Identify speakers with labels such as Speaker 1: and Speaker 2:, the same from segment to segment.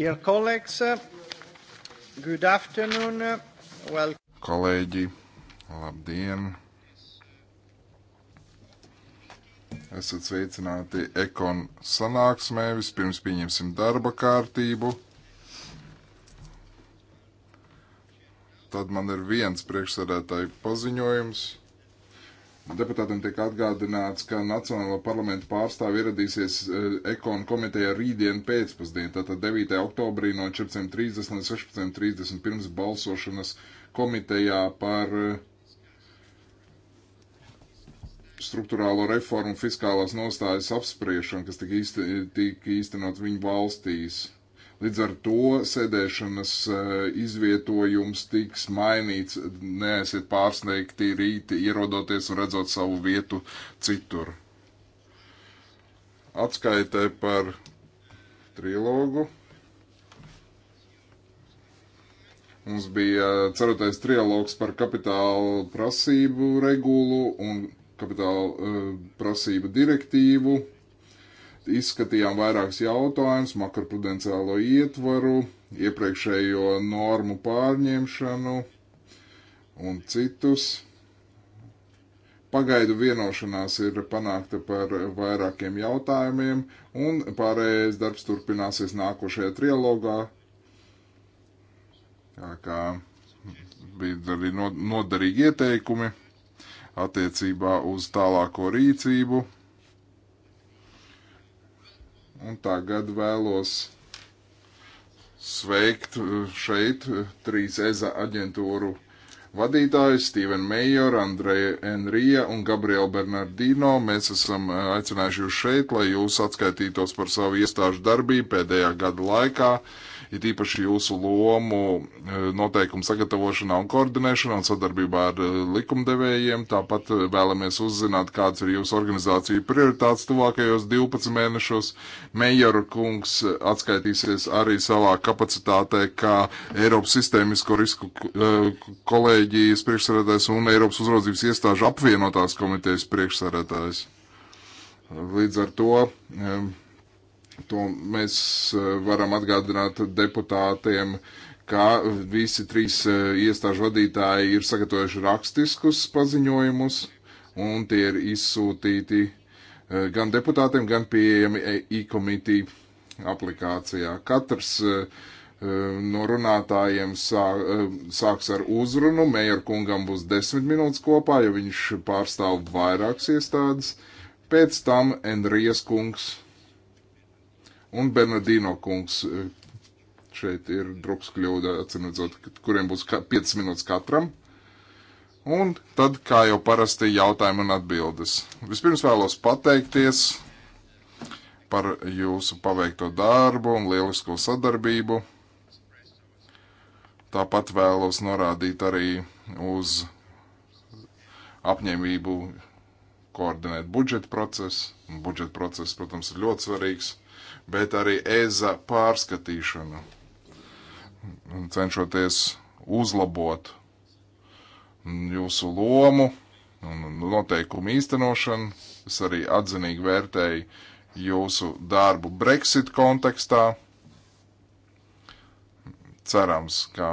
Speaker 1: Dear colleagues, good afternoon. Well...
Speaker 2: Kolēģi, labdien! Esat sveicināti Ekon sanāksmē. Vispirms pieņemsim darba kārtību. Tad man ir viens priekšsēdētāju paziņojums. Deputātam tiek atgādināts, ka Nacionālo parlamentu pārstāvi ieradīsies eh, ekonu komiteja rītdien pēcpusdien, tātad 9. oktobrī no 14.30 līdz 16.30 pirms balsošanas komitejā par eh, struktūrālo reformu fiskālās nostājas apspriešanu, kas tika, īsti, tika īstenot viņu valstīs. Līdz ar to sēdēšanas eh, izvietojums tiks mainīts. Neesiet pārsteigti rīti ierodoties un redzot savu vietu citur. Atskaitē par trilogu. Mums bija cerotais trialogs par kapitāla prasību regulu un kapitāla uh, prasību direktīvu. Izskatījām vairākus jautājumus, makroprudenciālo ietvaru, iepriekšējo normu pārņemšanu un citus. Pagaidu vienošanās ir panākta par vairākiem jautājumiem, un pārējais darbs turpināsies nākošajā trilogā. Tā kā bija arī noderīgi ieteikumi attiecībā uz tālāko rīcību. Un tagad vēlos sveikt uh, šeit uh, trīs EZA aģentūru vadītāji Steven Meijer, Andreja Enrija un Gabriela Bernardino. Mēs esam uh, aicinājuši jūs šeit, lai jūs atskaitītos par savu iestāžu darbību pēdējā gada laikā. Uh, it īpaši jūsu lomu e, noteikumu sagatavošanā un koordinēšanā un sadarbībā ar e, likumdevējiem. Tāpat e, vēlamies uzzināt, kāds ir jūsu organizācija prioritātes tuvākajos 12 mēnešos. Meijeru kungs atskaitīsies arī savā kapacitātē kā Eiropas sistēmisko risku kolēģijas priekšsarētājs un Eiropas uzraudzības iestāžu apvienotās komitejas priekšsarētājs. Līdz ar to um, To mēs eh, varam atgādināt deputātiem, ka visi trīs eh, iestāžu vadītāji ir sagatavojuši rakstiskus paziņojumus, un tie ir izsūtīti eh, gan deputātiem, gan pieejami e-komitī aplikācijā. Katrs no runātājiem sāks ar uzrunu. Mējer kungam būs desmit minūtes kopā, jo viņš pārstāv vairākas iestādes. Pēc tam Enrijas kungs Un Bernardino kungs e, šeit ir druks kļūda, atcīmredzot, kuriem būs 5 minūtes katram. Un tad, kā jau parasti, jautājumi un atbildes. Vispirms vēlos pateikties par jūsu paveikto darbu un lielisko sadarbību. Tāpat vēlos norādīt arī uz apņēmību koordinēt budžeta procesu. Budžeta process, protams, ir ļoti svarīgs bet arī EZA pārskatīšanu, cenšoties uzlabot jūsu lomu un noteikumu īstenošanu. Es arī atzinīgi vērtēju jūsu darbu Brexit kontekstā. Cerams, ka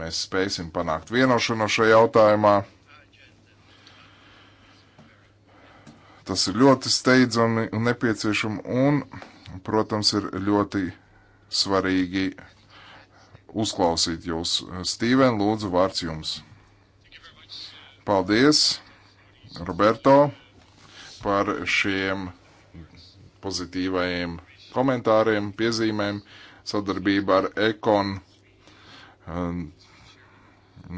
Speaker 2: mēs spēsim panākt vienošanos šajā jautājumā. Tas ir ļoti steidzami un nepieciešami, un protams, ir ļoti svarīgi uzklausīt jūs. Stīven, lūdzu, vārds jums. Paldies, Roberto, par šiem pozitīvajiem komentāriem, piezīmēm, sadarbība ar Ekon um,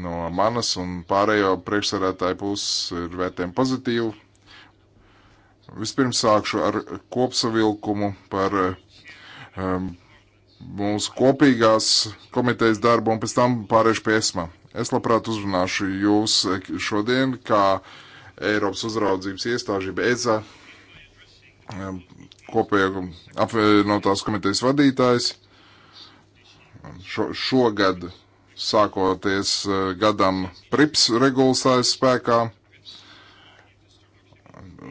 Speaker 2: no manas un pārējo priekšsarētāju puses ir vērtējumi pozitīvi. Vispirms sākšu ar kopsavilkumu par um, mūsu kopīgās komitejas darbu un pēc tam pārēšu pie ESMA. Es labprāt uzrunāšu jūs eh, šodien, kā Eiropas uzraudzības iestāžība EZA, um, kopējo apvienotās komitejas vadītājs. Šo, šogad sākoties uh, gadam PRIPS regulas spēkā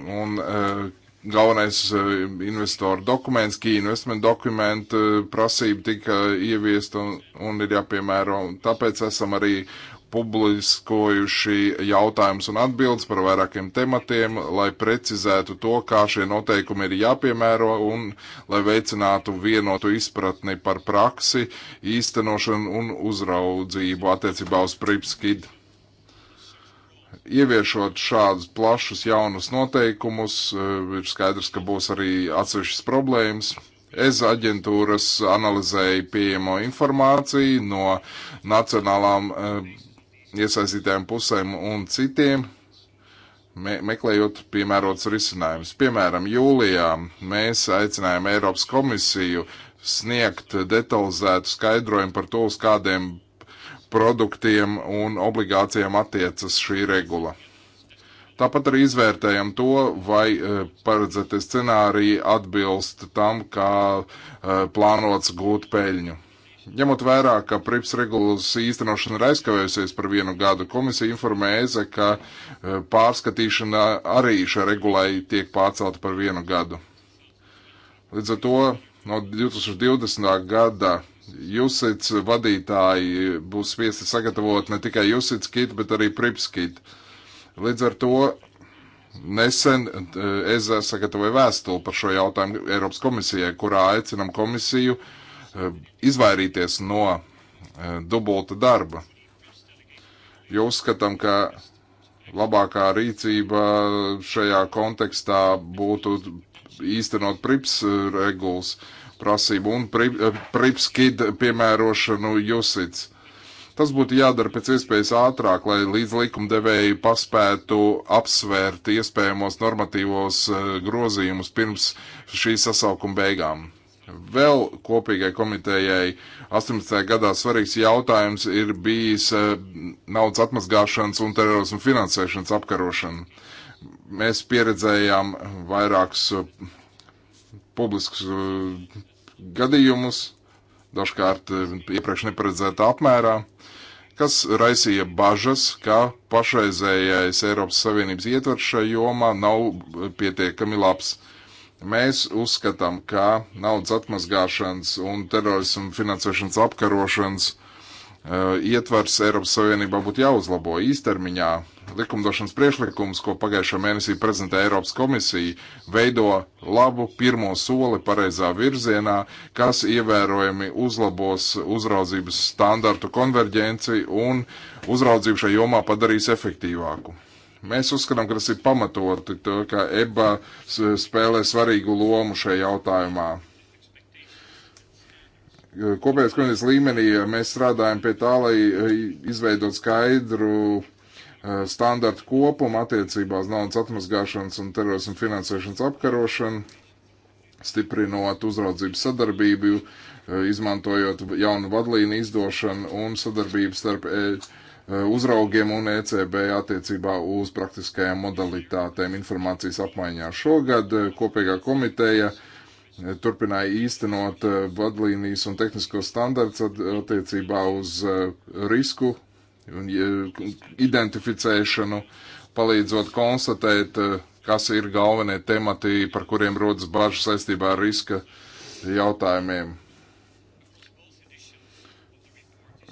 Speaker 2: Un e, galvenais e, investoru dokuments, key investment dokumentu e, prasība tika ieviesta un, un ir jāpiemēro. Un tāpēc esam arī publiskojuši jautājumus un atbildes par vairākiem tematiem, lai precizētu to, kā šie noteikumi ir jāpiemēro un lai veicinātu vienotu izpratni par praksi, īstenošanu un uzraudzību attiecībā uz PRIPSKID ieviešot šādus plašus jaunus noteikumus, e, ir skaidrs, ka būs arī atsevišķas problēmas. Es aģentūras analizēju pieejamo informāciju no nacionālām e, iesaistītēm pusēm un citiem, me meklējot piemērots risinājums. Piemēram, jūlijā mēs aicinājām Eiropas komisiju sniegt detalizētu skaidrojumu par to, uz kādiem produktiem un obligācijām attiecas šī regula. Tāpat arī izvērtējam to, vai e, paredzētie scenāriji atbilst tam, kā e, plānots gūt peļņu. Ņemot vērā, ka PRIPS regulas īstenošana ir aizkavējusies par vienu gadu, komisija informēja, ka e, pārskatīšana arī šai regulai tiek pārcelta par vienu gadu. Līdz ar to no 2020. gada Jūsits vadītāji būs spiesti sagatavot ne tikai Jūsits kit, bet arī Prips kit. Līdz ar to nesen eh, es sagatavoju vēstuli par šo jautājumu Eiropas komisijai, kurā aicinam komisiju eh, izvairīties no eh, dubulta darba. Jo uzskatām, ka labākā rīcība šajā kontekstā būtu īstenot prips regulas uh, prasību un eh, pripskid piemērošanu jūsits. Tas būtu jādara pēc iespējas ātrāk, lai līdz likumdevēji paspētu apsvērt iespējamos normatīvos eh, grozījumus pirms šī sasaukuma beigām. Vēl kopīgai komitejai 18. gadā svarīgs jautājums ir bijis eh, naudas atmazgāšanas un terorismu finansēšanas apkarošana. Mēs pieredzējām vairākus publiskus gadījumus, dažkārt eh, iepriekš neparedzētā apmērā, kas raisīja bažas, ka pašreizējais Eiropas Savienības ietvers šajā jomā nav pietiekami labs. Mēs uzskatām, ka naudas atmazgāšanas un terorismu finansēšanas apkarošanas Eh, ietvars Eiropas Savienībā būtu jāuzlabo īstermiņā. Likumdošanas priešlikums, ko pagājušā mēnesī prezentēja Eiropas komisija, veido labu pirmo soli pareizā virzienā, kas ievērojami uzlabos uzraudzības standartu konverģenci un uzraudzību šajā jomā padarīs efektīvāku. Mēs uzskatām, ka tas ir pamatoti, to, ka EBA spēlē svarīgu lomu šajā jautājumā Kopējais komisijas līmenī mēs strādājam pie tā, lai eh, izveidot skaidru eh, standartu kopumu attiecībās naudas atmazgāšanas un terorismu finansēšanas apkarošanu, stiprinot uzraudzības sadarbību, eh, izmantojot jaunu vadlīnu izdošanu un sadarbību starp uzraugiem un ECB attiecībā uz praktiskajām modalitātēm informācijas apmaiņā. Šogad kopīgā komiteja uh, turpināja īstenot eh, vadlīnijas un tehniskos standarts attiecībā uz eh, risku un eh, identificēšanu, palīdzot konstatēt, kas ir galvenie temati, par kuriem rodas bažas saistībā ar riska jautājumiem.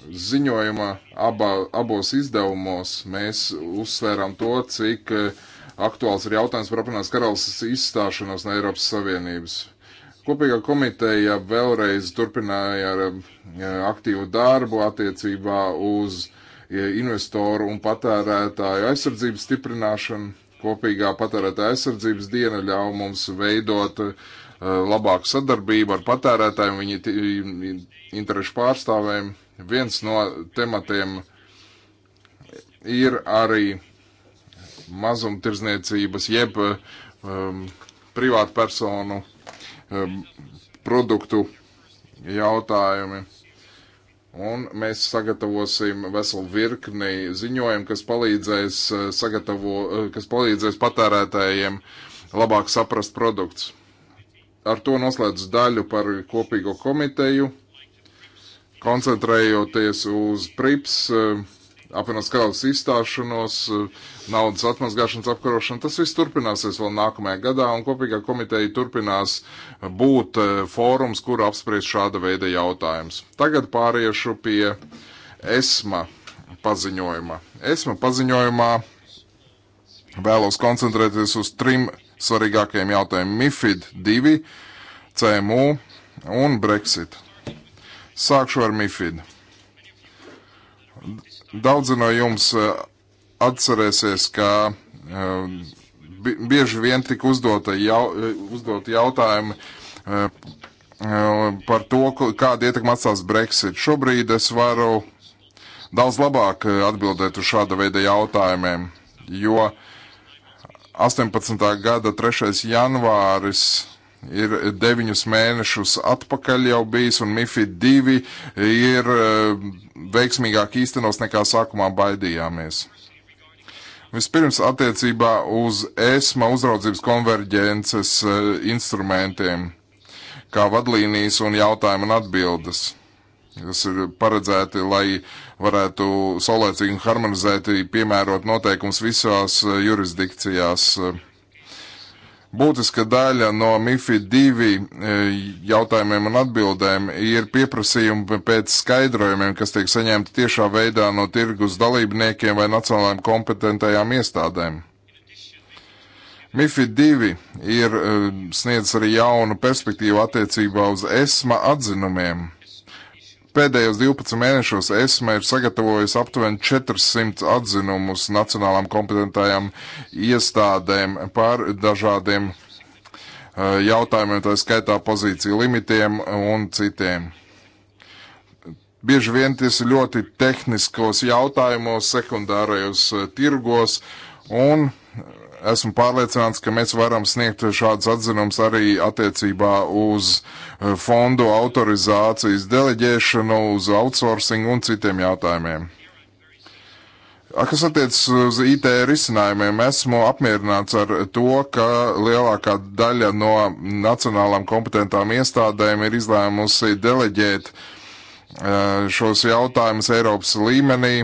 Speaker 2: Ziņojuma abā, abos izdevumos mēs uzsvērām to, cik aktuāls ir jautājums par apvienotās karalists izstāšanos no Eiropas Savienības Kopīgā komiteja vēlreiz turpināja um, ar aktīvu darbu attiecībā uz investoru un patērētāju aizsardzības stiprināšanu. Kopīgā patērētāja aizsardzības diena ļauj mums veidot uh, labāku sadarbību ar patērētājiem, viņu interešu pārstāvēm. Viens no tematiem ir arī mazumtirdzniecības jeb um, privātpersonu produktu jautājumi. Un mēs sagatavosim veselu virkni ziņojumu, kas palīdzēs, eh, sagatavo, eh, kas palīdzēs patērētājiem labāk saprast produktus. Ar to noslēdz daļu par kopīgo komiteju, koncentrējoties uz PRIPS eh, apvienot skalas izstāšanos, eh, naudas atmazgāšanas apkarošana, tas viss turpināsies vēl nākamajā gadā, un kopīgā komiteja turpinās būt eh, fórums, kur apspriest šāda veida jautājums. Tagad pāriešu pie ESMA paziņojuma. ESMA paziņojumā vēlos koncentrēties uz trim svarīgākajiem jautājumiem - MIFID 2, CMU un Brexit. Sākšu ar MIFID. Daudzi no jums e, atcerēsies, ka e, bieži vien tika uzdota jau, e, uzdot jautājumi par to, kāda ietekma atstās Brexit. Šobrīd es varu daudz labāk atbildēt uz šāda veida jautājumiem, jo 18. gada 3. janvāris ir deviņus mēnešus atpakaļ jau bijis, un MIFID 2 ir e, veiksmīgāk īstenos nekā sākumā baidījāmies. Vispirms attiecībā uz ESMA uzraudzības konverģences e, instrumentiem, kā vadlīnijas un jautājumu un atbildes, kas ir paredzēti, lai varētu saulēcīgi un harmonizēti piemērot noteikums visās e, jurisdikcijās. Uh, Būtiska daļa no MIFI 2 e, jautājumiem un atbildēm ir pieprasījumi pēc skaidrojumiem, kas tiek saņemti tiešā veidā no tirgus dalībniekiem vai nacionālajām kompetentajām iestādēm. MIFI 2 ir e, sniedz arī jaunu perspektīvu attiecībā uz ESMA atzinumiem Pēdējos 12 mēnešos ESME ir sagatavojusi aptuveni 400 atzinumus nacionālām kompetentajām iestādēm par dažādiem uh, jautājumiem, tā skaitā pozīciju limitiem un citiem. Bieži vien tas ir ļoti tehniskos jautājumos, sekundārajos uh, tirgos, un esmu pārliecināts, ka mēs varam sniegt šādus atzinumus arī attiecībā uz eh, fondu autorizācijas deleģēšanu, uz outsourcing un citiem jautājumiem. Kas attiecas uz IT risinājumiem, esmu apmierināts ar to, ka lielākā daļa no nacionālām kompetentām iestādēm ir izlēmusi deleģēt eh, šos jautājumus Eiropas līmenī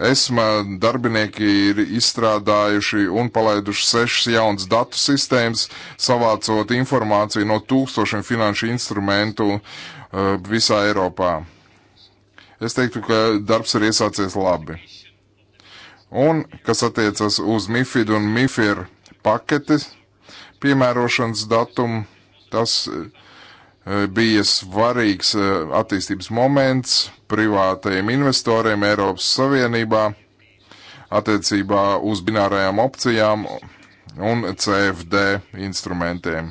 Speaker 2: ESMA darbinieki ir izstrādājuši un palaiduši sešas jaunas datu sistēmas, savācot informāciju no tūkstošiem finanšu instrumentu uh, visā Eiropā. Es teiktu, ka darbs ir iesācies labi. Un, kas attiecas uz MIFID un MIFIR paketi, piemērošanas datumu, tas uh, Eh, bija svarīgs eh, attīstības moments privātajiem investoriem Eiropas Savienībā attiecībā uz binārajām opcijām un CFD instrumentiem.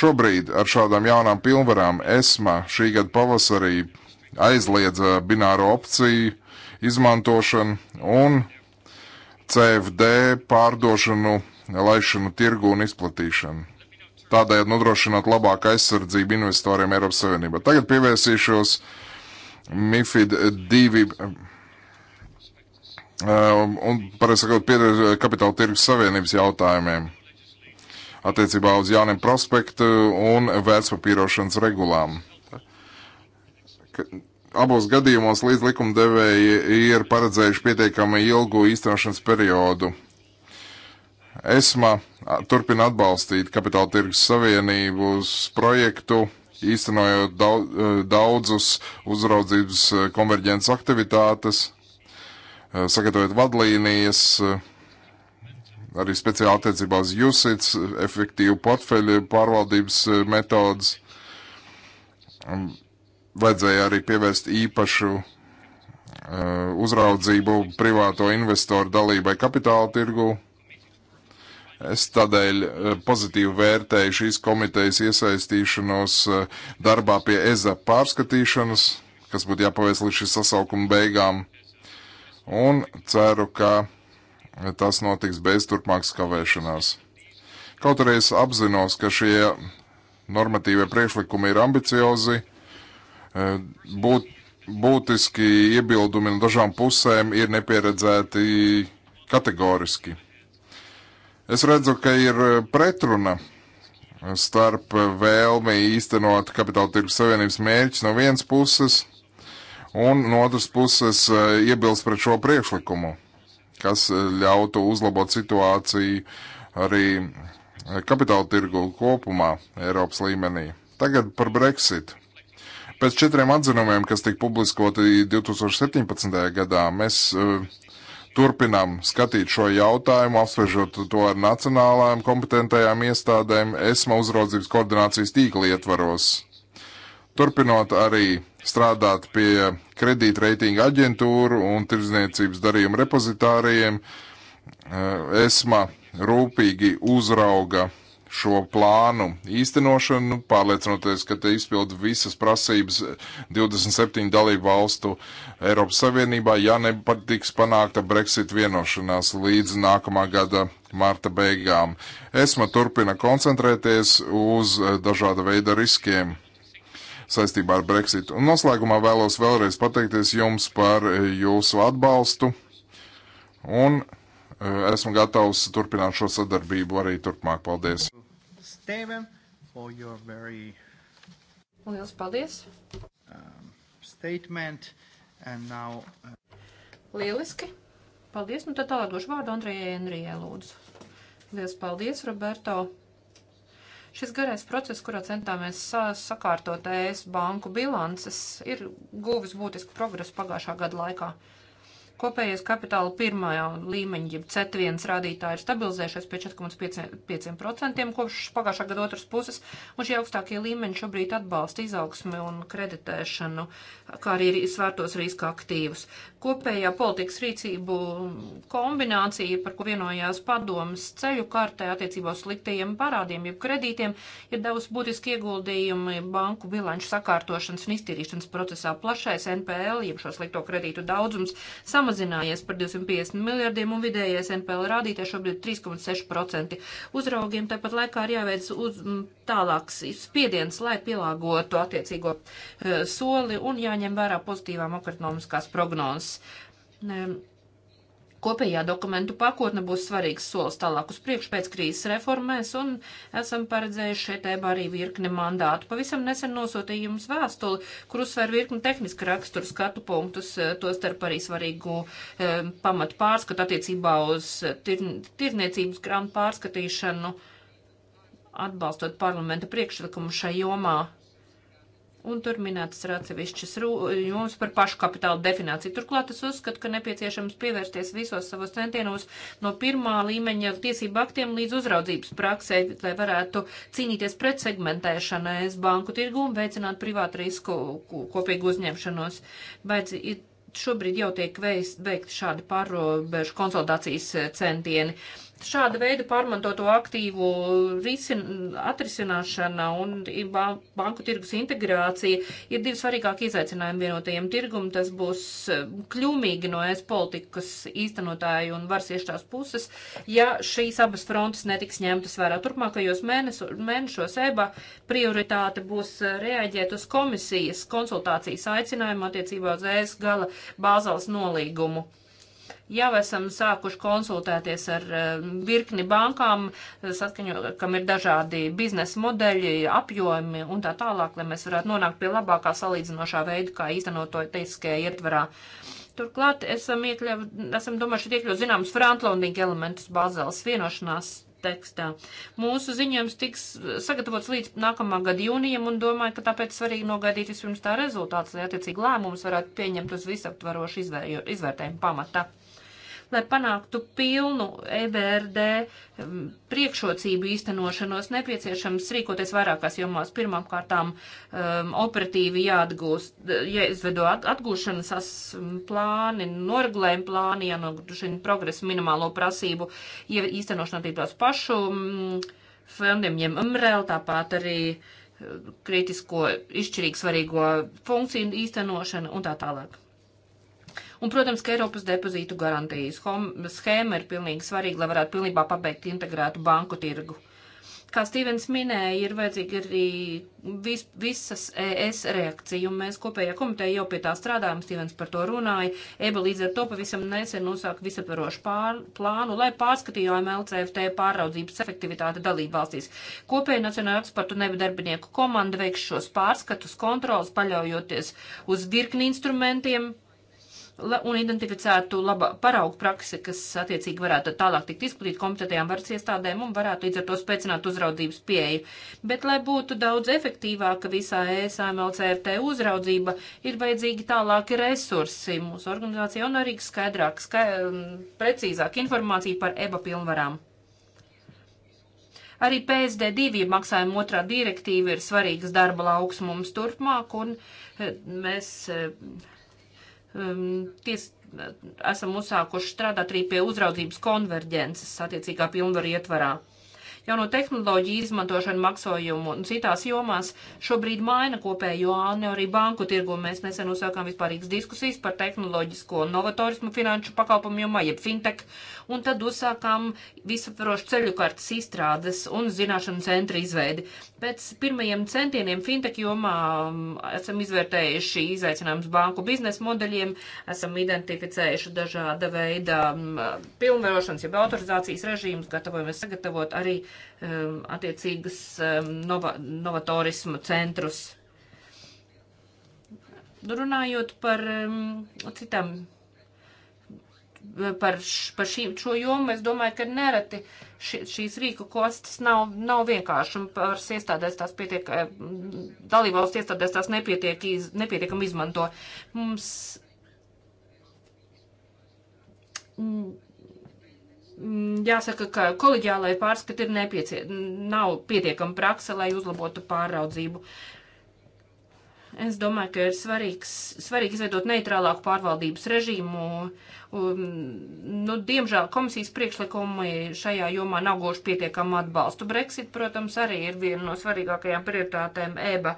Speaker 2: Šobrīd ar šādām jaunām pilnvarām ESMA šī gada pavasarī aizliedza eh, bināro opciju izmantošanu un CFD pārdošanu, laišanu tirgu un izplatīšanu tādējādi nodrošinot labāku aizsardzību investoriem Eiropas Savienībā. Tagad pievērsīšos MIFID 2 um, un, pareizi sakot, pieder kapitāla tirgus savienības jautājumiem attiecībā uz jauniem prospektu un vērtspapīrošanas regulām. Abos gadījumos līdz likumdevēji ir paredzējuši pietiekami ilgu īstenošanas periodu. ESMA turpina atbalstīt kapitāla tirgus savienības projektu, īstenojot e, daudzus uzraudzības e, konverģences aktivitātes, e, sagatavot vadlīnijas, arī speciāli attiecībā uz jūsits, efektīvu portfeļu pārvaldības metodas. Vajadzēja arī pievērst īpašu uzraudzību privāto investoru dalībai kapitāla tirgu Es tādēļ eh, pozitīvi vērtēju šīs komitejas iesaistīšanos eh, darbā pie EZA pārskatīšanas, kas būtu jāpaveic līdz šīs sasaukuma beigām, un ceru, ka tas notiks bez turpmākas kavēšanās. Kaut arī es apzinos, ka šie normatīvie priekšlikumi ir ambiciozi, eh, būt, būtiski iebildumi no dažām pusēm ir nepieredzēti kategoriski. Es redzu, ka ir e, pretruna starp e, vēlmi īstenot kapitāla tirgus savienības mērķus no vienas puses un no otras puses e, iebilst pret šo priekšlikumu, kas ļautu uzlabot situāciju arī kapitāla tirgu kopumā Eiropas līmenī. Tagad par Brexit. Pēc četriem atzinumiem, kas tika publiskoti 2017. gadā, mēs uh, turpinām skatīt šo jautājumu, apsvežot to ar nacionālām kompetentajām iestādēm ESMA uzraudzības koordinācijas tīkla ietvaros. Turpinot arī strādāt pie kredītreitinga aģentūru un tirdzniecības darījuma repozitārijiem, eh, ESMA rūpīgi uzrauga šo plānu īstenošanu, pārliecinoties, ka te izpildu visas prasības 27 dalību valstu Eiropas Savienībā, ja nepatiks panākta Brexit vienošanās līdz nākamā gada marta beigām. ESMA turpina koncentrēties uz eh, dažāda veida riskiem saistībā ar Brexit. Un noslēgumā vēlos vēlreiz pateikties jums par eh, jūsu atbalstu un eh, esmu gatavs turpināt šo sadarbību arī turpmāk. Paldies!
Speaker 1: Tēvem, for your very Liels paldies! Um, statement and now. Uh... Lieliski! Paldies! Nu tad tālāk došu vārdu Andrejai Enrijai lūdzu. Liels paldies, Roberto! Šis garais process, kurā centāmies sakārtot ES banku bilances, ir guvis būtisku progresu pagājušā gada laikā. Uh, Kopējais kapitāla pirmā līmeņa, jeb C1 rādītāji ir stabilizējušies pie 4,5% kopš pagājušā gada otras puses, un šie augstākie līmeņi šobrīd atbalsta izaugsmi un kreditēšanu, kā arī svērtos riska aktīvus kopējā politikas rīcību kombinācija, par ko vienojās padomas ceļu kartē attiecībā uz sliktajiem parādiem, jeb kredītiem, ir devusi būtiski ieguldījumi banku bilanču sakārtošanas un iztīrīšanas procesā. Plašais NPL, jeb šo slikto kredītu daudzums, samazinājies par 250 miljardiem un vidējais NPL rādītājs šobrīd 3,6%. Uzraugiem tāpat laikā ir jāveic uz tālāks spiediens, lai pielāgotu attiecīgo uh, soli un jāņem vērā pozitīvām ekonomiskās prognozes. Kopējā dokumentu pakotne būs svarīgs solis tālāk uz priekšu pēc krīzes reformēs, un esam paredzējuši šeit ebā arī virkni mandātu. Pavisam nesen nosūtīju jums vēstuli, kur uzsver virkni tehniski raksturu skatu punktus, eh, to starp arī svarīgu e, pamatu pārskatu attiecībā uz tir, eh, tirniecības grāmatu pārskatīšanu, atbalstot parlamenta priekšlikumu šai jomā un tur minētas ir atsevišķas jomas par pašu kapitālu definīciju. Turklāt es uzskatu, ka nepieciešams pievērsties visos savos centienos no pirmā līmeņa tiesību aktiem līdz uzraudzības praksē, lai varētu cīnīties pret segmentēšanu es banku tirgu un veicināt privātu risku kopīgu uzņemšanos. Baidz, šobrīd jau tiek veikti šādi pārrobežu konsolidācijas centieni. Uh, šāda veida pārmantoto aktīvu risin, atrisināšana un banku tirgus integrācija ir divi svarīgāki izaicinājumi vienotajiem tirgum. Tas būs eh, kļūmīgi no es politikas īstenotāju un varas iešķās puses, ja šīs abas frontes netiks ņemtas vērā. Turpmākajos mēnesu, mēnešos EBA prioritāte būs eh, reaģēt uz komisijas konsultācijas aicinājumu attiecībā uz ES gala bāzals nolīgumu. Jau esam sākuši konsultēties ar eh, virkni bankām, saskaņo, kam ir dažādi biznesa modeļi, apjomi un tā tālāk, lai mēs varētu nonākt pie labākā salīdzinošā veida, kā īstenot to teiskajā ietverā. Turklāt esam, iekļav, esam domājuši iekļaut zināmas frontlondinga elementus Bāzeles vienošanās tekstā. Mūsu ziņojums tiks sagatavots līdz nākamā gada jūnijam un domāju, ka tāpēc svarīgi nogaidīt vispirms tā rezultāts, lai attiecīgi lēmumus varētu pieņemt uz visaptvarošu izvērtējumu pamatā lai panāktu pilnu EBRD priekšrocību īstenošanos, nepieciešams rīkoties vairākās jomās. Pirmkārtām um, operatīvi jāatgūst, jāizvedo atgūšanas as, plāni, noregulējumi plāni, jānodrošina progresu minimālo prasību, ja īstenošana attiecībās pašu fondiem, ņem MREL, tāpat arī e, kritisko, izšķirīgi svarīgo funkciju īstenošana un tā tālāk. Un, protams, ka Eiropas depozītu garantijas Hom schēma ir pilnīgi svarīga, lai varētu pilnībā pabeigt integrētu banku tirgu. Kā Stīvens minēja, ir vajadzīga arī vis, visas ES reakcija, un mēs kopējā komiteja jau pie tā strādājam, Stīvens par to runāja. EBA līdz ar to pavisam nesen uzsāka visaptvarošu plānu, lai pārskatījām LCFT pāraudzības efektivitāti dalību valstīs. Kopēja Nacionāla ekspertu neva darbinieku komanda veiks šos pārskatus, kontrols, paļaujoties uz virkni instrumentiem, un identificētu laba paraugu praksi, kas attiecīgi varētu tālāk tikt izplatīta kompetentajām varas iestādēm un varētu līdz ar to spēcināt uzraudzības pieeju. Bet, lai būtu daudz efektīvāka visā ESMLCRT uzraudzība, ir vajadzīgi tālāki resursi mūsu organizācijā un arī skaidrāk, skai, um, precīzāk informācija par EBA pilnvarām. Arī PSD2 maksājuma otrā direktīva ir svarīgs darba lauks mums turpmāk, un eh, mēs eh, Ehm, ties, eh, esam uzsākuši strādāt arī pie uzraudzības konverģences attiecīgā pilnvaru ietvarā. Jauno tehnoloģiju izmantošana maksojumu un citās jomās šobrīd maina kopējo ānu arī banku tirgu. Mēs nesen uzsākām vispārīgas diskusijas par tehnoloģisko novatorismu finanšu pakalpojumu jomā, jeb fintech, un tad uzsākām visaptvarošu ceļu kartas izstrādes un zināšanu centra izveidi. Pēc pirmajiem centieniem fintech jomā mm, esam izvērtējuši izaicinājumus banku biznesa modeļiem, esam identificējuši dažāda veida mm, pilnvarošanas, jeb autorizācijas režīmus, gatavojamies sagatavot arī um, mm, attiecīgus um, nova, novatorismu centrus runājot par um, citām par, par šī, šo jomu es domāju, ka nereti ši, šīs rīku kostas nav, nav vienkārši un pāris iestādēs tās pietiek, eh, dalībvalsts iestādēs tās nepietiek, iz, nepietiekam izmanto. Mums mm, jāsaka, ka koleģiālai pārskati ir nepiecie, nav pietiekama praksa, lai uzlabotu pāraudzību. Uh, Es domāju, ka ir svarīgs, svarīgi izveidot neitrālāku pārvaldības režīmu. Un, nu, diemžēl komisijas priekšlikumi šajā jomā nav goši pietiekamu atbalstu. Brexit, protams, arī ir viena no svarīgākajām prioritātēm EBA.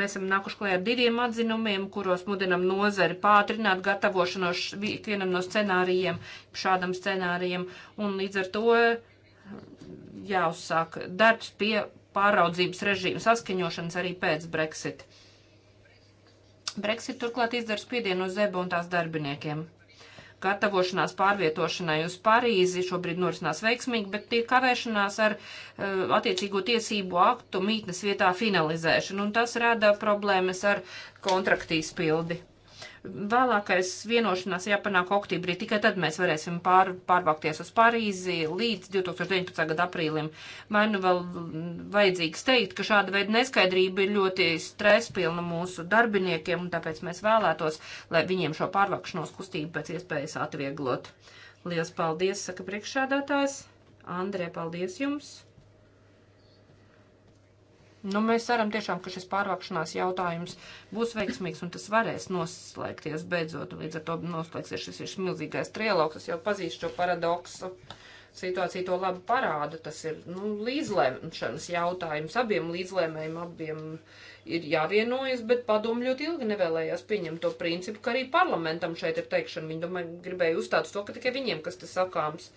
Speaker 1: Mēs esam nākuši klajā ar diviem atzinumiem, kuros mudinam nozari pātrināt gatavošanos vienam no scenārijiem, šādam scenārijam, un līdz ar to jāuzsāk darbs pie pāraudzības režīma saskaņošanas arī pēc Brexit. Brexit turklāt izdara spiedienu uz EBA un tās darbiniekiem. Gatavošanās pārvietošanai uz Parīzi šobrīd norisinās veiksmīgi, bet tiek karēšanās ar uh, attiecīgo tiesību aktu mītnes vietā finalizēšanu, un tas rada problēmas ar kontraktu izpildi. Vēlākais vienošanās jāpanāk oktībrī, tikai tad mēs varēsim pār, pārvākties uz Parīzi līdz 2019. gada aprīlim. Vai nu vēl vajadzīgs teikt, ka šāda veida neskaidrība ir ļoti stresspilna mūsu darbiniekiem, un tāpēc mēs vēlētos, lai viņiem šo pārvākšanos kustību pēc iespējas atvieglot. Lielas paldies, saka priekšsādātājs. Andrē, paldies jums! Nu, mēs ceram tiešām, ka šis pārvākšanās jautājums būs veiksmīgs un tas varēs noslēgties beidzot. Līdz ar to noslēgsies šis, šis milzīgais trialogs. Es jau pazīstu šo paradoksu. Situācija to labi parāda. Tas ir nu, līdzlēmšanas jautājums. Abiem līdzlēmējiem abiem ir jāvienojas, bet padomu ļoti ilgi nevēlējās pieņemt to principu, ka arī parlamentam šeit ir teikšana. Viņi domāju, gribēja uzstāt to, ka tikai viņiem kas tas sakāms.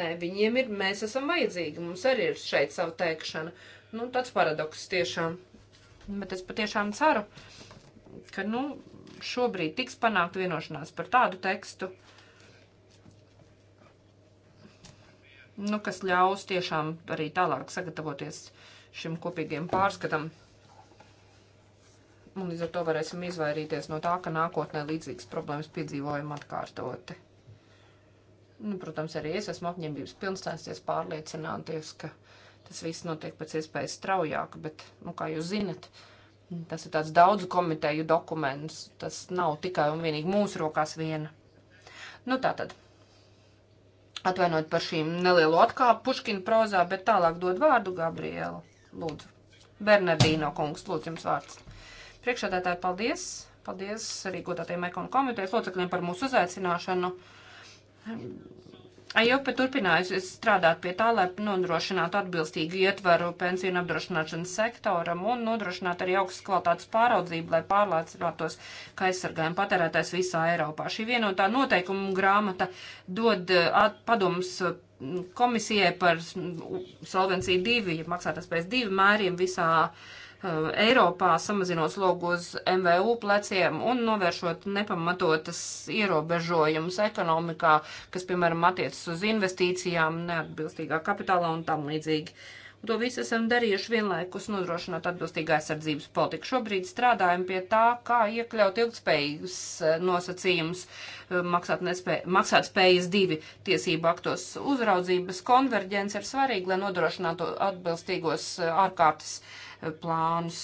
Speaker 1: Nē, viņiem ir, mēs esam vajadzīgi, mums arī ir šeit sava teikšana. Nu, tāds paradoks tiešām. Bet es patiešām ceru, ka, nu, šobrīd tiks panākt vienošanās par tādu tekstu, nu, kas ļaus tiešām arī tālāk sagatavoties šim kopīgiem pārskatam. Un līdz ar to varēsim izvairīties no tā, ka nākotnē līdzīgas problēmas piedzīvojam atkārtoti. Nu, protams, arī es esmu apņēmības pilns censties pārliecināties, ka Tas viss notiek pēc iespējas straujāk, bet, nu, kā jūs zinat, tas ir tāds daudzu komiteju dokuments. Tas nav tikai un vienīgi mūsu rokās viena. Nu, tā tad. Atvainojot par šīm nelielo atkāpu Puškina prozā, bet tālāk dod vārdu Gabriela. Lūdzu. Bernardīno kungs, lūdzu jums vārds. Priekšādātāji, paldies! Paldies arī godātiem ekonu komitejas locekļiem par mūsu uzaicināšanu. Ajopa turpinājusi strādāt pie tā, lai nodrošinātu atbilstīgu ietvaru pensiju apdrošināšanas sektoram un nodrošinātu arī augstas kvalitātes pāraudzību, lai pārliecinātos, ka aizsargājam patērētājs visā Eiropā. Šī vienotā noteikuma grāmata dod eh, padomus mm, komisijai par mm, solvenciju divi, ja maksātas pēc divi mēriem visā Eiropā Eh, Eiropā, samazinot slogu uz MVU pleciem un novēršot nepamatotas ierobežojumus ekonomikā, kas, piemēram, attiecas uz investīcijām, neatbilstīgā kapitālā un tam līdzīgi. Un to visu esam darījuši vienlaikus nodrošinot atbilstīgā aizsardzības politiku. Šobrīd strādājam pie tā, kā iekļaut ilgspējīgus eh, nosacījumus eh, maksāt, nespē, maksāt spējas divi tiesību aktos. Uzraudzības konverģence ir svarīga, lai nodrošinātu atbilstīgos ārkārtas uh, plānus.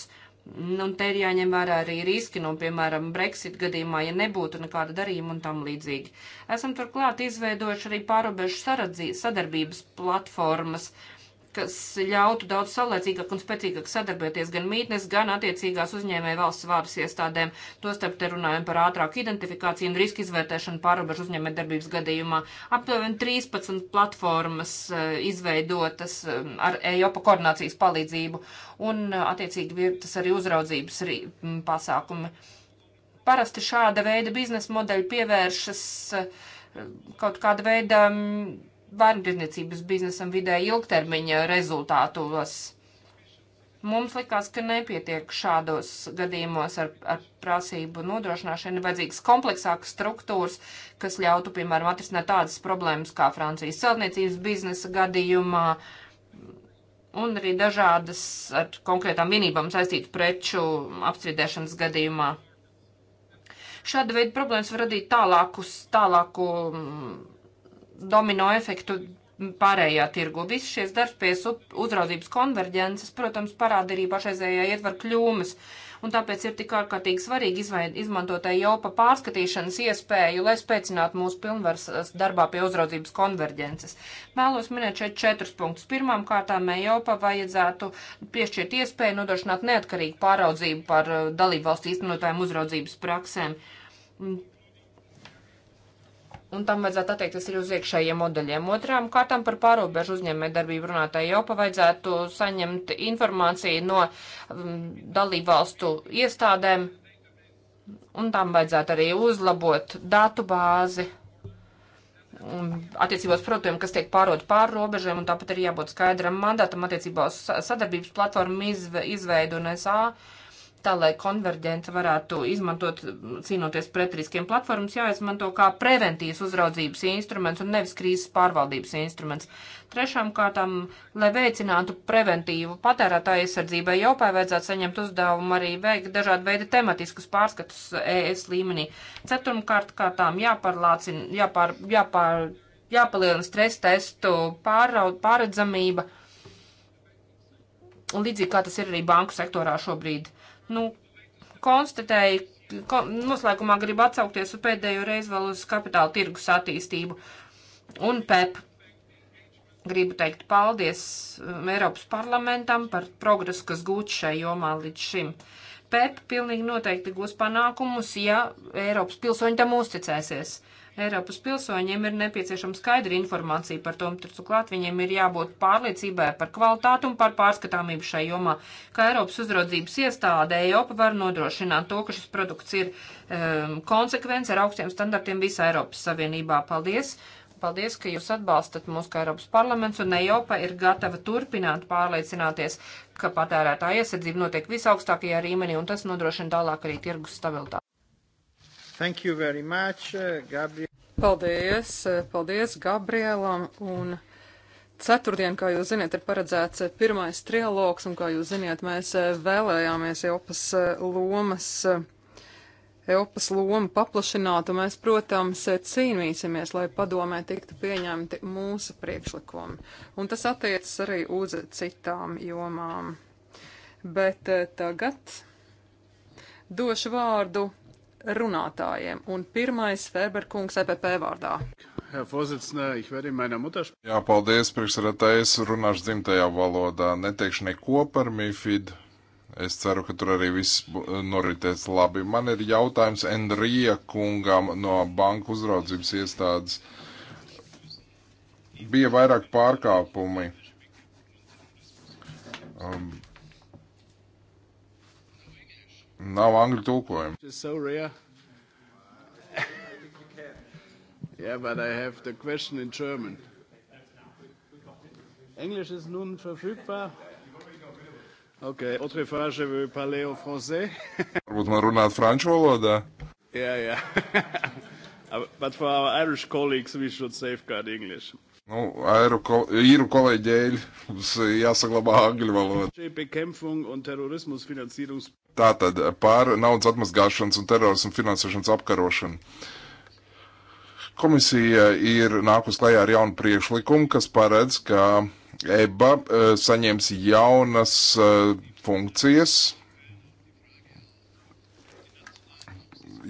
Speaker 1: Nu, un te ir jāņem vērā arī riski, nu, piemēram, Brexit gadījumā, ja nebūtu nekāda darījuma un tam līdzīgi. Esam turklāt izveidojuši arī pārobežu sadarbības platformas. Uh, kas ļautu daudz saulēcīgāk un spēcīgāk sadarbēties gan mītnes, gan attiecīgās uzņēmēja valsts vārdas iestādēm. Tostarp te runājam par ātrāku identifikāciju un riski izvērtēšanu pārobežu uzņēmē darbības gadījumā. Aptuveni 13 platformas eh, izveidotas eh, ar EIOPA koordinācijas palīdzību un eh, attiecīgi ir tas arī uzraudzības pasākumi. Parasti šāda veida biznesa modeļi pievēršas kaut kāda veida bērntirniecības biznesam vidē ilgtermiņa rezultātos. Mums likās, ka nepietiek šādos gadījumos ar, ar prasību nodrošināšanu, vajadzīgs kompleksākas struktūras, kas ļautu, piemēram, atrisināt tādas problēmas kā Francijas celtniecības biznesa gadījumā un arī dažādas ar konkrētām vienībām saistītu preču apstrīdēšanas gadījumā. Šāda veida problēmas var radīt tālākus, tālāku domino efektu pārējā tirgu. Viss šis darbs pie uzraudzības konverģences, protams, parāda arī pašreizējā ietvaru kļūmes, un tāpēc ir tik ārkārtīgi svarīgi izveid, izmantot EIOPA pārskatīšanas iespēju, lai spēcinātu mūsu pilnvaras darbā pie uzraudzības konverģences. Mēlos minēt šeit četrus punktus. Pirmām kārtām EIOPA vajadzētu piešķirt iespēju nodrošināt neatkarīgu pāraudzību par uh, dalību valsts īstenotājiem uzraudzības praksēm un tam vajadzētu attiekties arī uz iekšējiem modeļiem. Otrām kārtām par pārobežu uzņēmē darbību runātāju jau pavadzētu saņemt informāciju no um, dalībvalstu iestādēm, un tam vajadzētu arī uzlabot datu bāzi mm, attiecībā uz produktiem, kas tiek pārdoti pār robežiem, un tāpat arī jābūt skaidram mandātam attiecībā uz sadarbības platformu izve, izveidu un SA. Es tā lai konverģence varētu izmantot, cīnoties pret riskiem platformas, jāizmanto kā preventīvas uzraudzības instruments un nevis krīzes pārvaldības instruments. Trešām kārtām, lai veicinātu preventīvu patērētāju aizsardzībai, jopai vajadzētu saņemt uzdevumu arī veikt dažādu veidu tematiskus pārskatus ES līmenī. Ceturmkārt kārtām jāparlācina, jāpār, jāpār, jāpalielina stresa testu pārraud, pārredzamība. Un līdzīgi kā tas ir arī banku sektorā šobrīd Nu, konstatēju, ko, noslēgumā gribu atsaukties uz pēdējo reizi vēl uz kapitāla tirgus attīstību un PEP. Gribu teikt paldies um, Eiropas parlamentam par progresu, kas gūts šai jomā līdz šim. PEP pilnīgi noteikti gūs panākumus, ja Eiropas pilsoņi tam uzticēsies. Uh, Eiropas pilsoņiem ir nepieciešama skaidra informācija par to, un turklāt viņiem ir jābūt pārliecībai par kvalitātu un par pārskatāmību šai jomā, kā Eiropas uzraudzības iestāde EIOPA var nodrošināt to, ka šis produkts ir um, konsekvents ar augstiem standartiem visā Eiropas Savienībā. Paldies! Paldies, ka jūs atbalstat mūsu kā Eiropas parlaments, un EIOPA ir gatava turpināt pārliecināties, ka patērētāja aizsardzība notiek visaugstākajā līmenī, un tas nodrošina tālāk arī tirgus stabilitāti.
Speaker 3: Thank you very much, uh, Gabriel. Paldies, uh, paldies Gabrielam un Ceturtdien, kā jūs zināt, ir paredzēts uh, pirmais trialogs, un kā jūs zināt, mēs vēlējāmies Eiropas lomas, Eiropas lomu paplašināt, un mēs, protams, cīnīsimies, lai padomē tiktu pieņemti mūsu priekšlikumi. Un tas attiecas arī uz citām jomām. Bet tagad došu vārdu runātājiem. Un pirmais Ferberkungs EPP vārdā.
Speaker 2: Jā, paldies, priekšsarētājs, runāšu dzimtajā valodā. Neteikšu neko par MIFID. Es ceru, ka tur arī viss noritēs labi. Man ir jautājums Enrija kungam no banku uzraudzības iestādes. Bija vairāk pārkāpumi. Um, Nav angļu tulkojuma. So yeah, but I have the question in German. Englisch ist nun verfügbar. Okay, autre fois, je veux parler au français. Varbūt man runāt franču valodā? Yeah, yeah. but for our Irish colleagues, we should safeguard English. Nu, airu, ko, īru kolēģēļi mums jāsaglabā angļu valoda. Tātad par naudas atmazgāšanas un terorismu finansēšanas apkarošanu. Komisija ir nākus klajā ar jaunu priekšlikumu, kas paredz, ka EBA e, saņems jaunas e, funkcijas.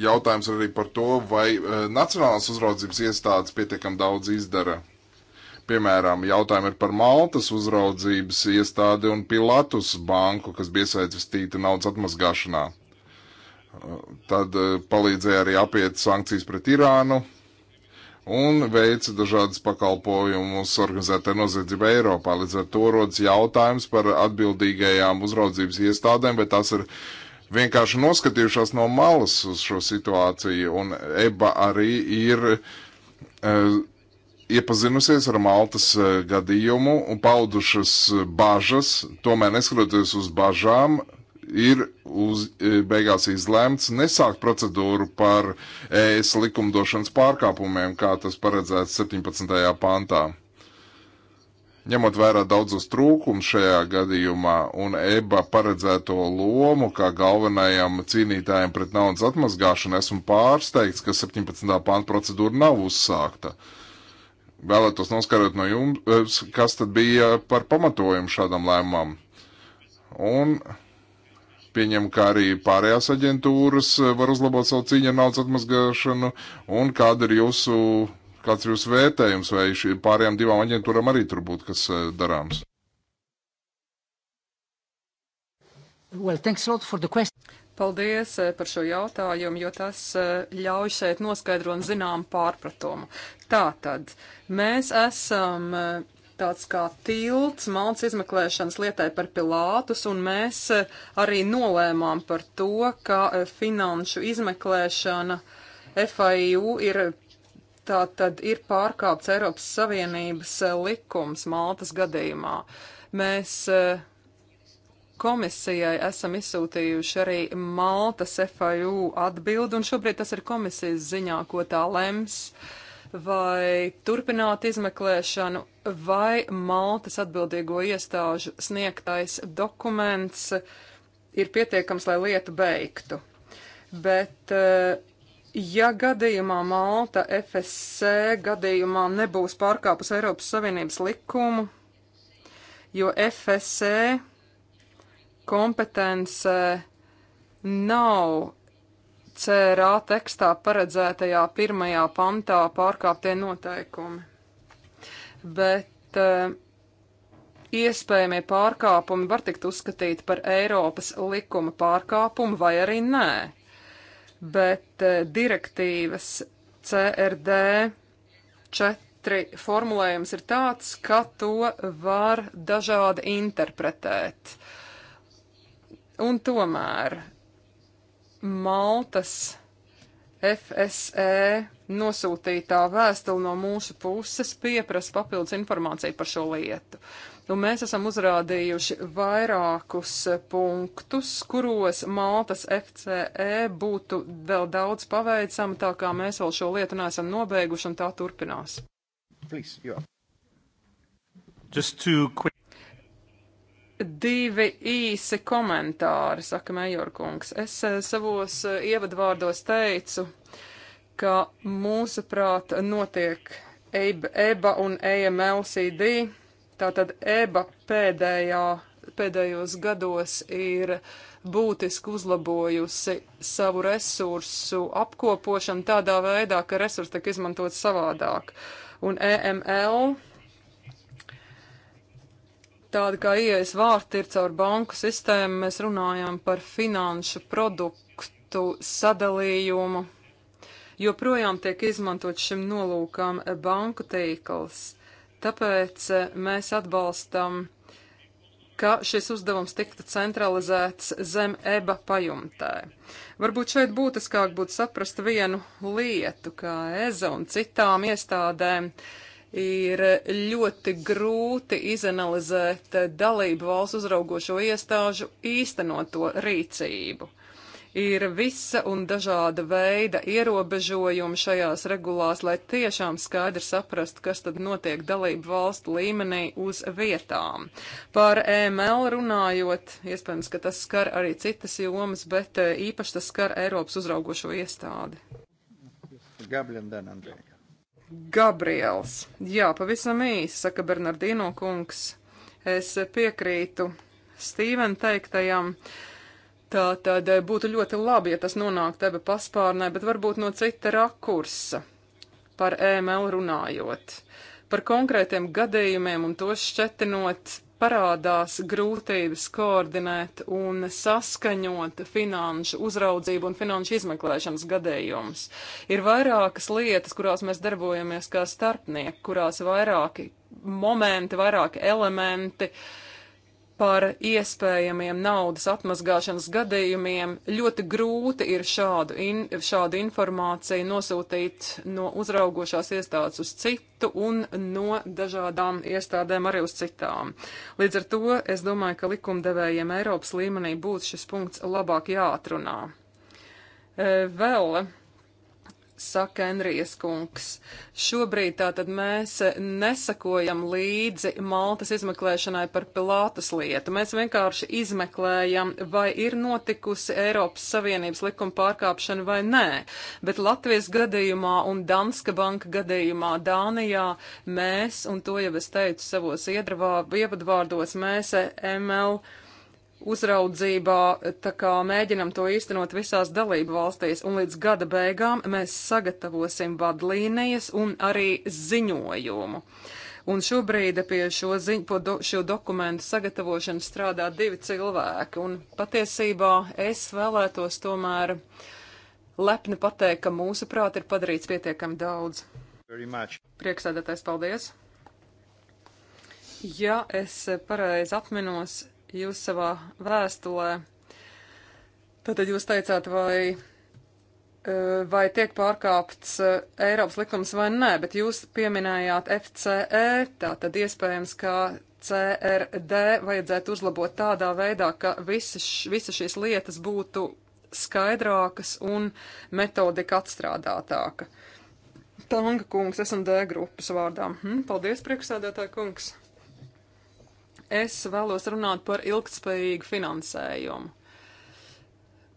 Speaker 2: Jautājums arī par to, vai e, Nacionālās uzraudzības iestādes pietiekam daudz izdara Piemēram, jautājumi ir par Maltas uzraudzības iestādi un Pilatus banku, kas bija iesaistīta naudas atmazgāšanā. Tad eh, palīdzēja arī apiet sankcijas pret Irānu un veica dažādas pakalpojumus organizētai noziedzībai Eiropā. Līdz ar to rodas jautājums par atbildīgajām uzraudzības iestādēm, vai tas ir vienkārši noskatījušās no malas uz šo situāciju, un EBA arī ir. Uh, iepazinusies ar Maltas e, gadījumu un paudušas e, bažas, tomēr neskatoties uz bažām, ir uz, e, beigās izlēmts nesākt procedūru par ES likumdošanas pārkāpumiem, kā tas paredzēts 17. pantā. Ņemot vērā daudzos trūkumus šajā gadījumā un EBA paredzēto lomu kā galvenajam cīnītājam pret naudas atmazgāšanu, esmu pārsteigts, ka 17. pānta procedūra nav uzsākta. Uh, vēlētos noskarot no jums, eh, kas tad bija par pamatojumu šādam lēmumam. Un pieņem, ka arī pārējās aģentūras eh, var uzlabot savu cīņu ar naudas atmazgāšanu, un kāda ir jūsu, kāds ir jūsu vērtējums, vai šī pārējām divām aģentūram arī tur būtu kas eh, darāms?
Speaker 3: Well,
Speaker 1: thanks a lot for the question.
Speaker 3: Paldies eh, par šo jautājumu, jo tas eh, ļauj šeit noskaidrot zinām pārpratumu. Tātad, mēs esam eh, tāds kā tilts malts izmeklēšanas lietai par Pilātus, un mēs arī nolēmām par to, ka finanšu izmeklēšana FAIU ir tā tad ir pārkāpts Eiropas Savienības likums Maltas gadījumā. Mēs uh, Komisijai esam izsūtījuši arī Maltas FAU atbildi, un šobrīd tas ir komisijas ziņā, ko tā lems, vai turpināt izmeklēšanu, vai Maltas atbildīgo iestāžu sniegtais dokuments ir pietiekams, lai lietu beigtu. Bet uh, Ja gadījumā Malta FSC gadījumā nebūs pārkāpus Eiropas Savienības likumu, jo FSC kompetence nav CRA tekstā paredzētajā pirmajā pantā pārkāptie noteikumi. Bet uh, iespējamie pārkāpumi var tikt uzskatīti par Eiropas likuma pārkāpumu vai arī nē. Bet uh, direktīvas CRD 4 formulējums ir tāds, ka to var dažādi interpretēt. Uh, Un tomēr Maltas FSE nosūtītā vēstule no mūsu puses pieprasa papildus informāciju par šo lietu. Un mēs esam uzrādījuši vairākus punktus, kuros Maltas FCE būtu vēl daudz paveicama, tā kā mēs vēl šo lietu neesam nobeiguši un tā turpinās. Please, Divi īsi komentāri, saka Mejorkungs. Es eh, savos eh, ievadvārdos teicu, ka mūsuprāt notiek EBA e un AMLCD. E Tātad EBA pēdējā, pēdējos gados ir būtiski uzlabojusi savu resursu apkopošanu tādā veidā, ka resursi tiek izmantot savādāk. Un EML Tāda kā ieejas vārti ir caur banku sistēmu, mēs runājam par finanšu produktu sadalījumu. Joprojām tiek izmantot šim nolūkam banku tīkls, tāpēc eh, mēs atbalstam, ka šis uzdevums tiktu centralizēts zem eba pajumtē. Varbūt šeit būtiskāk būtu saprast vienu lietu, kā EZA un citām iestādēm. Uh, ir ļoti grūti izanalizēt dalību valsts uzraugošo iestāžu īstenoto rīcību. Ir visa un dažāda veida ierobežojumi šajās regulās, lai tiešām skaidri saprastu, kas tad notiek dalību valstu līmenī uz vietām. Par EML runājot, iespējams, ka tas skar arī citas jomas, bet e, īpaši tas skar Eiropas uzraugošo iestādi. Gablien, Dan Andrēka. Gabriels. Jā, pavisam īsi, saka Bernardino kungs. Es piekrītu Stīven teiktajam. Tā tad būtu ļoti labi, ja tas nonāktu tebe paspārnē, bet varbūt no cita rakursa par EML runājot. Par konkrētiem gadījumiem un tos šķetinot parādās grūtības koordinēt un saskaņot finanšu uzraudzību un finanšu izmeklēšanas gadījumus. Ir vairākas lietas, kurās mēs darbojamies kā starpnieki, kurās vairāki momenti, vairāki elementi. Uh, par iespējamiem naudas atmazgāšanas gadījumiem. Ļoti grūti ir šādu, in, šādu informāciju nosūtīt no uzraugošās iestādes uz citu un no dažādām iestādēm arī uz citām. Līdz ar to es domāju, ka likumdevējiem Eiropas līmenī būtu šis punkts labāk jāatrunā. Vēl saka Enrijas kungs. Šobrīd tātad mēs nesakojam līdzi Maltas izmeklēšanai par Pilātas lietu. Mēs vienkārši izmeklējam, vai ir notikusi Eiropas Savienības likuma pārkāpšana vai nē. Bet Latvijas gadījumā un Danska banka gadījumā Dānijā mēs, un to jau es teicu savos iedravā, ievadvārdos, mēs eh, ML uzraudzībā, tā kā mēģinam to īstenot visās dalību valstīs, un līdz gada beigām mēs sagatavosim vadlīnijas un arī ziņojumu. Un šobrīd pie šo, ziņ, do, šo dokumentu sagatavošanas strādā divi cilvēki, un patiesībā es vēlētos tomēr lepni pateikt, ka mūsu prāt ir padarīts pietiekami daudz. Prieksēdētais, paldies! Ja es pareizi atminos, jūs savā vēstulē, tad jūs teicāt, vai, e, vai tiek pārkāpts e, Eiropas likums vai nē, bet jūs pieminējāt FCE, tā tad iespējams, ka CRD vajadzētu uzlabot tādā veidā, ka visas, visas šīs lietas būtu skaidrākas un metodika atstrādātāka. Tanga kungs, SMD grupas vārdā. Hm, paldies, priekšsēdētāji kungs! Es vēlos runāt par ilgtspējīgu finansējumu.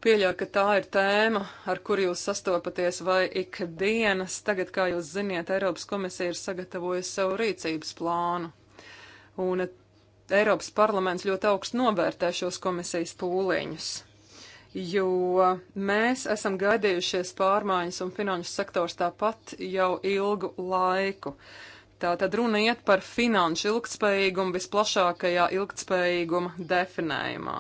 Speaker 3: Pieļauju, ka tā ir tēma, ar kuru jūs sastopaties vai ikdienas. Tagad, kā jūs ziniet, Eiropas komisija ir sagatavojusi savu rīcības plānu. Un Eiropas parlaments ļoti augstu novērtē šos komisijas pūliņus, jo mēs esam gaidījušies pārmaiņas un finanšu sektors tāpat jau ilgu laiku. Uh, Tātad runa iet par finanšu ilgtspējīgumu visplašākajā ilgtspējīguma definējumā.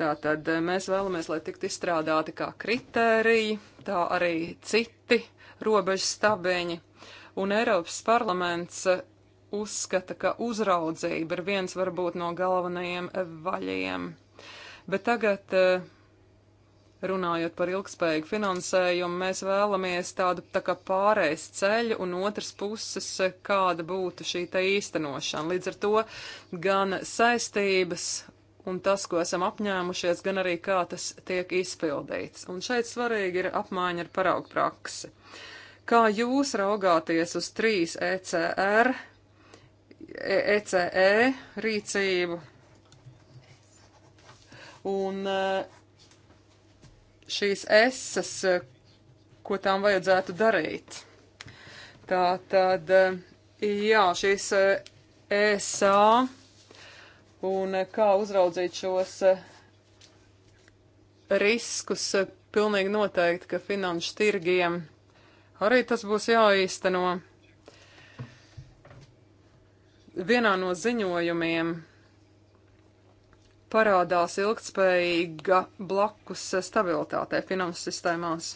Speaker 3: Tātad eh, mēs vēlamies, lai tiktu izstrādāti kā kritēriji, tā arī citi robežu stabiņi. Un Eiropas parlaments eh, uzskata, ka uzraudzība ir viens varbūt no galvenajiem eh, vaļiem. Bet tagad uh, Runājot par ilgspējīgu finansējumu, mēs vēlamies tādu tā kā pārējais ceļu un otras puses, kāda būtu šī te īstenošana. Līdz ar to gan saistības un tas, ko esam apņēmušies, gan arī kā tas tiek izpildīts. Un šeit svarīgi ir apmaiņa ar paraugu praksi. Kā jūs raugāties uz 3 ECR, ECE rīcību? Un uh, šīs esas, e, ko tām vajadzētu darīt. Tā tad, e, jā, šīs e, ESA un kā uzraudzīt šos riskus, pilnīgi noteikti, ka finanšu tirgiem arī tas būs jāīsteno. Vienā no ziņojumiem parādās ilgtspējīga blakus stabilitātei finanses sistēmās.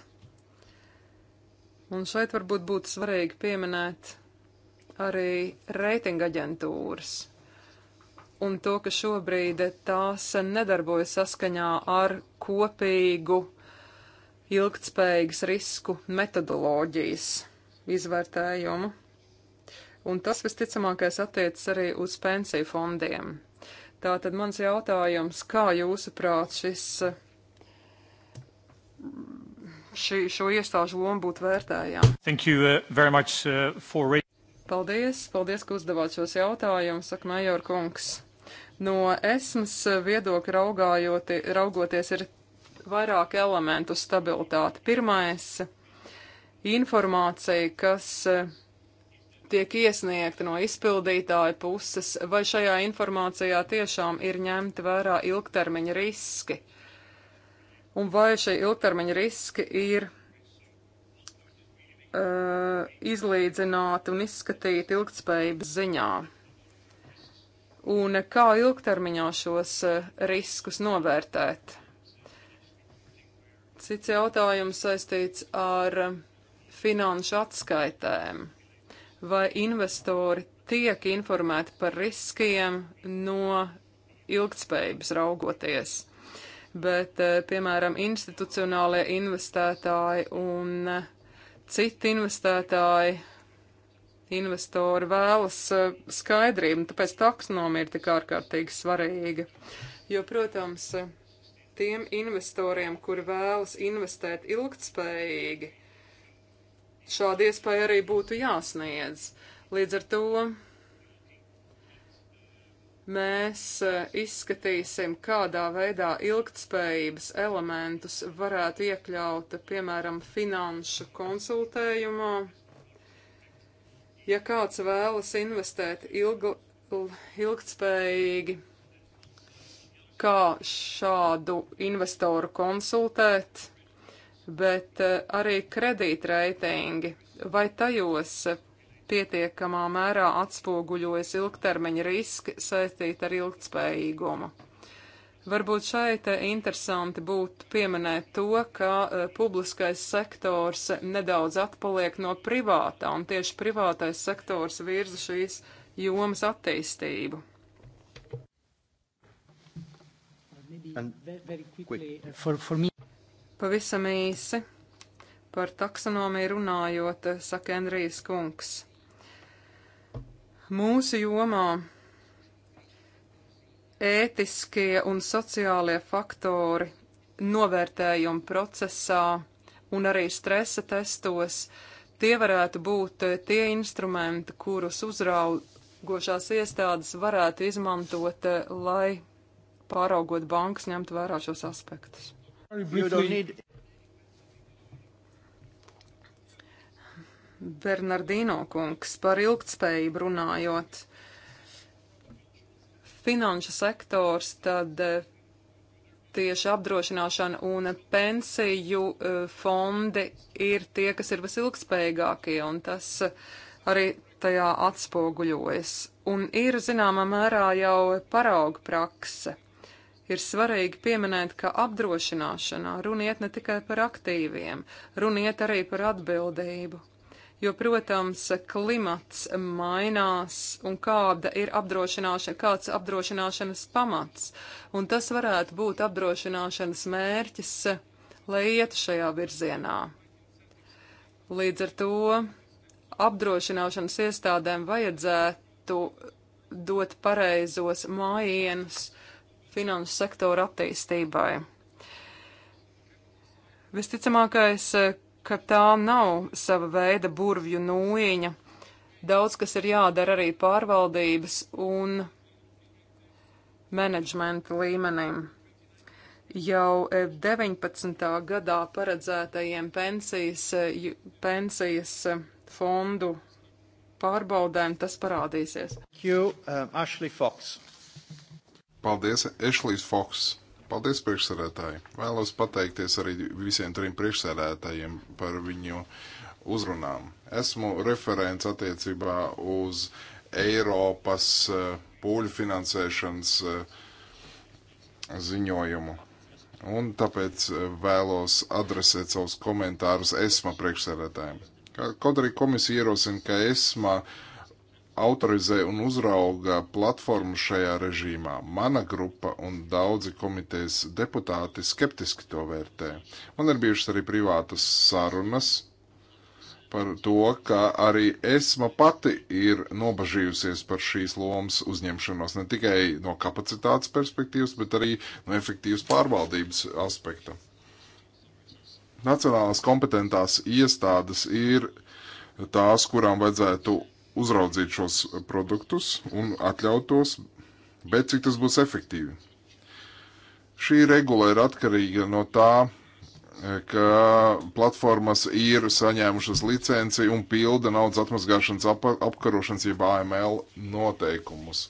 Speaker 3: Un šeit varbūt būtu svarīgi pieminēt arī reitinga aģentūras un to, ka šobrīd tās nedarbojas saskaņā ar kopīgu ilgtspējīgas risku metodoloģijas izvērtējumu. Un tas visticamākais attiecas arī uz pensiju fondiem. Tātad mans jautājums, kā jūsuprāt šis, šī, šo iestāžu lomu būtu vērtējām? Thank you uh, very much uh, for. Paldies, paldies, ka uzdevāt šos jautājumus, saka Major kungs. No esmas viedokļa raugoties ir vairāk elementu stabilitāte. Pirmais - informācija, kas tiek iesniegta no izpildītāja puses, vai šajā informācijā tiešām ir ņemti vērā ilgtermiņa riski, un vai šie ilgtermiņa riski ir uh, izlīdzināti un izskatīti ilgtspējības ziņā. Un kā ilgtermiņā šos riskus novērtēt? Cits jautājums saistīts ar finanšu atskaitēm vai investori tiek informēti par riskiem no ilgtspējības raugoties. Bet, eh, piemēram, institucionālie investētāji un eh, citi investētāji, investori vēlas eh, skaidrību, tāpēc taksonomija ir tik ārkārtīgi svarīga. Jo, protams, tiem investoriem, kuri vēlas investēt ilgtspējīgi, šāda iespēja arī būtu jāsniedz. Līdz ar to mēs eh, izskatīsim, kādā veidā ilgtspējības elementus varētu iekļaut, piemēram, finanšu konsultējumā. Ja kāds vēlas investēt ilg, ilgtspējīgi, kā šādu investoru konsultēt, bet eh, arī kredītreitingi, vai tajos pietiekamā mērā atspoguļojas ilgtermiņa riski saistīti ar ilgtspējīgumu. Varbūt šeit eh, interesanti būtu pieminēt to, ka uh, publiskais sektors nedaudz atpaliek no privātā, un tieši privātais sektors virza šīs jomas attīstību. Uh, for, for me... Pavisam īsi par taksonomiju runājot, saka Andrijas kungs. Mūsu jomā ētiskie un sociālie faktori novērtējuma procesā un arī stresa testos, tie varētu būt tie instrumenti, kurus uzraugošās iestādes varētu izmantot, lai pāraugot bankas ņemt vērā šos aspektus. Need... Bernardino kungs par ilgtspējību runājot. Finanšu sektors tad eh, tieši apdrošināšana un pensiju eh, fondi ir tie, kas ir visilgspējīgākie, un tas eh, arī tajā atspoguļojas. Un ir zināmā mērā jau parauga prakse ir svarīgi pieminēt, ka apdrošināšanā runiet ne tikai par aktīviem, runiet arī par atbildību. Jo, protams, klimats mainās un kāda ir apdrošināšana, kāds apdrošināšanas pamats. Un tas varētu būt apdrošināšanas mērķis, lai ietu šajā virzienā. Līdz ar to apdrošināšanas iestādēm vajadzētu dot pareizos mājienus finanšu sektora attīstībai. Visticamākais, eh, ka tā nav sava veida burvju nūjiņa. Daudz kas ir jādara arī pārvaldības un menedžmenta līmenim. Jau 19. Eh, gadā paredzētajiem pensijas, eh, pensijas fondu pārbaudēm tas parādīsies. Q, um,
Speaker 1: Ashley Fox.
Speaker 2: Paldies, Ešlijs Foks. Paldies, priekšsēdētāji. Vēlos pateikties arī visiem trim priekšsēdētājiem par viņu uzrunām. Esmu referents attiecībā uz Eiropas eh, pūļu finansēšanas eh, ziņojumu. Un tāpēc eh, vēlos adresēt savus komentārus ESMA priekšsēdētājiem. Kaut arī komisija ierosina, ka ESMA uh, autorizē un uzrauga platformu šajā režīmā. Mana grupa un daudzi komitejas deputāti skeptiski to vērtē. Man ir bijušas arī privātas sarunas par to, ka arī esma pati ir nobažījusies par šīs lomas uzņemšanos ne tikai no kapacitātes perspektīvas, bet arī no efektīvas pārvaldības aspekta. Nacionālās kompetentās iestādes ir tās, kurām vajadzētu uzraudzīt šos produktus un atļaut tos, bet cik tas būs efektīvi. Šī regula ir atkarīga no tā, eh, ka platformas ir saņēmušas licenci un pilda naudas atmazgāšanas ap apkarošanas jeb AML noteikumus.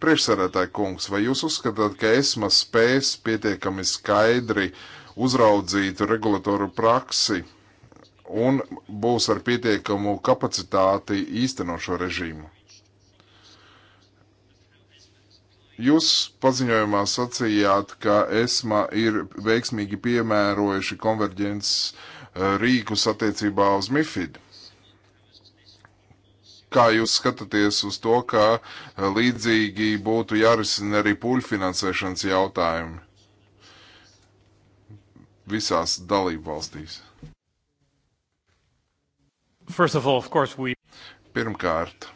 Speaker 2: Priekšsarētāji kungs, vai jūs uzskatāt, ka ESMA spēs pietiekami skaidri uzraudzīt regulatoru praksi un būs ar pietiekamu kapacitāti īstenot šo režīmu. Jūs paziņojumā sacījāt, ka ESMA ir veiksmīgi piemērojuši konverģences eh, rīkus attiecībā uz MIFID. Kā jūs skatāties uz to, ka eh, līdzīgi būtu jārisina arī puļfinansēšanas jautājumi visās dalību valstīs? All, we... Pirmkārt,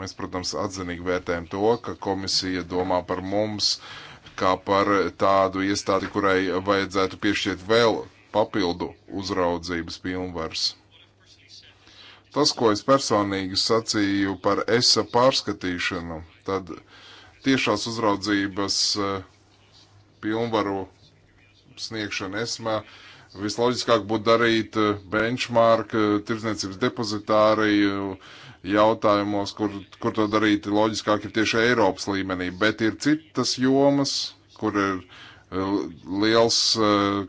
Speaker 2: mēs, protams, atzinīgi vērtējam to, ka komisija domā par mums kā par tādu iestādi, kurai vajadzētu piešķirt vēl papildu uzraudzības pilnvars. Tas, ko es personīgi sacīju par ESA pārskatīšanu, tad tiešās uzraudzības eh, pilnvaru sniegšana ESMA uh, Visloģiskāk būtu darīt eh, benchmark eh, tirdzniecības depozitāriju eh, jautājumos, kur, kur to darīt loģiskāk ir tieši Eiropas līmenī, bet ir citas jomas, kur ir liels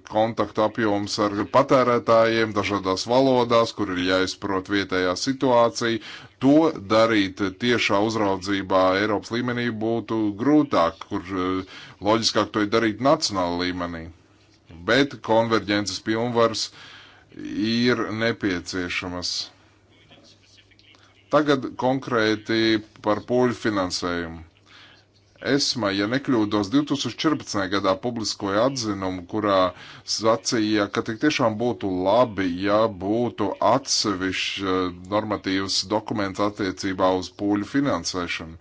Speaker 2: kontaktu apjoms ar patērētājiem dažādās valodās, kur ir jāizprot vietējā situācija. To darīt tiešā uzraudzībā Eiropas līmenī būtu grūtāk, kur loģiskāk to darīt nacionāla līmenī bet konverģences pilnvars ir nepieciešamas. Tagad konkrēti par poļu finansējumu. ESMA, ja nekļūdos, 2014. gadā publiskoja atzinumu, kurā sacīja, ka tik tiešām būtu labi, ja būtu atsevišķi eh, normatīvs dokuments attiecībā uz poļu finansēšanu,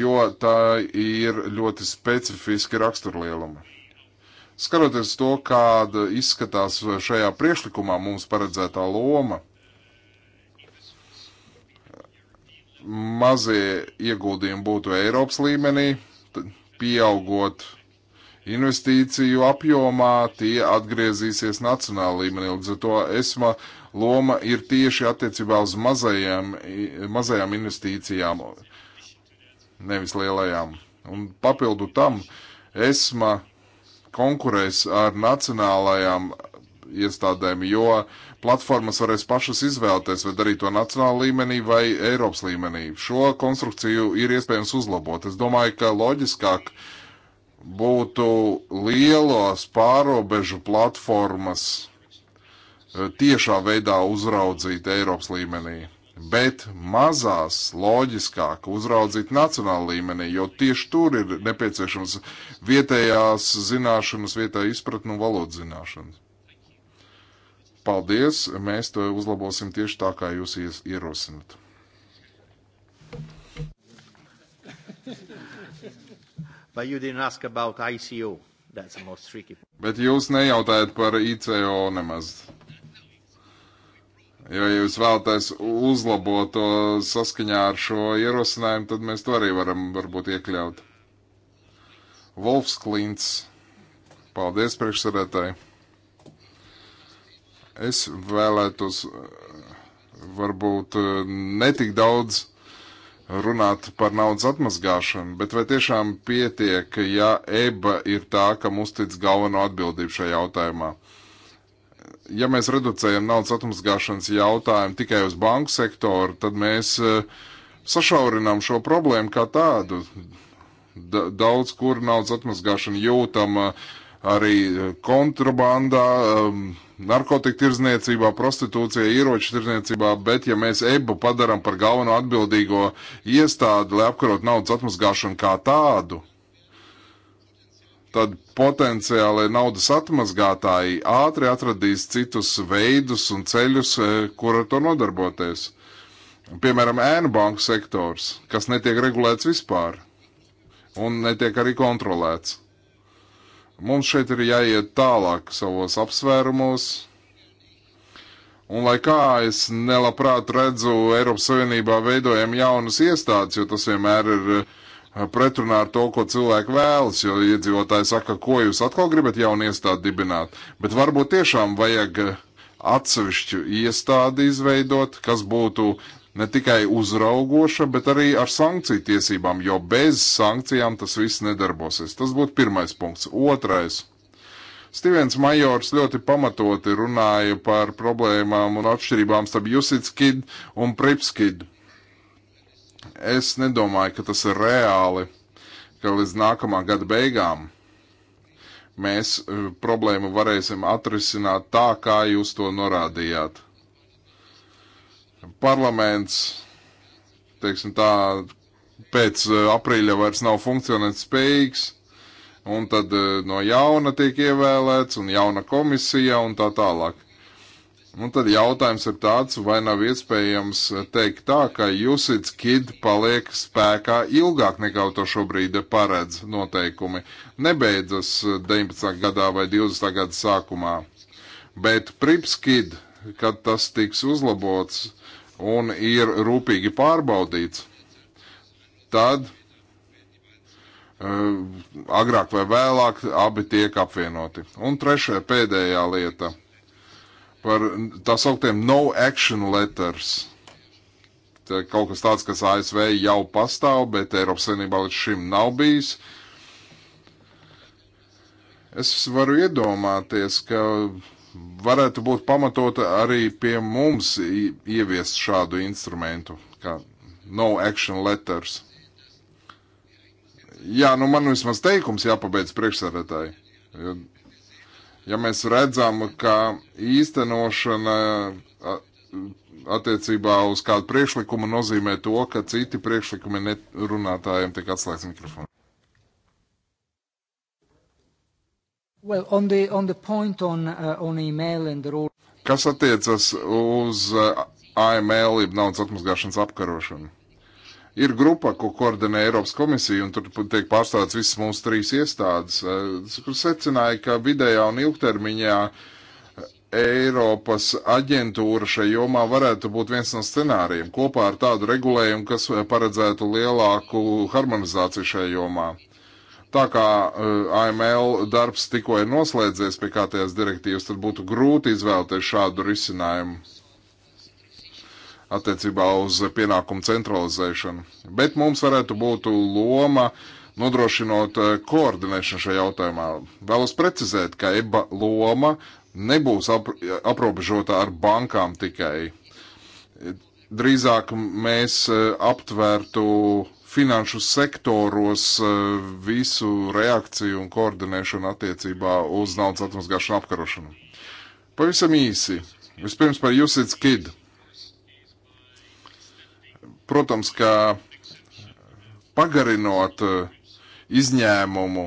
Speaker 2: jo tā ir ļoti specifiski raksturlieluma. Skatoties to, kāda izskatās šajā priekšlikumā mums paredzētā loma, mazie ieguldījumi būtu Eiropas līmenī, pieaugot investīciju apjomā, tie atgriezīsies nacionāla līmenī. Līdz ar to ESMA loma ir tieši attiecībā uz mazajām, mazajām investīcijām, nevis lielajām. Un papildu tam ESMA konkurēs ar nacionālajām iestādēm, jo platformas varēs pašas izvēlēties, vai darīt to nacionāla līmenī vai Eiropas līmenī. Šo konstrukciju ir iespējams uzlabot. Es domāju, ka loģiskāk būtu lielos pārobežu platformas eh, tiešā veidā uzraudzīt Eiropas līmenī bet mazās loģiskāk uzraudzīt nacionāla līmenī, jo tieši tur ir nepieciešams vietējās zināšanas, vietējā izpratnu valodas zināšanas. Paldies, mēs to uzlabosim tieši tā, kā jūs ierosinat.
Speaker 1: But you didn't ask about ICO. That's the most tricky.
Speaker 2: Bet jūs nejautājat par ICO nemaz. Jo, ja jūs vēlaties uzlabot to saskaņā ar šo ierosinājumu, tad mēs to arī varam varbūt iekļaut. Volfs Klints. Paldies priekšsarētāji. Es vēlētos eh, varbūt eh, netik daudz runāt par naudas atmazgāšanu, bet vai tiešām pietiek, ja EBA ir tā, kam uztic galveno atbildību šajā jautājumā? Uh, ja mēs reducējam naudas atmazgāšanas jautājumu tikai uz banku sektoru, tad mēs eh, sašaurinām šo problēmu kā tādu. Da daudz kur naudas atmazgāšana jūtama arī eh, kontrabandā, ehm, narkotika tirzniecībā, prostitūcijā, ieroču tirzniecībā, bet ja mēs ebu padaram par galveno atbildīgo iestādi, lai apkarot naudas atmazgāšanu kā tādu, tad potenciālai naudas atmazgātāji ātri atradīs citus veidus un ceļus, e, kur ar to nodarboties. Piemēram, ēnu banku sektors, kas netiek regulēts vispār un netiek arī kontrolēts. Mums šeit ir jāiet tālāk savos apsvērumos, Un lai kā es nelabprāt redzu Eiropas Savienībā veidojam jaunas iestādes, jo tas vienmēr ir uh, Eh, pretrunā ar to, ko cilvēki vēlas, jo iedzīvotāji saka, ko jūs atkal gribat jaunu iestādi dibināt. Bet varbūt tiešām vajag eh, atsevišķu iestādi izveidot, kas būtu ne tikai uzraugoša, bet arī ar sankciju tiesībām, jo bez sankcijām tas viss nedarbosies. Tas būtu pirmais punkts. Otrais. Stevens Majors ļoti pamatoti runāja par problēmām un atšķirībām starp Jusitskid un Pripskid. Es nedomāju, ka tas ir reāli, ka līdz nākamā gada beigām mēs e, problēmu varēsim atrisināt tā, kā jūs to norādījāt. Parlaments, teiksim tā, pēc e, aprīļa vairs nav funkcionēt spējīgs, un tad e, no jauna tiek ievēlēts, un jauna komisija, un tā tālāk. Un nu, tad jautājums ir tāds, vai nav iespējams teikt tā, ka Jusits Kid paliek spēkā ilgāk nekā to šobrīd paredz noteikumi. Nebeidzas 19. gadā vai 20. gada sākumā. Bet Prips Kid, kad tas tiks uzlabots un ir rūpīgi pārbaudīts, tad eh, agrāk vai vēlāk abi tiek apvienoti. Un trešā pēdējā lieta par tā sauktiem no action letters. Tā kaut kas tāds, kas ASV jau pastāv, bet Eiropas Savienībā līdz šim nav bijis. Es varu iedomāties, ka varētu būt pamatota arī pie mums ieviest šādu instrumentu, kā no action letters. Jā, nu man vismaz teikums jāpabeidz priekšsēdētāji ja mēs redzam, ka īstenošana attiecībā uz kādu priekšlikumu nozīmē to, ka citi priekšlikumi runātājiem tiek atslēgts mikrofonu.
Speaker 3: Well, on the, on the point on, uh, on email and the rule.
Speaker 2: Kas attiecas uz uh, AML, jeb naudas atmazgāšanas apkarošanu? Ir grupa, ko koordinē Eiropas komisija, un tur tiek pārstāvots visas mūsu trīs iestādes, eh, kur secināja, ka vidējā un ilgtermiņā eh, Eiropas aģentūra šai jomā varētu būt viens no scenārijiem, kopā ar tādu regulējumu, kas eh, paredzētu lielāku harmonizāciju šai jomā. Tā kā uh, AML darbs tikko ir noslēdzies pie KTS direktīvas, tad būtu grūti izvēlēties šādu risinājumu attiecībā uz pienākumu centralizēšanu. Bet mums varētu būt loma nodrošinot eh, koordinēšanu šajā jautājumā. Vēlos precizēt, ka EBA loma nebūs ap, aprobežota ar bankām tikai. Drīzāk mēs eh, aptvērtu finanšu sektoros eh, visu reakciju un koordinēšanu attiecībā uz naudas atmazgāšanu apkarošanu. Pavisam īsi. Vispirms par Jusits Kidu Protams, ka pagarinot eh, izņēmumu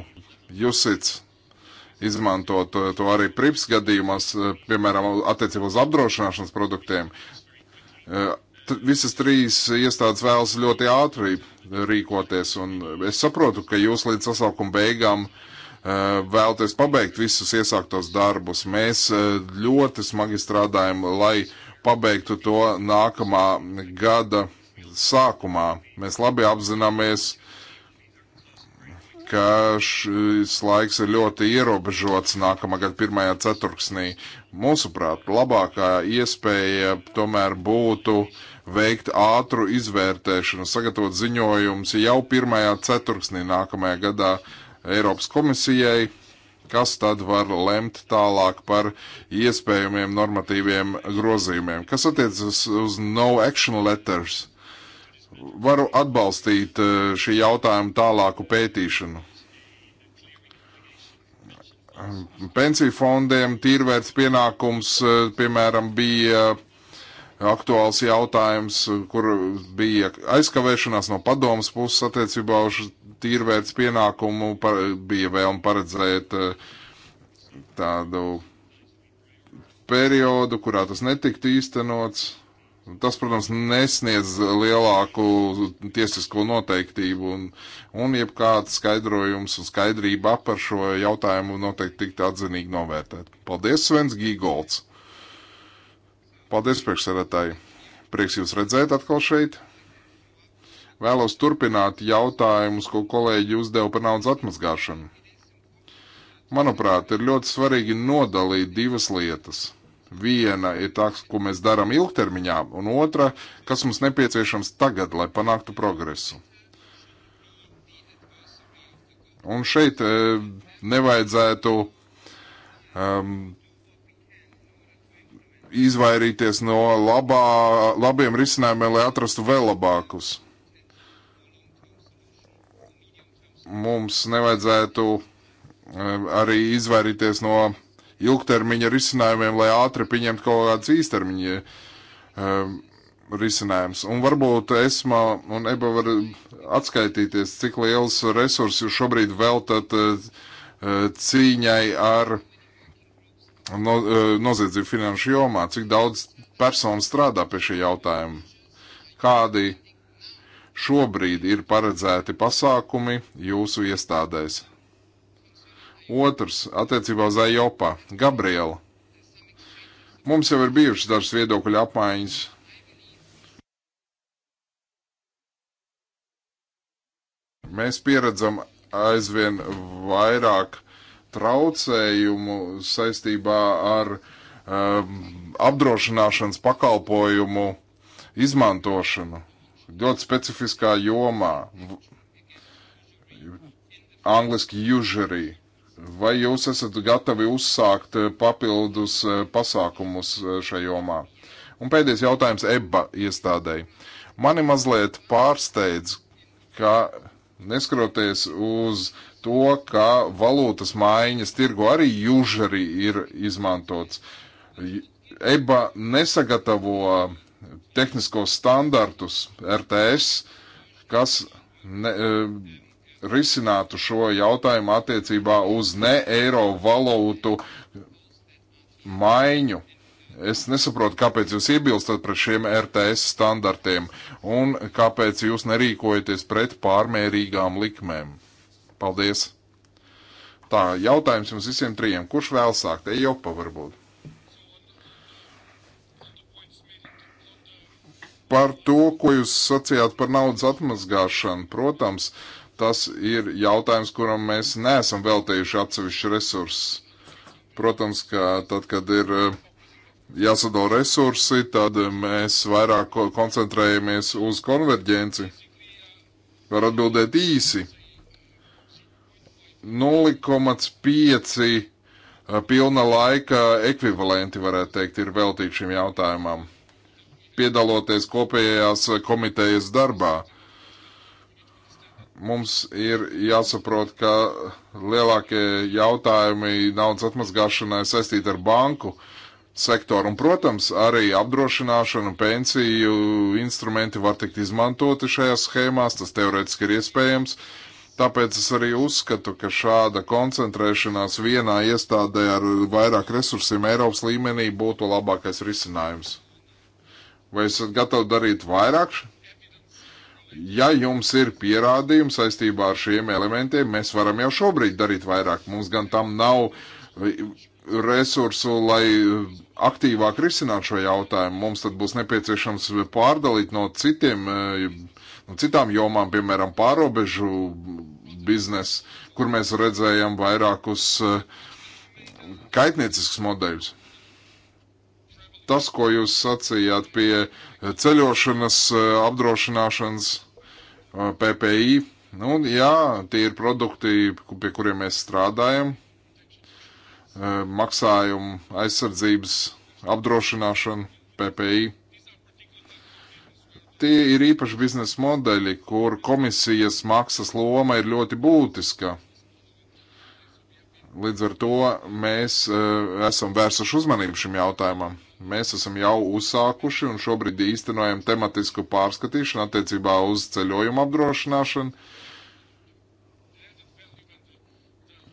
Speaker 2: jūsits izmantot to, eh, to arī prips gadījumos, eh, piemēram, attiecībā uz apdrošināšanas produktiem. T visas trīs iestādes vēlas ļoti ātri rīkoties, un es saprotu, ka jūs līdz sasaukuma beigām vēlties pabeigt visus iesāktos darbus. Mēs ļoti smagi strādājam, lai pabeigtu to nākamā gada sākumā. Mēs labi apzināmies, ka šis laiks ir ļoti ierobežots nākamā gada pirmajā ceturksnī. Mūsuprāt, labākā iespēja tomēr būtu veikt ātru izvērtēšanu, sagatavot ziņojumus jau pirmajā ceturksnī nākamajā gadā Eiropas komisijai, kas tad var lemt tālāk par iespējamiem normatīviem grozījumiem. Kas attiecas uz no action letters? varu atbalstīt eh, šī jautājuma tālāku pētīšanu. Pensiju fondiem tīrvērts pienākums, eh, piemēram, bija aktuāls jautājums, kur bija aizkavēšanās no padomas puses attiecībā uz tīrvērts pienākumu, par, bija vēlme paredzēt eh, tādu periodu, kurā tas netiktu īstenots. Tas, protams, nesniedz lielāku tiesisko noteiktību, un, un jebkāds skaidrojums un skaidrība par šo jautājumu noteikti tiktu atzinīgi novērtēt. Paldies, Svens Gīgolds! Paldies, priekšsēdētāji! Prieks jūs redzēt atkal šeit! Vēlos turpināt jautājumus, ko kolēģi uzdeva par naudas atmazgāšanu. Manuprāt, ir ļoti svarīgi nodalīt divas lietas Viena ir tā, ko mēs darām ilgtermiņā, un otra, kas mums nepieciešams tagad, lai panāktu progresu. Un šeit e, nevajadzētu um, izvairīties no labā, labiem risinājumiem, lai atrastu vēl labākus. Mums nevajadzētu e, arī izvairīties no ilgtermiņa risinājumiem, lai ātri pieņemtu kaut kādas īstermiņa um, risinājums. Un varbūt ESMA un EBA var atskaitīties, cik liels resursi jūs šobrīd veltat uh, uh cīņai ar no, uh, noziedzību finanšu jomā, cik daudz personu strādā pie šī jautājuma, kādi šobrīd ir paredzēti pasākumi jūsu iestādēs. Otrs, attiecībā uz Ejopā, Gabriela. Mums jau ir bijušas dažas viedokļu apmaiņas. Mēs pieredzam aizvien vairāk traucējumu saistībā ar um, apdrošināšanas pakalpojumu izmantošanu ļoti specifiskā jomā, angliski usury. Vai jūs esat gatavi uzsākt eh, papildus eh, pasākumus eh, šajā jomā? Un pēdējais jautājums EBA iestādēji. Mani mazliet pārsteidz, ka neskroties uz to, ka valūtas maiņas tirgu arī južari ir izmantots, EBA nesagatavo tehniskos standartus RTS, kas ne, risinātu šo jautājumu attiecībā uz ne eiro valūtu maiņu. Es nesaprotu, kāpēc jūs iebilstat pret šiem RTS standartiem un kāpēc jūs nerīkojaties pret pārmērīgām likmēm. Paldies! Tā, jautājums jums visiem trijiem. Kurš vēl sākt? Ejopa varbūt. Par to, ko jūs sacījāt par naudas atmazgāšanu, protams, uh, tas ir jautājums, kuram mēs neesam veltējuši atsevišķu resursus. Protams, ka tad, kad ir eh, jāsadala resursi, tad eh, mēs vairāk koncentrējamies uz konverģenci. Var atbildēt īsi. 0,5 eh, pilna laika ekvivalenti, varētu teikt, ir veltīti šim jautājumam, piedaloties kopējās komitejas darbā mums ir jāsaprot, ka lielākie jautājumi naudas atmazgāšanai saistīti ar banku sektoru. Un, protams, arī apdrošināšana un pensiju instrumenti var tikt izmantoti šajās schēmās, tas teoretiski ir iespējams. Tāpēc es arī uzskatu, ka šāda koncentrēšanās vienā iestādē ar vairāk resursiem Eiropas līmenī būtu labākais risinājums. Vai esat gatavi darīt vairāk Ja jums ir pierādījums saistībā ar šiem elementiem, mēs varam jau šobrīd darīt vairāk. Mums gan tam nav eh, resursu, lai eh, aktīvāk risinātu šo jautājumu. Mums tad būs nepieciešams pārdalīt no citiem, eh, no citām jomām, piemēram, pārobežu biznesu, kur mēs redzējam vairākus kaitnieciskus modeļus. Tas, ko jūs sacījāt pie ceļošanas apdrošināšanas, PPI. Nu, jā, tie ir produkti, pie kuriem mēs strādājam. E, maksājumu aizsardzības apdrošināšana PPI. Tie ir īpaši biznesa modeļi, kur komisijas maksas loma ir ļoti būtiska. Līdz ar to mēs e, esam vērsuši uzmanību šim jautājumam. Mēs esam jau uzsākuši un šobrīd īstenojam tematisku pārskatīšanu attiecībā uz ceļojumu apdrošināšanu.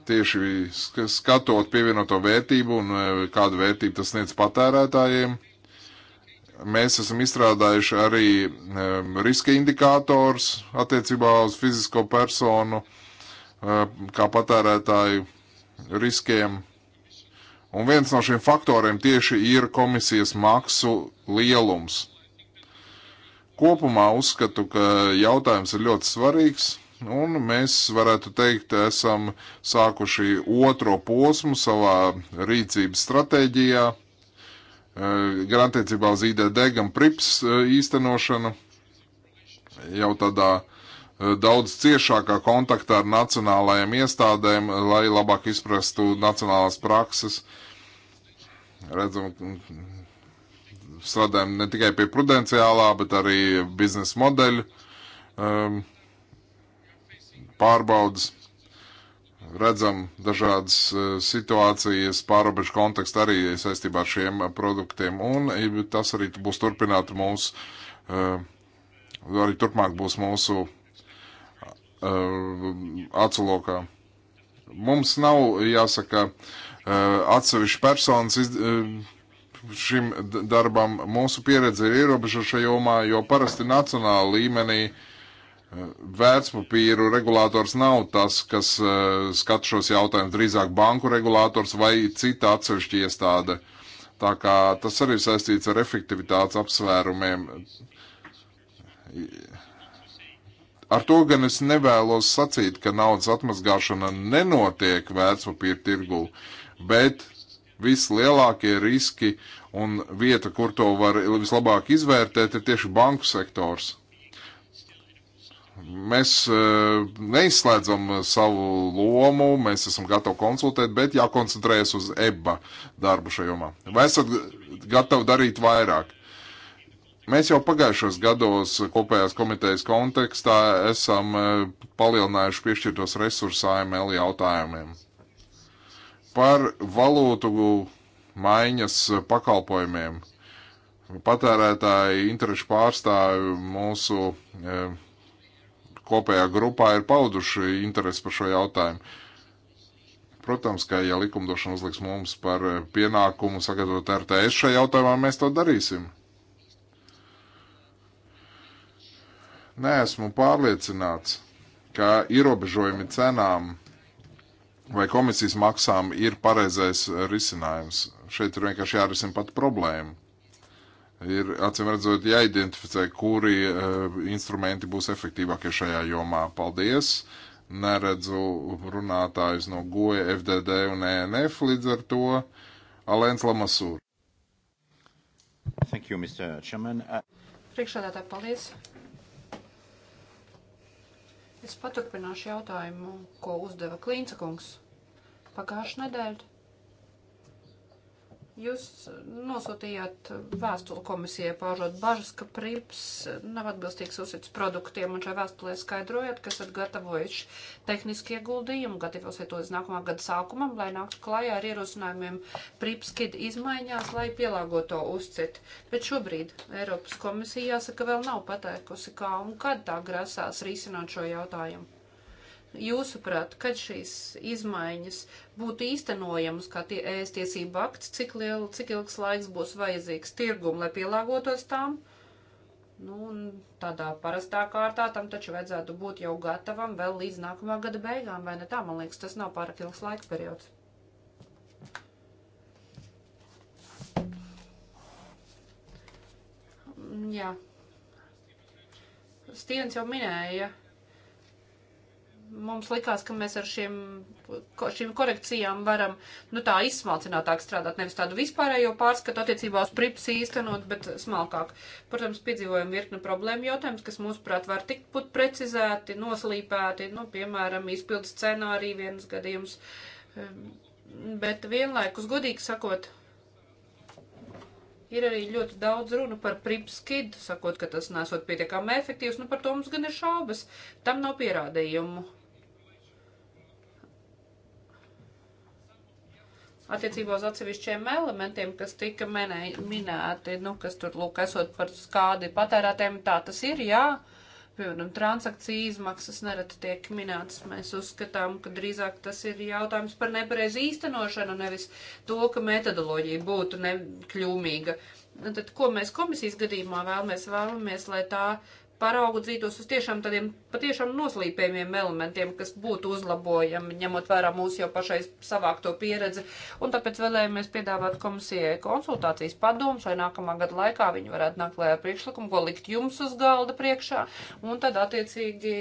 Speaker 2: Tieši skatot pievienoto vērtību un e, kādu vērtību tas sniedz patērētājiem, mēs esam izstrādājuši arī e, riska indikātors attiecībā uz fizisko personu e, kā patērētāju riskiem Un viens no šiem faktoriem tieši ir komisijas maksu lielums. Kopumā uzskatu, ka jautājums ir ļoti svarīgs, un mēs varētu teikt, esam sākuši otro posmu savā rīcības stratēģijā, eh, gan attiecībā uz IDD, gan PRIPS eh, īstenošanu, jau tādā eh, daudz ciešākā kontaktā ar nacionālajiem iestādēm, lai labāk izprastu nacionālās prakses. Uh, Redzam, strādājam ne tikai pie prudenciālā, bet arī biznesa modeļa um, pārbaudas. Redzam dažādas uh, situācijas pārobežu kontekstu arī saistībā ar šiem produktiem, un tas arī būs turpināt mūsu, um, uh, arī turpmāk būs mūsu um, uh, atsulokā. Mums nav jāsaka, uh, Eh, atsevišķi personas iz, eh, šim darbam. Mūsu pieredze ir ierobežota šajā jomā, jo parasti nacionāla līmenī eh, vērtspapīru regulators nav tas, kas skat šos jautājumus, drīzāk banku regulators vai cita atsevišķa iestāde. Tā kā tas arī saistīts ar efektivitātes apsvērumiem. Ar to gan es nevēlos sacīt, ka naudas atmazgāšana nenotiek vērtspapīra tirgū. Uh, bet vislielākie riski un vieta, kur to var vislabāk izvērtēt, ir tieši banku sektors. Mēs e, neizslēdzam savu lomu, mēs esam gatavi konsultēt, bet jākoncentrējas uz EBA darbu šajā jomā. Vai esat gatavi darīt vairāk? Mēs jau pagājušos gados kopējās komitejas kontekstā esam e, palielinājuši piešķirtos resursus AML jautājumiem par valūtu maiņas pakalpojumiem. Patērētāji interešu pārstāvi mūsu e, kopējā grupā ir pauduši interesi par šo jautājumu. Protams, ka ja likumdošana uzliks mums par e, pienākumu sagatavot RTS šajā jautājumā, mēs to darīsim. Nē, esmu pārliecināts, ka ierobežojumi cenām vai komisijas maksām ir pareizais risinājums. Šeit ir vienkārši jārisina pat problēma. Ir acīm redzot jāidentificē, kuri uh, instrumenti būs efektīvākie šajā jomā. Paldies! Neredzu runātājus no GOE, FDD un ENF līdz ar to. Alēns Lamasūr. Thank you, Mr. Chairman.
Speaker 3: Uh...
Speaker 1: Priekšādātāji, paldies! Es paturpināšu jautājumu, ko uzdeva Klīnca kungs. Pagājušā nedēļa Jūs nosūtījāt vēstuli komisijai paužot bažas, ka prips nav atbilstīgs uzsits produktiem, un šajā vēstulē skaidrojat, ka esat gatavojuši tehniski ieguldījumu, gatavosiet to līdz nākamā gada sākumam, lai nāktu klājā ar ierosinājumiem prips kid izmaiņās, lai pielāgoto uzcit. Bet šobrīd Eiropas komisija jāsaka vēl nav pateikusi, kā un kad tā grasās risināt šo jautājumu jūsuprāt, kad šīs izmaiņas būtu īstenojamas, kā tie ēstiesība akts, cik, liela, cik ilgs laiks būs vajadzīgs tirgumu, lai pielāgotos tām? Nu, un tādā parastā kārtā tam taču vajadzētu būt jau gatavam vēl līdz nākamā gada beigām, vai ne tā? Man liekas, tas nav pārāk ilgs laika periods. Mm, jā. Stiens jau minēja, mums likās, ka mēs ar šiem, ko, šīm korekcijām varam nu, tā izsmalcinātāk strādāt. Nevis tādu vispārējo pārskatu attiecībā uz prips īstenot, bet smalkāk. Protams, piedzīvojam virkni problēmu jautājumus, kas mūsuprāt var tikt būt precizēti, noslīpēti, nu, piemēram, izpildu scenāriju viens gadījums. Ehm, bet vienlaikus, godīgi sakot, ir arī ļoti daudz runu par pripskidu, sakot, ka tas nesot pietiekami efektīvs. Nu, par to mums gan ir šaubas. Tam nav pierādījumu. attiecībā uz atsevišķiem elementiem, kas tika menē, minēti, nu, kas tur, lūk, esot par skādi patērētēm, tā tas ir, jā. Piemēram, transakciju izmaksas nereti tiek minētas. Mēs uzskatām, ka drīzāk tas ir jautājums par nepareizu īstenošanu, nevis to, ka metodoloģija būtu nekļūmīga. Tad, ko mēs komisijas gadījumā vēlamies? Vēlamies, lai tā uh, paraugudzītos uz tiešām tādiem patiešām noslīpējumiem elementiem, kas būtu uzlabojami, ņemot vērā mūsu jau pašais savākto pieredzi. Un tāpēc vēlējāmies piedāvāt komisijai konsultācijas padomus, lai nākamā gada laikā viņi varētu nākt klājā priekšlikumu, ko likt jums uz galda priekšā, un tad attiecīgi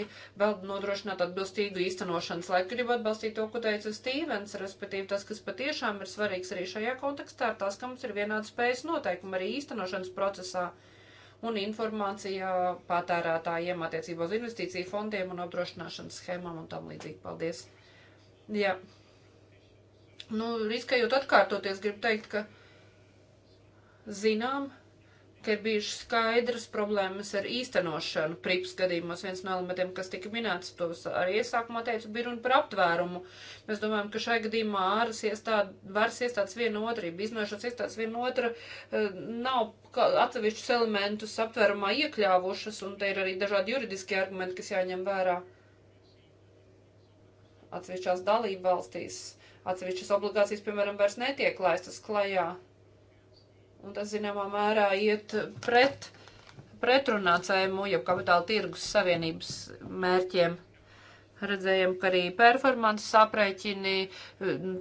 Speaker 1: vēl nodrošināt atbilstīgu īstenošanas laiku. Gribu atbalstīt to, ko teica Stīvens, respektīvi tas, kas patiešām ir svarīgs arī šajā kontekstā, ir tas, ka mums ir vienāds spējas noteikumi arī īstenošanas procesā un informācijā patērētājiem attiecībā uz investīciju fondiem un apdrošināšanas schēmām un tam līdzīgi. Paldies! Jā. Nu, riskējot atkārtoties, gribu teikt, ka zinām, ka ir bijušas skaidras problēmas ar īstenošanu. Prips gadījumos viens no elementiem, kas tika minēts, to arī iesākumā teicu, bija runa par aptvērumu. Mēs domājam, ka šai gadījumā āras iestād, varas iestādes viena otra, biznošas iestādes viena otra eh, nav atsevišķus elementus aptvērumā iekļāvušas, un te ir arī dažādi juridiski argumenti, kas jāņem vērā atsevišķās dalība valstīs. Atsevišķas obligācijas, piemēram, vairs netiek laistas klajā. Un nu, tas, zināmā mērā, iet pret, pretrunā CMU, jau kapitāla tirgus savienības mērķiem. Redzējām, ka arī performances aprēķini eh,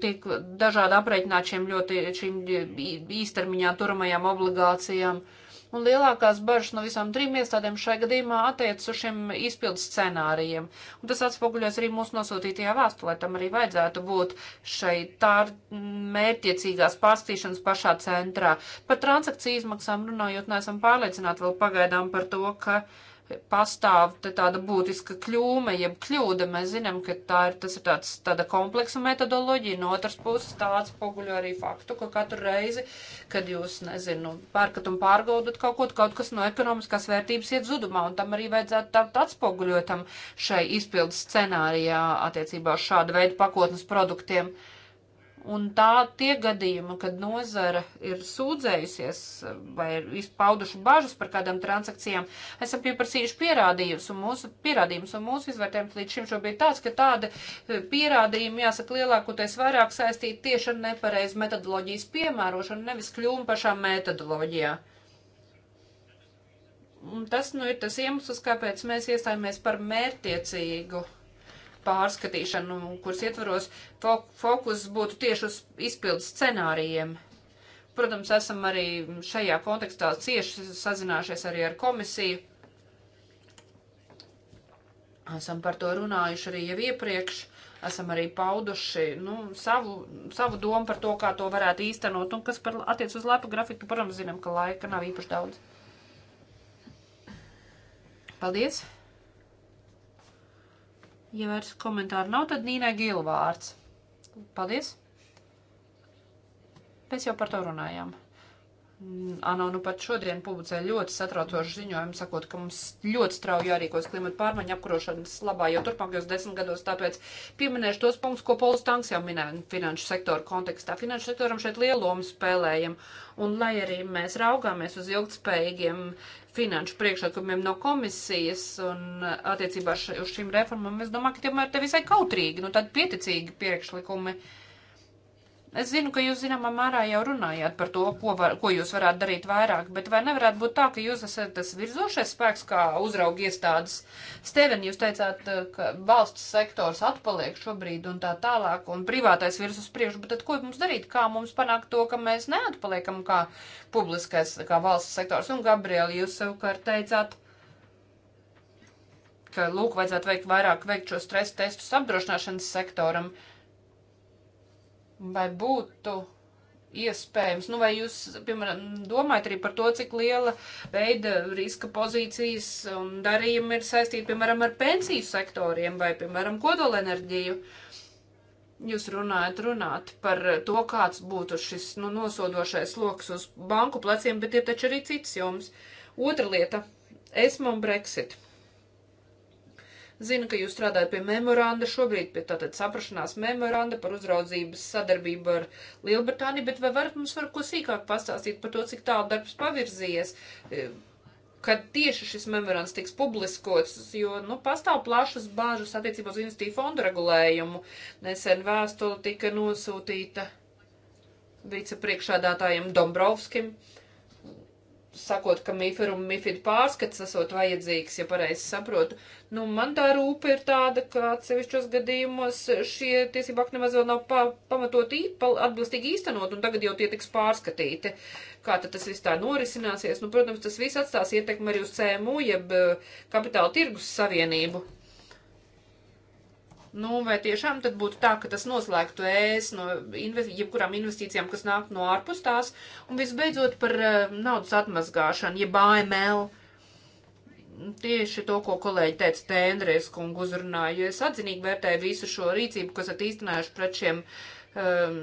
Speaker 1: tiek dažādi aprēķināt šiem ļoti šīm īstermiņā turamajām obligācijām. Uh, Un lielākās bažas no visām trim iestādēm šai gadījumā attiecas uz šiem izpildus scenārijiem. Un tas atspoguļos arī mūsu nosūtītajā vēstulē. Tam arī vajadzētu būt šai tā mērķiecīgās pārstīšanas pašā centrā. Par transakciju izmaksām runājot, neesam pārliecināti vēl pagaidām par to, ka. Uh, pastāv tāda būtiska kļūme, jeb kļūda. Mēs zinām, ka tā ir, tas ir tāds, tāda kompleksa metodoloģija, no otras puses tā atspoguļo arī faktu, ka katru reizi, kad jūs, nezinu, pērkat un pārgaudat kaut ko, kaut kas no ekonomiskās vērtības iet zudumā, un tam arī vajadzētu tādu atspoguļotam šai izpildes scenārijā attiecībā uz šādu veidu pakotnes produktiem. Uh, Un tā tie gadījumi, kad nozara ir sūdzējusies vai ir izpauduši bažas par kādām transakcijām, esam pieprasījuši pierādījumus, un mūsu pierādījums un mūsu izvērtējums līdz šim šobrīd tāds, ka tāda e, pierādījuma, jāsaka, lielākoties vairāk saistīta tieši ar nepareizu metodoloģijas piemērošanu, nevis kļūmu pašā metodoloģijā. Un tas, nu, ir tas iemesls, kāpēc mēs iestājāmies par mērtiecīgu pārskatīšanu, kuras ietvaros fokus būtu tieši uz izpildus scenārijiem. Protams, esam arī šajā kontekstā cieši sazinājušies arī ar komisiju. Esam par to runājuši arī jau iepriekš, esam arī pauduši nu, savu, savu domu par to, kā to varētu īstenot, un kas par, attiec uz laika grafiku, protams, zinām, ka laika nav īpaši daudz. Paldies! Ja vairs komentāru nav, tad Nīnai Gila vārds. Paldies! Pēc jau par to runājām. ANO nu pat šodien publicēja ļoti satraucošu ziņojumu, sakot, ka mums ļoti strauji jārīkos klimata pārmaiņa apkarošanas labā jau turpmākajos desmit gados. Tāpēc pieminēšu tos punktus, ko Pols Tanks jau minēja finanšu sektoru kontekstā. Finanšu sektoram šeit lielu lomu spēlējam. Un lai arī mēs raugāmies uz ilgtspējīgiem finanšu priekšlikumiem no komisijas un attiecībā uz šīm reformām, es domāju, ka tomēr te visai kautrīgi, nu tad pieticīgi priekšlikumi. Uh, Es zinu, ka jūs zināmā mērā jau runājāt par to, ko, var, ko jūs varētu darīt vairāk, bet vai nevarētu būt tā, ka jūs esat tas virzošais spēks kā uzraugi iestādes? Steven, jūs teicāt, eh, ka valsts sektors atpaliek šobrīd un tā tālāk, un privātais virs uz priekšu, bet tad ko mums darīt? Kā mums panākt to, ka mēs neatpaliekam kā publiskais, kā valsts sektors? Un, Gabriel, jūs savukārt teicāt, ka, lūk, vajadzētu veikt vairāk veikt šo stresa testus apdrošināšanas sektoram. Uh, vai būtu iespējams? Nu, vai jūs, piemēram, domājat arī par to, cik liela veida riska pozīcijas un darījumi ir saistīti, piemēram, ar pensiju sektoriem vai, piemēram, kodolenerģiju? Jūs runājat, runāt par to, kāds būtu šis nu, nosodošais lokus uz banku pleciem, bet ir taču arī cits jums. Otra lieta - esmu un Brexit. Zinu, ka jūs strādājat pie memoranda šobrīd, pie tātad saprašanās memoranda par uzraudzības sadarbību ar Lielbritāniju, bet vai varat mums var ko sīkāk pastāstīt par to, cik tālu darbs pavirzījies, e, kad tieši šis memorands tiks publiskots, jo, nu, pastāv plašas bāžas attiecībā uz investīju fondu regulējumu. Nesen vēstule tika nosūtīta vicepriekšādātājiem Dombrovskim. Uh, sakot, ka MIFIR un MIFID pārskats esot vajadzīgs, ja pareizi saprotu. Nu, man tā rūpa ir tāda, ka atsevišķos gadījumos šie tiesību akti nemaz vēl nav pa, pamatot īpa, atbilstīgi īstenot, un tagad jau tie tiks pārskatīti. Kā tad tas viss tā norisināsies? Nu, protams, tas viss atstās ietekmi arī uz CMU, jeb eh, kapitāla tirgus savienību. Nu, vai tiešām tad būtu tā, ka tas noslēgtu ēs no invest jebkurām investīcijām, kas nāk no ārpus tās, un visbeidzot par uh, naudas atmazgāšanu, jeb AML. Tieši to, ko kolēģi teica Tēndrēs kungu uzrunāja, jo es atzinīgi vērtēju visu šo rīcību, kas attīstinājuši pret šiem um,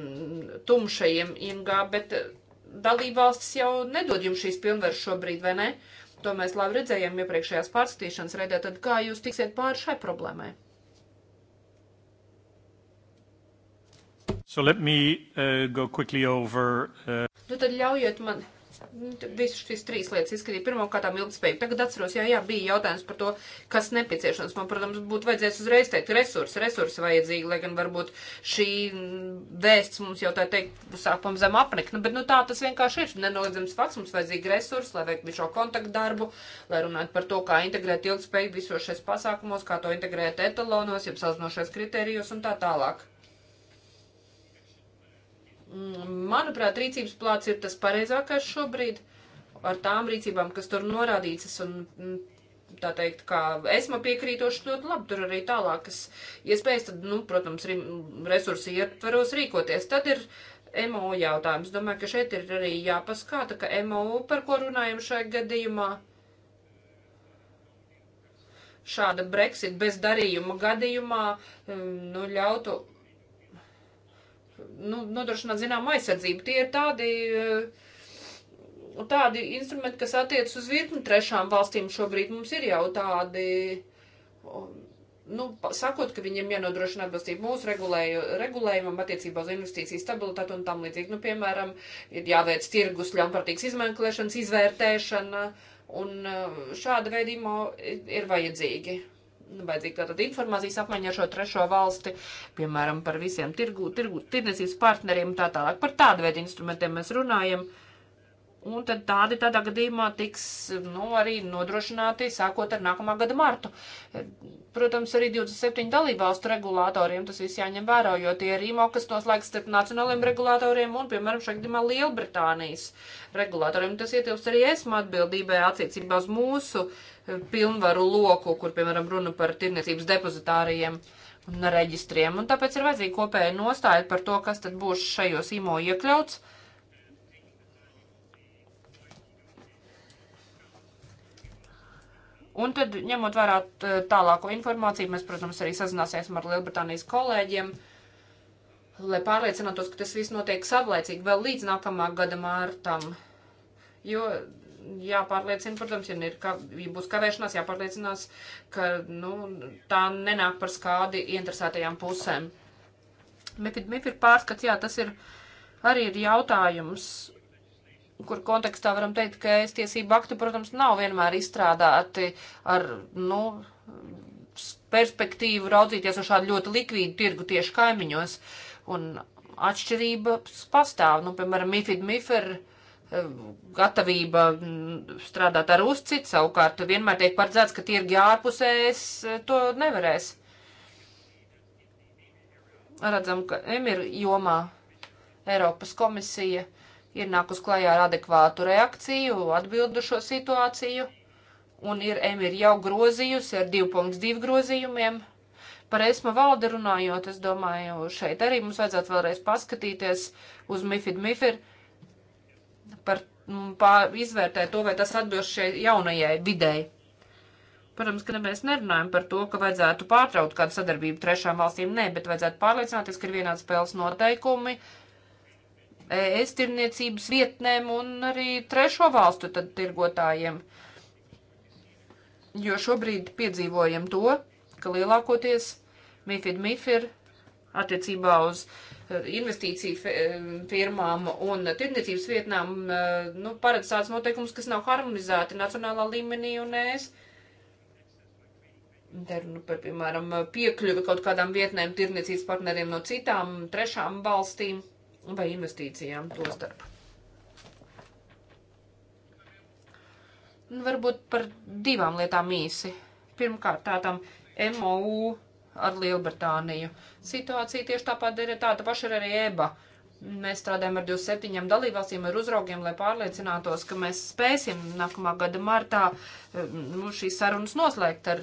Speaker 1: tumšajiem ingā, bet eh, dalībvalstis jau nedod jums šīs pilnvaras šobrīd, vai ne? To mēs labi redzējām iepriekšējās pārskatīšanas reidē, tad kā jūs tiksiet pāri šai problēmai?
Speaker 3: So let me uh, go quickly over. Uh...
Speaker 1: Nu tad ļaujiet man visus šīs trīs lietas izskatīt. Pirmkārt, ilgspējība. Tagad atceros, jā, jā, bija jautājums par to, kas nepieciešams. Man, protams, būtu vajadzējis uzreiz teikt resursi, resursi vajadzīgi, lai gan varbūt šī vēsts mums jau tā teikt sāk pamazām apnikna, nu, bet nu tā tas vienkārši ir. Nenoliedzams fakts, mums vajadzīgi resursi, lai veiktu šo kontaktu darbu, lai runātu par to, kā integrēt ilgspējību visos šais pasākumos, kā to integrēt etalonos, jeb salzinošais kritērijos un tā tālāk. Mm, manuprāt, rīcības plāts ir tas pareizākais šobrīd ar tām rīcībām, kas tur norādītas un mm, tā teikt, kā esmu piekrītoši ļoti labi, tur arī tālākas iespējas, tad, nu, protams, resursi ietveros rīkoties. Tad ir MO jautājums. Domāju, ka šeit ir arī jāpaskāta, ka MO, par ko runājam šajā gadījumā, šāda Brexit bezdarījuma gadījumā, mm, nu, ļautu nu, nodrošināt zinām aizsardzību. Tie ir tādi, eh, tādi instrumenti, kas attiec uz virkni trešām valstīm šobrīd. Mums ir jau tādi, nu, sakot, ka viņiem jānodrošina atbilstība mūsu regulēju, regulējumam attiecībā uz investīciju stabilitāti un tam līdzīgi. Nu, piemēram, ir jāveic tirgus ļaunprātīgas izmanklēšanas, izvērtēšana, un eh, šāda veidīmo ir vajadzīgi. Nu, vajadzīga tātad informācijas apmaiņa ar šo trešo valsti, piemēram, par visiem tirgu, tirgu, tirnesības partneriem un tā tālāk. Par tādu veidu instrumentiem mēs runājam. Un tad tādi tādā gadījumā tiks, nu, arī nodrošināti sākot ar nākamā gada martu. Protams, arī 27 dalībvalstu regulātoriem tas viss jāņem vērā, jo tie ir IMO, kas noslēgs starp nacionāliem regulātoriem un, piemēram, šajā gadījumā Lielbritānijas regulātoriem. Tas ietilps arī esmu atbildībai attiecībā uz mūsu uh, pilnvaru loku, kur, piemēram, runa par tirniecības depozitāriem un reģistriem. Un tāpēc ir vajadzīga kopēja nostāja par to, kas tad būs šajos IMO iekļauts. Un tad, ņemot vērā tālāko informāciju, mēs, protams, arī sazināsies ar Lielbritānijas kolēģiem, lai pārliecinātos, ka tas viss notiek savlaicīgi vēl līdz nākamā gada mārtam. Jo jāpārliecina, protams, ja, ir, ka, ja būs kavēšanās, jāpārliecinās, ka nu, tā nenāk par skādi interesētajām pusēm. MIFID, MIFID pārskats, jā, tas ir arī ir jautājums, kur kontekstā varam teikt, ka es tiesību akti, protams, nav vienmēr izstrādāti ar, nu, perspektīvu raudzīties uz šādu ļoti likvīdu tirgu tieši kaimiņos. Un atšķirības pastāv, nu, piemēram, MIFID, MIFID gatavība mm, strādāt ar uzcit, savukārt vienmēr tiek paredzēts, ka tirgi ārpusēs eh, to nevarēs. Redzam, ka emir jomā Eiropas komisija ir nākus klajā ar adekvātu reakciju, atbildu šo situāciju, un ir emir jau grozījusi ar 2.2 grozījumiem. Par esmu valdi runājot, es domāju, šeit arī mums vajadzētu vēlreiz paskatīties uz Mifid Mifir. -Mifir par, mm, pār, izvērtēt to, vai tas atbilst šai jaunajai videi. Protams, ka mēs nerunājam par to, ka vajadzētu pārtraukt kādu sadarbību trešām valstīm, nē, bet vajadzētu pārliecināties, ka ir vienāds spēles noteikumi ES tirniecības vietnēm un arī trešo valstu tad tirgotājiem. Jo šobrīd piedzīvojam to, ka lielākoties MIFID MIFIR attiecībā uz uh, investīciju firmām un tirdzniecības vietnām nu, paredz tāds noteikums, kas nav harmonizēti nacionālā līmenī un es. Te runa nu, par, piemēram, piekļuvi kaut kādām vietnēm tirdzniecības partneriem no citām trešām valstīm vai investīcijām to starp. Un nu, varbūt par divām lietām īsi. Pirmkārt, tādām MOU ar Lielbritāniju. Situācija tieši tāpat ir tāda tā paša arī EBA. Mēs strādājam ar 27 dalībvalstīm, ar uzraugiem, lai pārliecinātos, ka mēs spēsim nākamā gada martā mm, nu, šīs sarunas noslēgt ar,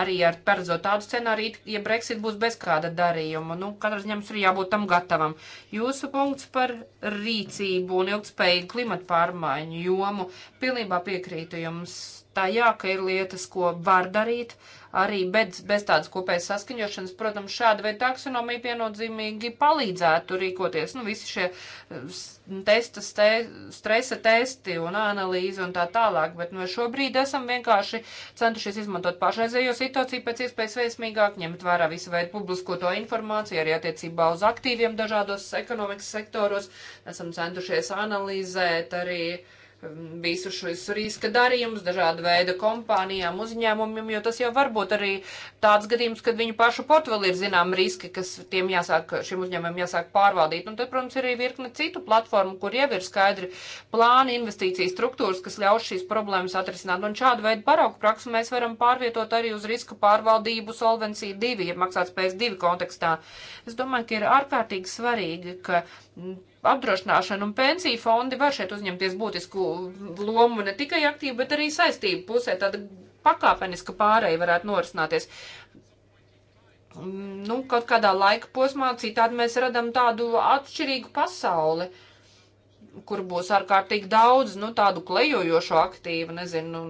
Speaker 1: arī ar paredzot tādu scenāriju, ja Brexit būs bez kāda darījuma. Nu, katrs ņems ir jābūt tam gatavam. Jūsu punkts par rīcību un ilgspējīgu klimatu pārmaiņu jomu pilnībā piekrītu jums. Tā jā, ka ir lietas, ko var darīt, uh, arī bez, bez tādas kopējas saskaņošanas, protams, šāda veida taksonomija pienodzīmīgi palīdzētu rīkoties. Nu, visi šie eh, testa, ste, stresa testi un analīze un tā tālāk, bet no nu, šobrīd esam vienkārši centušies izmantot pašreizējo situāciju pēc iespējas veiksmīgāk, ņemt vērā visu veidu publiskoto informāciju arī attiecībā uz aktīviem dažādos ekonomikas sektoros. Esam centušies analizēt arī uh, visu šis riska darījums dažāda veida kompānijām, uzņēmumiem, jo tas jau var būt arī tāds gadījums, kad viņu pašu portfeli ir zinām riski, kas tiem jāsāk, šiem uzņēmumiem jāsāk pārvaldīt. Un tad, protams, ir arī virkne citu platformu, kur jau ir skaidri plāni, investīcija struktūras, kas ļaus šīs problēmas atrisināt. Un šādu veidu paraugu praksu mēs varam pārvietot arī uz riska pārvaldību solvencija 2, ja maksātspējas 2 kontekstā. Es domāju, ka ir ārkārtīgi svarīgi, ka apdrošināšana un pensiju fondi var šeit uzņemties būtisku lomu ne tikai aktīvu, bet arī saistību pusē. Tāda pakāpeniska pārēja varētu norisināties. Nu, kaut kādā laika posmā citādi mēs radam tādu atšķirīgu pasauli, kur būs ārkārtīgi daudz, nu, tādu klejojošu aktīvu, nezinu,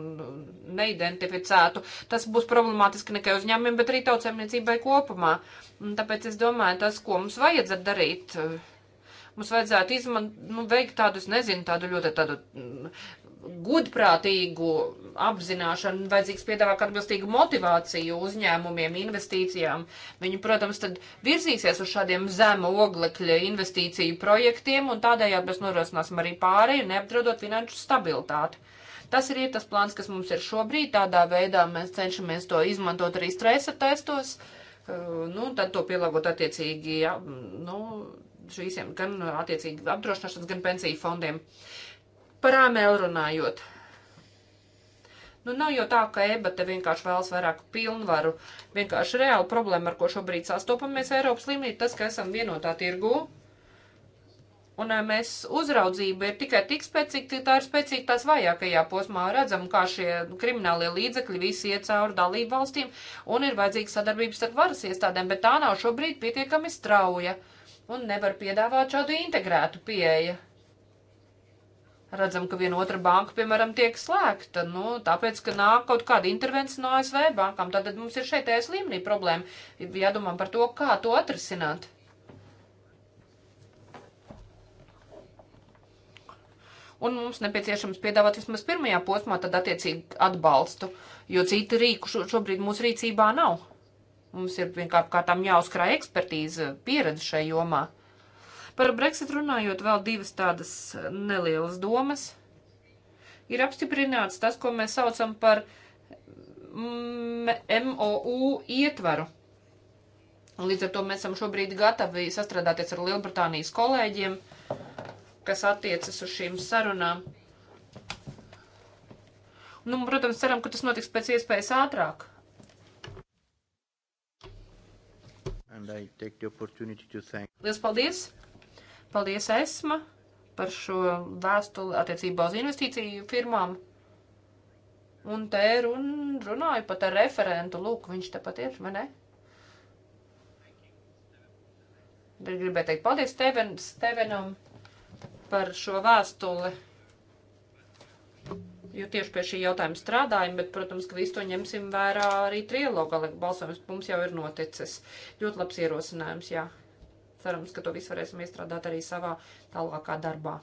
Speaker 1: neidentificētu. Tas būs problemātiski ne tikai uzņēmumiem, bet arī tautsēmniecībai kopumā. Un tāpēc es domāju, tas, ko mums vajadzētu darīt, uh, Mums vajadzētu izman, nu, veikt tādus, nezinu, tādu ļoti tādu mm, gudprātīgu apzināšanu, vajadzīgs piedāvāt atbilstīgu motivāciju uzņēmumiem, investīcijām. Viņi, protams, tad virzīsies uz šādiem zemu oglekļa investīciju projektiem un tādējādi mēs norosināsim arī pārēju, neapdraudot finanšu stabilitāti. Tas ir tas plāns, kas mums ir šobrīd. Tādā veidā mēs cenšamies to izmantot arī stresa testos. Nu, tad to pielāgot attiecīgi jā, nu, šīsiem gan attiecīgi apdrošināšanas, gan pensiju fondiem. Par AML runājot. Nu, nav jau tā, ka EBA te vienkārši vēlas vairāk pilnvaru. Vienkārši reāla problēma, ar ko šobrīd sastopamies Eiropas līmenī, tas, ka esam vienotā tirgū. Un eh, mēs uzraudzība ir tikai tik spēcīga, cik tā ir spēcīga tās vajākajā posmā. Redzam, kā šie kriminālie līdzekļi visi iet cauri dalību valstīm un ir vajadzīga sadarbības ar varas iestādēm, bet tā nav šobrīd pietiekami strauja. Uh, un nevar piedāvāt šādu integrētu pieeju. Redzam, ka viena otra banka, piemēram, tiek slēgta, nu, tāpēc, ka nāk kaut kāda intervence no ASV bankām. Tad mums ir šeit ES līmenī problēma. Jādomā par to, kā to atrisināt. un mums nepieciešams piedāvāt vismaz pirmajā posmā tad attiecīgi atbalstu, jo citu rīku šobrīd mūsu rīcībā nav. Mums ir vienkārši kā tam jāuzkrāj ekspertīze, pieredze šai jomā. Par Brexit runājot, vēl divas tādas nelielas domas. Ir apstiprināts tas, ko mēs saucam par MOU ietvaru. Līdz ar to mēs esam šobrīd gatavi sastrādāties ar Lielbritānijas kolēģiem, kas attiecas uz šīm sarunām. Nu, protams, ceram, ka tas notiks pēc iespējas ātrāk. Lielas paldies! Paldies ESMA par šo vēstuli attiecībā uz investīciju firmām. Un te run, runāju pat ar referentu, lūk, viņš te pat ir, vai ne? Bet gribēju teikt paldies Steven, Stevenam par šo vēstuli jo tieši pie šī jautājuma strādājam, bet, protams, ka visu to ņemsim vērā arī trilogā, balsojums mums jau ir noticis. Ļoti labs ierosinājums, jā. Cerams, ka to visu varēsim iestrādāt arī savā tālākā darbā.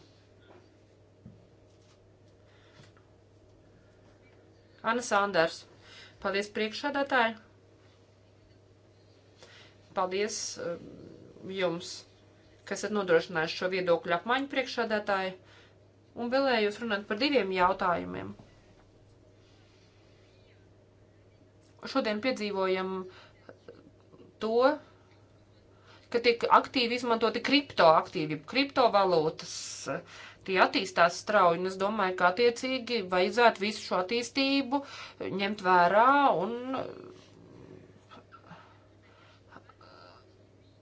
Speaker 1: Anna Sanders. Paldies priekšsādātāji. Paldies um, jums, kas esat nodrošinājuši šo viedokļu apmaiņu priekšsādātāji un vēlējos runāt par diviem jautājumiem. Šodien piedzīvojam to, ka tiek aktīvi izmantoti kriptoaktīvi, kriptovalūtas. Tie attīstās strauji, un es domāju, ka attiecīgi vajadzētu visu šo attīstību ņemt vērā un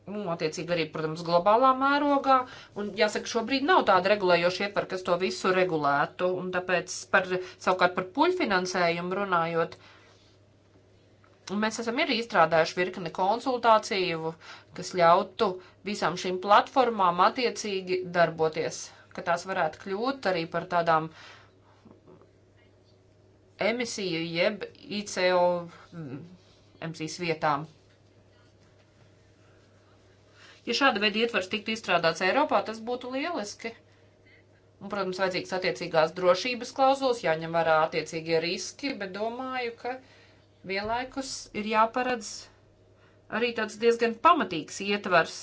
Speaker 1: Un, nu, attiecīgi, arī, protams, globālā mērogā. Un, jāsaka, šobrīd nav tāda regulējoša ietvara, kas to visu regulētu. Un tāpēc, par, savukārt, par puļfinansējumu runājot, Un mēs esam arī izstrādājuši virkni konsultāciju, kas ļautu visām šīm platformām attiecīgi darboties, ka tās varētu kļūt arī par tādām emisiju jeb ICO mm, emisijas vietām. Ja šāda veida ietvars tiktu izstrādāts Eiropā, tas būtu lieliski. Un, protams, vajadzīgs attiecīgās drošības klauzulas, jāņem vērā attiecīgie riski, bet domāju, ka vienlaikus ir jāparedz arī tāds diezgan pamatīgs ietvars,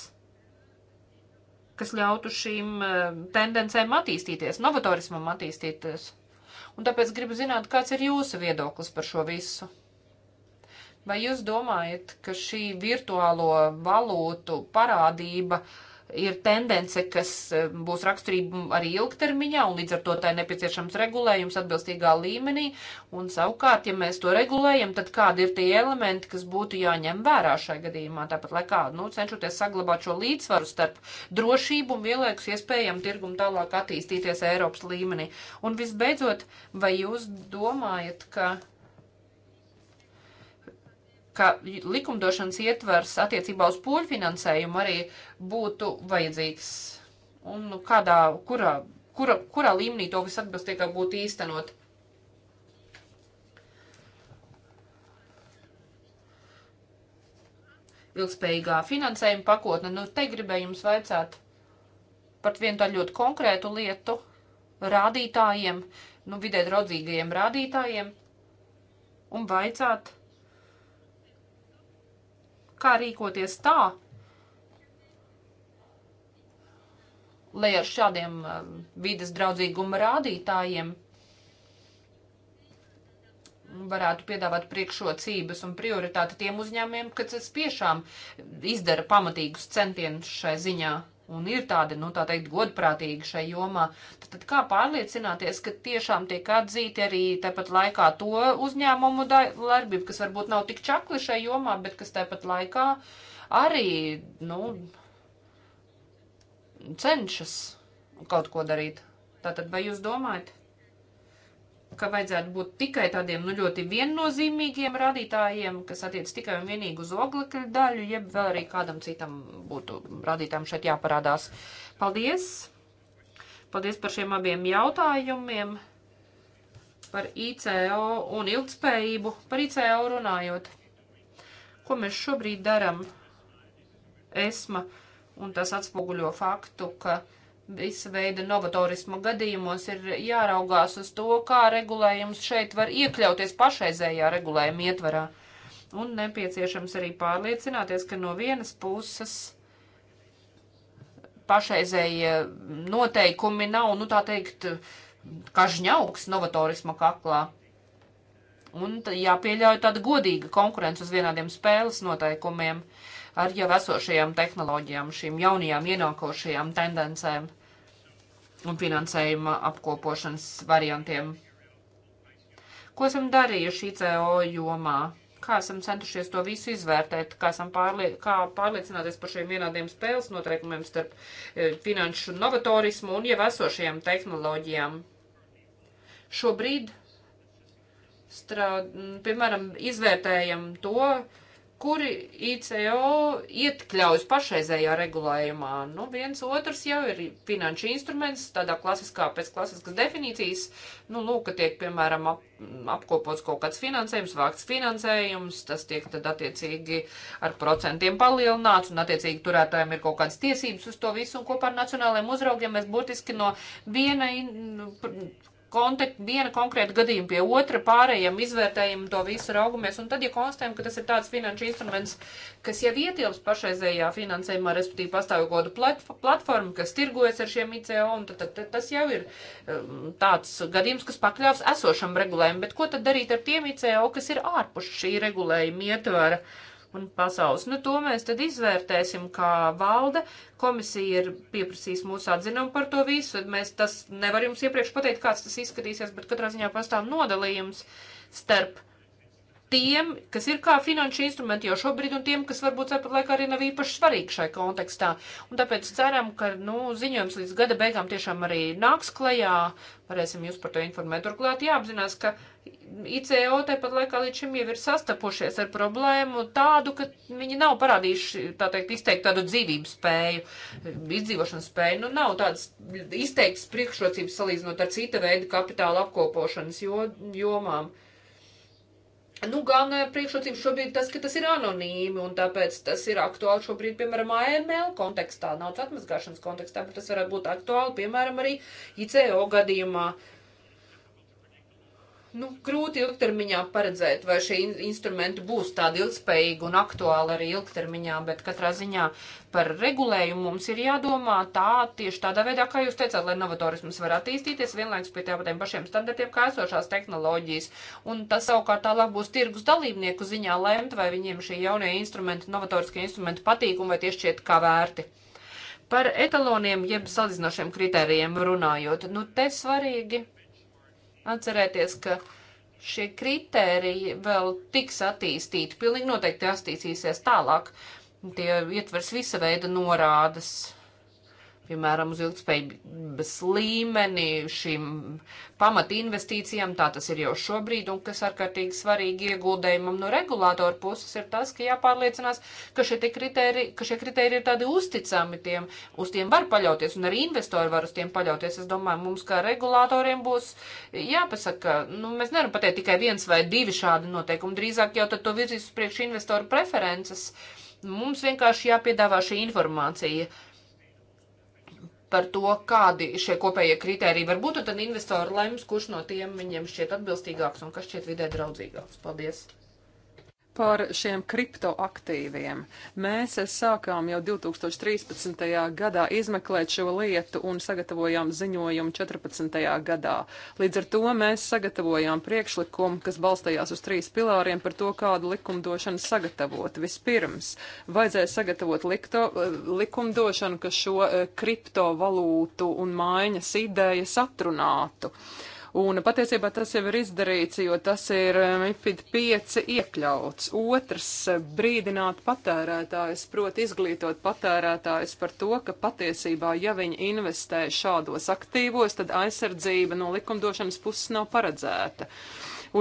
Speaker 1: kas ļautu šīm eh, tendencēm attīstīties, novatorismam attīstīties. Un tāpēc gribu zināt, kāds ir jūsu viedoklis par šo visu. Vai jūs domājat, ka šī virtuālo valūtu parādība ir tendence, kas e, būs raksturība arī ilgtermiņā, un līdz ar to tā tai ir nepieciešams regulējums atbilstīgā līmenī, un savukārt, ja mēs to regulējam, tad kādi ir tie elementi, kas būtu jāņem vērā šai gadījumā, tāpat lai kā, nu, cenšoties saglabāt šo līdzsvaru starp drošību un vienlaikus iespējam tirgumu tālāk attīstīties Eiropas līmenī. Un visbeidzot, vai jūs domājat, ka ka likumdošanas ietvers attiecībā uz pūļu finansējumu arī būtu vajadzīgs. Un kādā, kurā, kura, kurā līmenī to viss atbilstīgāk būtu īstenot. Ilgspējīgā finansējuma pakotne, nu te gribēju jums vaicāt par vienu tādu ļoti konkrētu lietu rādītājiem, nu vidē draudzīgajiem rādītājiem un vaicāt, kā rīkoties tā, lai ar šādiem uh, vides draudzīguma rādītājiem varētu piedāvāt priekšrocības un prioritāti tiem uzņēmiem, kas tiešām izdara pamatīgus centienus šai ziņā un ir tādi, nu, tā teikt, godprātīgi šai jomā, tad, tad kā pārliecināties, ka tiešām tiek atzīti arī tāpat laikā to uzņēmumu darbību, kas varbūt nav tik čakli šai jomā, bet kas tāpat laikā arī, nu, cenšas kaut ko darīt. Tātad, vai jūs domājat? ka vajadzētu būt tikai tādiem nu, ļoti viennozīmīgiem rādītājiem, kas attiec tikai un vienīgi uz oglekļa daļu, jeb vēl arī kādam citam būtu rādītājiem šeit jāparādās. Paldies! Paldies par šiem abiem jautājumiem, par ICO un ilgspējību, par ICO runājot. Ko mēs šobrīd daram? Esma, un tas atspoguļo faktu, ka visa veida novatorisma gadījumos ir jāraugās uz to, kā regulējums šeit var iekļauties pašreizējā regulējuma ietvarā. Un nepieciešams arī pārliecināties, ka no vienas puses pašreizējie noteikumi nav, nu tā teikt, kažņauks novatorisma kaklā. Un jāpieļauj tāda godīga konkurence uz vienādiem spēles noteikumiem. Uh, ar jau esošajām tehnoloģijām, šīm jaunajām ienākošajām tendencēm un finansējuma apkopošanas variantiem. Ko esam darījuši ICO jomā? Kā esam centušies to visu izvērtēt, kā esam pārlie kā pārliecināties par šiem vienādiem spēles noteikumiem starp e, finanšu novatorismu un jau esošajām tehnoloģijām. Šobrīd strād, piemēram, izvērtējam to, kuri ICO ietkļaujas pašreizējā regulējumā. Nu, viens otrs jau ir finanšu instruments, tādā klasiskā, pēc klasiskas definīcijas, nu, lūk, ka tiek, piemēram, ap, apkopots kaut kāds finansējums, vākts finansējums, tas tiek tad attiecīgi ar procentiem palielināts, un attiecīgi turētājiem ir kaut kādas tiesības uz to visu, un kopā ar nacionālajiem uzraugiem mēs būtiski no viena kontek, viena konkrēta gadījuma pie otra, pārējiem izvērtējam to visu raugamies. Un tad, ja konstatējam, ka tas ir tāds finanšu instruments, kas jau ietilps pašreizējā finansējumā, respektīvi pastāv kaut kāda platforma, kas tirgojas ar šiem ICO, un tad, tad, tad tas jau ir um, tāds gadījums, kas pakļāvs esošam regulējumam. Bet ko tad darīt ar tiem ICO, kas ir ārpus šī regulējuma ietvara? Uh, un pasaules. Nu, to mēs tad izvērtēsim kā valde. Komisija ir pieprasījusi mūsu atzinumu par to visu. Mēs tas nevar jums iepriekš pateikt, kāds tas izskatīsies, bet katrā ziņā pastāv nodalījums starp tiem, kas ir kā finanšu instrumenti jau šobrīd, un tiem, kas varbūt tāpat laikā arī nav īpaši svarīgi šai kontekstā. Un tāpēc ceram, ka nu, ziņojums līdz gada beigām tiešām arī nāks klajā, varēsim jūs par to informēt. Turklāt jāapzinās, ka ICO tāpat laikā līdz šim jau ir sastapušies ar problēmu tādu, ka viņi nav parādījuši, tā teikt, izteikt tādu dzīvības spēju, izdzīvošanas spēju. Nu, nav tādas izteiktas priekšrocības salīdzinot ar cita veida kapitāla apkopošanas jomām. Jo Nu, gan eh, priekšrocības šobrīd tas, ka tas ir anonīmi, un tāpēc tas ir aktuāli šobrīd, piemēram, AML kontekstā, naudas atmazgāšanas kontekstā, bet tas varētu būt aktuāli, piemēram, arī ICO gadījumā. Uh, nu, grūti ilgtermiņā paredzēt, vai šie instrumenti būs tādi ilgspējīgi un aktuāli arī ilgtermiņā, bet katrā ziņā par regulējumu mums ir jādomā tā, tieši tādā veidā, kā jūs teicāt, lai novatorisms var attīstīties vienlaikus pie tādiem pašiem standartiem, kā esošās tehnoloģijas. Un tas savukārt tālāk būs tirgus dalībnieku ziņā lemt, vai viņiem šie jaunie instrumenti, novatoriskie instrumenti patīk un vai tie šķiet kā vērti. Par etaloniem, jeb salīdzinošiem kritērijiem runājot, nu te svarīgi Atcerēties, ka šie kritēriji vēl tiks attīstīti, pilnīgi noteikti attīstīsies tālāk. Tie ietvers visa veida norādes piemēram, uz ilgspējības līmeni, šīm pamatinvestīcijām, tā tas ir jau šobrīd, un kas ārkārtīgi svarīgi ieguldējumam no regulātora puses ir tas, ka jāpārliecinās, ka šie kritēri, ka šie kritēri ir tādi uzticami, tiem, uz tiem var paļauties, un arī investori var uz tiem paļauties. Es domāju, mums kā regulātoriem būs jāpasaka, nu, mēs nevaram pateikt tikai viens vai divi šādi noteikumi, drīzāk jau tad to virzīs uz priekšu investoru preferences. Mums vienkārši jāpiedāvā šī informācija par to, kādi šie kopējie kriteriji var būt, un tad investori lems, kurš no tiem viņiem šķiet atbilstīgāks un kas šķiet vidē draudzīgāks. Paldies!
Speaker 3: Par šiem kriptoaktīviem. Mēs sākām jau 2013. gadā izmeklēt šo lietu un sagatavojām ziņojumu 14. gadā. Līdz ar to mēs sagatavojām priekšlikumu, kas balstījās uz trīs pilāriem par to, kādu likumdošanu sagatavot. Vispirms vajadzēja sagatavot likto, likumdošanu, kas šo eh, kriptovalūtu un maiņas idejas atrunātu. Uh, Un patiesībā tas jau ir izdarīts, jo tas ir um, MIFID 5 iekļauts. Otrs uh, - brīdināt patērētājs, proti izglītot patērētājs par to, ka patiesībā, ja viņi investē šādos aktīvos, tad aizsardzība no likumdošanas puses nav paredzēta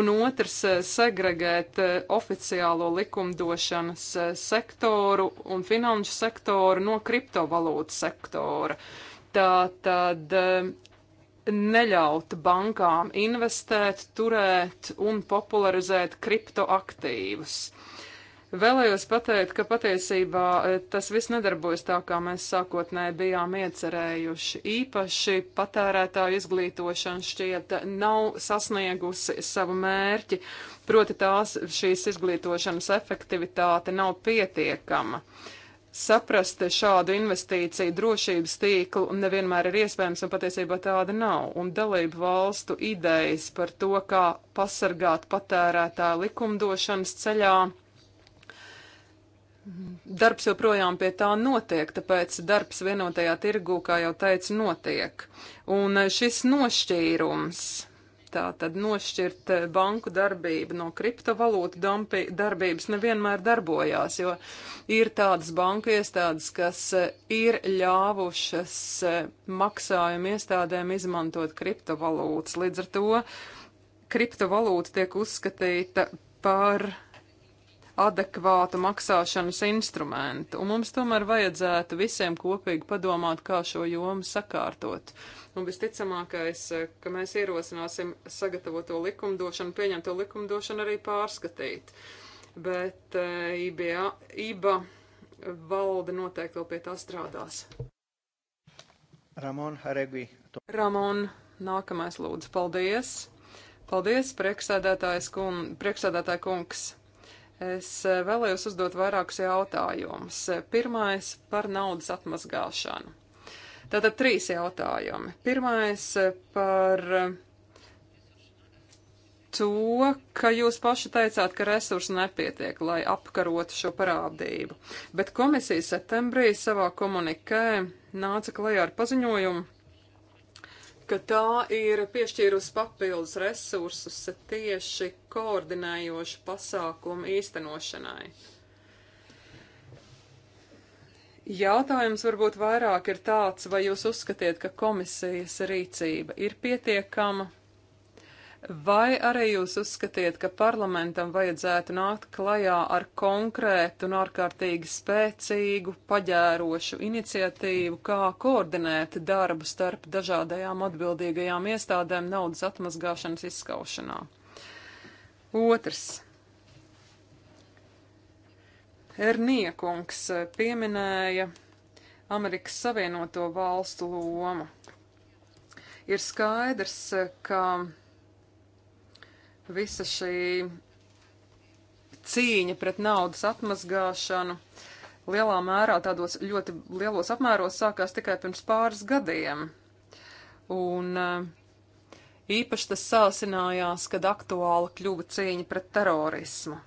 Speaker 3: un otrs uh, - segregēt uh, oficiālo likumdošanas sektoru un finanšu sektoru no kriptovalūtu sektora. Tā tad um, neļaut bankām investēt, turēt un popularizēt kriptoaktīvus. Vēlējos pateikt, ka patiesībā eh, tas viss nedarbojas tā, kā mēs sākotnēji bijām iecerējuši. Īpaši patērētāju izglītošana šķiet eh, nav sasniegusi savu mērķi, proti tās šīs izglītošanas efektivitāte nav pietiekama. Uh, saprast šādu investīciju drošības tīklu nevienmēr ir iespējams, un patiesībā tāda nav. Un dalību valstu idejas par to, kā pasargāt patērētāju likumdošanas ceļā. Darbs joprojām pie tā notiek, tāpēc darbs vienotajā tirgū, kā jau teicu, notiek. Un šis nošķīrums Tā tad nošķirt eh, banku darbību no kriptovalūtu darbības nevienmēr darbojās, jo ir tādas banku iestādes, kas eh, ir ļāvušas eh, maksājumu iestādēm izmantot kriptovalūtas. Līdz ar to kriptovalūta tiek uzskatīta par adekvātu maksāšanas instrumentu, un mums tomēr vajadzētu visiem kopīgi padomāt, kā šo jomu sakārtot. Uh, Un visticamākais, ka mēs ierosināsim sagatavoto likumdošanu, pieņemto likumdošanu arī pārskatīt. Bet eh, IBA, IBA valde noteikti vēl pie tā strādās. Ramon Haregui. Ramon, nākamais lūdzu, paldies. Paldies, priekšsēdētājs kun, priekšsēdētāja kungs. Es eh, vēlējos uzdot vairākus jautājumus. Pirmais par naudas atmazgāšanu. Tātad trīs jautājumi. Pirmais par to, ka jūs paši teicāt, ka resursi nepietiek, lai apkarotu šo parādību. Bet komisija septembrī savā komunikē nāca klajā ar paziņojumu, ka tā ir piešķīrusi papildus resursus tieši koordinējošu pasākumu īstenošanai. Jautājums varbūt vairāk ir tāds, vai jūs uzskatiet, ka komisijas rīcība ir pietiekama, vai arī jūs uzskatiet, ka parlamentam vajadzētu nākt klajā ar konkrētu un ārkārtīgi spēcīgu paģērošu iniciatīvu, kā koordinēt darbu starp dažādajām atbildīgajām iestādēm naudas atmazgāšanas izskaušanā. Otrs. Erniekungs eh, pieminēja Amerikas Savienoto valstu lomu. Ir skaidrs, eh, ka visa šī cīņa pret naudas atmazgāšanu lielā mērā tādos ļoti lielos apmēros sākās tikai pirms pāris gadiem. Un eh, īpaši tas sāsinājās, kad aktuāla kļuva cīņa pret terorismu.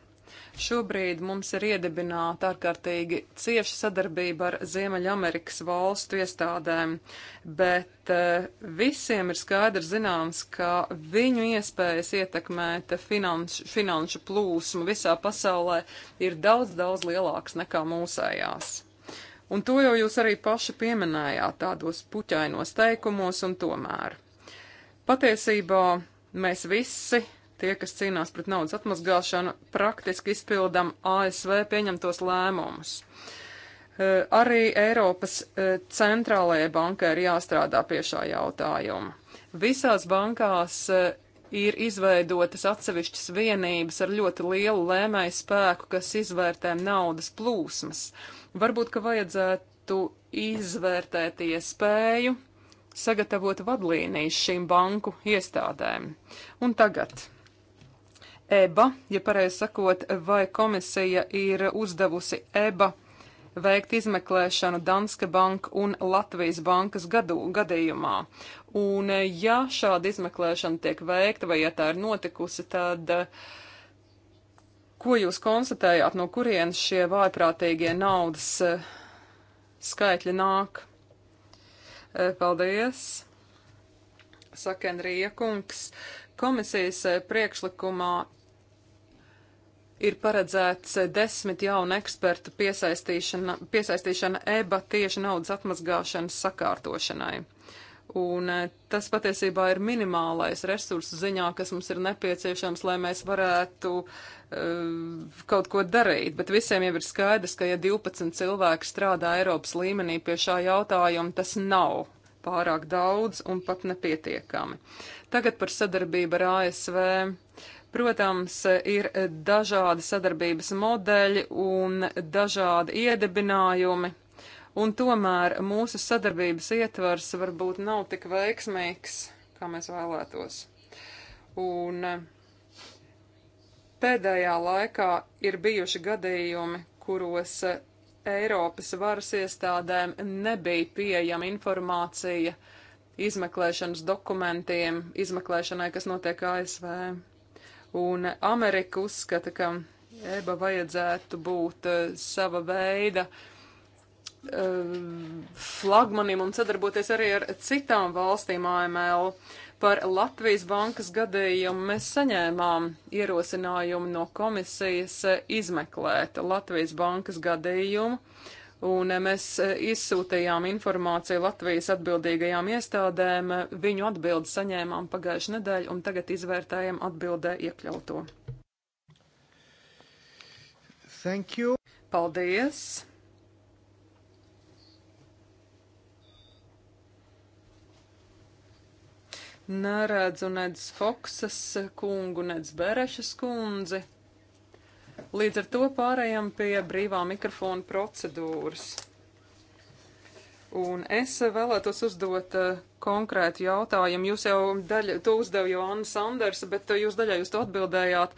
Speaker 3: Šobrīd mums ir iedibināta ārkārtīgi cieša sadarbība ar Ziemeļamerikas valstu iestādēm, bet eh, visiem ir skaidrs zināms, ka viņu iespējas ietekmēt finanšu, finanšu plūsmu visā pasaulē ir daudz, daudz lielākas nekā mūsējās. Un to jau jūs arī paši pieminējāt tādos puķainos teikumos un tomēr. Patiesībā mēs visi tie, kas cīnās pret naudas atmazgāšanu, praktiski izpildam ASV pieņemtos lēmumus. E, arī Eiropas e, centrālajai bankai ir jāstrādā pie šā jautājuma. Visās bankās e, ir izveidotas atsevišķas vienības ar ļoti lielu lēmēju spēku, kas izvērtē naudas plūsmas. Varbūt, ka vajadzētu izvērtēt iespēju sagatavot vadlīnijas šīm banku iestādēm. Un tagad EBA, ja pareizi sakot, vai komisija ir uzdevusi EBA veikt izmeklēšanu Danske Banka un Latvijas bankas gadu, gadījumā. Un ja šāda izmeklēšana tiek veikta vai ja tā ir notikusi, tad ko jūs konstatējāt, no kurienes šie vājprātīgie naudas eh, skaitļi nāk? Eh, paldies! Saka Enrija Kungs. Uh, Komisijas eh, priekšlikumā ir paredzēts eh, desmit jaunu ekspertu piesaistīšana, piesaistīšana EBA tieši naudas atmazgāšanas sakārtošanai. Un eh, tas patiesībā ir minimālais resursu ziņā, kas mums ir nepieciešams, lai mēs varētu uh, kaut ko darīt. Bet visiem jau ir skaidrs, ka ja 12 cilvēki strādā Eiropas līmenī pie šā jautājuma, tas nav pārāk daudz un pat nepietiekami. Tagad par sadarbību ar ASV. Protams, ir dažādi sadarbības modeļi un dažādi iedibinājumi, un tomēr mūsu sadarbības ietvars varbūt nav tik veiksmīgs, kā mēs vēlētos. Un pēdējā laikā ir bijuši gadījumi, kuros Eiropas varas iestādēm nebija pieejama informācija izmeklēšanas dokumentiem, izmeklēšanai, kas notiek ASV. Un Amerika uzskata, ka EBA vajadzētu būt uh, sava veida uh, flagmanim un sadarboties arī ar citām valstīm AML. Uh, Par Latvijas bankas gadījumu mēs saņēmām ierosinājumu no komisijas eh, izmeklēt Latvijas bankas gadījumu, un eh, mēs eh, izsūtījām informāciju Latvijas atbildīgajām iestādēm. Viņu atbildi saņēmām pagājušajā nedēļā, un tagad izvērtējam atbildē iekļauto. Thank you. Paldies! neredzu nedz Foksas kungu, nedz Berešas kundzi. Līdz ar to pārējām pie brīvā mikrofona procedūras. Un es vēlētos uzdot uh, konkrētu jautājumu. Jūs jau daļu, to uzdevu Joanna Sanders, bet jūs daļai uz to atbildējāt,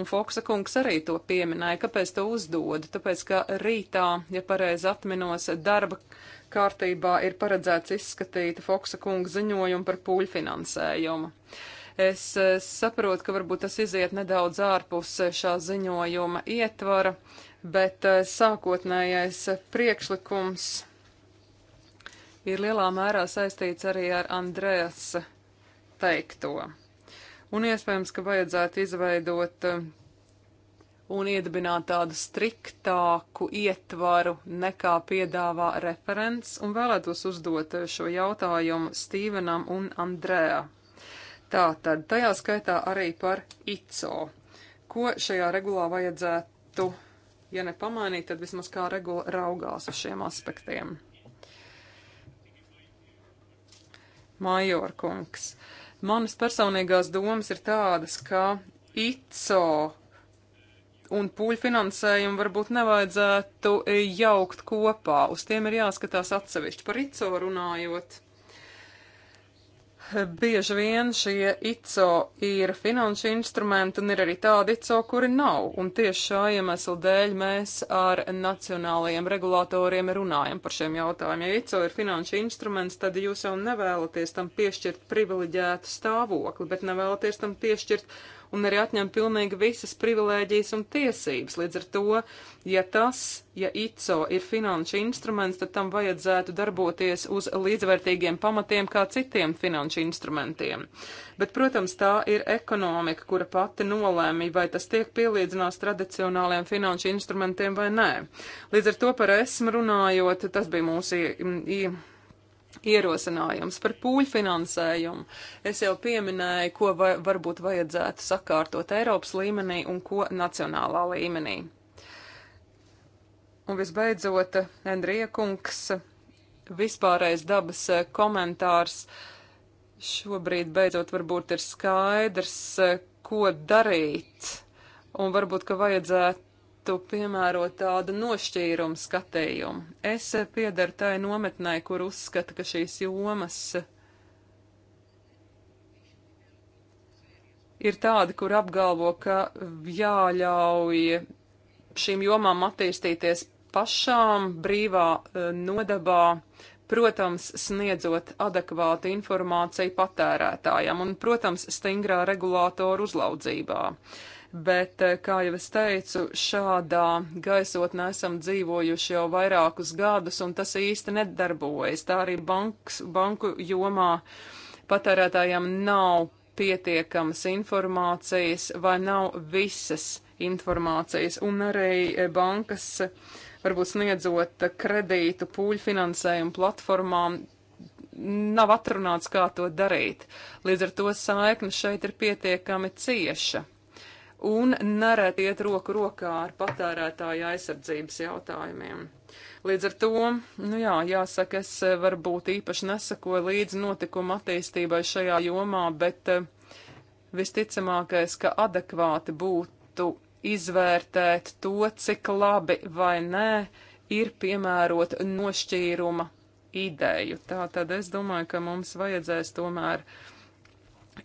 Speaker 3: un Foksa kungs arī to pieminēja. Kāpēc to uzdodu? Tāpēc, ka rītā, ja pareizi atminos, darba kārtībā ir paredzēts izskatīt Foksa kunga ziņojumu par pūļfinansējumu. Es uh, saprotu, ka varbūt tas iziet nedaudz ārpus eh, šā ziņojuma ietvara, bet uh, sākotnējais priekšlikums ir lielā mērā saistīts arī ar Andrēs teikto. Un iespējams, ka vajadzētu izveidot eh, un iedibināt tādu striktāku ietvaru nekā piedāvā referents, un vēlētos uzdot eh, šo jautājumu Stīvenam un Andrējā. Tātad, tajā skaitā arī par ICO. Ko šajā regulā vajadzētu, ja nepamainīt, tad vismaz kā regula raugās uz šiem aspektiem? Majorkungs. Manas personīgās domas ir tādas, ka ICO un pūļu finansējumu varbūt nevajadzētu jaukt kopā. Uz tiem ir jāskatās atsevišķi. Par ICO runājot bieži vien šie ICO ir finanšu instrumenti, un ir arī tādi ICO, kuri nav. Un tieši šā iemesla dēļ mēs ar nacionālajiem regulatoriem runājam par šiem jautājumiem. Ja ICO ir finanšu instruments, tad jūs jau nevēlaties tam piešķirt privileģētu stāvokli, bet nevēlaties tam piešķirt un arī atņem pilnīgi visas privilēģijas un tiesības. Līdz ar to, ja tas, ja ICO ir finanšu instruments, tad tam vajadzētu darboties uz līdzvērtīgiem pamatiem kā citiem finanšu instrumentiem. Bet, protams, tā ir ekonomika, kura pati nolēmīja, vai tas tiek pielīdzināts tradicionāliem finanšu instrumentiem vai nē. Līdz ar to par esmu runājot, tas bija mūsu ierosinājums par pūļu finansējumu. Es jau pieminēju, ko va varbūt vajadzētu sakārtot Eiropas līmenī un ko nacionālā līmenī. Un visbeidzot, Endrija kungs, vispārējais dabas eh, komentārs šobrīd beidzot varbūt ir skaidrs, eh, ko darīt. Un varbūt, ka vajadzētu tiktu piemērot tādu nošķīrumu skatījumu. Es piedaru tai nometnē, kur uzskata, ka šīs jomas ir tāda, kur apgalvo, ka jāļauj šīm jomām attīstīties pašām brīvā eh, nodabā, protams, sniedzot adekvātu informāciju patērētājam un, protams, stingrā regulātoru uzlaudzībā. Uh, bet, eh, kā jau es teicu, šādā gaisotnē esam dzīvojuši jau vairākus gadus, un tas īsti nedarbojas. Tā arī banks, banku jomā patērētājiem nav pietiekamas informācijas vai nav visas informācijas, un arī eh, bankas, varbūt sniedzot kredītu pūļu finansējumu platformām, nav atrunāts, kā to darīt. Līdz ar to saikne šeit ir pietiekami cieša un nereti iet roku rokā ar patērētāju aizsardzības jautājumiem. Līdz ar to, nu jā, jāsaka, es eh, varbūt īpaši nesakoju līdz notikuma attīstībai šajā jomā, bet eh, visticamākais, ka adekvāti būtu izvērtēt to, cik labi vai nē ir piemērot nošķīruma ideju. Tātad es domāju, ka mums vajadzēs tomēr uh,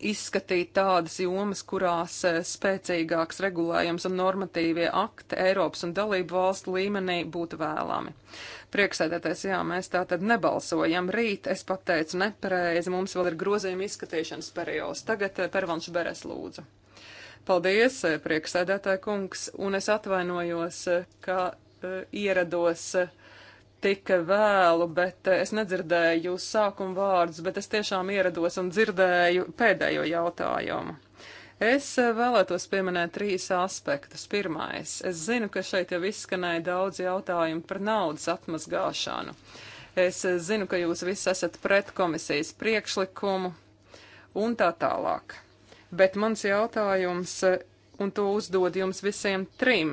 Speaker 3: izskatīt tādas jomas, kurās eh, spēcīgāks regulējums un normatīvie akti Eiropas un dalību valstu līmenī būtu vēlami. Prieksēdētais, jā, mēs tā tad nebalsojam. Rīt es pateicu nepareizi, mums vēl ir grozījuma izskatīšanas periods. Tagad eh, pervanš beres lūdzu. Paldies, eh, prieksēdētāja kungs, un es atvainojos, ka uh, ierados. Uh, tika vēlu, bet es nedzirdēju jūsu sākuma vārdus, bet es tiešām ierados un dzirdēju pēdējo jautājumu. Es eh, vēlētos pieminēt trīs aspektus. Pirmais, es zinu, ka šeit jau izskanēja daudz jautājumu par naudas atmazgāšanu. Es eh, zinu, ka jūs visi esat pret komisijas priekšlikumu un tā tālāk. Bet mans jautājums eh, un to uzdod jums visiem trim.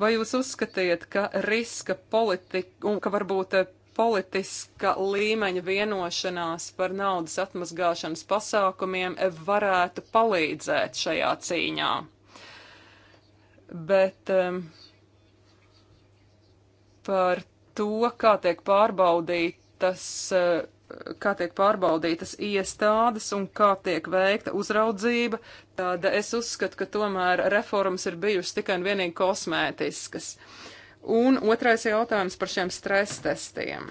Speaker 3: Vai jūs uzskatiet, ka riska politika, un ka varbūt eh, politiska līmeņa vienošanās par naudas atmazgāšanas pasākumiem eh, varētu palīdzēt šajā cīņā? Bet um, par to, kā tiek pārbaudītas uh, kā tiek pārbaudītas iestādes un kā tiek veikta uzraudzība, tad es uzskatu, ka tomēr reformas ir bijušas tikai un vienīgi kosmētiskas. Un otrais jautājums par šiem stres testiem.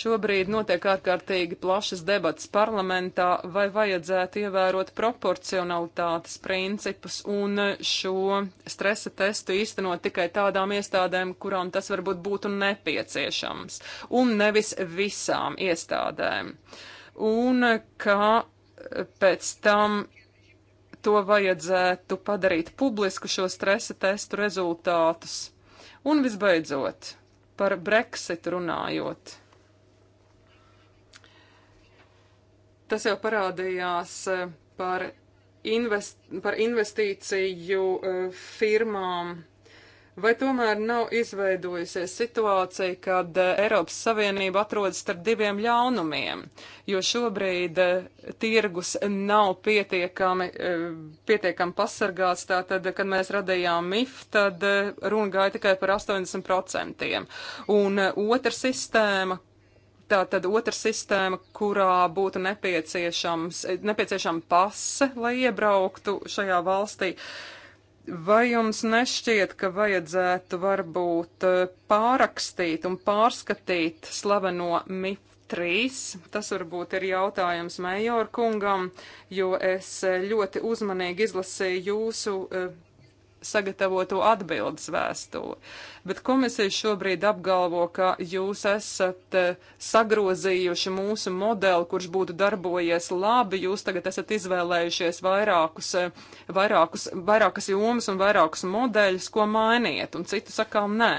Speaker 3: Šobrīd notiek ārkārtīgi plašas debatas parlamentā, vai vajadzētu ievērot proporcionalitātes principus un šo stresa testu īstenot tikai tādām iestādēm, kurām tas varbūt būtu nepieciešams, un nevis visām iestādēm. Un kā pēc tam to vajadzētu padarīt publisku šo stresa testu rezultātus. Un visbeidzot, par Brexit runājot. Tas jau parādījās eh, par, invest, par investīciju eh, firmām. Vai tomēr nav izveidojusies situācija, kad eh, Eiropas Savienība atrodas starp diviem ļaunumiem, jo šobrīd tirgus nav pietiekami, pietiekami pasargāts, tātad, kad mēs radījām MIF, tad runa gāja tikai par 80%. Un otra sistēma, Tā tad otra sistēma, kurā būtu nepieciešama pase, lai iebrauktu šajā valstī. Vai jums nešķiet, ka vajadzētu varbūt eh, pārakstīt un pārskatīt slaveno MIP 3? Tas varbūt ir jautājums Mejor kungam, jo es eh, ļoti uzmanīgi izlasīju jūsu uh, sagatavoto atbildes vēstuli. Bet komisija šobrīd apgalvo, ka jūs esat eh, sagrozījuši mūsu modeli, kurš būtu darbojies labi, jūs tagad esat izvēlējušies vairākus, eh, vairākus, vairākas jomas un vairākus modeļus, ko mainiet, un citu sakām nē.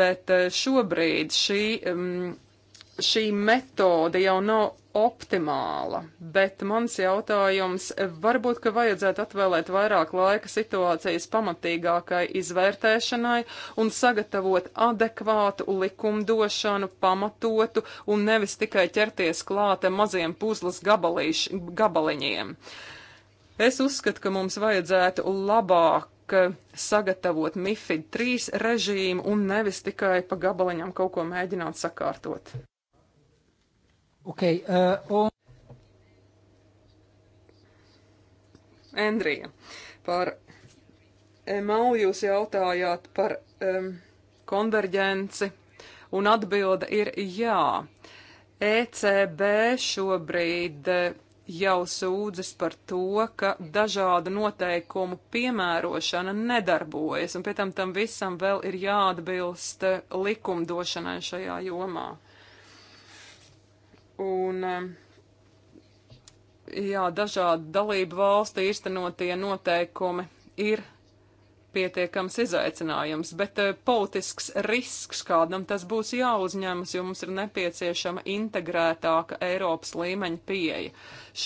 Speaker 3: Bet eh, šobrīd šī. Um, šī metode jau nav optimāla, bet mans jautājums varbūt, ka vajadzētu atvēlēt vairāk laika situācijas pamatīgākai izvērtēšanai un sagatavot adekvātu likumdošanu, pamatotu un nevis tikai ķerties klāte maziem puzles gabalīš, gabaliņiem. Es uzskatu, ka mums vajadzētu labāk sagatavot MIFID 3 režīmu un nevis tikai pa gabaliņam kaut ko mēģināt sakārtot.
Speaker 1: Okay, uh, on...
Speaker 3: Endrija, par emau eh, jūs jautājāt par um, konverģenci, un atbilde ir jā. ECB šobrīd eh, jau sūdzas par to, ka dažādu noteikumu piemērošana nedarbojas, un pēc tam tam visam vēl ir jāatbilst eh, likumdošanai šajā jomā. Un, um, jā, dažādi dalību valstu īstenotie noteikumi ir pietiekams izaicinājums, bet uh, politisks risks kādam tas būs jāuzņemas, jo mums ir nepieciešama integrētāka Eiropas līmeņa pieeja.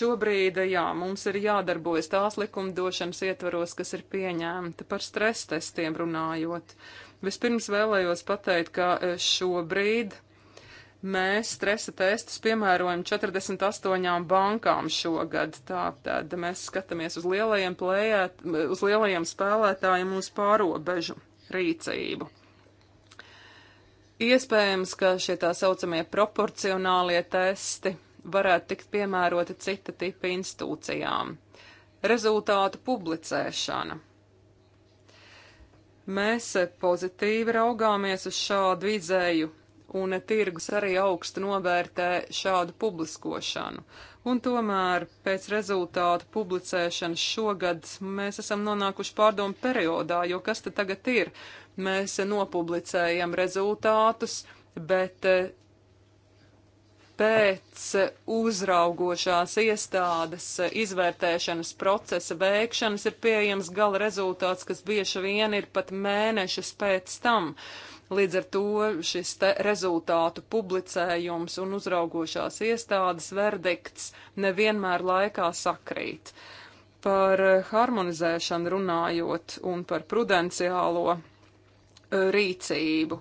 Speaker 3: Šobrīd, uh, jā, mums ir jādarbojas tās likumdošanas ietvaros, kas ir pieņēmta par stresa testiem runājot. Vispirms vēlējos pateikt, ka uh, šobrīd Mēs stresa testus piemērojam 48 bankām šogad. Tātad mēs skatāmies uz lielajiem, plējāt, uz lielajiem spēlētājiem uz pārobežu rīcību. Iespējams, ka šie tā saucamie proporcionālie testi varētu tikt piemēroti cita tipa institūcijām. Rezultātu publicēšana. Mēs pozitīvi raugāmies uz šādu izēju un tirgus arī augstu novērtē šādu publiskošanu. Un tomēr pēc rezultātu publicēšanas šogad mēs esam nonākuši pārdomu periodā, jo kas tad tagad ir? Mēs nopublicējam rezultātus, bet eh, pēc uzraugošās iestādes izvērtēšanas procesa veikšanas ir pieejams gala rezultāts, kas bieži vien ir pat mēnešus pēc tam. Uh, Līdz ar to šis rezultātu publicējums un uzraugošās iestādes verdikts nevienmēr laikā sakrīt. Par harmonizēšanu runājot un par prudenciālo e, rīcību.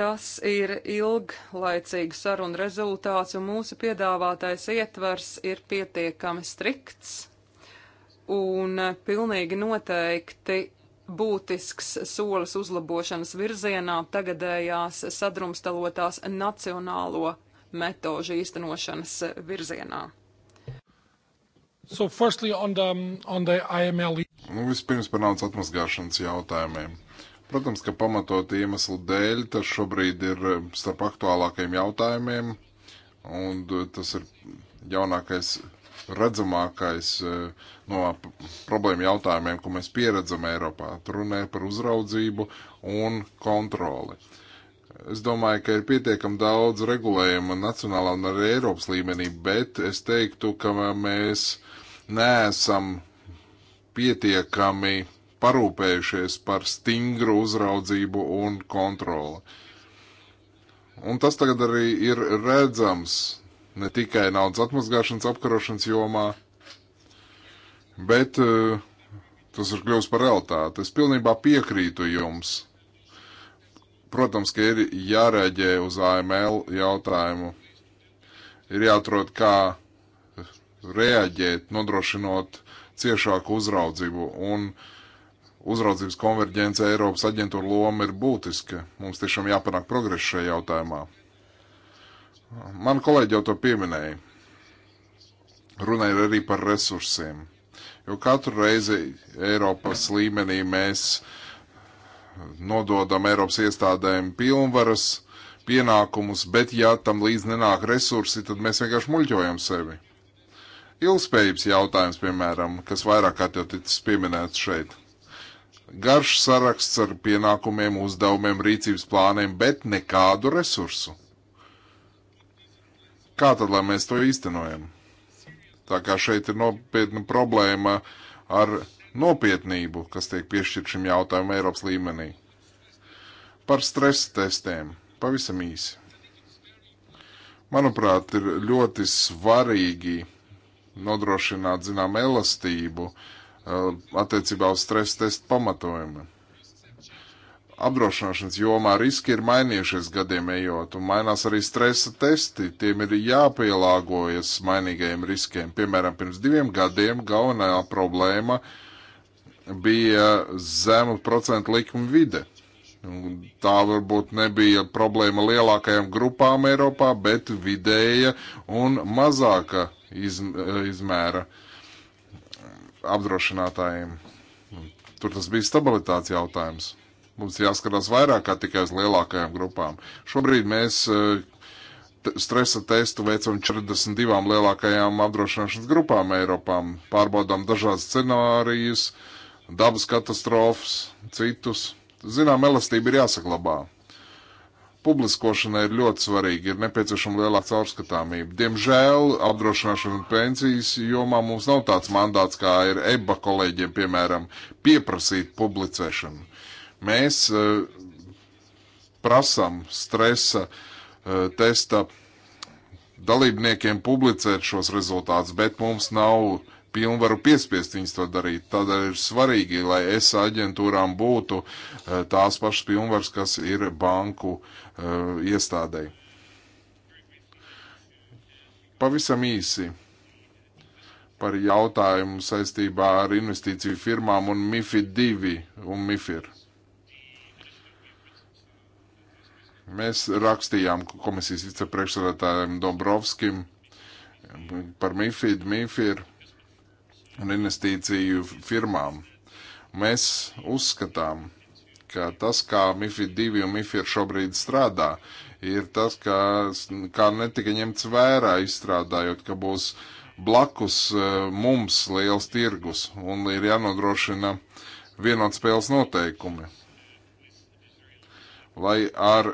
Speaker 3: Tas ir ilglaicīgu sarunu rezultāts, un mūsu piedāvātais ietvers ir pietiekami strikts un pilnīgi noteikti būtisks solis uzlabošanas virzienā tagadējās sadrumstalotās nacionālo metožu īstenošanas virzienā.
Speaker 2: So firstly on the, on the IML. E nu, vispirms par naudas atmazgāšanas jautājumiem. Protams, ka pamatot iemeslu dēļ tas šobrīd ir starp aktuālākajiem jautājumiem, un tas ir jaunākais redzamākais eh, no problēma jautājumiem, ko mēs pieredzam Eiropā. Tur runāja par uzraudzību un kontroli. Es domāju, ka ir pietiekami daudz regulējuma nacionālā un arī Eiropas līmenī, bet es teiktu, ka mēs neesam pietiekami parūpējušies par stingru uzraudzību un kontroli. Un tas tagad arī ir redzams ne tikai naudas atmazgāšanas apkarošanas jomā, bet eh, tas ir kļūst par realitāti. Es pilnībā piekrītu jums. Protams, ka ir jārēģē uz AML jautājumu. Ir jāatrod, kā reaģēt, nodrošinot ciešāku uzraudzību un uzraudzības konverģence Eiropas aģentūra loma ir būtiska. Mums tiešām jāpanāk progress šajā jautājumā. Man kolēģi jau to pieminēja. Runa ir arī par resursiem. Jo katru reizi Eiropas līmenī mēs nododam Eiropas iestādēm pilnvaras, pienākumus, bet ja tam līdz nenāk resursi, tad mēs vienkārši muļķojam sevi. Ilgspējības jautājums, piemēram, kas vairāk kārt jau ticis pieminēts šeit. Garš saraksts ar pienākumiem, uzdevumiem, rīcības plāniem, bet nekādu resursu. Kā tad, lai mēs to īstenojam? Tā kā šeit ir nopietna problēma ar nopietnību, kas tiek piešķirt šim jautājumam Eiropas līmenī. Par stresa testiem pavisam īsi. Manuprāt, ir ļoti svarīgi nodrošināt, zinām, elastību eh, attiecībā uz stresa testu pamatojumu apdrošināšanas jomā riski ir mainījušies gadiem ejot, un mainās arī stresa testi. Tiem ir jāpielāgojas mainīgajiem riskiem. Piemēram, pirms diviem gadiem galvenā problēma bija zemu procentu likuma vide. Tā varbūt nebija problēma lielākajām grupām Eiropā, bet vidēja un mazāka izm izmēra apdrošinātājiem. Tur tas bija stabilitātes jautājums. Mums jāskatās vairāk kā tikai uz lielākajām grupām. Šobrīd mēs eh, stresa testu veicam 42 lielākajām apdrošināšanas grupām Eiropām. Pārbaudām dažādas scenārijas, dabas katastrofas, citus. Zinām, elastība ir jāsaglabā. Publiskošana ir ļoti svarīga, ir nepieciešama lielāka caurskatāmība. Diemžēl apdrošināšana un pensijas jomā mums nav tāds mandāts, kā ir EBA kolēģiem, piemēram, pieprasīt publicēšanu. Mēs eh, prasam stresa eh, testa dalībniekiem publicēt šos rezultātus, bet mums nav pilnvaru piespiest viņus to darīt. Tādēļ ir svarīgi, lai es aģentūrām būtu eh, tās pašas pilnvaras, kas ir banku uh, iestādēji. Pavisam īsi par jautājumu saistībā ar investīciju firmām un MIFID 2 un MIFIR. Mēs rakstījām komisijas vicepriekšsēdētājiem Dombrovskim par MIFID, MIFIR un investīciju firmām. Mēs uzskatām, ka tas, kā MIFID 2 un MIFIR šobrīd strādā, ir tas, kā, kā netika ņemts vērā izstrādājot, ka būs blakus e, mums liels tirgus un ir jānodrošina vienot spēles noteikumi. Lai ar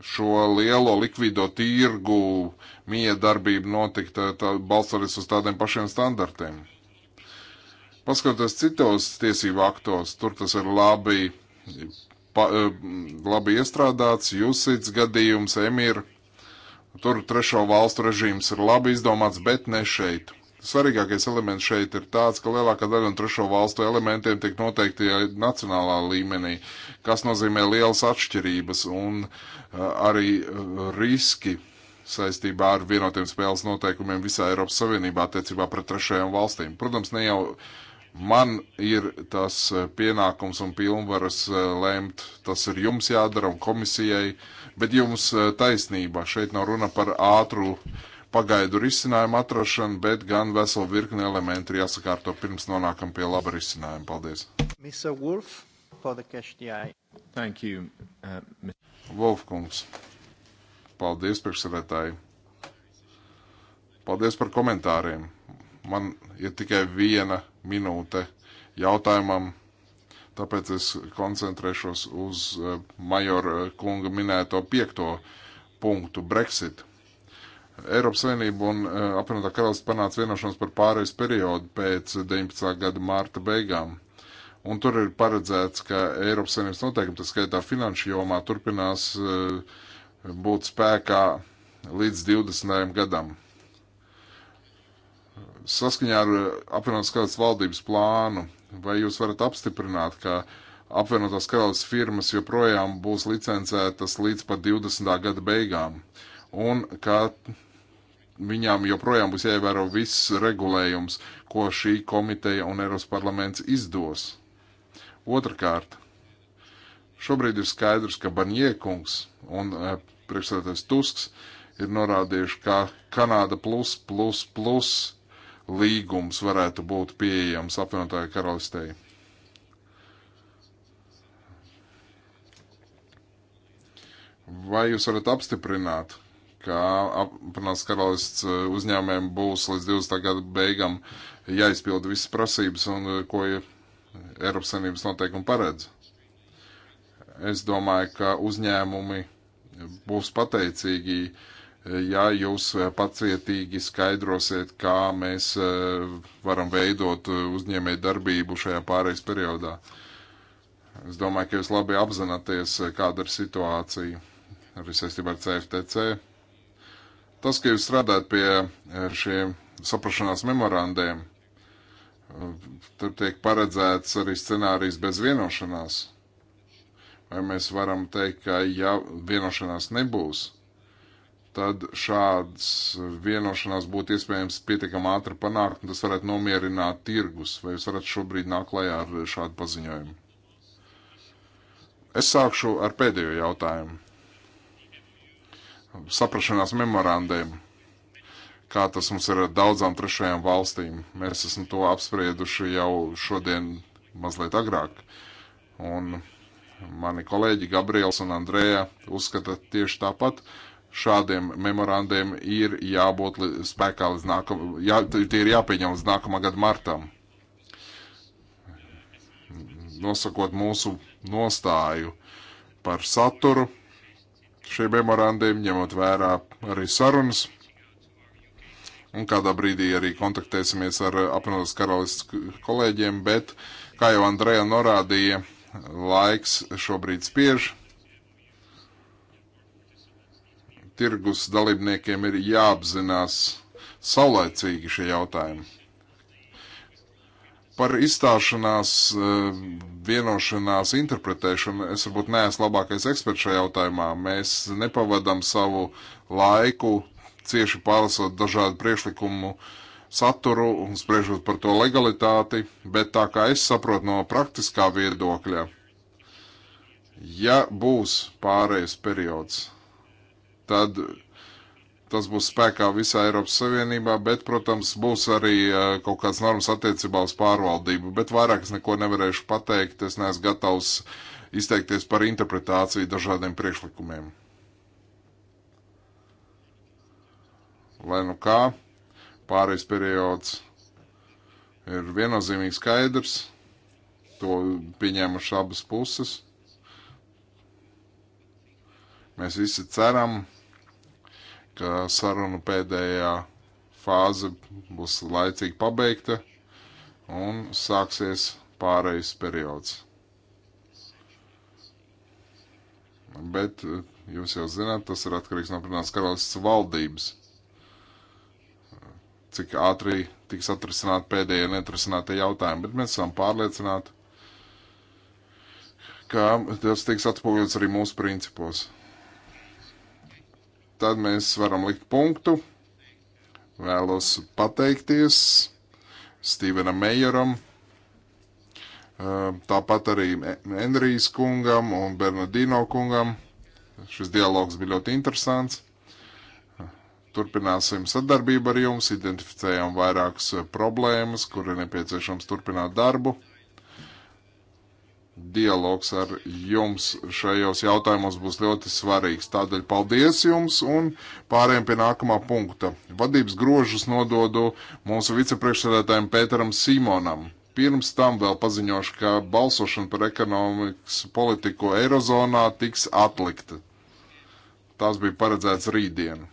Speaker 2: šo lielo likvido tirgu mija darbība notika eh, balstoties uz tādiem pašiem standartiem. Paskatoties citos tiesību aktos, tur tas ir labi, pa, eh, labi iestrādāts, jūsits gadījums, emir, tur trešo valstu režīms ir labi izdomāts, bet ne šeit. Svarīgākais elements šeit ir tāds, ka lielākā daļa no trešo valstu elementiem tiek noteikti nacionālā līmenī, kas nozīmē lielas atšķirības un eh, arī eh, riski saistībā ar vienotiem spēles noteikumiem visā Eiropas Savienībā attiecībā pret trešajām valstīm. Protams, ne jau man ir tas eh, pienākums un pilnvaras lēmt, tas ir jums jādara un komisijai, bet jums taisnība. Šeit nav runa par ātru uh, pagaidu risinājumu atrašanu, bet gan veselu virkni elementu ir jāsakārto pirms nonākam pie laba risinājuma. Paldies! Mr. Wolf, for the cash DI. Thank you, uh, Wolfkungs. Paldies, priekšsēdētāji. Paldies par komentāriem. Man ir tikai viena minūte jautājumam, tāpēc es koncentrēšos uz uh, majora uh, kunga minēto piekto punktu - Brexit. Eiropas Savienība un e, apvienotā karalists panāca vienošanos par pārejas periodu pēc 19. gada mārta beigām. Un tur ir paredzēts, ka Eiropas Savienības noteikumi, tas skaitā finanšu jomā, turpinās e, būt spēkā līdz 20. gadam. Saskaņā ar e, apvienotās karalists valdības plānu, vai jūs varat apstiprināt, ka apvienotās karalists firmas joprojām būs licencētas līdz pat 20. gada beigām? un ka viņām joprojām būs jāievēro viss regulējums, ko šī komiteja un Eiropas parlaments izdos. Otrakārt, šobrīd ir skaidrs, ka Banjēkungs un e, priekšsēdētājs Tusks ir norādījuši, ka Kanāda plus plus plus līgums varētu būt pieejams apvienotāju karalistei. Vai jūs varat apstiprināt, ka apvienotās karalists e, uzņēmējiem būs līdz 20. gada beigām jāizpilda visas prasības, un, e, ko Eiropas Savienības noteikumi paredz. Es domāju, ka uzņēmumi būs pateicīgi, e, ja jūs pacietīgi skaidrosiet, kā mēs varam veidot uzņēmēju darbību šajā pārejas periodā. Es domāju, ka jūs labi apzināties, kāda ir situācija arī saistībā ar CFTC Tas, ka jūs strādājat pie eh, šiem saprašanās memorandiem, tur tiek paredzēts arī scenārijs bez vienošanās. Vai mēs varam teikt, ka ja vienošanās nebūs, tad šāds vienošanās būtu iespējams pietiekami ātri panākt, un tas varētu nomierināt tirgus, vai jūs varat šobrīd nāk klajā ar šādu paziņojumu? Es sākšu ar pēdējo jautājumu saprašanās memorandiem, kā tas mums ir ar daudzām trešajām valstīm. Mēs esam to apsprieduši jau šodien mazliet agrāk. Un mani kolēģi Gabriels un Andrēja uzskata tieši tāpat. Šādiem memorandiem ir jābūt spēkā līdz nākamā, jā, tie ir jāpieņem līdz nākamā gada martam. Nosakot mūsu nostāju par saturu, šiem memorandiem, ņemot vērā arī sarunas. Un kādā brīdī arī kontaktēsimies ar apvienotās karalists kolēģiem, bet, kā jau Andreja norādīja, laiks šobrīd spiež. Tirgus dalībniekiem ir jāapzinās saulēcīgi šie jautājumi. Par izstāšanās eh, vienošanās interpretēšanu es varbūt neesmu labākais eksperts šajā jautājumā. Mēs nepavadam savu laiku cieši pārlasot dažādu priekšlikumu saturu un spriežot par to legalitāti, bet tā kā es saprotu no praktiskā viedokļa, ja būs pārējais periods, tad tas būs spēkā visā Eiropas Savienībā, bet, protams, būs arī kaut kāds normas attiecībā uz pārvaldību, bet vairāk es neko nevarēšu pateikt, es neesmu gatavs izteikties par interpretāciju dažādiem priekšlikumiem. Lai nu kā, pārējais periods ir viennozīmīgi skaidrs, to pieņēmuši abas puses. Mēs visi ceram, ka ka sarunu pēdējā fāze būs laicīgi pabeigta un sāksies pārejas periods. Bet eh, jūs jau zināt, tas ir atkarīgs no Pirmās karalists valdības. Cik ātri tiks atrisināt pēdējie netrisinātie jautājumi, bet mēs esam pārliecināti, ka tas tiks atspoguļots arī mūsu principos tad mēs varam likt punktu. Vēlos pateikties Stevenam Meijeram, tāpat arī Enrijas kungam un Bernardino kungam. Šis dialogs bija ļoti interesants. Turpināsim sadarbību ar jums, identificējām vairākas problēmas, kur ir nepieciešams turpināt darbu dialogs ar jums šajos jautājumos būs ļoti svarīgs. Tādēļ paldies jums un pārējiem pie nākamā punkta. Vadības grožus nododu mūsu vicepriekšsēdētājiem Pēteram Simonam. Pirms tam vēl paziņošu, ka balsošana par ekonomikas politiku Eirozonā tiks atlikta. Tas bija paredzēts rītdien.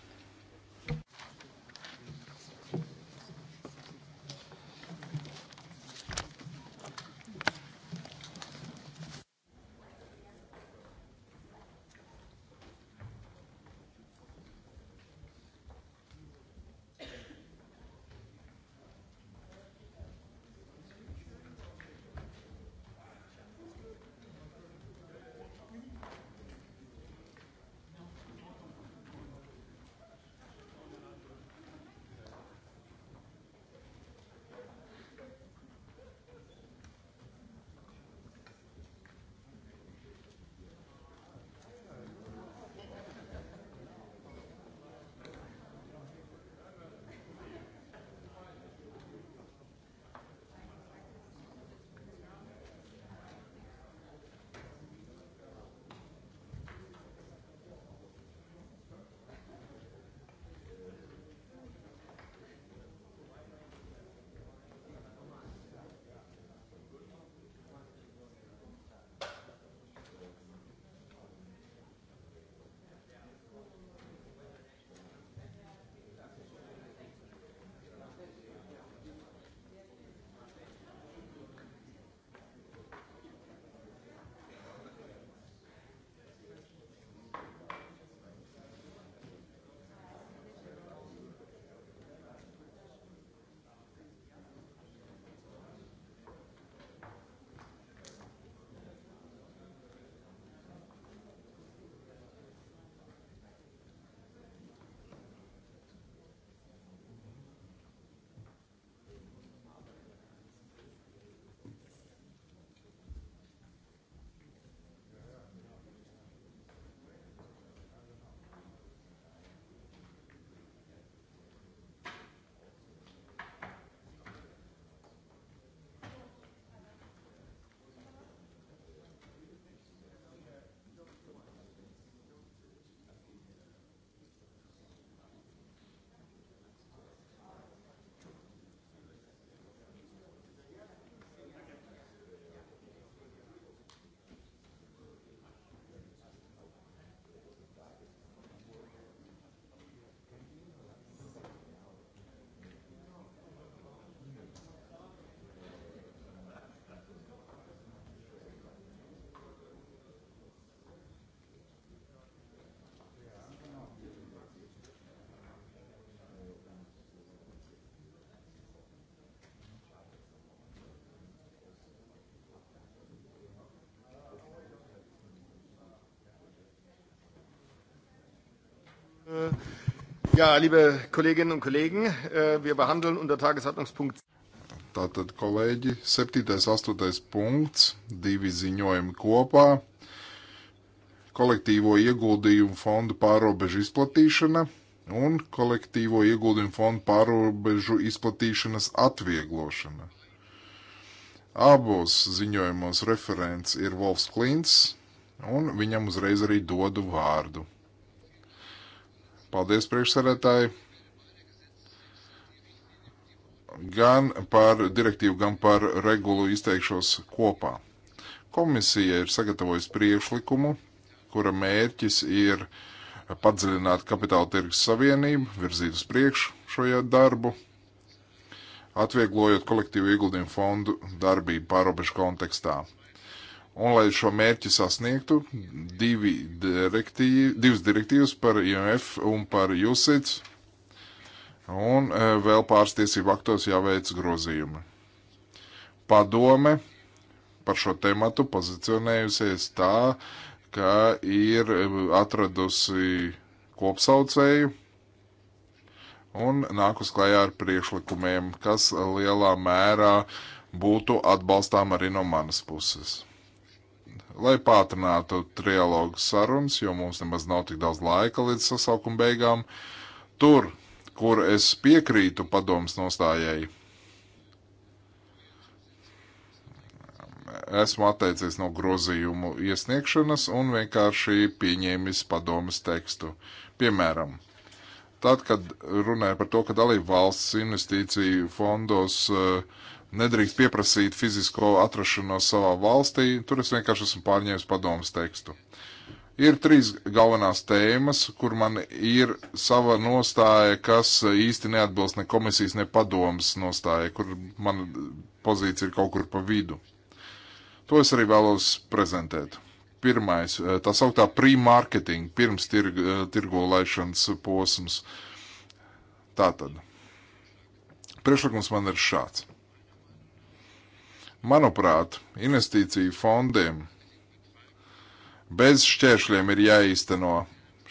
Speaker 1: Äh, ja, liebe Kolleginnen und Kollegen, äh, wir behandeln unter Tagesordnungspunkt.
Speaker 2: Tātad, kolēģi, 7. un 8. punkts, divi ziņojumi kopā kolektīvo ieguldījumu fondu pārobežu izplatīšana un kolektīvo ieguldījumu fondu pārobežu izplatīšanas atvieglošana. Abos ziņojumos referents ir Wolfs Klints, un viņam uzreiz arī dodu vārdu. Paldies priekšsarētāji. Gan par direktīvu, gan par regulu izteikšos kopā. Komisija ir sagatavojusi priekšlikumu, kura mērķis ir padziļināt kapitāla tirgus savienību, virzīt uz priekšu šajā darbu, atvieglojot kolektīvu ieguldījumu fondu darbību pārobežu kontekstā. Un, lai šo mērķi sasniegtu, divi direktīvi, divas direktīvas par IMF un par USITS, un e, vēl pāris tiesību aktos jāveic grozījumi. Padome par šo tematu pozicionējusies tā, ka ir e, atradusi kopsaucēju un nākus klajā ar priekšlikumiem, kas lielā mērā būtu atbalstām arī no manas puses lai pātrinātu trialogu sarunas, jo mums nemaz nav tik daudz laika līdz sasaukuma beigām. Tur, kur es piekrītu padomus nostājai, esmu atteicies no grozījumu iesniegšanas un vienkārši pieņēmis padomus tekstu. Piemēram, tad, kad runāja par to, ka dalību valsts investīciju fondos uh, nedrīkst pieprasīt fizisko atrašanos savā valstī, tur es vienkārši esmu pārņēmis padomus tekstu. Ir trīs galvenās tēmas, kur man ir sava nostāja, kas īsti neatbilst ne komisijas, ne padomas nostāja, kur man pozīcija ir kaut kur pa vidu. To es arī vēlos prezentēt. Pirmais, eh, tā sauktā pre-marketing, pirms tirg, eh, tirgo laišanas posms. Tātad, priekšlikums man ir šāds Manuprāt, investīciju fondiem bez šķēršļiem ir jāīsteno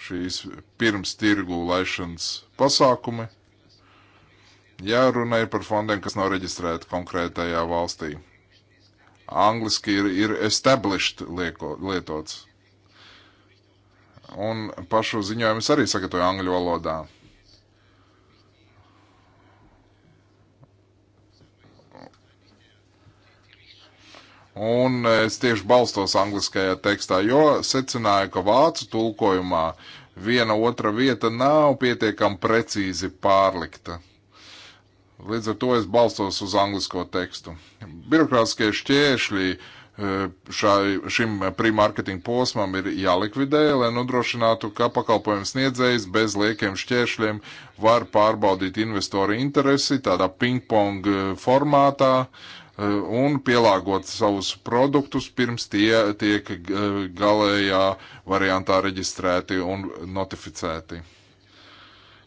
Speaker 2: šīs pirms tirgu laišanas pasākumi, ja runa ir par fondiem, kas nav reģistrēti konkrētajā valstī. Angliski ir, ir established lieko, lietots. Un pašu ziņojumus arī sagatavoju angļu valodā. un es tieši balstos angliskajā tekstā, jo secināju, ka vācu tulkojumā viena otra vieta nav pietiekami precīzi pārlikta. Līdz ar to es balstos uz anglisko tekstu. Birokrātiskie šķēršļi e, šā, šim pre-marketing posmam ir jālikvidē, lai nodrošinātu, ka pakalpojums sniedzējs bez liekiem šķēršļiem var pārbaudīt investoru interesi tādā ping-pong e, formātā, uh, Eh, un pielāgot savus produktus pirms tie tiek eh, galējā variantā reģistrēti un notificēti.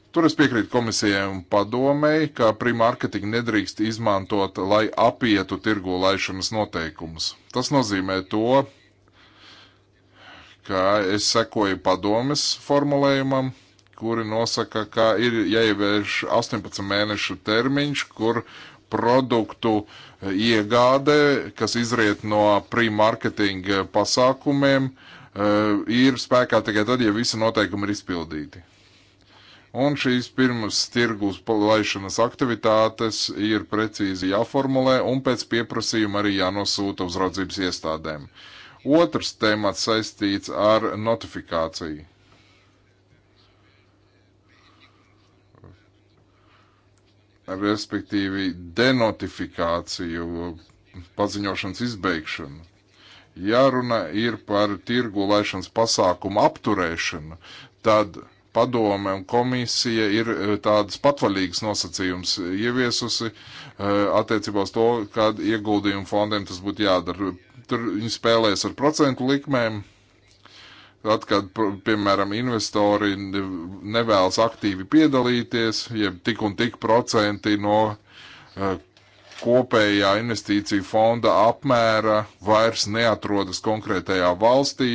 Speaker 2: Tur es piekrītu komisijai un padomēji, ka primārketingu nedrīkst izmantot, lai apietu tirgu laišanas noteikumus. Tas nozīmē to, ka es sekoju padomes formulējumam, kuri nosaka, ka ir jāievērš 18 mēnešu termiņš, kur produktu uh, iegāde, kas izriet no pre-marketinga pasākumiem, eh, ir spēkā tikai tad, ja visi noteikumi ir izpildīti. Un šīs pirmas tirgus palaišanas aktivitātes ir precīzi jāformulē un pēc pieprasījuma arī jānosūta uzraudzības iestādēm. Otrs temats saistīts ar notifikāciju. respektīvi denotifikāciju, paziņošanas izbeigšanu. Jārunā ir par tirgu laišanas pasākumu apturēšanu, tad padome un komisija ir eh, tādas patvaļīgas nosacījums ieviesusi eh, attiecībā uz to, kad ieguldījumu fondiem tas būtu jādara. Tur viņi spēlēs ar procentu likmēm, Tad, kad, piemēram, investori nevēlas aktīvi piedalīties, jeb tik un tik procenti no uh, kopējā investīcija fonda apmēra vairs neatrodas konkrētajā valstī,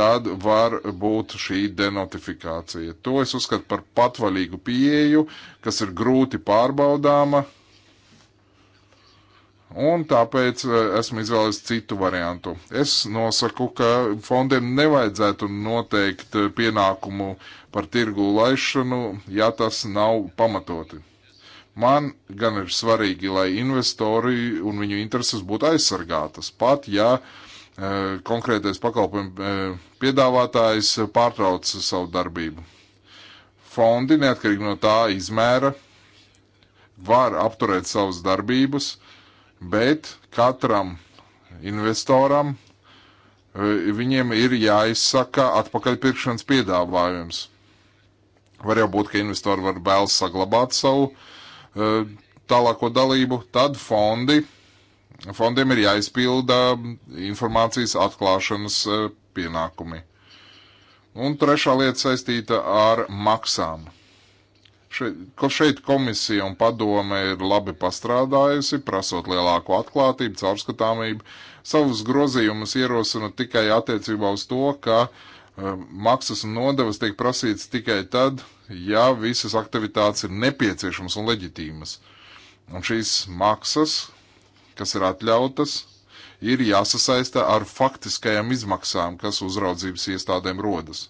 Speaker 2: tad var būt šī denotifikācija. To es uzskatu par patvaļīgu pieeju, kas ir grūti pārbaudāma Un tāpēc eh, esmu izvēlējis citu variantu. Es nosaku, ka fondiem nevajadzētu noteikt eh, pienākumu par tirgu laišanu, ja tas nav pamatoti. Man gan ir svarīgi, lai investori un viņu intereses būtu aizsargātas, pat ja e, konkrētais pakalpojumu e, piedāvātājs pārtrauc savu darbību. Fondi, neatkarīgi no tā izmēra, var apturēt savas darbības bet katram investoram eh, viņiem ir jāizsaka atpakaļpirkšanas piedāvājums. Var jau būt, ka investori var vēlas saglabāt savu eh, tālāko dalību, tad fondi, fondiem ir jāizpilda informācijas atklāšanas eh, pienākumi. Un trešā lieta saistīta ar maksām. Ko šeit komisija un padome ir labi pastrādājusi, prasot lielāku atklātību, caurskatāmību. Savus grozījumus ierosina tikai attiecībā uz to, ka um, maksas un nodevas tiek prasītas tikai tad, ja visas aktivitātes ir nepieciešamas un leģitīmas. Un šīs maksas, kas ir atļautas, ir jāsasaista ar faktiskajām izmaksām, kas uzraudzības iestādēm rodas.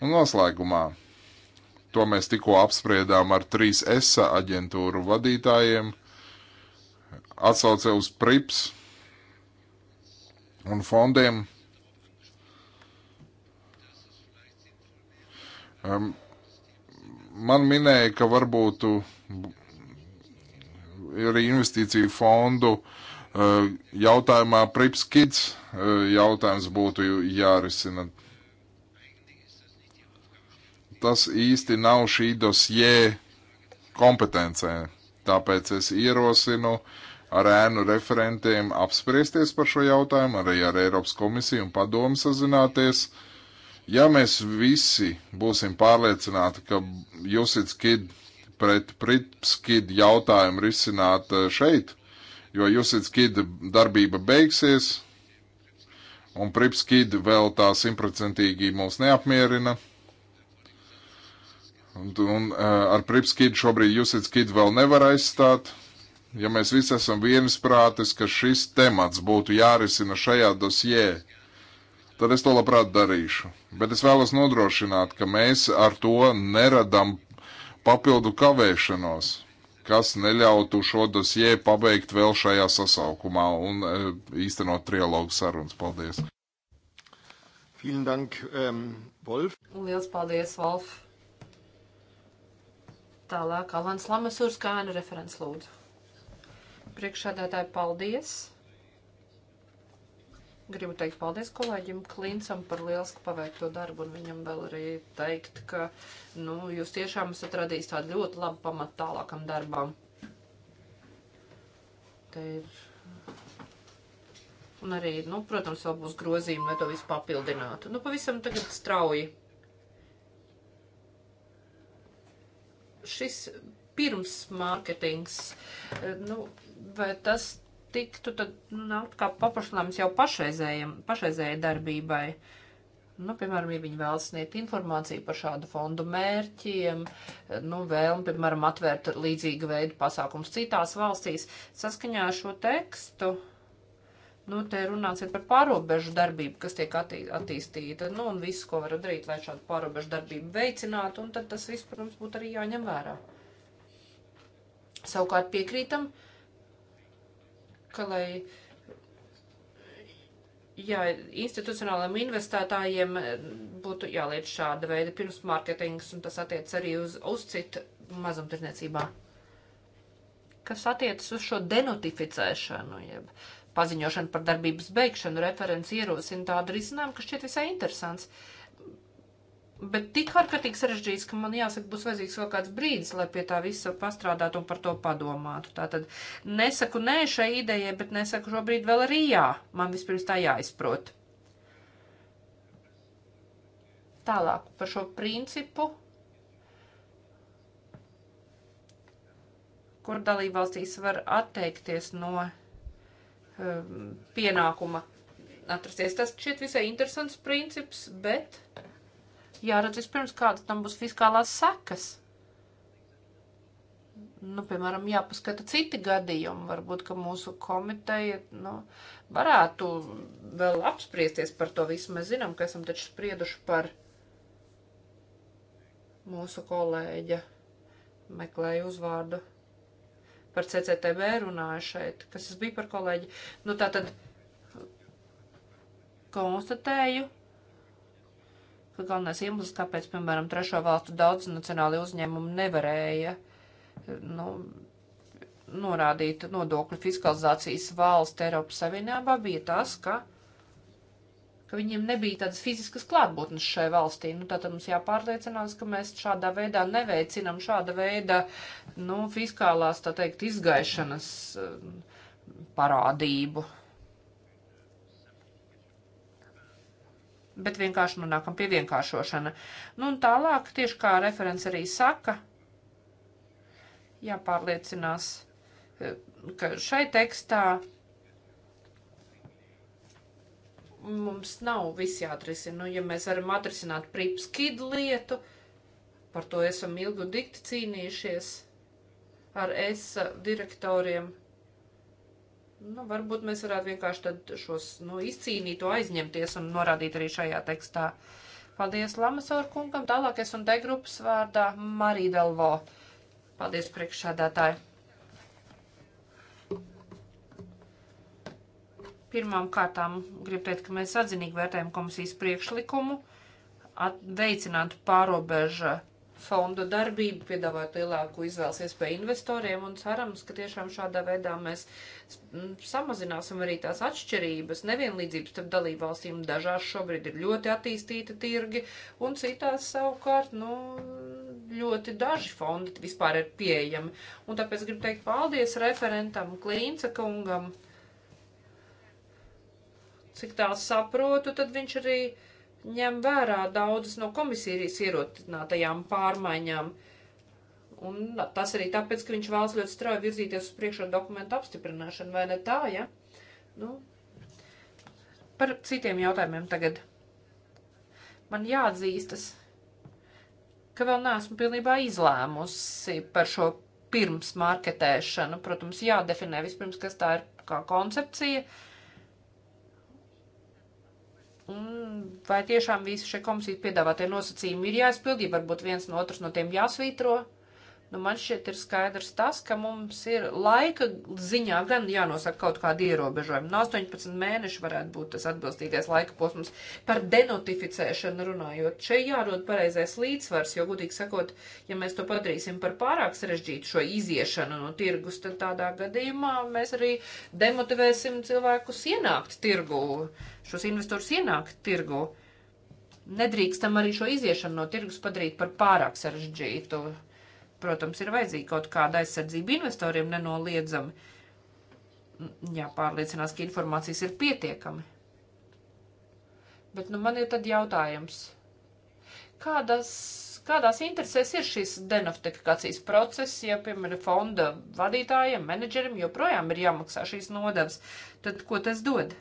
Speaker 2: Un noslēgumā To mēs tikko apspriedām ar 3S aģentūru vadītājiem. Atsauce uz PRIPS un fondiem. Um, man minēja, ka varbūt arī eh, investīciju fondu uh, jautājumā PRIPS kids uh, jautājums būtu jārisina tas īsti nav šī dosjē kompetencē. Tāpēc es ierosinu ar ēnu referentiem apspriesties par šo jautājumu, arī ar Eiropas komisiju un padomu sazināties. Ja mēs visi būsim pārliecināti, ka Jusits Kid pret Pritskid jautājumu risināt eh, šeit, jo Jusits Kid darbība beigsies, un Pripskid vēl tā simtprocentīgi mūs neapmierina – Un, un eh, ar Pripskīdu šobrīd Jusits Kidu vēl nevar aizstāt? Ja mēs visi esam viensprātis, ka šis temats būtu jārisina šajā dosjē, tad es to labprāt darīšu. Bet es vēlos nodrošināt, ka mēs ar to neradam papildu kavēšanos, kas neļautu šo dosjē pabeigt vēl šajā sasaukumā un e, īstenot trialogu sarunas. Paldies!
Speaker 1: Vielen Dank, um, Wolf. Liels paldies, Wolf! Tālāk Alans Lamasūrs kā nu referents lūdzu. Priekšādātāji, paldies! Gribu teikt paldies kolēģim Klinsam par lielisku paveikto darbu un viņam vēl arī teikt, ka nu, jūs tiešām esat radījis tādu ļoti labu pamatu tālākam darbam. Te ir Un arī, nu, protams, vēl būs grozījumi, lai to visu papildinātu. Nu, pavisam tagad strauji šis pirms mārketings, e, nu, vai tas tiktu tad, nu, nav kā paplašināms jau pašreizējai darbībai. Nu, piemēram, ja viņi vēlas sniegt informāciju par šādu fondu mērķiem, e, nu, vēlmi, piemēram, atvērt līdzīga veida pasākums citās valstīs, saskaņā ar šo tekstu Nu, te runāsiet par pārobežu darbību, kas tiek attī attīstīta, nu, un visu, ko var darīt, lai šādu pārobežu darbību veicinātu, un tad tas viss, protams, būtu arī jāņem vērā. Savukārt piekrītam, ka, lai jā, institucionāliem investētājiem eh, būtu jāliet šāda veida pirms mārketings, un tas attiec arī uz, uz citu mazumtirniecībā. Kas attiecas uz šo denotificēšanu, jeb. Ja paziņošanu par darbības beigšanu referents ierosina tādu risinājumu, kas šķiet visai interesants. Bet tik ārkārtīgi sarežģīts, ka man jāsaka, būs vajadzīgs vēl kāds brīdis, lai pie tā visa pastrādātu un par to padomātu. Tātad nesaku nē šai idejai, bet nesaku šobrīd vēl arī jā. Man vispirms tā jāizprot. Tālāk par šo principu, kur dalībvalstīs var atteikties no Ehm, pienākuma atrasties. Tas šķiet visai interesants princips, bet jāredz vispirms, kādas tam būs fiskālās sekas. Nu, piemēram, jāpaskata citi gadījumi. Varbūt, ka mūsu komiteja nu, varētu vēl apspriesties par to visu. Mēs zinām, ka esam taču sprieduši par mūsu kolēģa meklēju uzvārdu par CCTV runāju šeit, kas es biju par kolēģi. Nu, tā tad konstatēju, ka galvenais iemesls, kāpēc, piemēram, trešo valstu daudznacionāli uzņēmumi nevarēja, nu, norādīt nodokļu fiskalizācijas valsts Eiropas Savienībā, bija tas, ka ka viņiem nebija tādas fiziskas klātbūtnes šai valstī. Nu, tātad mums jāpārliecinās, ka mēs šādā veidā neveicinam šāda veida nu, fiskālās, tā teikt, izgaišanas um, parādību. Bet vienkārši nonākam pie vienkāršošana. Nu, un tālāk, tieši kā referents arī saka, jāpārliecinās, ka šai tekstā mums nav viss jāatrisina. Nu, ja mēs varam atrisināt pripskidu lietu, par to esam ilgu dikti cīnījušies ar ESA direktoriem. Nu, varbūt mēs varētu vienkārši tad šos nu, izcīnīto aizņemties un norādīt arī šajā tekstā. Paldies Lamasaur kungam, tālāk es un te grupas vārdā Marī Delvo. Paldies priekšsādātāji! Pirmām kārtām gribu teikt, ka mēs atzinīgi vērtējam komisijas priekšlikumu veicināt pārobeža fonda darbību, piedāvāt lielāku izvēles iespēju investoriem un cerams, ka tiešām šādā veidā mēs samazināsim arī tās atšķirības, nevienlīdzības starp dalībvalstīm. Dažās šobrīd ir ļoti attīstīti tirgi un citās savukārt, nu, ļoti daži fondi vispār ir pieejami. Un tāpēc gribu teikt paldies referentam Klīnca kungam Cik tā saprotu, tad viņš arī ņem vērā daudzas no komisijas ierotinātajām pārmaiņām. Un tas arī tāpēc, ka viņš vēlas ļoti strauji virzīties uz priekšu ar dokumentu apstiprināšanu, vai ne tā, ja? Nu, par citiem jautājumiem tagad. Man jāatzīstas, ka vēl neesmu pilnībā izlēmusi par šo pirms marketēšanu. Protams, jādefinē vispirms, kas tā ir kā koncepcija, uh, Un vai tiešām visi šie komisijas piedāvātie nosacījumi ir jāizpildīja, varbūt viens no otrs no tiem jāsvītro? Nu, man šķiet ir skaidrs tas, ka mums ir laika ziņā gan jānosaka kaut kādi ierobežojumi. No nu, 18 mēneši varētu būt tas atbilstīgais laika posms par denotificēšanu runājot. Šeit jārod pareizais līdzsvars, jo, gudīgi sakot, ja mēs to padarīsim par pārāk sarežģītu šo iziešanu no tirgus, tad tādā gadījumā mēs arī demotivēsim cilvēkus ienākt tirgu, šos investors ienākt tirgu. Nedrīkstam arī šo iziešanu no tirgus padarīt par pārāk sarežģītu Protams, ir vajadzīga kaut kāda aizsardzība investoriem nenoliedzami. Jāpārliecinās, ka informācijas ir pietiekami. Bet nu, man ir tad jautājums, kādas kādās interesēs ir šis denotifikācijas process, ja, piemēram, fonda vadītājiem, menedžerim joprojām ir jāmaksā šīs nodevas, tad ko tas dod?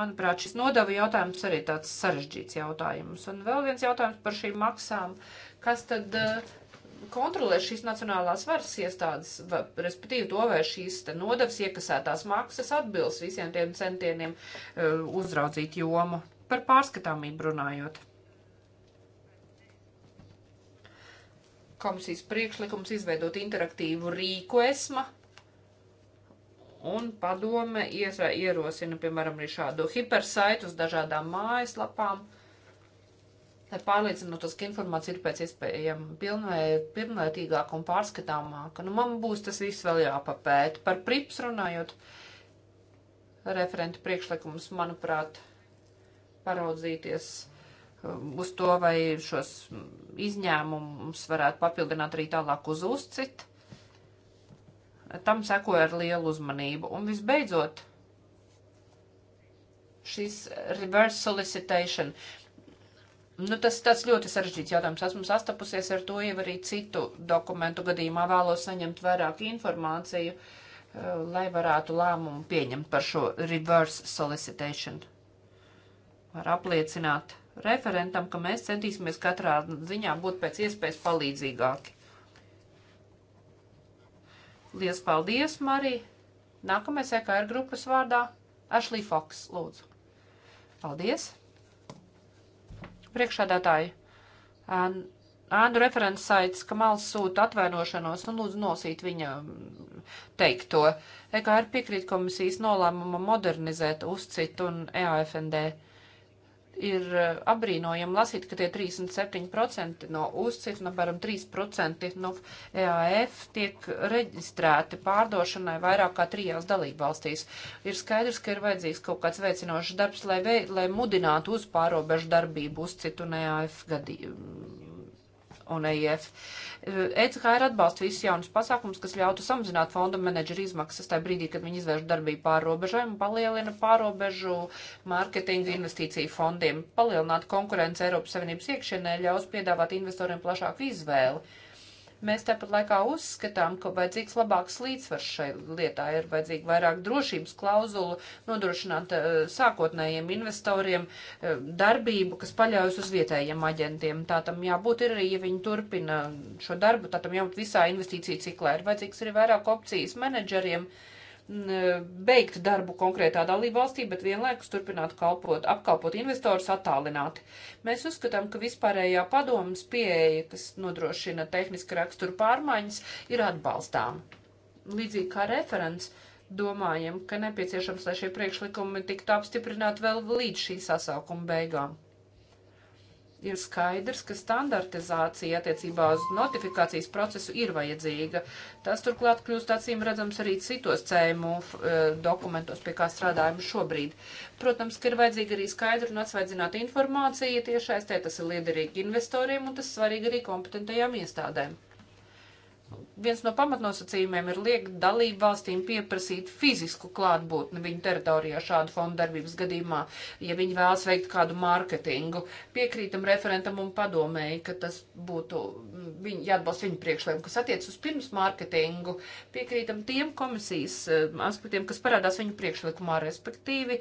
Speaker 1: Manuprāt, šis nodeva jautājums arī tāds sarežģīts jautājums. Un vēl viens jautājums par šīm maksām. Uh, kas tad eh, kontrolē šīs nacionālās varas iestādes, va, respektīvi to, vai šīs nodevs iekasētās maksas atbilst visiem tiem centieniem eh, uzraudzīt jomu par pārskatāmību runājot. Komisijas priekšlikums izveidot interaktīvu rīku esma un padome iesra, ierosina, piemēram, arī šādu hipersaitu uz dažādām mājaslapām. lapām lai pārliecinātos, ka informācija ir pēc iespējama pilnvērtīgāka un pārskatāmāka. Nu, man būs tas viss vēl jāpapēta. Par prips runājot, referenta priekšlikums, manuprāt, paraudzīties um, uz to, vai šos izņēmumus varētu papildināt arī tālāk uz uzcit. Tam sekoja ar lielu uzmanību. Un visbeidzot, šis reverse solicitation. Nu, tas tas ļoti sarežģīts jautājums. Esmu sastapusies ar to jau arī citu dokumentu gadījumā. Vēlos saņemt vairāk informāciju, eh, lai varētu lēmumu pieņemt par šo reverse solicitation. Var apliecināt referentam, ka mēs centīsimies katrā ziņā būt pēc iespējas palīdzīgāki. Lielas paldies, Marija! Nākamais EKR grupas vārdā Ashley Fox, lūdzu. Paldies! Priekšādātāji, Āndu referents saits, ka mals sūta atvainošanos un lūdzu nosīt viņa mm, teikto. EKR er piekrīt komisijas nolēmuma modernizēt uzcit un EAFND ir e, apbrīnojami lasīt, ka tie 37% no uzcif, no e apmēram 3% no EAF tiek reģistrēti pārdošanai vairāk kā trijās dalībvalstīs. Ir skaidrs, ka ir vajadzīgs kaut kāds veicinošs darbs, lai, vei, lai mudinātu uz pārobežu darbību uzcit un EAF gadījumu un EIF. ECH ir atbalsta visus jaunus pasākumus, kas ļautu samazināt fonda menedžera izmaksas tajā brīdī, kad viņi izvērš darbību pārobežojumu, palielina pārobežu mārketinga investīciju fondiem, palielināt konkurenci Eiropas Savienības iekšienē, ļaus piedāvāt investoriem plašāku izvēli Mēs tāpat laikā uzskatām, ka vajadzīgs labāks līdzsvars šai lietā, ir vajadzīgi vairāk drošības klauzulu, nodrošināt uh, sākotnējiem investoriem uh, darbību, kas paļaujas uz vietējiem aģentiem. Tā tam jābūt ir arī, ja viņi turpina šo darbu, tā tam jābūt visā investīcija ciklā. Ir vajadzīgs arī vairāk opcijas menedžeriem. Uh, beigt darbu konkrētā dalībvalstī, bet vienlaikus turpināt kalpot, apkalpot investorus attālināti. Mēs uzskatām, ka vispārējā padomas pieeja, kas nodrošina tehniska rakstura pārmaiņas, ir atbalstām. Līdzīgi kā referents, domājam, ka nepieciešams, lai šie priekšlikumi tiktu apstiprināti vēl līdz šī sasaukuma beigām ir skaidrs, ka standartizācija attiecībā uz notifikācijas procesu ir vajadzīga. Tas turklāt kļūst acīm redzams arī citos CMU e, dokumentos, pie kā strādājam šobrīd. Protams, ka ir vajadzīga arī skaidra un atsvaidzināta informācija tiešais, te tas ir liederīgi investoriem un tas svarīgi arī kompetentajām iestādēm viens no pamatnosacījumiem ir liek dalību valstīm pieprasīt fizisku klātbūtni viņu teritorijā šādu fondu darbības gadījumā, ja viņi vēlas veikt kādu mārketingu. Piekrītam referentam un padomēji, ka tas būtu mm, viņu, jāatbalsta viņu priekšlēmumu, kas attiec uz pirms mārketingu. Piekrītam tiem komisijas eh, aspektiem, kas parādās viņu priekšlikumā, respektīvi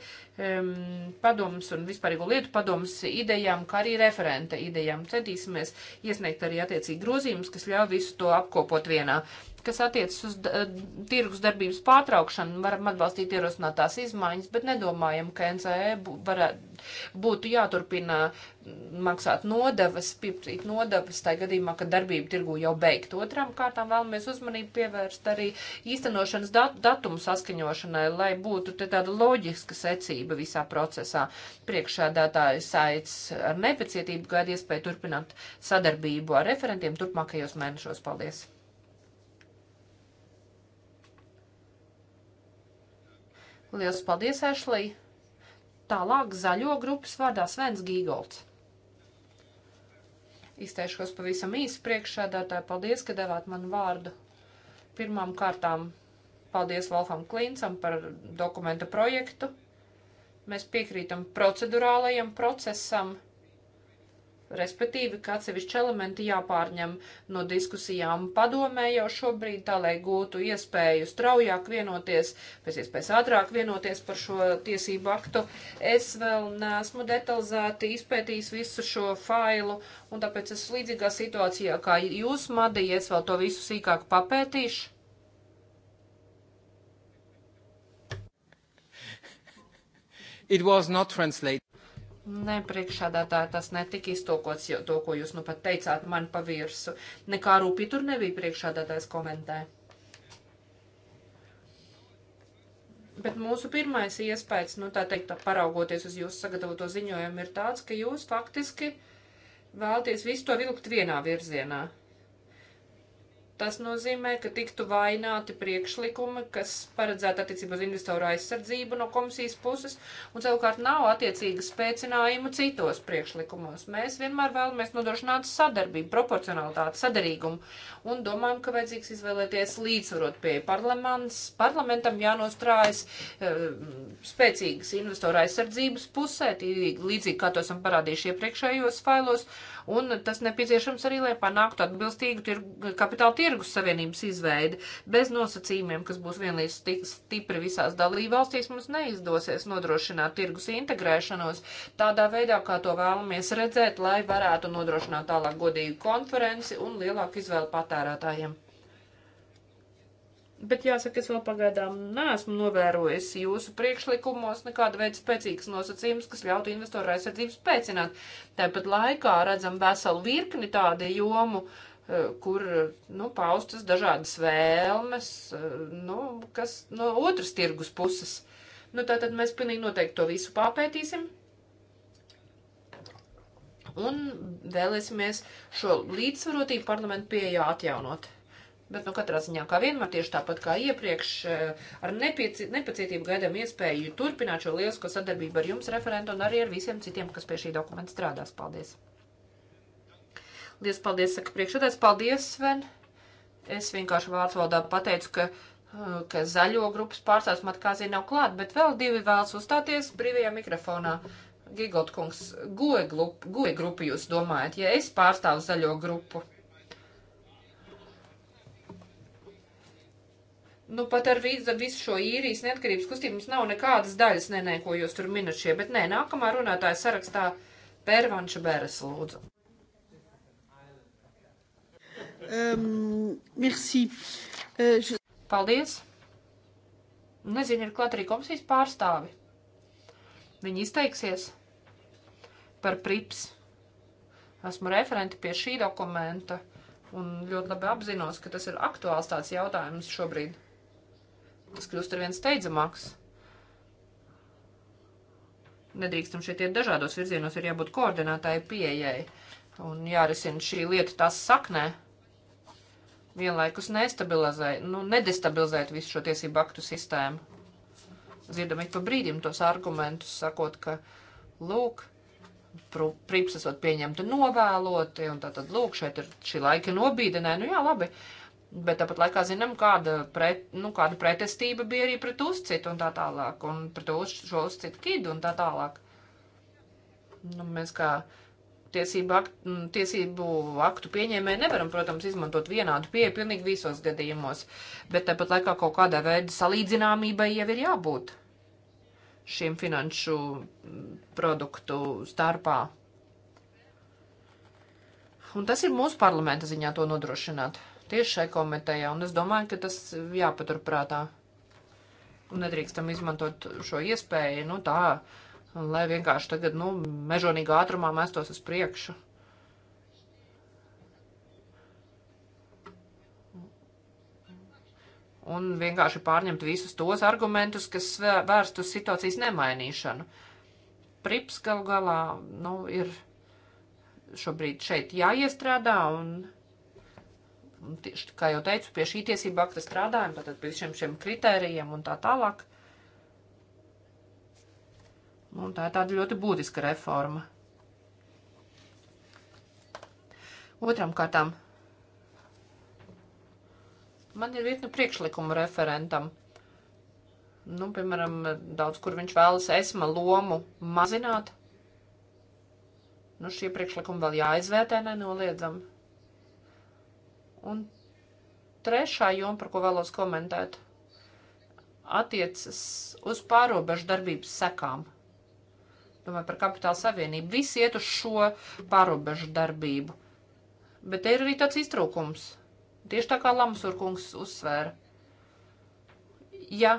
Speaker 1: padomus un vispārīgo lietu padomus idejām, kā arī referenta idejām. Centīsimies iesniegt arī attiecīgi grozījumus, kas ļauj visu to apkopot vienā dienā. Kas attiecas uz tirgus darbības pārtraukšanu, varam atbalstīt ierosinātās izmaiņas, bet nedomājam, ka NCE varētu, būtu jāturpina maksāt nodevas, pieprasīt nodevas, tā tai gadījumā, kad darbība tirgu jau beigta. Otram kārtām vēlamies uzmanību pievērst arī īstenošanas dat datumu saskaņošanai, lai būtu tāda loģiska secība visā procesā. Priekšādātājs aic ar nepacietību gaida iespēju turpināt sadarbību ar referentiem turpmākajos mēnešos. Paldies! Lielas paldies, Ešlī! Tālāk zaļo grupas vārdā Svens Gīgolds. Izteikšos pavisam īsi priekšsēdētāji. Paldies, ka devāt man vārdu. Pirmām kārtām paldies Valfam Klīncam par dokumenta projektu. Mēs piekrītam procedurālajam procesam respektīvi, ka atsevišķi elementi jāpārņem no diskusijām padomē jau šobrīd, tā lai gūtu iespēju straujāk vienoties, pēc iespējas ātrāk vienoties par šo tiesību aktu. Es vēl neesmu detalizēti izpētījis visu šo failu, un tāpēc es līdzīgā situācijā kā jūs, Madija, es vēl to visu sīkāk papētīšu.
Speaker 3: It was not translated.
Speaker 1: Nē, priekšādātāji, tas netika iztolkots to, ko jūs nu pat teicāt man pa virsu. Nekā rūpī tur nebija priekšādātājs komentē. Bet mūsu pirmais iespējas, nu tā teikt, paraugoties uz jūsu sagatavoto ziņojumu, ir tāds, ka jūs faktiski vēlaties visu to vilkt vienā virzienā. Tas nozīmē, ka tiktu vaināti priekšlikumi, kas paredzēta attiecībā uz investoru aizsardzību no komisijas puses, un savukārt nav attiecīga spēcinājuma citos priekšlikumos. Mēs vienmēr vēlamies nodrošināt sadarbību, proporcionalitāti, sadarīgumu, un domājam, ka vajadzīgs izvēlēties līdzsvarot pie parlaments. Parlamentam jānostrājas e, eh, spēcīgas investoru aizsardzības pusē, tī, līdzīgi kā to esam parādījuši iepriekšējos failos, un tas nepieciešams arī, lai panāktu atbilstīgu tirgu, kapitāla tirgus savienības izveidi. Bez nosacījumiem, kas būs vienlīdz stipri visās dalībvalstīs, mums neizdosies nodrošināt tirgus integrēšanos tādā veidā, kā to vēlamies redzēt, lai varētu nodrošināt tālāk godīgu konferenci un lielāku izvēlu patērētājiem. Bet jāsaka, es vēl pagaidām neesmu novērojis jūsu priekšlikumos nekādu veidu spēcīgas nosacījumus, kas ļautu investoru aizsardzību spēcināt. Tāpat laikā redzam veselu virkni tādu jomu, eh, kur nu, paustas dažādas vēlmes, eh, nu, kas no otras tirgus puses. Nu, tātad mēs pilnīgi noteikti to visu pārpētīsim. Un vēlēsimies šo līdzsvarotību parlamentu pieejā atjaunot. Bet, nu, katrā ziņā, kā vienmēr, tieši tāpat kā iepriekš, eh, ar nepacietību gaidām iespēju turpināt šo lielisko sadarbību ar jums, referentu, un arī ar visiem citiem, kas pie šī dokumenta strādās. Paldies! Liels paldies, saka priekšsēdētājs. Paldies, Sven! Es vienkārši vārds valdā pateicu, ka eh, ka zaļo grupas pārstāvs Matkāzī nav klāt, bet vēl divi vēlas uzstāties brīvajā mikrofonā. Gigot kungs, goja grupu jūs domājat, ja es pārstāvu zaļo grupu? Nu, pat ar visu, visu šo īrijas neatkarības kustību mums nav nekādas daļas, nē, nē, ko jūs tur minat šie, bet nē, nākamā runātāja sarakstā Pērvanša Bēres lūdzu. Um, merci. Uh, je... Paldies. Nezinu, ir klāt arī komisijas pārstāvi. Viņi izteiksies par prips. Esmu referenti pie šī dokumenta un ļoti labi apzinos, ka tas ir aktuāls tāds jautājums šobrīd tas kļūst ar vien steidzamāks. Nedrīkstam šeit iet dažādos virzienos, ir jābūt koordinātāji pieejai un jārisina šī lieta tās saknē. Vienlaikus nestabilizēt, nu, nedestabilizēt visu šo tiesību aktu sistēmu. Dzirdam ik pa brīdim tos argumentus, sakot, ka, lūk, prips esot pieņemta novēloti, un tātad, lūk, šeit ir šī laika nobīdenē, nu jā, labi, uh, Bet tāpat laikā zinām, kāda, pret, nu, kāda pretestība bija arī pret uzcitu un tā tālāk, un pret uz, šo uzcitu kidu un tā tālāk. Nu, mēs kā tiesību, akt, tiesību aktu pieņēmēji nevaram, protams, izmantot vienādu pieeju pilnīgi visos gadījumos, bet tāpat laikā kaut kādā veidā salīdzināmībai jau ir jābūt šiem finanšu produktu starpā. Un tas ir mūsu parlamenta ziņā to nodrošināt tieši šai komitejā, un es domāju, ka tas jāpaturprātā. Nedrīkstam izmantot šo iespēju, nu tā, lai vienkārši tagad, nu, mežonīgā ātrumā mēstos uz priekšu. Un vienkārši pārņemt visus tos argumentus, kas vērst uz situācijas nemainīšanu. Prips galu galā, nu, ir šobrīd šeit jāiestrādā un tieši, kā jau teicu, pie šī tiesība akta strādājam, tātad pie visiem šiem kritērijiem un tā tālāk. Un tā ir tāda ļoti būtiska reforma. Otram kārtām. Man ir virkni priekšlikumu referentam. Nu, piemēram, daudz, kur viņš vēlas esma lomu mazināt. Nu, šie priekšlikumi vēl jāizvērtē nenoliedzami. Un trešā joma, par ko vēlos komentēt, attiecas uz pārobežu darbības sekām. Domāju par kapitāla savienību. Visi iet uz šo pārobežu darbību. Bet te ir arī tāds iztrūkums. Tieši tā kā Lamsurkungs uzsvēra. Ja,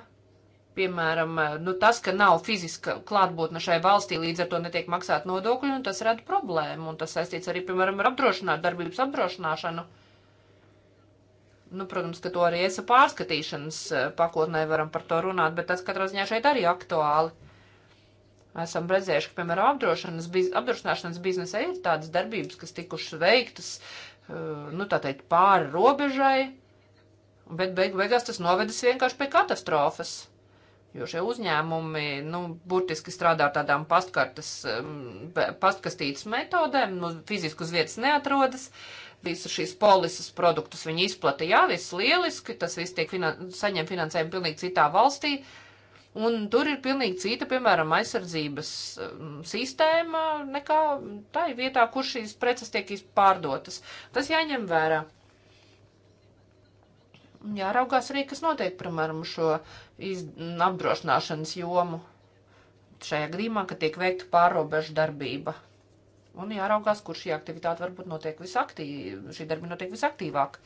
Speaker 1: piemēram, nu tas, ka nav fiziska klātbūtne šai valstī, līdz ar to netiek maksāt nodokļi, un tas rada problēmu, un tas saistīts arī, piemēram, ar apdrošināšanu, darbības apdrošināšanu. Uh, Nu, protams, ka to arī ESA pārskatīšanas eh, pakotnē varam par to runāt, bet tas katrā ziņā šeit arī aktuāli. Esam redzējuši, ka, piemēram, biz, apdrošināšanas biznesē ir tādas darbības, kas tikušas veiktas, eh, nu, tā teikt, pāri robežai, bet beig beigās tas novedis vienkārši pie katastrofas. Jo šie uzņēmumi, nu, burtiski strādā ar tādām pastkartes, eh, pastkastītas metodēm, nu, fiziski uz vietas neatrodas, uh, visu šīs polises produktus viņi izplata. Jā, viss lieliski, tas viss tiek finan saņem finansējumu pilnīgi citā valstī. Un tur ir pilnīgi cita, piemēram, aizsardzības um, sistēma nekā tā tai vietā, kur šīs preces tiek pārdotas. Tas jāņem vērā. Jāraugās arī, kas notiek, piemēram, šo iz, apdrošināšanas jomu. Šajā gadījumā, ka tiek veikta pārobežu darbība, un jāraugās, kur šī aktivitāte varbūt notiek visaktīvāk, šī darbi notiek visaktīvāk.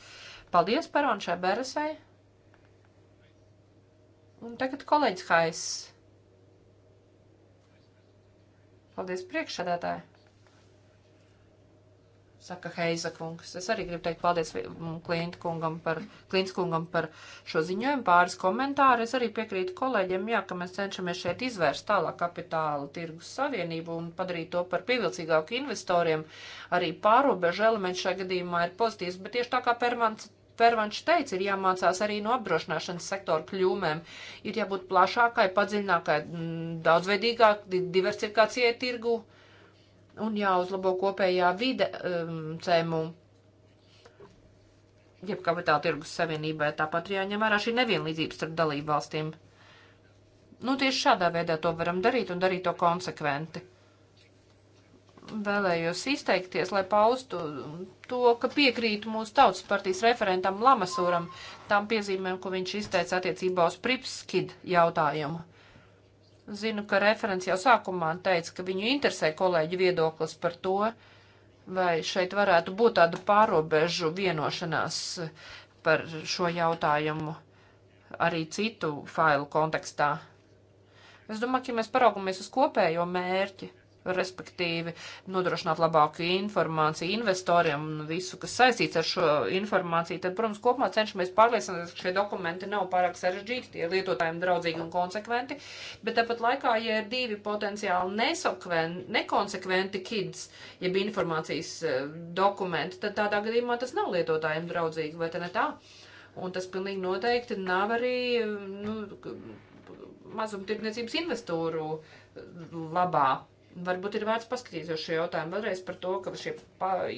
Speaker 1: Paldies par Anšai Beresai. Un tagad kolēģis Hais. Paldies priekšsēdētāji saka Heiza kungs. Es arī gribu teikt paldies klientu kungam par, klientu kungam par šo ziņojumu, pāris komentāru. Es arī piekrītu kolēģiem, jā, ka mēs cenšamies šeit izvērst tālāk kapitāla tirgus savienību un padarīt to par pievilcīgāku investoriem. Arī pārobežu elements šajā gadījumā ir pozitīvs, bet tieši tā kā permants. Pervanš teica, ir jāmācās arī no apdrošināšanas sektora kļūmēm. Ir jābūt plašākai, padziļinākai, daudzveidīgākai diversifikācijai tirgu, uh, un jāuzlabo kopējā vide um, cēmumu jeb kapitāla tirgus savienībai, tāpat arī jāņem vērā šī nevienlīdzība starp dalību valstīm. Nu, tieši šādā veidā to varam darīt un darīt to konsekventi. Vēlējos izteikties, lai paustu to, ka piekrītu mūsu tautas partijas referentam Lamasūram tām piezīmēm, ko viņš izteica attiecībā uz Pripskid jautājumu. Zinu, ka referents jau sākumā teica, ka viņu interesē kolēģi viedoklis par to, vai šeit varētu būt tāda pārobežu vienošanās par šo jautājumu arī citu failu kontekstā. Es domāju, ka ja mēs paraugamies uz kopējo mērķi respektīvi nodrošināt labāku informāciju investoriem un visu, kas saistīts ar šo informāciju, tad, protams, kopumā cenšamies pārliecināties, ka šie dokumenti nav pārāk sarežģīti, tie lietotājiem draudzīgi un konsekventi, bet tāpat laikā, ja ir divi potenciāli nekonsekventi kids, jeb informācijas e, dokumenti, tad tādā gadījumā tas nav lietotājiem draudzīgi, vai te ne tā? Un tas pilnīgi noteikti nav arī nu, mazumtirdzniecības investoru labā. Varbūt ir vērts paskatīties uz šo jautājumu vēlreiz par to, ka šie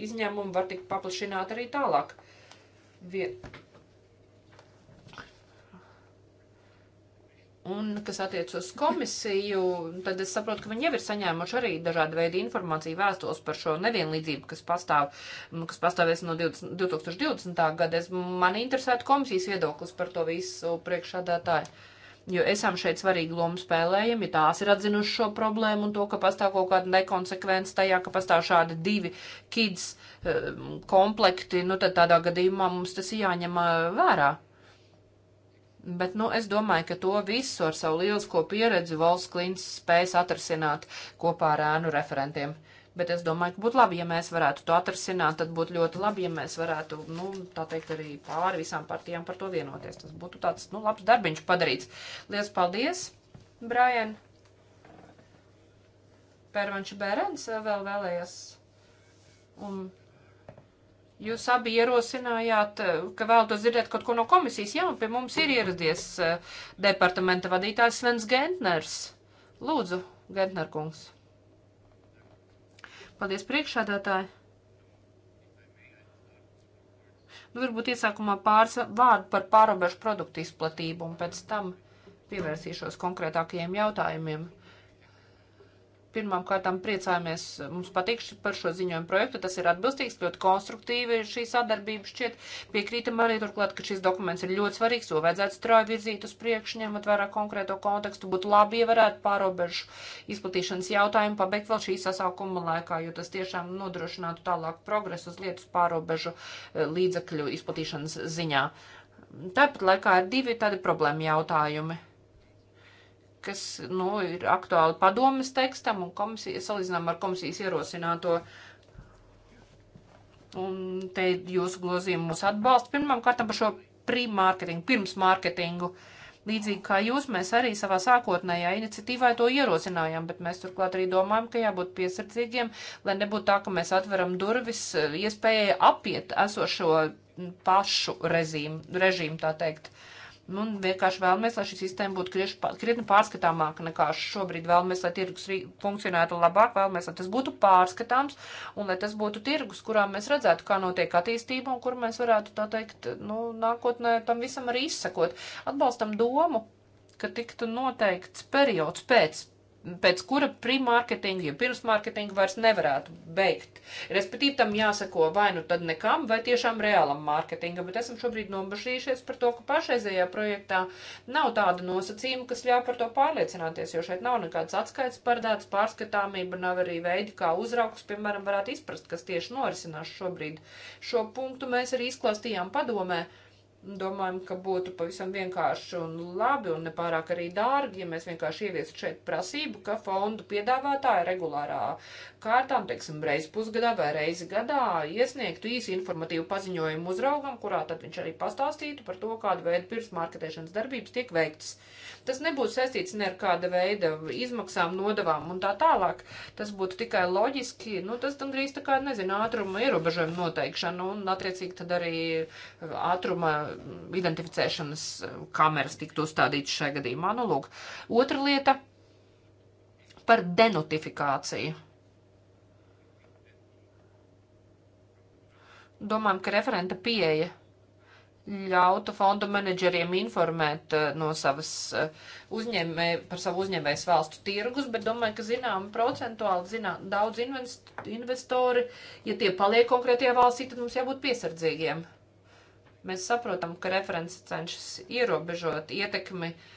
Speaker 1: izņēmumi var tikt paplašināti arī tālāk. Vie... Un, kas attiec uz komisiju, tad es saprotu, ka viņi jau ir saņēmuši arī dažādu veidu informāciju vēstules par šo nevienlīdzību, kas pastāv, kas pastāvēs no 20, 2020. gada. Es, man interesētu komisijas viedoklis par to visu priekšādātāju jo esam šeit svarīgu lomu spēlējami, tās ir atzinuši šo problēmu un to, ka pastāv kaut kāda nekonsekvence tajā, ka pastāv šādi divi kids um, komplekti, nu tad tādā gadījumā mums tas jāņem uh, vērā. Bet, nu, es domāju, ka to visu ar savu lielisko pieredzi valsts klīns spējas atrasināt kopā ar ēnu referentiem. Uh, Bet es domāju, ka būtu labi, ja mēs varētu to atrasināt, tad būtu ļoti labi, ja mēs varētu, nu, tā teikt, arī pāri visām partijām par to vienoties. Tas būtu tāds, nu, labs darbiņš padarīts. Lielas paldies, Brian! Pērvanš Bērens eh, vēl vēlējās. Un jūs abi ierosinājāt, eh, ka vēlatos dzirdēt kaut ko no komisijas. Jā, pie mums ir ieradies eh, departamenta vadītājs Svens Gentners. Lūdzu, Gentner kungs. Paldies priekšādātāji. Nu, varbūt iesākumā pāris vārdu par pārobežu produktu izplatību un pēc tam pievērsīšos konkrētākajiem jautājumiem. Uh, pirmām kārtām priecājamies, mums patīk par šo ziņojumu projektu, tas ir atbilstīgs, ļoti konstruktīvi šī sadarbība šķiet. Piekrītam arī turklāt, ka šis dokuments ir ļoti svarīgs, to vajadzētu strauji virzīt uz priekšu, ņemot vērā konkrēto kontekstu, būtu labi, ja varētu pārobežu izplatīšanas jautājumu pabeigt vēl šī sasaukuma laikā, jo tas tiešām nodrošinātu tālāk progresu uz lietas pārobežu eh, līdzakļu izplatīšanas ziņā. Tāpat laikā ir divi tādi problēma jautājumi kas nu, ir aktuāli padomas tekstam un komisija, salīdzinām ar komisijas ierosināto. Un te jūsu grozījumi mūs atbalsta pirmām kārtām par šo pre-marketingu, pirms mārketingu. Līdzīgi kā jūs, mēs arī savā sākotnējā iniciatīvā to ierosinājām, bet mēs turklāt arī domājam, ka jābūt piesardzīgiem, lai nebūtu tā, ka mēs atveram durvis eh, iespējai apiet esošo pašu režīmu, režīmu tā teikt. Nu, un vienkārši vēlamies, lai šī sistēma būtu krietni pārskatāmāka nekā šobrīd. Vēlamies, lai tirgus funkcionētu labāk, vēlamies, lai tas būtu pārskatāms un lai tas būtu tirgus, kurā mēs redzētu, kā notiek attīstība un kur mēs varētu, tā teikt, nu, nākotnē tam visam arī izsekot. Atbalstam domu, ka tiktu noteikts periods pēc pēc kura pre-marketinga, ja pirms marketinga vairs nevarētu beigt. Respektīvi tam jāsako vai nu tad nekam, vai tiešām reālam mārketingam, bet esam šobrīd nobažījušies par to, ka pašreizējā projektā nav tāda nosacījuma, kas ļauj par to pārliecināties, jo šeit nav nekāds atskaits paredzēts, pārskatāmība nav arī veidi, kā uzraugs, piemēram, varētu izprast, kas tieši norisinās šobrīd. Šo punktu mēs arī izklāstījām padomē domājam, ka būtu pavisam vienkārši un labi un nepārāk arī dārgi, ja mēs vienkārši ieviestu šeit prasību, ka fondu piedāvātāja regulārā kārtām, teiksim, reiz pusgadā vai reizi gadā iesniegtu īsi informatīvu paziņojumu uzraugam, kurā tad viņš arī pastāstītu par to, kāda veida pirmsmarketēšanas darbības tiek veiktas. Tas nebūs saistīts ne ar kāda veida izmaksām, nodavām un tā tālāk. Tas būtu tikai loģiski, nu tas tam drīz tā kā, nezinu, ātruma ierobežojuma noteikšana un attiecīgi tad arī ātruma identificēšanas eh, kameras tiktu uzstādītas šajā gadījumā. Nu, lūk. Otra lieta par denotifikāciju. Domājam, ka referenta pieeja ļautu fondu menedžeriem informēt eh, no savas eh, uzņēmē, par savu uzņēmējas valstu tirgus, bet domāju, ka zinām procentuāli, zinām, daudz investori, ja tie paliek konkrētajā valstī, tad mums jābūt piesardzīgiem. Mēs saprotam, ka referents cenšas ierobežot ietekmi uh,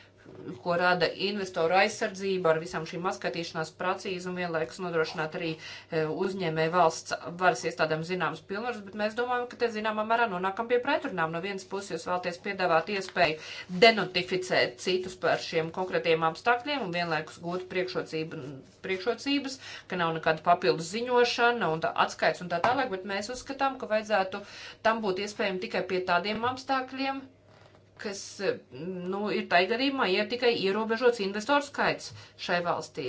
Speaker 1: ko rada investoru aizsardzība ar visām šīm atskaitīšanās pracīs un vienlaikus nodrošināt arī e, uzņēmēju valsts varas iestādēm zināmas pilnvaras, bet mēs domājam, ka te zināmā mērā nonākam pie pretrunām. No vienas puses jūs vēlaties piedāvāt iespēju denotificēt citus par šiem konkrētiem apstākļiem un vienlaikus gūt priekšrocības, ka nav nekāda papildus ziņošana un atskaits un tā tālāk, bet mēs uzskatām, ka vajadzētu tam būt iespējami tikai pie tādiem apstākļiem, kas, nu, ir tai gadījumā ir tikai ierobežots investoru skaits šai valstī.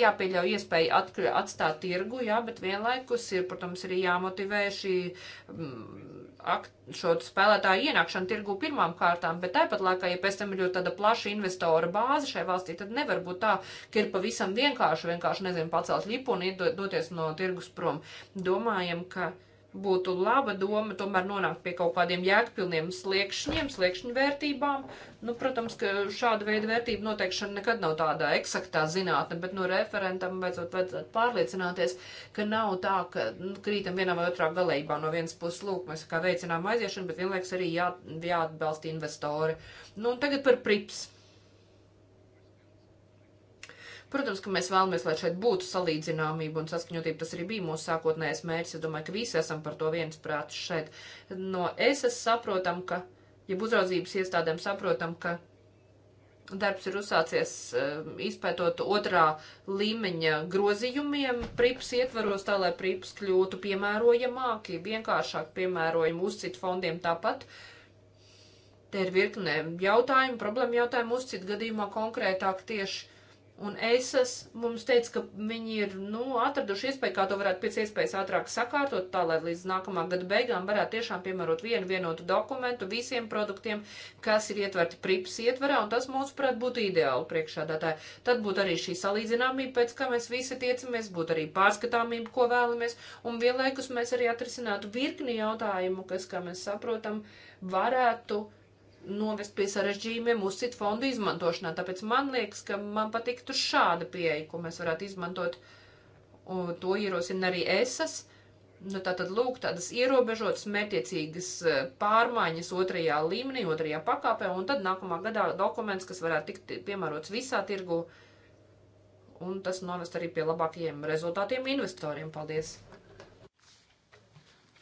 Speaker 1: Jāpieļauj iespēja atkļu, atstāt tirgu, jā, bet vienlaikus ir, protams, arī jāmotivē šī mm, akt, šo spēlētāju ienākšanu tirgu pirmām kārtām, bet tāpat laikā, ja pēc tam ir ļoti tāda plaša investora bāze šai valstī, tad nevar būt tā, ka ir pavisam vienkārši, vienkārši, nezinu, pacelt lipu un doties no tirgus prom. Domājam, ka būtu laba doma tomēr nonākt pie kaut kādiem jēgpilniem sliekšņiem, sliekšņu vērtībām. Nu, protams, ka šāda veida vērtība noteikšana nekad nav tādā eksaktā zinātne, bet no referentam vajadzot, vajadzētu pārliecināties, ka nav tā, ka nu, krītam vienā vai otrā galējībā no vienas puses lūk, mēs kā veicinām aiziešanu, bet vienlaiks arī jā, jāatbalsta investori. Nu, un tagad par prips. Protams, ka mēs vēlamies, lai šeit būtu salīdzināmība un saskaņotība. Tas arī bija mūsu sākotnējais mērķis. Es domāju, ka visi esam par to viensprātis šeit. No es es saprotam, ka, ja uzraudzības iestādēm saprotam, ka darbs ir uzsācies um, izpētot otrā līmeņa grozījumiem prips ietvaros, tā lai prips kļūtu piemērojamāki, vienkāršāk piemērojami uz citu fondiem tāpat. Te ir virkne jautājumu, problēma jautājumu uzcīt gadījumā konkrētāk tieši Un ESAS mums teica, ka viņi ir nu, atraduši iespēju, kā to varētu pēc iespējas ātrāk sakārtot, tā lai līdz nākamā gada beigām varētu tiešām piemērot vienu vienotu dokumentu visiem produktiem, kas ir ietverti prips ietverā, un tas mums, prāt, būtu ideāli priekšādātāji. Tad būtu arī šī salīdzināmība, pēc kā mēs visi tiecamies, būtu arī pārskatāmība, ko vēlamies, un vienlaikus mēs arī atrisinātu virkni jautājumu, kas, kā mēs saprotam, varētu būt novest pie sarežģījumiem uzsit fondu izmantošanā. Tāpēc man liekas, ka man patiktu šāda pieeja, ko mēs varētu izmantot. Un to ierosina arī ESAS. Nu, tā tad lūk, tādas ierobežotas, mērķiecīgas eh, pārmaiņas otrajā līmenī, otrajā pakāpē, un tad nākamā gadā dokuments, kas varētu tikt piemērots visā tirgu, un tas novest arī pie labākajiem rezultātiem investoriem. Paldies!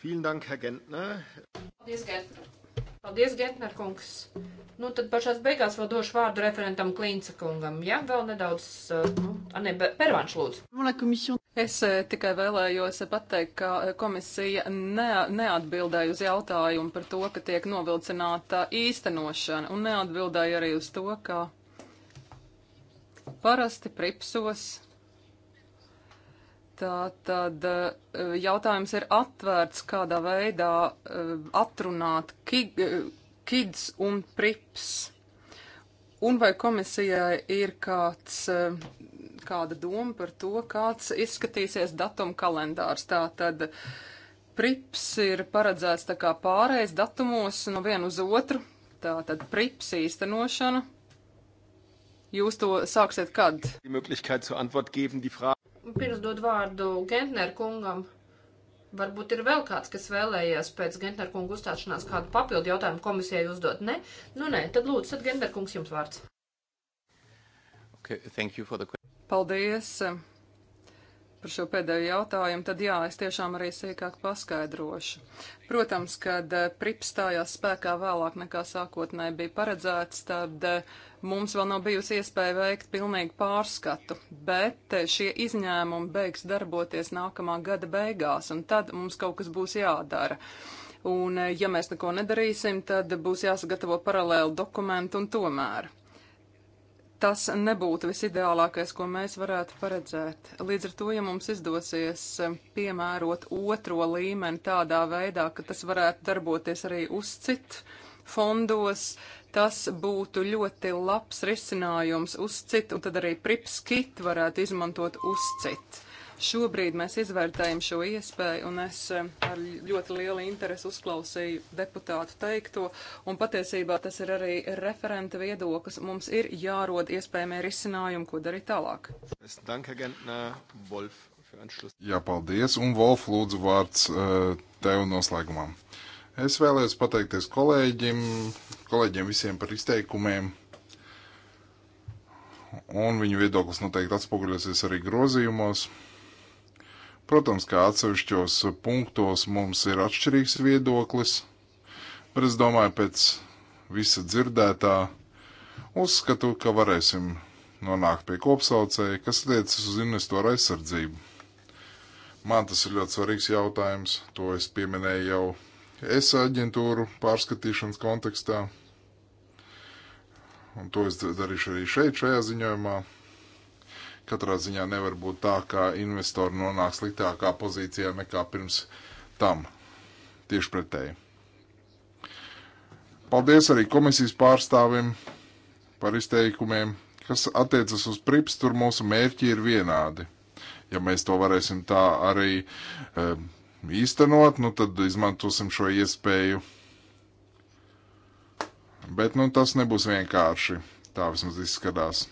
Speaker 1: Vielen Dank, Herr Gentner. Paldies, Gentner. Paldies, Gentner kungs. Nu, tad pašās beigās vēl došu vārdu referentam Klīnca kungam. Jā, ja? vēl nedaudz, eh, nu, ne, pervanš
Speaker 3: lūdzu. Es eh, tikai vēlējos pateikt, ka eh, komisija ne, neatbildēja uz jautājumu par to, ka tiek novilcināta īstenošana, un neatbildēja arī uz to, ka parasti pripsos Tā tad e, jautājums ir atvērts, kādā veidā e, atrunāt e, kids un prips. Un vai komisijai ir kāds, kāda doma par to, kāds izskatīsies datuma kalendārs? Tā tad prips ir paredzēts tā kā pārējais datumos no vienu uz otru. Tā tad prips īstenošana. Jūs to sāksiet kad?
Speaker 1: pirms dod vārdu Gentner kungam. Varbūt ir vēl kāds, kas vēlējies pēc Gentner kungu uzstāšanās kādu papildu jautājumu komisijai uzdot, ne? Nu, nē, tad lūdzu, tad Gentner kungs jums vārds.
Speaker 3: Okay, thank you for the question. Paldies par šo pēdējo jautājumu, tad jā, es tiešām arī sīkāk paskaidrošu. Protams, kad eh, prips stājās spēkā vēlāk nekā sākotnēji bija paredzēts, tad eh, mums vēl nav bijusi iespēja veikt pilnīgu pārskatu, bet eh, šie izņēmumi beigs darboties nākamā gada beigās, un tad mums kaut kas būs jādara. Un, ja mēs neko nedarīsim, tad būs jāsagatavo paralēli dokumentu un tomēr tas nebūtu visideālākais, ko mēs varētu paredzēt. Līdz ar to, ja mums izdosies piemērot otro līmeni tādā veidā, ka tas varētu darboties arī uz citu fondos, tas būtu ļoti labs risinājums uz citu, un tad arī pripskit varētu izmantot uz citu. Šobrīd mēs izvērtējam šo iespēju, un es eh, ar ļoti lielu interesi uzklausīju deputātu teikto, un patiesībā tas ir arī referenta viedoklis. Mums ir jārod iespējamie risinājumi, ko darīt tālāk.
Speaker 2: Jā, paldies, un Wolf lūdzu vārds eh, tev noslēgumam. Es vēlējos pateikties kolēģim, kolēģiem visiem par izteikumiem un viņu viedoklis noteikti atspoguļosies arī grozījumos. Protams, ka atsevišķos punktos mums ir atšķirīgs viedoklis, bet es domāju, pēc visa dzirdētā uzskatu, ka varēsim nonākt pie kopsaucēja, kas attiecas uz investoru aizsardzību. Man tas ir ļoti svarīgs jautājums, to es pieminēju jau es aģentūru pārskatīšanas kontekstā, un to es darīšu arī šeit, šajā ziņojumā. Katrā ziņā nevar būt tā, ka investori nonāk sliktākā pozīcijā nekā pirms tam. Tieši pretēji. Paldies arī komisijas pārstāvim par izteikumiem, kas attiecas uz prips, tur mūsu mērķi ir vienādi. Ja mēs to varēsim tā arī e, īstenot, nu tad izmantosim šo iespēju. Bet nu tas nebūs vienkārši. Tā vismaz izskatās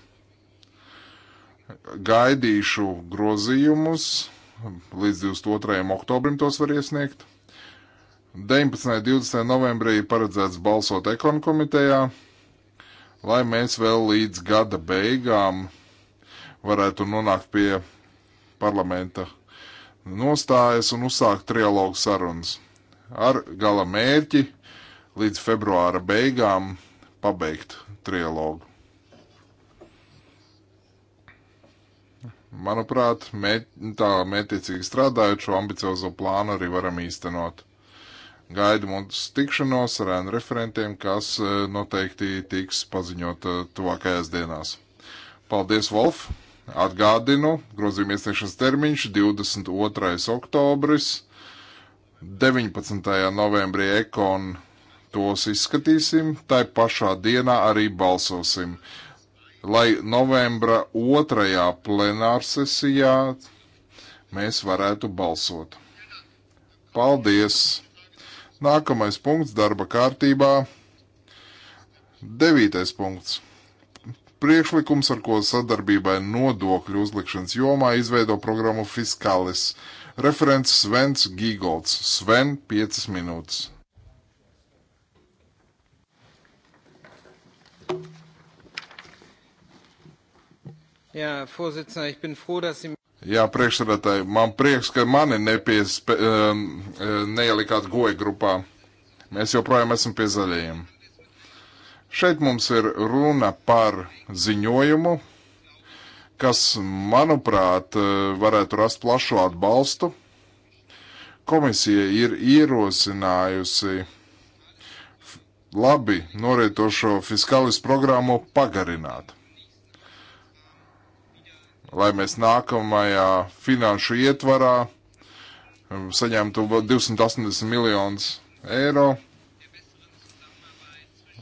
Speaker 2: gaidīšu grozījumus, līdz 22. oktobrim tos var iesniegt. 19. un 20. novembrī paredzēts balsot ekonu komitejā, lai mēs vēl līdz gada beigām varētu nonākt pie parlamenta nostājas un uzsākt trialogu sarunas ar gala mērķi līdz februāra beigām pabeigt trialogu. Manuprāt, mēt, tā mētiecīgi strādājot šo ambiciozo plānu arī varam īstenot. Gaidu mums tikšanos ar ēnu referentiem, kas e, noteikti tiks paziņot e, tuvākajās dienās. Paldies, Wolf! Atgādinu, grozījuma iesniegšanas termiņš 22. oktobris, 19. novembrī ekon tos izskatīsim, tai pašā dienā arī balsosim lai novembra otrajā plenārsesijā mēs varētu balsot. Paldies! Nākamais punkts darba kārtībā. Devītais punkts. Priekšlikums, ar ko sadarbībai nodokļu uzlikšanas jomā izveido programmu Fiskalis. Referents Svens Gīgolds. Sven, 5 minūtes. Jā, Vorsitzender, ich bin froh, dass Sie. Jā, priekšsēdētāji, man prieks, ka mani nepiespe, e, neielikāt goja grupā. Mēs joprojām esam pie zaļajiem. Šeit mums ir runa par ziņojumu, kas, manuprāt, e, varētu rast plašu atbalstu. Komisija ir ierosinājusi labi norietošo fiskālis programmu pagarināt lai mēs nākamajā finanšu ietvarā um, saņemtu 280 miljonus eiro.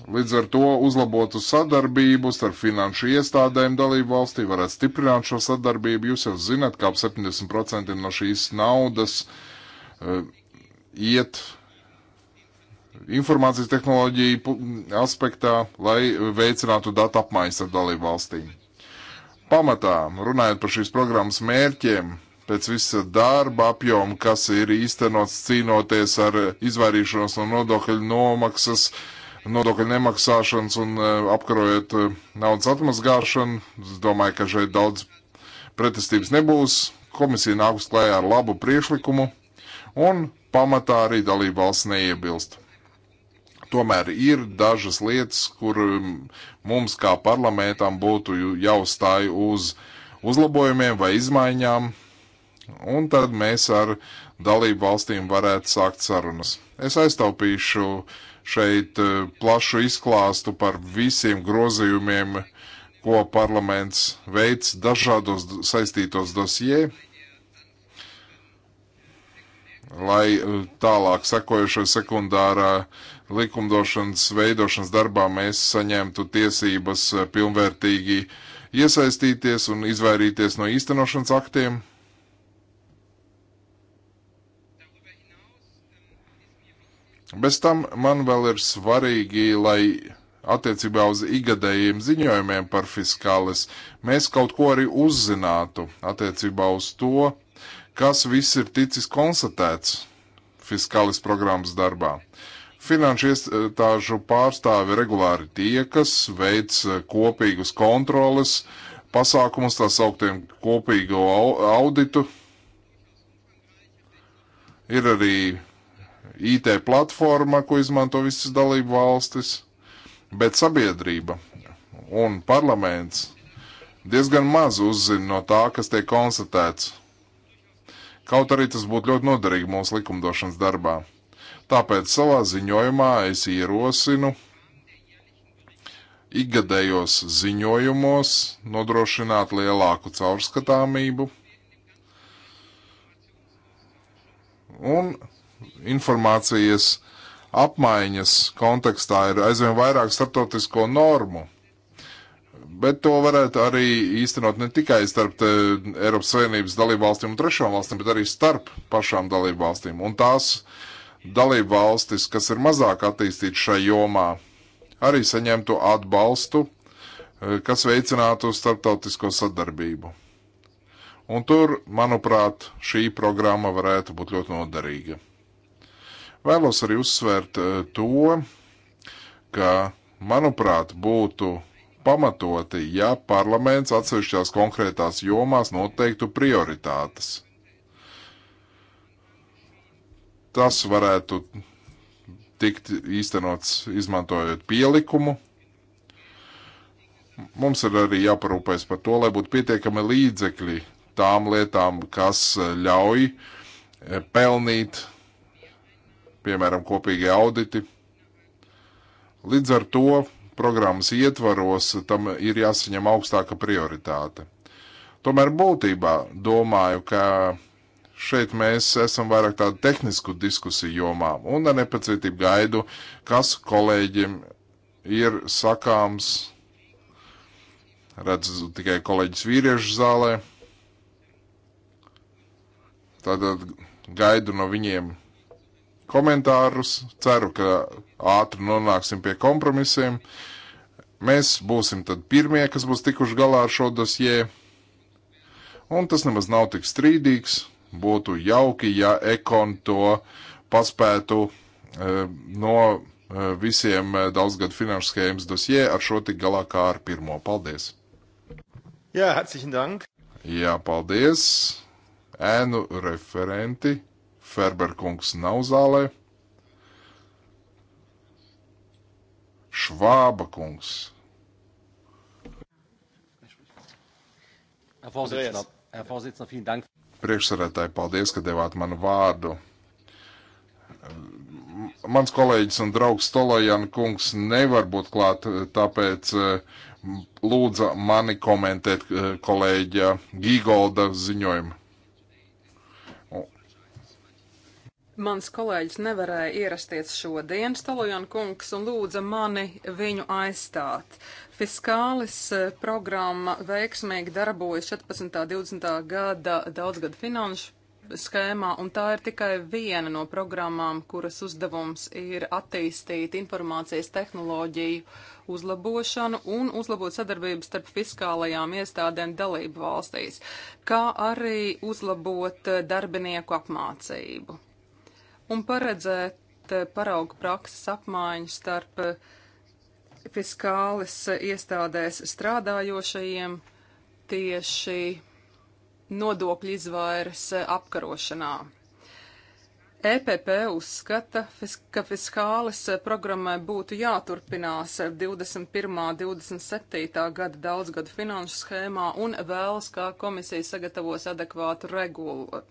Speaker 2: Līdz ar to uzlabotu sadarbību starp finanšu iestādēm dalību valstī, varētu stiprināt šo sadarbību. Jūs jau zināt, ka ap 70% no šīs naudas uh, iet informācijas tehnoloģiju aspektā, lai veicinātu datu apmaiņas ar dalību valstīm pamatā, runājot par šīs programmas mērķiem, pēc visa darba apjoma, kas ir īstenots cīnoties ar izvairīšanos no nodokļu nomaksas, nodokļu nemaksāšanas un e, apkarojot e, naudas atmazgāšanu. Es domāju, ka šeit daudz pretestības nebūs. Komisija nākus klājā ar labu priešlikumu un pamatā arī dalība valsts neiebilst. Tomēr ir dažas lietas, kur mm, mums kā parlamentam būtu jāuzstāj uz uzlabojumiem vai izmaiņām, un tad mēs ar dalību valstīm varētu sākt sarunas. Es aiztaupīšu šeit eh, plašu izklāstu par visiem grozījumiem, ko parlaments veids dažādos saistītos dosijai lai eh, tālāk sekojošo sekundārā likumdošanas veidošanas darbā mēs saņemtu tiesības eh, pilnvērtīgi iesaistīties un izvairīties no īstenošanas aktiem. Bez tam man vēl ir svarīgi, lai attiecībā uz igadējiem ziņojumiem par fiskālis mēs kaut ko arī uzzinātu attiecībā uz to, kas viss ir ticis konstatēts fiskālis programmas darbā. Uh, Finanšu iestāžu pārstāvi regulāri tiekas, veic e, kopīgus kontroles pasākumus, tā sauktiem kopīgo auditu. Ir arī IT platforma, ko izmanto visas dalību valstis, bet sabiedrība un parlaments diezgan maz uzzina no tā, kas tiek konstatēts. Kaut arī tas būtu ļoti noderīgi mūsu likumdošanas darbā. Tāpēc savā ziņojumā es ierosinu ikgadējos ziņojumos nodrošināt lielāku caurskatāmību un informācijas apmaiņas kontekstā ir aizvien vairāk starptautisko normu. Bet to varētu arī īstenot ne tikai starp eh, Eiropas Savienības dalību valstīm un trešām valstīm, bet arī starp pašām dalību valstīm. Un tās uh, dalību valstis, kas ir mazāk attīstītas šajā jomā, arī saņemtu atbalstu, eh, kas veicinātu starptautisko sadarbību. Un tur, manuprāt, šī programma varētu būt ļoti noderīga. Vēlos arī uzsvērt eh, to, ka, manuprāt, būtu pamatoti, ja parlaments atsevišķās konkrētās jomās noteiktu prioritātes tas varētu tikt īstenots izmantojot pielikumu. Mums ir arī jāparūpēs par to, lai būtu pietiekami līdzekļi tām lietām, kas eh, ļauj eh, pelnīt, piemēram, kopīgi auditi. Līdz ar to programmas ietvaros tam ir jāsaņem augstāka prioritāte. Tomēr būtībā domāju, ka Šeit mēs esam vairāk tādu tehnisku diskusiju jomā un ar nepacietību gaidu, kas kolēģim ir sakāms. Redzu tikai kolēģis vīriešu zālē. Tātad gaidu no viņiem komentārus. Ceru, ka ātri nonāksim pie kompromisiem. Mēs būsim tad pirmie, kas būs tikuši galā ar šo dosjē. Un tas nemaz nav tik strīdīgs būtu jauki, ja ekon to paspētu e, no e, visiem e, daudzgad finanšu schēmas dosie ar šo tik galā kā ar pirmo. Paldies!
Speaker 1: Jā, herzlichen dank!
Speaker 2: Jā, paldies! Ēnu referenti Ferberkungs nav zālē. Švāba kungs.
Speaker 3: Herr Vorsitzender, Herr Vorsitzender, vielen Dank.
Speaker 2: Priekšsarētāji, paldies, ka devāt man vārdu. Mans kolēģis un draugs Stolojan kungs nevar būt klāt, tāpēc eh, lūdza mani komentēt eh, kolēģa Gīgolda ziņojumu.
Speaker 3: Mans kolēģis nevarēja ierasties šodien, Stalojan kungs, un lūdza mani viņu aizstāt. Fiskālis eh, programma veiksmīgi darbojas 14. 20. gada daudzgada finanšu skēmā, un tā ir tikai viena no programmām, kuras uzdevums ir attīstīt informācijas tehnoloģiju uzlabošanu un uzlabot sadarbību starp fiskālajām iestādēm dalību valstīs, kā arī uzlabot eh, darbinieku apmācību un paredzēt eh, paraugu prakses apmaiņu starp uh, fiskālis iestādēs strādājošajiem tieši nodokļu izvairas apkarošanā. EPP uzskata, ka fiskālis programmai būtu jāturpinās 21. un 27. gada daudzgadu finanšu schēmā un vēlas, kā komisija sagatavos adekvātu regulu.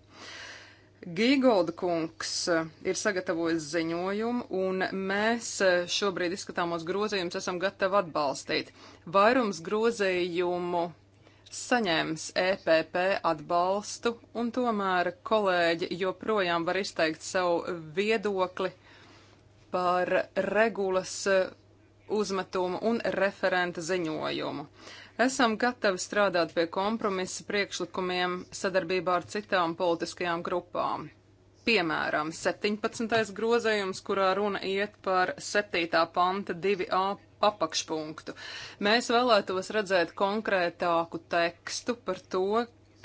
Speaker 3: Gīgolda kungs eh, ir sagatavojis ziņojumu, un mēs eh, šobrīd izskatāmos grozījumus esam gatavi atbalstīt. Vairums grozījumu saņēmis EPP atbalstu, un tomēr kolēģi joprojām var izteikt savu viedokli par regulas eh, uzmetumu un referenta ziņojumu. Uh, Esam gatavi strādāt pie kompromisa priekšlikumiem sadarbībā ar citām politiskajām grupām. Piemēram, 17. grozējums, kurā runa iet par 7. panta 2a apakšpunktu. Mēs vēlētos redzēt konkrētāku tekstu par to,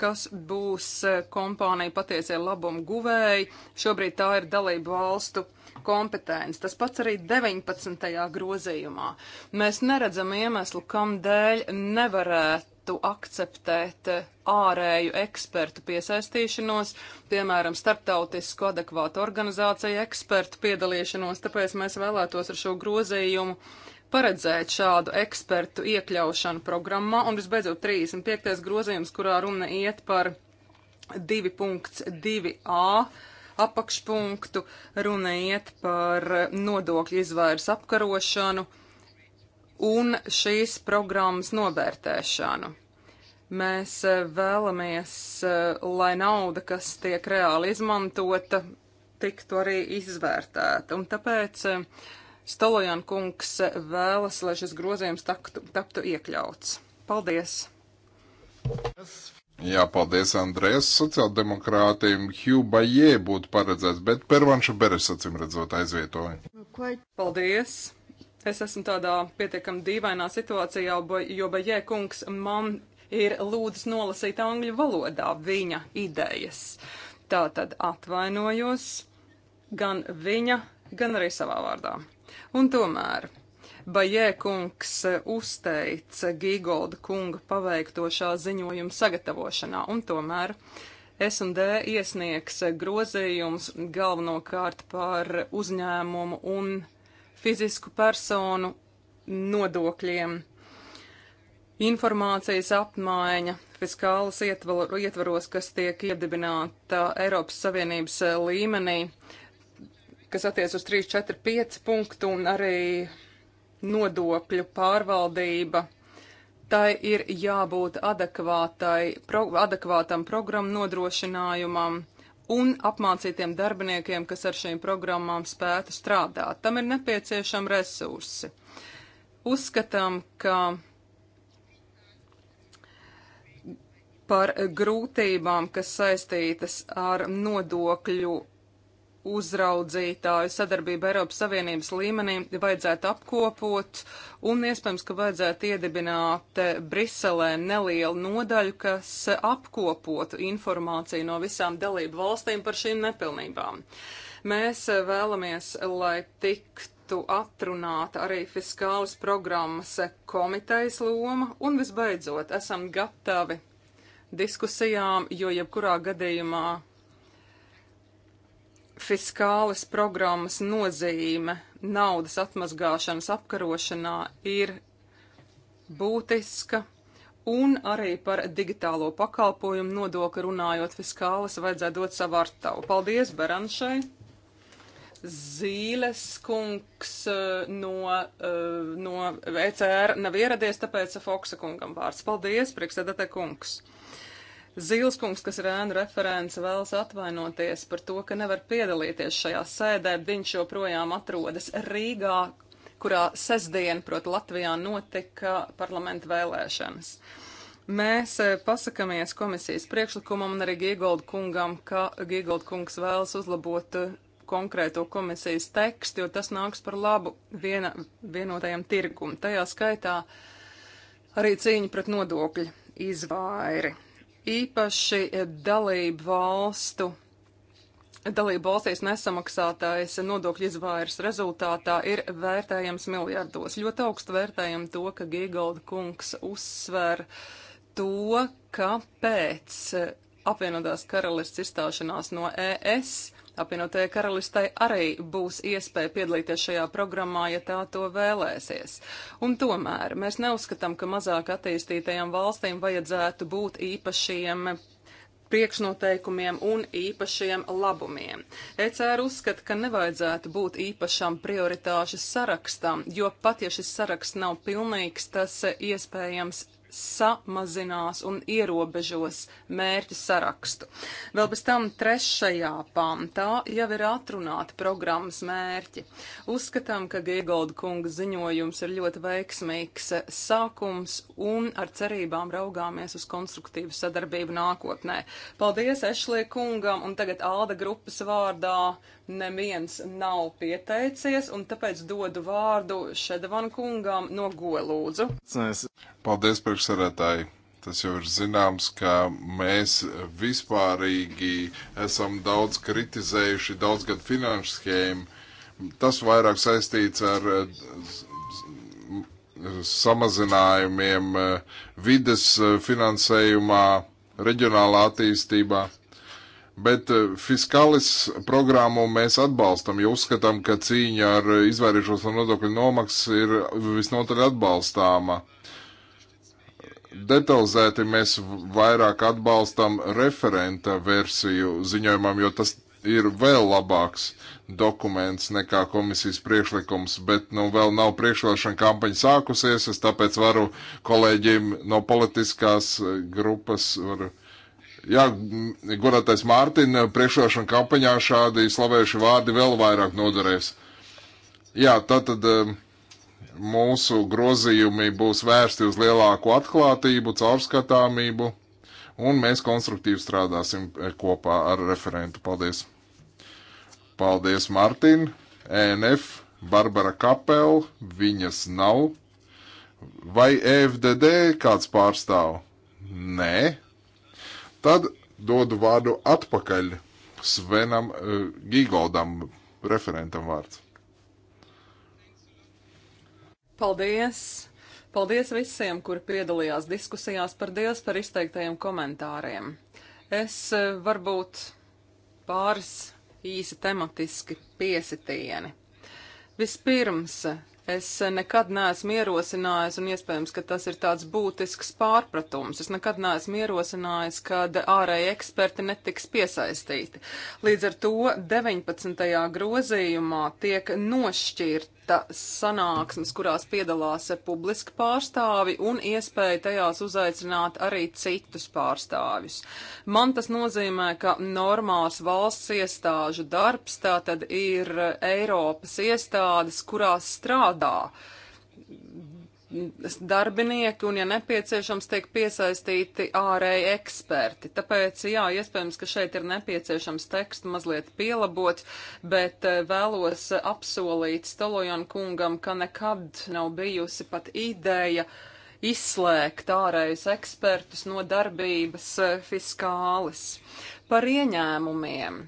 Speaker 3: kas būs eh, kompānija patiesie labumu guvēji. Šobrīd tā ir dalību valstu kompetenci. Tas pats arī 19. grozījumā. Mēs neredzam iemeslu, kam dēļ nevarētu akceptēt ārēju ekspertu piesaistīšanos, piemēram, starptautisku adekvātu organizāciju ekspertu piedalīšanos, tāpēc mēs vēlētos ar šo grozījumu paredzēt šādu ekspertu iekļaušanu programmā, un visbeidzot 35. grozījums, kurā runa iet par 2.2a apakšpunktu. Runa iet par nodokļu izvairs apkarošanu un šīs programmas novērtēšanu. Mēs eh, vēlamies, eh, lai nauda, kas tiek reāli izmantota, tiktu arī izvērtēta. Un tāpēc eh, Stolojan kungs vēlas, lai šis grozījums taktu, taptu iekļauts. Paldies!
Speaker 2: Yes. Jā, paldies, Andrēs. Sociāldemokrātiem Hjubajē būtu paredzēts, bet Pervanša Beres acīm redzot aizvietoja.
Speaker 3: Paldies! Es esmu tādā pietiekami dīvainā situācijā, jo Bajē kungs man ir lūdzis nolasīt angļu valodā viņa idejas. Tātad atvainojos gan viņa, gan arī savā vārdā. Un tomēr Bajē kungs uzteica Gīgolda kunga paveikto šā ziņojuma sagatavošanā, un tomēr S&D iesniegs grozījums galvenokārt par uzņēmumu un fizisku personu nodokļiem informācijas apmaiņa fiskālas ietvaros, kas tiek iedibināta Eiropas Savienības līmenī, kas attiec uz 3, 4, 5 punktu un arī nodokļu pārvaldība. Tai ir jābūt pro, adekvātam programmu nodrošinājumam un apmācītiem darbiniekiem, kas ar šīm programmām spētu strādāt. Tam ir nepieciešami resursi. Uzskatām, ka par grūtībām, kas saistītas ar nodokļu uzraudzītāju sadarbību Eiropas Savienības līmenī vajadzētu apkopot un iespējams, ka vajadzētu iedibināt eh, Briselē nelielu nodaļu, kas apkopotu informāciju no visām dalību valstīm par šīm nepilnībām. Mēs vēlamies, lai tiktu atrunāta arī fiskālas programmas komitejas loma un visbeidzot esam gatavi diskusijām, jo jebkurā gadījumā fiskālas programmas nozīme naudas atmazgāšanas apkarošanā ir būtiska, un arī par digitālo pakalpojumu nodokli runājot fiskālas vajadzētu dot savu artavu. Paldies Beranšai! Zīles kungs eh, no, eh, no ECR nav ieradies, tāpēc Foksa kungam vārds. Paldies, priekšsēdētē kungs! Zīleskungs, kas ir ēnu referents, vēlas atvainoties par to, ka nevar piedalīties šajā sēdē. Viņš joprojām atrodas Rīgā, kurā sestdien, proti Latvijā, notika parlamenta vēlēšanas. Mēs eh, pasakamies komisijas priekšlikumam un arī Gīgolda kungam, ka Gīgolda kungs vēlas uzlabot eh, konkrēto komisijas tekstu, jo tas nāks par labu viena, vienotajam tirgum. Tajā skaitā arī cīņa pret nodokļu izvairi īpaši dalību valstu. Dalību valstīs nesamaksātais nodokļu izvairs rezultātā ir vērtējams miljardos. Ļoti augstu vērtējam to, ka Gīgolda kungs uzsver to, ka pēc apvienotās karalists izstāšanās no ES apvienotajai karalistai arī būs iespēja piedalīties šajā programmā, ja tā to vēlēsies. Un tomēr mēs neuzskatām, ka mazāk attīstītajām valstīm vajadzētu būt īpašiem priekšnoteikumiem un īpašiem labumiem. ECR uzskata, ka nevajadzētu būt īpašam prioritāšu sarakstam, jo pat ja šis saraksts nav pilnīgs, tas iespējams samazinās un ierobežos mērķu sarakstu. Vēl bez tam trešajā pantā jau ir atrunāti programmas mērķi. Uzskatām, ka Giegolda kunga ziņojums ir ļoti veiksmīgs sākums un ar cerībām raugāmies uz konstruktīvu sadarbību nākotnē. Paldies Ešlie kungam un tagad Alda grupas vārdā neviens nav pieteicies, un tāpēc dodu vārdu Šedevan kungam no Golūdzu.
Speaker 2: Paldies, priekšsarētāji! Tas jau ir zināms, ka mēs vispārīgi esam daudz kritizējuši daudzgad finanšu schēmu. Tas vairāk saistīts ar eh, samazinājumiem eh, vides eh, finansējumā, reģionālā attīstībā. Bet eh, fiskālis programmu mēs atbalstam, jo uzskatām, ka cīņa ar izvairīšos no nodokļu nomaksas ir visnotaļ atbalstāma. Detalizēti mēs vairāk atbalstam referenta versiju ziņojumam, jo tas ir vēl labāks dokuments nekā komisijas priekšlikums, bet nu vēl nav priekšvēlēšana kampaņa sākusies, es tāpēc varu kolēģiem no politiskās eh, grupas varu Jā, godātais Mārtiņ, priekšrošana kampaņā šādi slavējuši vārdi vēl vairāk noderēs. Jā, tātad eh, mūsu grozījumi būs vērsti uz lielāku atklātību, caurskatāmību, un mēs konstruktīvi strādāsim eh, kopā ar referentu. Paldies! Paldies, Mārtiņ! ENF, Barbara Kapel, viņas nav. Vai EFDD kāds pārstāv? Nē, Tad dodu vārdu atpakaļ Svenam uh, Gigoldam, referentam vārds.
Speaker 3: Paldies! Paldies visiem, kuri piedalījās diskusijās. Paldies par izteiktajiem komentāriem. Es uh, varbūt pāris īsi tematiski piesitieni. Vispirms Es nekad neesmu ierosinājis, un iespējams, ka tas ir tāds būtisks pārpratums. Es nekad neesmu ierosinājis, ka ārēji eksperti netiks piesaistīti. Līdz ar to 19. grozījumā tiek nošķirt projekta sanāksmes, kurās piedalās publiski pārstāvi un iespēja tajās uzaicināt arī citus pārstāvjus. Man tas nozīmē, ka normāls valsts iestāžu darbs tātad ir Eiropas iestādes, kurās strādā darbinieki un, ja nepieciešams, tiek piesaistīti ārēji eksperti. Tāpēc, jā, iespējams, ka šeit ir nepieciešams tekstu mazliet pielabot, bet eh, vēlos apsolīt Stolojan kungam, ka nekad nav bijusi pat ideja izslēgt ārējus ekspertus no darbības eh, fiskālis par ieņēmumiem.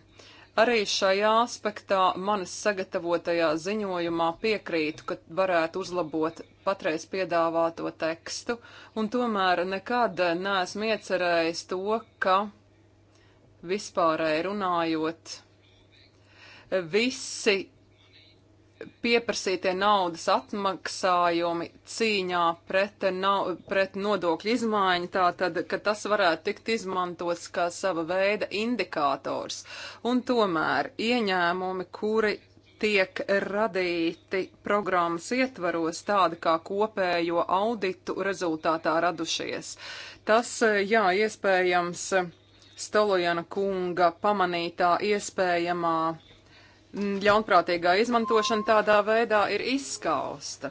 Speaker 3: Arī šajā aspektā manas sagatavotajā ziņojumā piekrītu, ka varētu uzlabot patreiz piedāvāto tekstu, un tomēr nekad neesmu iecerējis to, ka vispārēji runājot, visi pieprasītie naudas atmaksājumi cīņā pret, nav, pret nodokļu izmaiņu, tā tad, ka tas varētu tikt izmantots kā sava veida indikators. Un tomēr ieņēmumi, kuri tiek radīti programmas ietvaros tādi kā kopējo auditu rezultātā radušies. Tas, jā, iespējams, Stolojana kunga pamanītā iespējamā Mm, ļaunprātīgā izmantošana tādā veidā ir izskausta.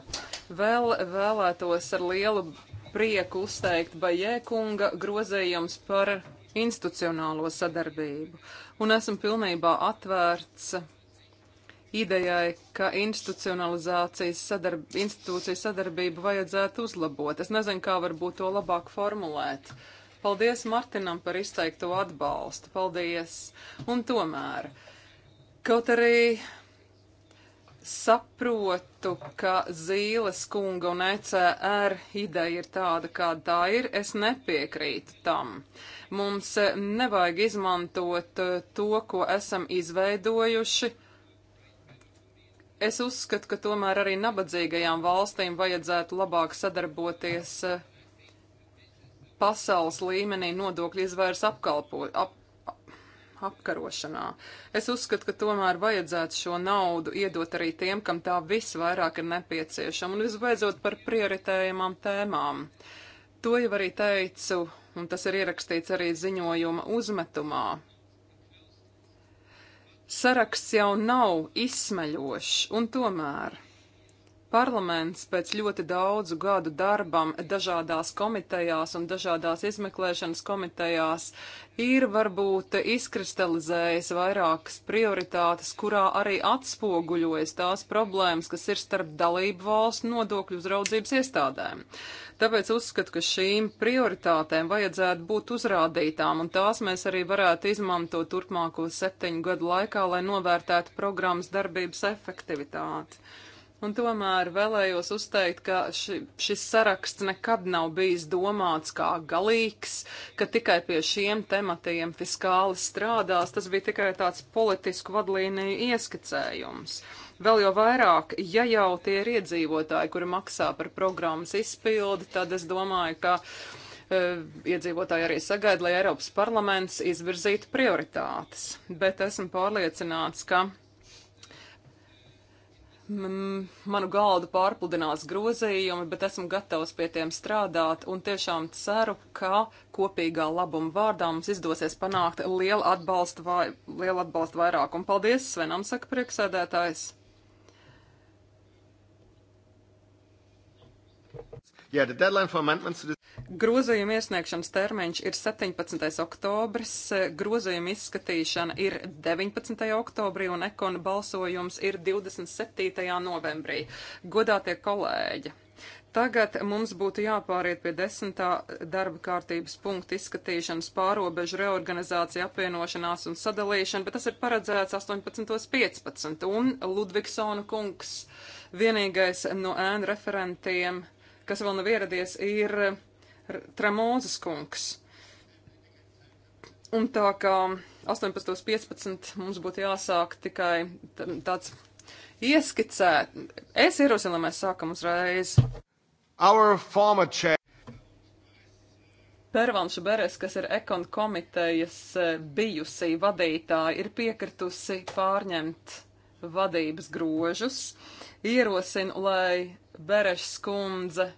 Speaker 3: Vēl vēlētos ar lielu prieku uzteikt Bajēkunga grozējums par institucionālo sadarbību. Un esmu pilnībā atvērts idejai, ka institucionalizācijas sadarb, institūciju sadarbību vajadzētu uzlabot. Es nezinu, kā varbūt to labāk formulēt. Paldies Martinam par izteikto atbalstu. Paldies. Un tomēr. Uh, Kaut arī saprotu, ka Zīles kunga un ECR ideja ir tāda, kāda tā ir, es nepiekrītu tam. Mums nevajag izmantot eh, to, ko esam izveidojuši. Es uzskatu, ka tomēr arī nabadzīgajām valstīm vajadzētu labāk sadarboties eh, pasaules līmenī nodokļu izvairs apkalpo, ap, apkarošanā. Es uzskatu, ka tomēr vajadzētu šo naudu iedot arī tiem, kam tā visvairāk ir nepieciešama, un visbeidzot par prioritējumām tēmām. To jau arī teicu, un tas ir ierakstīts arī ziņojuma uzmetumā. Saraksts jau nav izsmeļošs, un tomēr Parlaments pēc ļoti daudzu gadu darbam dažādās komitejās un dažādās izmeklēšanas komitejās ir varbūt izkristalizējis vairākas prioritātes, kurā arī atspoguļojas tās problēmas, kas ir starp dalību valstu nodokļu uzraudzības iestādēm. Tāpēc uzskatu, ka šīm prioritātēm vajadzētu būt uzrādītām, un tās mēs arī varētu izmantot turpmāko septiņu gadu laikā, lai novērtētu programmas darbības efektivitāti un tomēr vēlējos uzteikt, ka ši, šis saraksts nekad nav bijis domāts kā galīgs, ka tikai pie šiem tematiem fiskāli strādās. Tas bija tikai tāds politisku vadlīniju ieskicējums. Vēl jau vairāk, ja jau tie ir iedzīvotāji, kuri maksā par programmas izpildi, tad es domāju, ka e, iedzīvotāji arī sagaida, lai Eiropas parlaments izvirzītu prioritātes. Bet esmu pārliecināts, ka manu galdu pārpludinās grozījumi, bet esmu gatavs pie tiem strādāt un tiešām ceru, ka kopīgā labuma vārdā mums izdosies panākt lielu atbalstu, vai, lielu atbalstu vairāk. Un paldies Svenam, saka prieksēdētājs. Yeah, the deadline for amendments to this... Grozījuma iesniegšanas termiņš ir 17. oktobris, grozījuma izskatīšana ir 19. oktobrī un ekona balsojums ir 27. novembrī. Godātie kolēģi! Tagad mums būtu jāpāriet pie desmitā darba kārtības punkta izskatīšanas pārobežu reorganizācija, apvienošanās un sadalīšana, bet tas ir paredzēts 18.15. un Ludvigsona kungs, vienīgais no ēnu referentiem, kas vēl nav ieradies, ir Tramūzes kungs. Un tā kā 18.15 mums būtu jāsāk tikai tāds ieskicēt, es ierosinu, lai mēs sākam uzreiz. Our former chair. Pervanša Beres, kas ir ekon komitejas eh, bijusī vadītāja, ir piekritusi pārņemt vadības grožus. Ierosinu, lai Beres kundze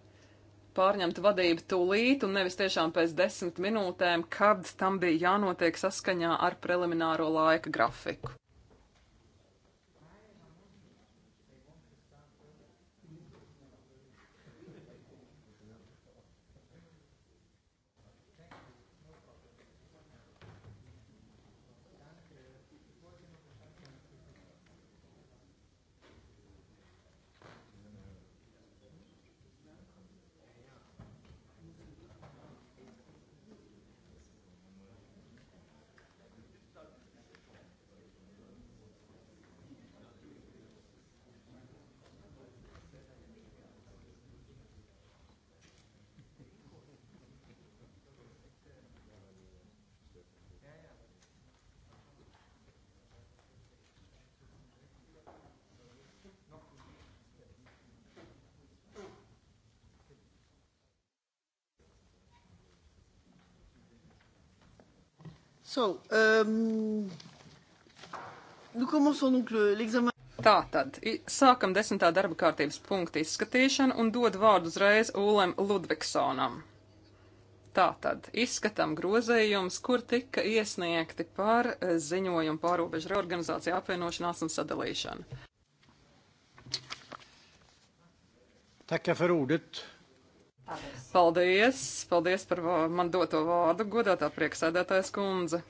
Speaker 3: pārņemt vadību tūlīt un nevis tiešām pēc desmit minūtēm, kad tam bija jānotiek saskaņā ar prelimināro laika grafiku. So, um, nu commençons donc l'examen. Tātad, sākam desmitā darba kārtības punkta izskatīšanu un dod vārdu uzreiz Ulem Ludvigsonam. Tātad, izskatām grozējums, kur tika iesniegti par eh, ziņojumu pārobežu reorganizāciju apvienošanās un sadalīšanu.
Speaker 1: Tackar för ordet,
Speaker 3: Paldies! Paldies par man doto vārdu, godātā prieksēdētājs kundze!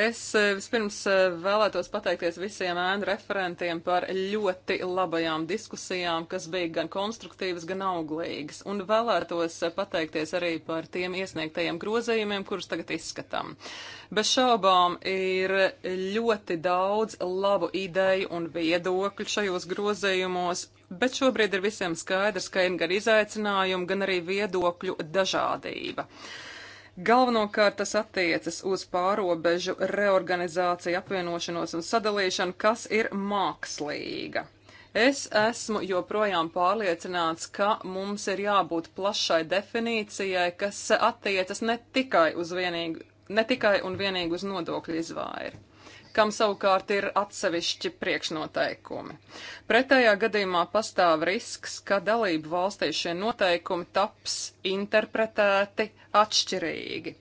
Speaker 3: Es eh, vispirms eh, vēlētos pateikties visiem ēnu referentiem par ļoti labajām diskusijām, kas bija gan konstruktīvas, gan auglīgas, un vēlētos eh, pateikties arī par tiem iesniegtajiem grozējumiem, kurus tagad izskatām. Bez šaubām ir ļoti daudz labu ideju un viedokļu šajos grozējumos, bet šobrīd ir visiem skaidrs, ka ir gan izaicinājumi, gan arī viedokļu dažādība. Uh, Galvenokārt tas attiecas uz pārobežu reorganizāciju, apvienošanos un sadalīšanu, kas ir mākslīga. Es esmu joprojām pārliecināts, ka mums ir jābūt plašai definīcijai, kas attiecas ne tikai, uz vienīgu, ne tikai un vienīgi uz nodokļu izvairi kam savukārt ir atsevišķi priekšnoteikumi. Pretējā gadījumā pastāv risks, ka dalību valstī šie noteikumi taps interpretēti atšķirīgi.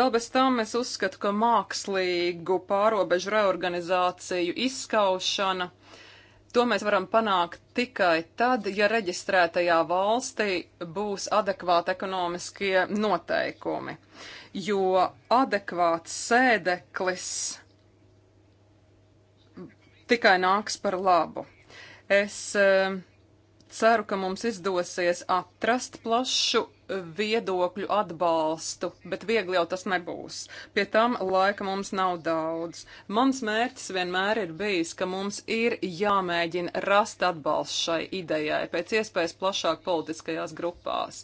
Speaker 3: Vēl bez tam es uzskatu, ka mākslīgu pārobežu reorganizāciju izskaušana To mēs varam panākt tikai tad, ja reģistrētajā valstī būs adekvāti ekonomiskie noteikumi, jo adekvāts sēdeklis tikai nāks par labu. Es eh, ceru, ka mums izdosies atrast plašu eh, viedokļu atbalstu, bet viegli jau tas nebūs. Pie tam laika mums nav daudz. Mans mērķis vienmēr ir bijis, ka mums ir jāmēģina rast atbalstu šai idejai pēc iespējas plašāk politiskajās grupās.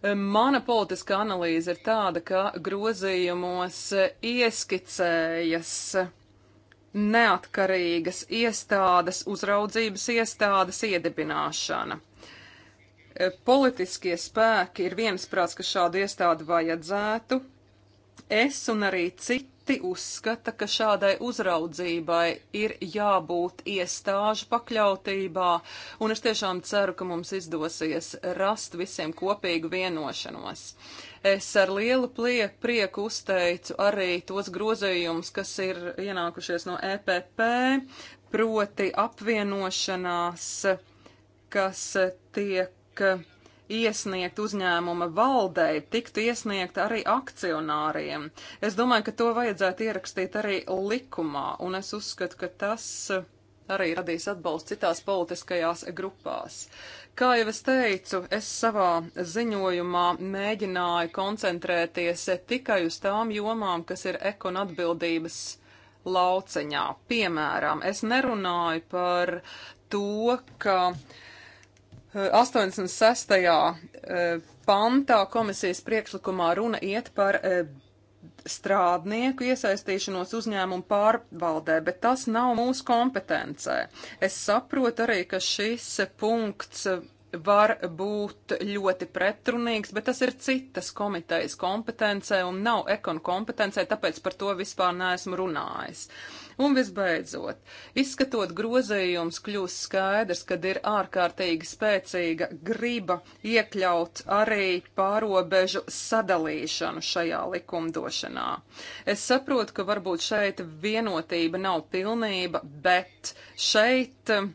Speaker 3: Eh, mana politiskā analīze ir tāda, ka grozījumos ieskicējas neatkarīgas iestādes, uzraudzības iestādes iedibināšana. E, politiskie spēki ir viensprāts, ka šādu iestādi vajadzētu. Es un arī citi uzskata, ka šādai uzraudzībai ir jābūt iestāžu pakļautībā, un es tiešām ceru, ka mums izdosies rast visiem kopīgu vienošanos. Uh, Es ar lielu prieku uzteicu arī tos grozējumus, kas ir ienākušies no EPP, proti apvienošanās, kas tiek iesniegt uzņēmuma valdei, tiktu iesniegt arī akcionāriem. Es domāju, ka to vajadzētu ierakstīt arī likumā, un es uzskatu, ka tas arī radīs atbalstu citās politiskajās grupās. Kā jau es teicu, es savā ziņojumā mēģināju koncentrēties tikai uz tām jomām, kas ir ekon atbildības lauceņā. Piemēram, es nerunāju par to, ka 86. Eh, eh, pantā komisijas priekšlikumā runa iet par eh, strādnieku iesaistīšanos uzņēmumu pārvaldē, bet tas nav mūsu kompetencē. Es saprotu arī, ka šis punkts var būt ļoti pretrunīgs, bet tas ir citas komitejas kompetencē un nav ekonu kompetencē, tāpēc par to vispār neesmu runājis. Uh, Un visbeidzot, izskatot grozējums kļūst skaidrs, kad ir ārkārtīgi spēcīga griba iekļaut arī pārobežu sadalīšanu šajā likumdošanā. Es saprotu, ka varbūt šeit vienotība nav pilnība, bet šeit um,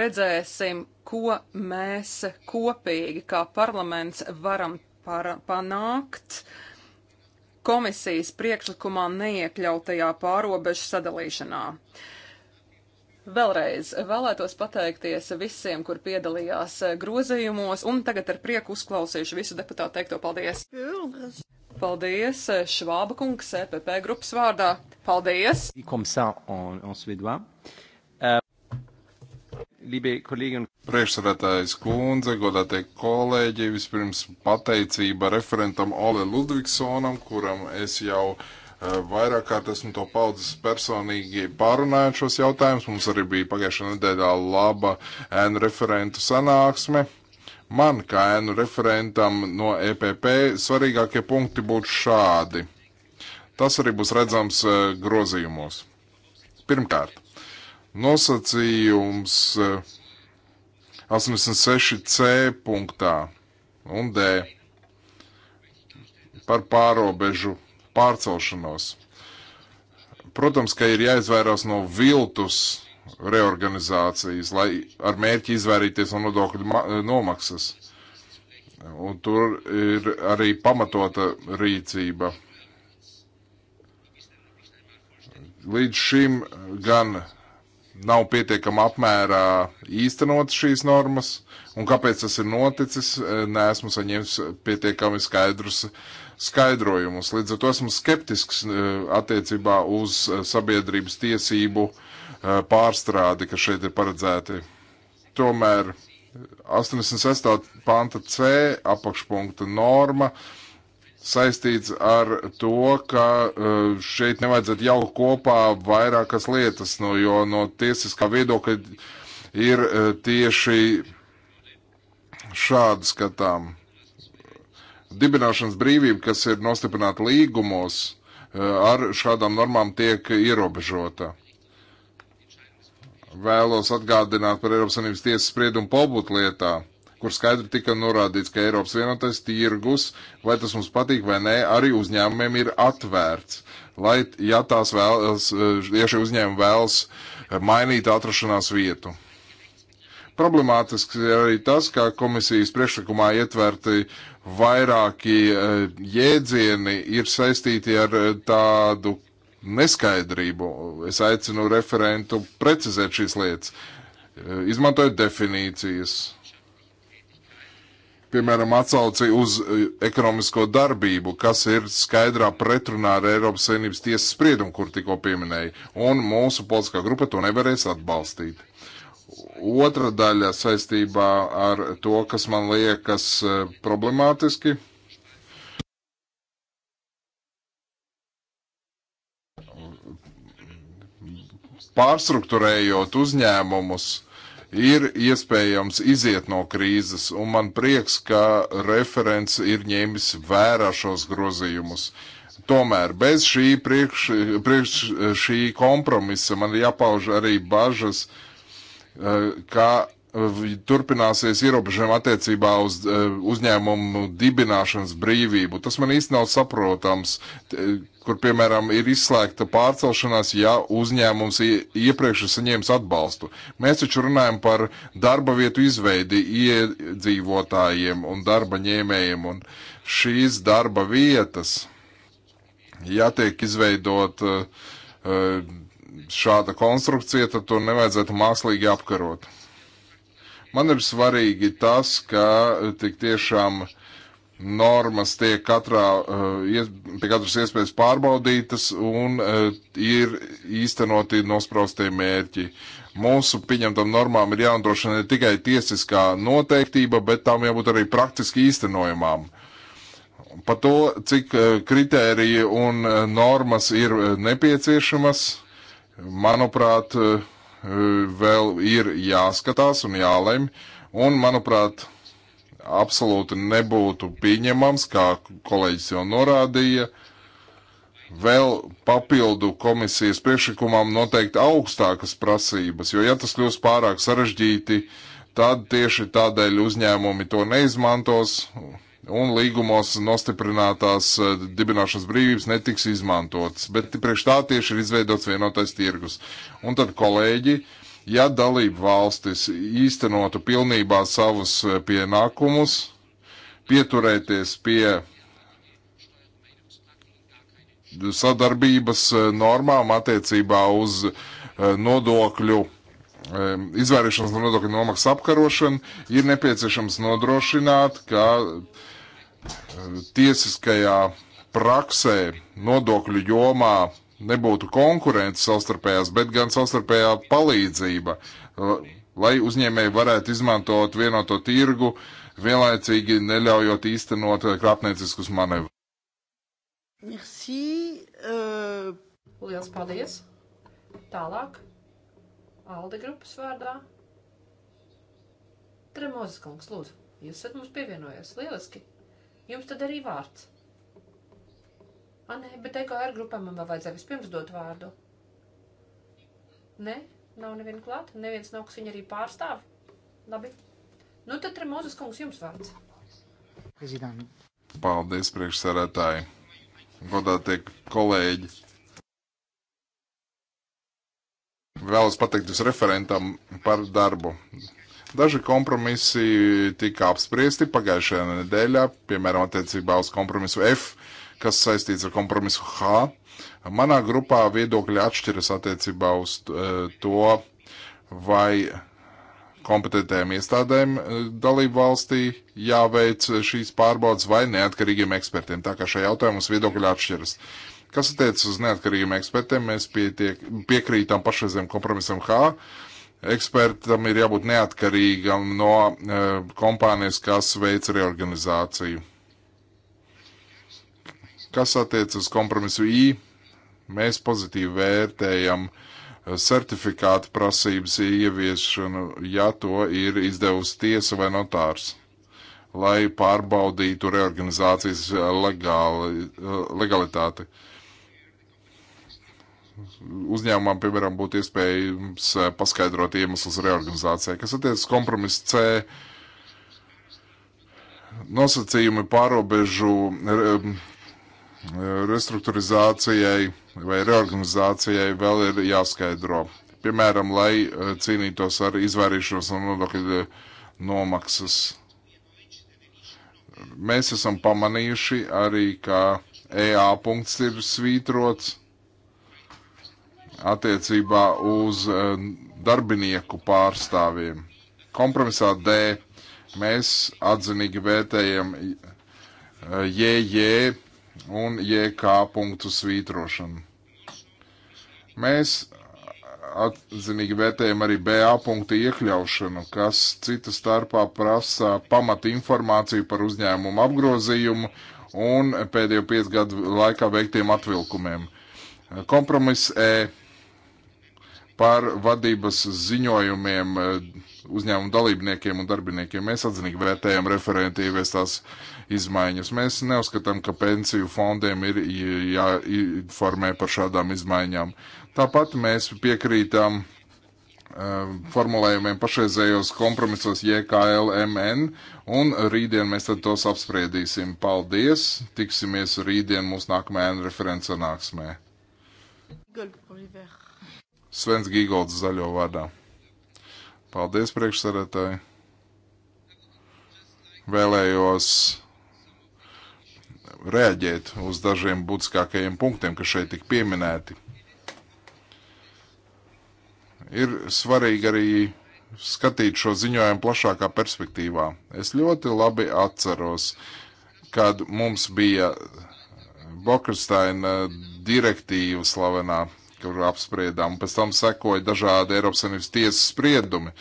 Speaker 3: redzēsim, ko mēs kopīgi kā parlaments varam par, panākt. Uh, komisijas priekšlikumā neiekļautajā pārobežu sadalīšanā. Vēlreiz vēlētos pateikties visiem, kur piedalījās grozījumos, un tagad ar prieku uzklausīšu visu deputātu teikto paldies. Paldies, Švāba kungs, EPP grupas vārdā. Paldies! Komisār, on, on
Speaker 2: Priekšsēdētājs kundze, godātie kolēģi, vispirms pateicība referentam Ole Ludvigsonam, kuram es jau uh, vairāk kārt esmu to paudzes personīgi pārunājot šos jautājumus. Mums arī bija pagājušā nedēļā laba ēnu referentu sanāksme. Man, kā ēnu referentam no EPP, svarīgākie punkti būtu šādi. Tas arī būs redzams uh, grozījumos. Pirmkārt, nosacījums 86c eh, punktā un D par pārobežu pārcelšanos. Protams, ka ir jāizvairās no viltus reorganizācijas, lai ar mērķi izvairīties no nodokļu nomaksas. Un tur ir arī pamatota rīcība. Līdz šim gan nav pietiekama apmērā īstenot šīs normas, un kāpēc tas ir noticis, e, neesmu saņēmis pietiekami skaidrus skaidrojumus. Līdz ar to esmu skeptisks e, attiecībā uz e, sabiedrības tiesību pārstrādi, kas šeit ir paredzēti. Tomēr 86. panta C apakšpunkta norma uh, saistīts ar to, ka e, šeit nevajadzētu jau kopā vairākas lietas, no, jo no tiesiskā viedokļa ir e, tieši šādi skatām. Dibināšanas brīvība, kas ir nostiprināta līgumos, e, ar šādām normām tiek ierobežota. Vēlos atgādināt par Eiropas Savienības tiesas spriedumu pobūtu lietā kur skaidri tika norādīts, ka Eiropas vienotais tirgus, vai tas mums patīk vai nē, arī uzņēmumiem ir atvērts. Lai, ja tās vēlas, eh, ja šie uzņēmumi vēlas eh, mainīt atrašanās vietu. Problemātisks ir arī tas, ka komisijas priekšlikumā ietverti vairāki eh, jēdzieni ir saistīti ar tādu neskaidrību. Es aicinu referentu precizēt šīs lietas, izmantojot definīcijas piemēram, atsauci uz e, ekonomisko darbību, kas ir skaidrā pretrunā ar Eiropas Savienības tiesas spriedumu, kur tikko pieminēja, un mūsu politiskā grupa to nevarēs atbalstīt. Otra daļa saistībā ar to, kas man liekas e, problemātiski. Pārstruktūrējot uzņēmumus, uh, ir iespējams iziet no krīzes, un man prieks, ka referents ir ņēmis vērā šos grozījumus. Tomēr bez šī, priekš, priekš šī kompromisa man jāpauž arī bažas, eh, ka turpināsies ierobežojumi attiecībā uz eh, uzņēmumu dibināšanas brīvību. Tas man īsti nav saprotams, eh, kur, piemēram, ir izslēgta pārcelšanās, ja uzņēmums iepriekš ir saņēmis atbalstu. Mēs taču runājam par darba vietu izveidi iedzīvotājiem un darba ņēmējiem, un šīs darba vietas, ja tiek izveidot eh, šāda konstrukcija, tad to nevajadzētu mākslīgi apkarot. Man ir svarīgi tas, ka eh, tik tiešām normas tiek katrā, eh, pie katras iespējas pārbaudītas un eh, ir īstenoti nospraustie mērķi. Mūsu pieņemtam normām ir jānodrošina ne tikai tiesiskā noteiktība, bet tām jābūt arī praktiski īstenojamām. Par to, cik kritēriji un normas ir nepieciešamas, manuprāt, uh, vēl ir jāskatās un jālem. Un, manuprāt, absolūti nebūtu pieņemams, kā kolēģis jau norādīja, vēl papildu komisijas priekšlikumam noteikti augstākas prasības, jo ja tas kļūst pārāk sarežģīti, tad tieši tādēļ uzņēmumi to neizmantos un līgumos nostiprinātās eh, dibināšanas brīvības netiks izmantotas. Bet priekš tā tieši ir izveidots vienotais tirgus. Un tad kolēģi, ja dalību valstis īstenotu pilnībā savus eh, pienākumus, pieturēties pie sadarbības eh, normām attiecībā uz nodokļu izvairīšanos no nodokļu nomaksas apkarošanu, ir nepieciešams nodrošināt, ka tiesiskajā praksē nodokļu jomā nebūtu konkurence savstarpējās, bet gan savstarpējā palīdzība, lai uzņēmēji varētu izmantot vienoto tirgu, vienlaicīgi neļaujot īstenot krāpnieciskus manevrus.
Speaker 1: Merci. Uh... Liels paldies. Tālāk. Alde grupas vārdā. Tremozes kungs, lūdzu, jūs esat mums pievienojies. Lieliski. Jums tad arī vārds. A, nē, bet EKR grupai man vēl vajadzēja vispirms dot vārdu. Nē, nav neviena klāt, neviens nav, kas viņu arī pārstāv. Labi. Nu tad, Remozes kungs, jums vārds.
Speaker 2: Paldies, priekšsarētāji. Godā tiek kolēģi. Vēlos pateikt jūs referentam par darbu. Daži kompromisi tika apspriesti pagājušajā nedēļā, piemēram, attiecībā uz kompromisu F, kas saistīts ar kompromisu H. Manā grupā viedokļi atšķiras attiecībā uz e, to, vai kompetentējām iestādēm e, dalību valstī jāveic šīs pārbaudas vai neatkarīgiem ekspertiem. Tā kā šajā jautājumā mums viedokļi atšķiras. Kas attiecas uz neatkarīgiem ekspertiem, mēs pietiek, piekrītam pašreizējiem kompromisam H Ekspertam ir jābūt neatkarīgam no e, kompānijas, kas veic reorganizāciju. Kas attiec uz kompromisu I, mēs pozitīvi vērtējam e, certifikātu prasības ieviešanu, ja to ir izdevusi tiesa vai notārs lai pārbaudītu reorganizācijas e, legāli, legalitāti uzņēmumam, piemēram, būtu iespējams eh, paskaidrot iemeslus reorganizācijai, kas attiecas kompromiss C nosacījumi pārobežu restruktūrizācijai vai reorganizācijai vēl ir jāskaidro. Piemēram, lai eh, cīnītos ar izvairīšanos no nodokļu eh, nomaksas. Mēs esam pamanījuši arī, ka EA punkts ir svītrots attiecībā uz eh, darbinieku pārstāvjiem. Kompromisā D mēs atzinīgi vērtējam JJ eh, un JK punktu svītrošanu. Mēs atzinīgi vērtējam arī BA punktu iekļaušanu, kas cita starpā prasa pamat informāciju par uzņēmumu apgrozījumu un pēdējo piecu gadu laikā veiktiem atvilkumiem. Kompromiss E par vadības ziņojumiem eh, uzņēmumu dalībniekiem un darbiniekiem. Mēs atzinīgi vērtējam referenti ieviestās izmaiņas. Mēs neuzskatām, ka pensiju fondiem ir jāinformē par šādām izmaiņām. Tāpat mēs piekrītam uh, formulējumiem pašreizējos kompromisos JKLMN, un rītdien mēs tad tos apspriedīsim. Paldies! Tiksimies rītdien mūsu nākamajā referents sanāksmē. Good, Svens Gigolds zaļo vadā. Paldies, priekšsarētāji. Vēlējos reaģēt uz dažiem būtiskākajiem punktiem, kas šeit tik pieminēti. Ir svarīgi arī skatīt šo ziņojumu plašākā perspektīvā. Es ļoti labi atceros, kad mums bija Bokersteina direktīva slavenā kur apspriedām, pēc tam sekoja dažādi Eiropas Savienības tiesas spriedumi.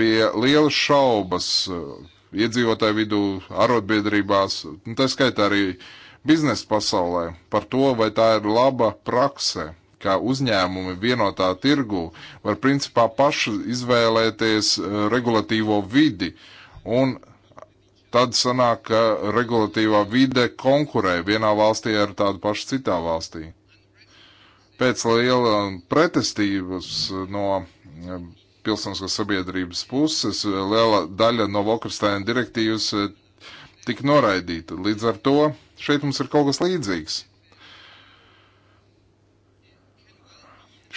Speaker 2: Bija liela šaubas eh, iedzīvotāju vidū, arotbiedrībās, un tā skaitā arī biznesa pasaulē, par to, vai tā ir laba prakse, kā uzņēmumi vienotā tirgu var principā paši izvēlēties eh, regulatīvo vidi un Tad sanāk, ka regulatīvā vide konkurē vienā valstī ar tādu pašu citā valstī. Pēc liela pretestības no eh, pilsoniskās sabiedrības puses eh, liela daļa no Volkersteina direktīvas eh, tika noraidīta. Līdz ar to šeit mums ir kaut kas līdzīgs.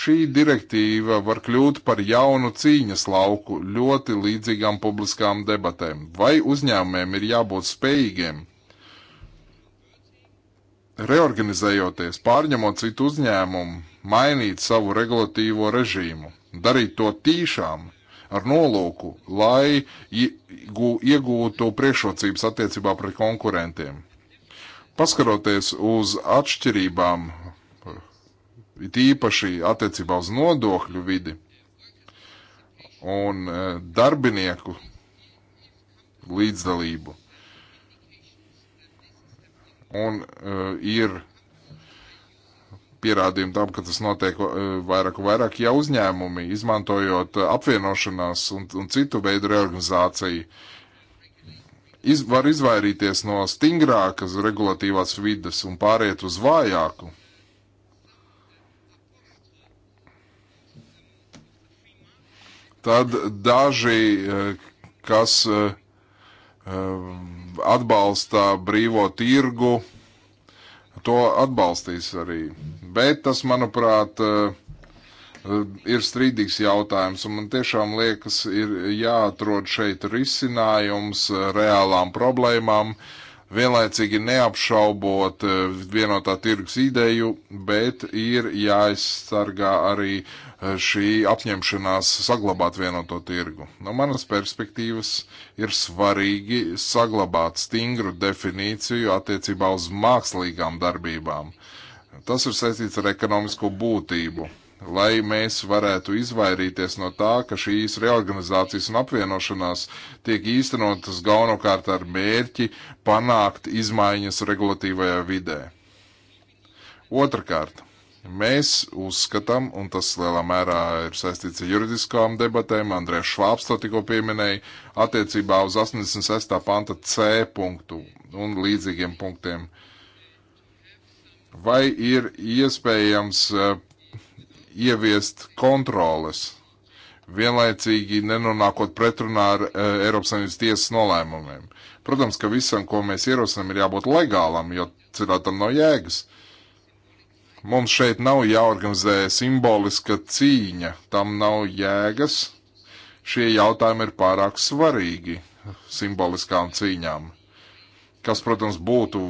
Speaker 2: Šī direktīva var kļūt par jaunu cīņas lauku ļoti līdzīgām publiskām debatēm. Vai uzņēmumiem ir jābūt spējīgiem reorganizējoties, pārņemot citu uzņēmumu, mainīt savu regulatīvo režīmu, darīt to tīšām ar nolūku, lai iegūtu priekšrocības attiecībā pret konkurentiem. Paskaroties uz atšķirībām it īpaši attiecībā uz nodokļu vidi un eh, darbinieku līdzdalību. Un uh, ir pierādījumi tam, ka tas notiek eh, vairāk un vairāk, ja uzņēmumi, izmantojot apvienošanās un, un citu veidu reorganizāciju, iz, var izvairīties no stingrākas regulatīvās vidas un pāriet uz vājāku. tad daži, e, kas e, e, atbalsta brīvo tirgu, to atbalstīs arī. Bet tas, manuprāt, ir strīdīgs jautājums, un man tiešām liekas, ir jāatrod šeit risinājums reālām problēmām, uh, vienlaicīgi neapšaubot e, vienotā tirgus ideju, bet ir jāizsargā arī e, šī apņemšanās saglabāt vienoto tirgu. No manas perspektīvas ir svarīgi saglabāt stingru definīciju attiecībā uz mākslīgām darbībām. Tas ir saistīts ar ekonomisko būtību lai mēs varētu izvairīties no tā, ka šīs reorganizācijas un apvienošanās tiek īstenotas galvenokārt ar mērķi panākt izmaiņas regulatīvajā vidē. Otrakārt, mēs uzskatām, un tas lielā mērā ir saistīts ar juridiskām debatēm, Andrēs Švāps to tikko pieminēja, attiecībā uz 86. panta C punktu un līdzīgiem punktiem. Vai ir iespējams eh, ieviest kontroles, vienlaicīgi nenonākot pretrunā ar e, Eiropas Savienības tiesas nolēmumiem. Protams, ka visam, ko mēs ierosinām, ir jābūt legālam, jo citādi tam nav jēgas. Mums šeit nav jāorganizē simboliska cīņa, tam nav jēgas. Šie jautājumi ir pārāk svarīgi simboliskām cīņām, kas, protams, būtu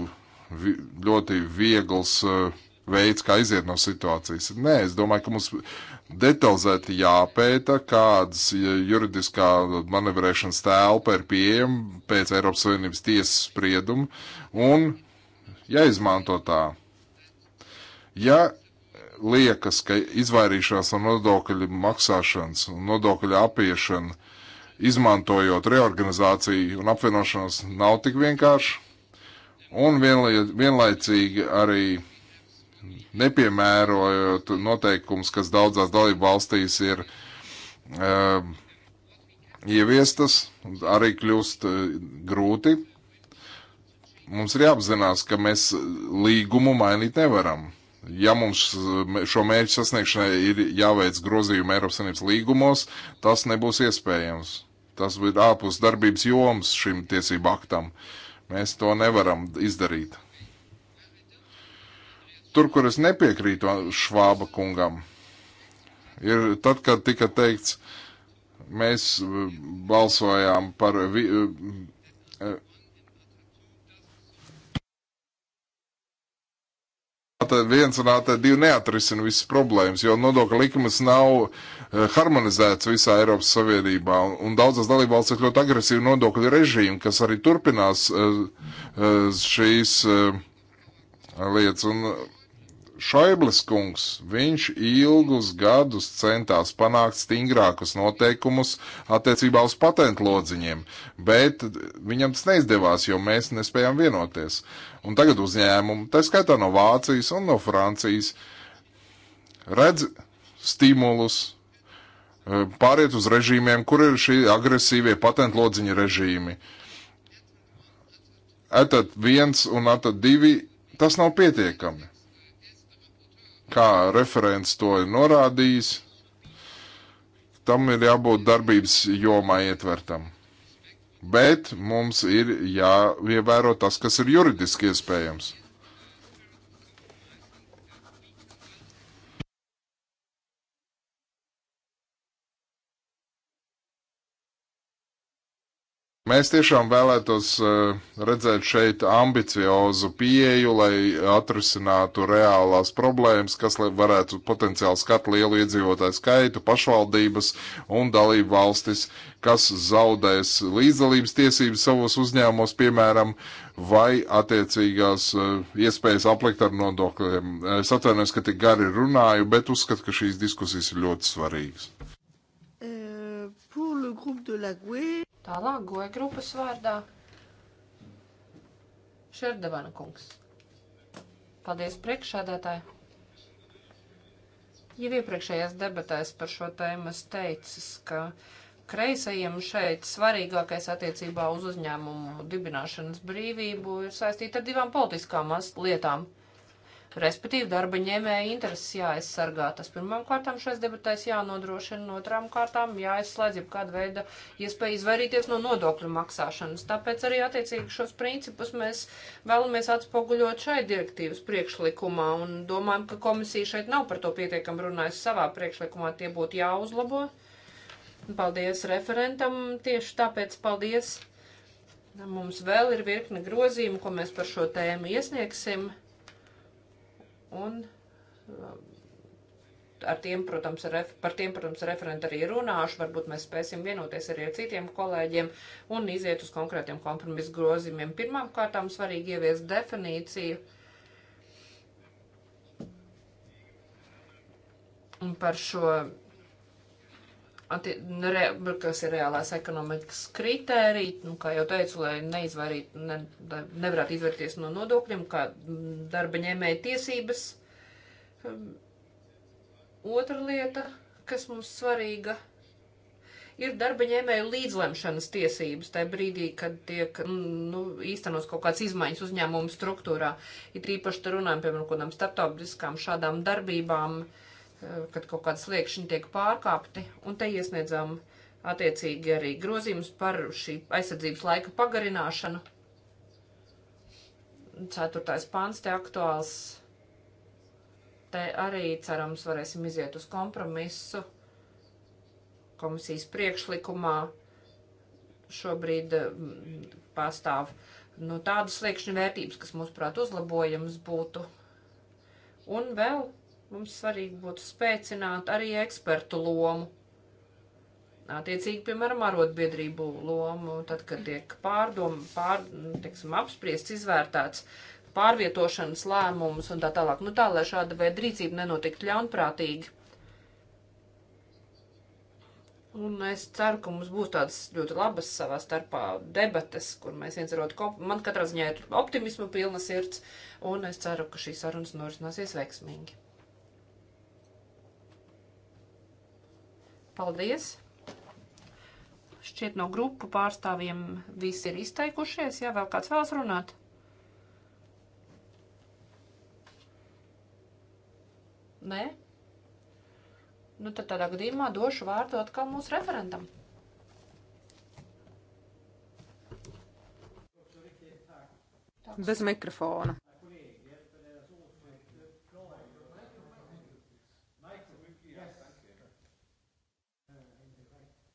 Speaker 2: vi ļoti viegls uh, veids, kā iziet no situācijas. Nē, es domāju, ka mums detalizēti jāpēta, kādas juridiskā manevrēšanas telpa ir pieejama pēc Eiropas Savienības tiesas sprieduma un jāizmanto tā. Ja liekas, ka izvairīšanās no nodokļu maksāšanas un nodokļu apiešana, izmantojot reorganizāciju un apvienošanos, nav tik vienkārši, un vienlaicīgi arī nepiemērojot noteikums, kas daudzās dalību valstīs ir uh, ieviestas, arī kļūst uh, grūti. Mums ir jāapzinās, ka mēs līgumu mainīt nevaram. Ja mums eh, šo mērķu sasniegšanai ir jāveic grozījumi Eiropas Savienības līgumos, tas nebūs iespējams. Tas ir ārpus darbības joms šim tiesību aktam. Mēs to nevaram izdarīt tur, kur es nepiekrītu Švāba kungam, ir tad, kad tika teikts, mēs eh, balsojām par. Vi, eh, eh, Tātad viens un tātad divi neatrisina visas problēmas, jo nodokļu likums nav harmonizēts visā Eiropas Savienībā. Un daudzas dalībvalstis ir ļoti agresīvi nodokļu režīmi, kas arī turpinās šīs lietas. Un Šoibles kungs, viņš ilgus gadus centās panākt stingrākus noteikumus attiecībā uz patentlodziņiem, bet viņam tas neizdevās, jo mēs nespējām vienoties. Un tagad uzņēmumi, tā skaitā no Vācijas un no Francijas, redz stimulus eh, pāriet uz režīmiem, kur ir šī agresīvie patentlodziņa režīmi. Etat viens un etat divi, tas nav pietiekami kā referents to ir norādījis, tam ir jābūt darbības jomā ietvertam. Bet mums ir jāievēro tas, kas ir juridiski iespējams. Mēs tiešām vēlētos e, redzēt šeit ambiciozu pieeju, lai atrisinātu reālās problēmas, kas varētu potenciāli skat lielu iedzīvotāju skaitu, pašvaldības un dalību valstis, kas zaudēs līdzdalības tiesības savos uzņēmumos, piemēram, vai attiecīgās e, iespējas aplikt ar nodokļiem. Es atvainojos, ka tik gari runāju, bet uzskatu, ka šīs diskusijas ir ļoti svarīgas.
Speaker 1: Uh, Tālāk goja grupas vārdā Šerdevana kungs. Paldies priekšādātāji. Jau iepriekšējās debatēs par šo tēmu es teicis, ka kreisajiem šeit svarīgākais attiecībā uz uzņēmumu dibināšanas brīvību ir saistīta ar divām politiskām lietām. Respektīvi, darba ņēmēja intereses jāaizsargā. Tas pirmām kārtām šais debatēs jānodrošina, otrām kārtām jāizslēdz jau kāda veida iespēja izvairīties no nodokļu maksāšanas. Tāpēc arī attiecīgi šos principus mēs vēlamies atspoguļot šai direktīvas priekšlikumā un domājam, ka komisija šeit nav par to pietiekam runājusi savā priekšlikumā, tie būtu jāuzlabo. Paldies referentam, tieši tāpēc paldies. Mums vēl ir virkne grozījumu, ko mēs par šo tēmu iesniegsim. Un um, ar tiem, protams, ref, par tiem, protams, referenti arī runāšu. Varbūt mēs spēsim vienoties arī ar citiem kolēģiem un iziet uz konkrētiem kompromisu grozījumiem. Pirmām kārtām svarīgi ievies definīciju. Un par šo re, kas ir reālās ekonomikas kritērija, nu, kā jau teicu, lai neizvairīt, ne, nevarētu izvērties no nodokļiem, kā darba ņēmēja tiesības. Um, otra lieta, kas mums svarīga, ir darba ņēmēju līdzlemšanas tiesības tajā brīdī, kad tiek mm, nu, īstenos kaut kāds izmaiņas uzņēmumu struktūrā. Ir īpaši te runājam, piemēram, kādām starptautiskām šādām darbībām. Uh, kad kaut kāds sliekšņi tiek pārkāpti, un te iesniedzām attiecīgi arī grozījums par šī aizsardzības laika pagarināšanu. Ceturtais pāns te aktuāls. Te arī, cerams, varēsim iziet uz kompromisu komisijas priekšlikumā. Šobrīd mm, pastāv nu, tādas sliekšņu vērtības, kas, mūsuprāt, uzlabojams būtu. Un vēl Mums svarīgi būtu spēcināt arī ekspertu lomu. Attiecīgi, piemēram, arotbiedrību lomu, tad, kad tiek pārdom, pār, teiksim, apspriests, izvērtēts pārvietošanas lēmums un tā tālāk. Nu tā, lai šāda veida rīcība nenotiktu ļaunprātīgi. Un es ceru, ka mums būs tādas ļoti labas savā starpā debates, kur mēs viens ar otru, man katrā ziņā ir optimismu pilna sirds, un es ceru, ka šīs sarunas norisināsies veiksmīgi. Paldies! Šķiet no grupu pārstāvjiem visi ir izteikušies. Jā, vēl kāds vēlas runāt? Nē? Nu, tad tādā gadījumā došu vārdu atkal mūsu referentam.
Speaker 3: Bez mikrofona.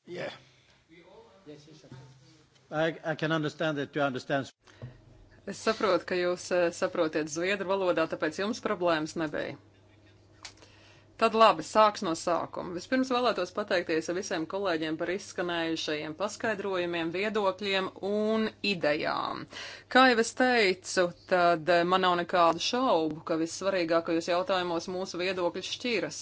Speaker 3: Yeah.
Speaker 2: I, I can understand that you understand.
Speaker 3: Es saprotu, ka jūs eh, saprotiet zviedru valodā, tāpēc jums problēmas nebija. Tad labi, sāks no sākuma. Vispirms vēlētos pateikties visiem kolēģiem par izskanējušajiem paskaidrojumiem, viedokļiem un idejām. Kā jau es teicu, tad man nav nekādu šaubu, ka vissvarīgākajos jautājumos mūsu viedokļi šķiras.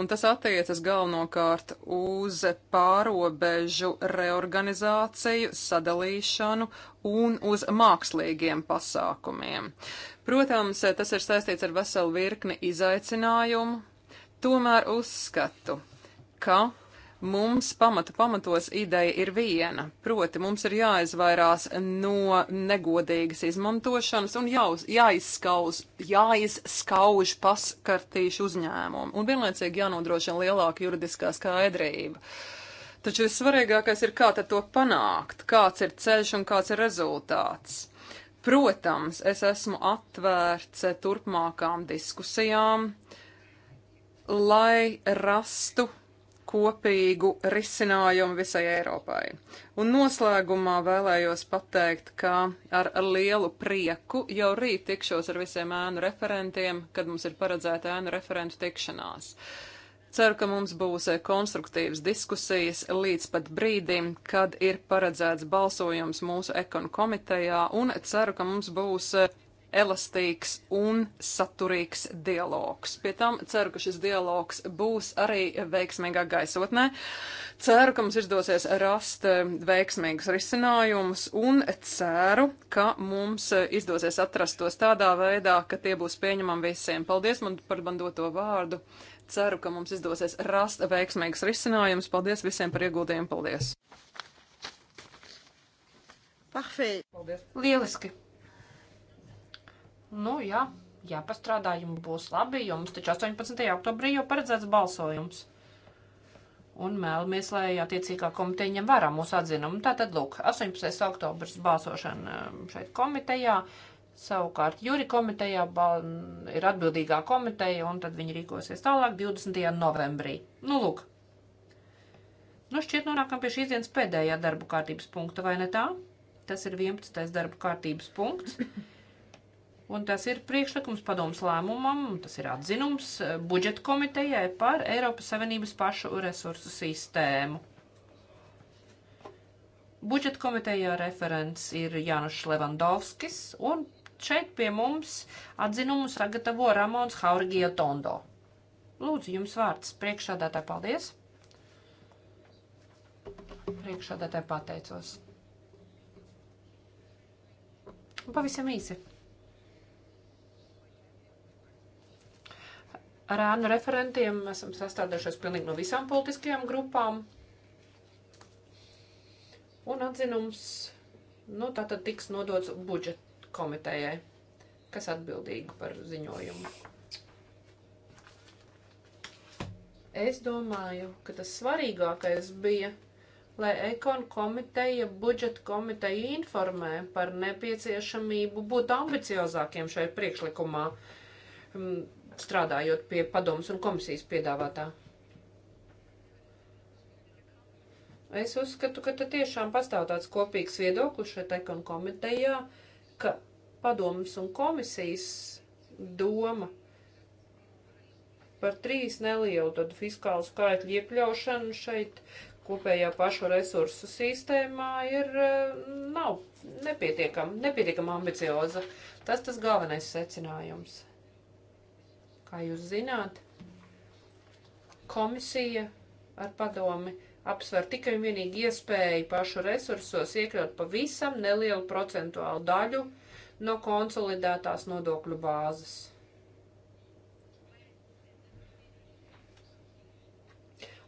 Speaker 3: Un tas attiecas galvenokārt uz pārobežu reorganizāciju, sadalīšanu un uz mākslīgiem pasākumiem. Protams, tas ir saistīts ar veselu virkni izaicinājumu, Tomēr uzskatu, ka mums pamata pamatos ideja ir viena, proti mums ir jāizvairās no negodīgas izmantošanas un jau, jāizskauž, jāizskauž paskartīšu uzņēmumu un vienlaicīgi jānodrošina lielāka juridiskā skaidrība. Taču vissvarīgākais ir, kā to panākt, kāds ir ceļš un kāds ir rezultāts. Protams, es esmu atvērts turpmākām diskusijām. Uh, lai rastu kopīgu risinājumu visai Eiropai. Un noslēgumā vēlējos pateikt, ka ar lielu prieku jau rīt tikšos ar visiem ēnu referentiem, kad mums ir paredzēta ēnu referentu tikšanās. Ceru, ka mums būs konstruktīvas diskusijas līdz pat brīdim, kad ir paredzēts balsojums mūsu ekonu komitejā, un ceru, ka mums būs elastīgs un saturīgs dialogs. Pie tam ceru, ka šis dialogs būs arī veiksmīgā gaisotnē. Ceru, ka mums izdosies rast eh, veiksmīgus risinājumus un ceru, ka mums eh, izdosies atrast tos tādā veidā, ka tie būs pieņemami visiem. Paldies man par man doto vārdu. Ceru, ka mums izdosies rast veiksmīgus risinājumus. Paldies visiem par ieguldījumu. Paldies!
Speaker 1: Parfait. Lieliski! Nu, jā, jāpastrādā, jums būs labi, jo mums taču 18. oktobrī jau paredzēts balsojums. Un mēlamies, lai attiecīgā komiteja ņem vērā mūsu atzinumu. Tātad, lūk, 18. oktobrs balsošana um, šeit komitejā. Savukārt, jūri komitejā ir atbildīgā komiteja, un tad viņi rīkosies tālāk 20. novembrī. Nu, lūk. Nu, šķiet, nonākam pie šīs dienas pēdējā darba kārtības punkta, vai ne tā? Tas ir 11. darba kārtības punkts. Un tas ir priekšlikums padomus lēmumam, tas ir atzinums eh, budžeta komitejai par Eiropas Savienības pašu resursu sistēmu. Budžeta komitejā referents ir Janušs Levandovskis, un šeit pie mums atzinumu sagatavo Ramons Haurgija Tondo. Lūdzu, jums vārds priekšādātāji paldies. Priekšādātāji pateicos. Un pavisam īsi. ar ēnu referentiem. Mēs esam sastādījušies pilnīgi no visām politiskajām grupām. Un atzinums, nu, tā tad tiks nodots budžeta komitejai, kas atbildīgi par ziņojumu. Es domāju, ka tas svarīgākais bija lai ekonu komiteja budžeta komiteju informē par nepieciešamību būt ambiciozākiem šai priekšlikumā. Mm, strādājot pie padomus un komisijas piedāvātā. Es uzskatu, ka te tiešām pastāv tāds kopīgs viedoklis šeit ekon komitejā, ka padomus un komisijas doma par trīs nelielu tādu fiskālu skaitļu iekļaušanu šeit kopējā pašu resursu sistēmā ir, e, nav nepietiekama, nepietiekama ambicioza. Tas tas galvenais secinājums. Kā jūs zināt, komisija ar padomi apsver tikai un vienīgi iespēju pašu resursos iekļaut pavisam nelielu procentuālu daļu no konsolidētās nodokļu bāzes.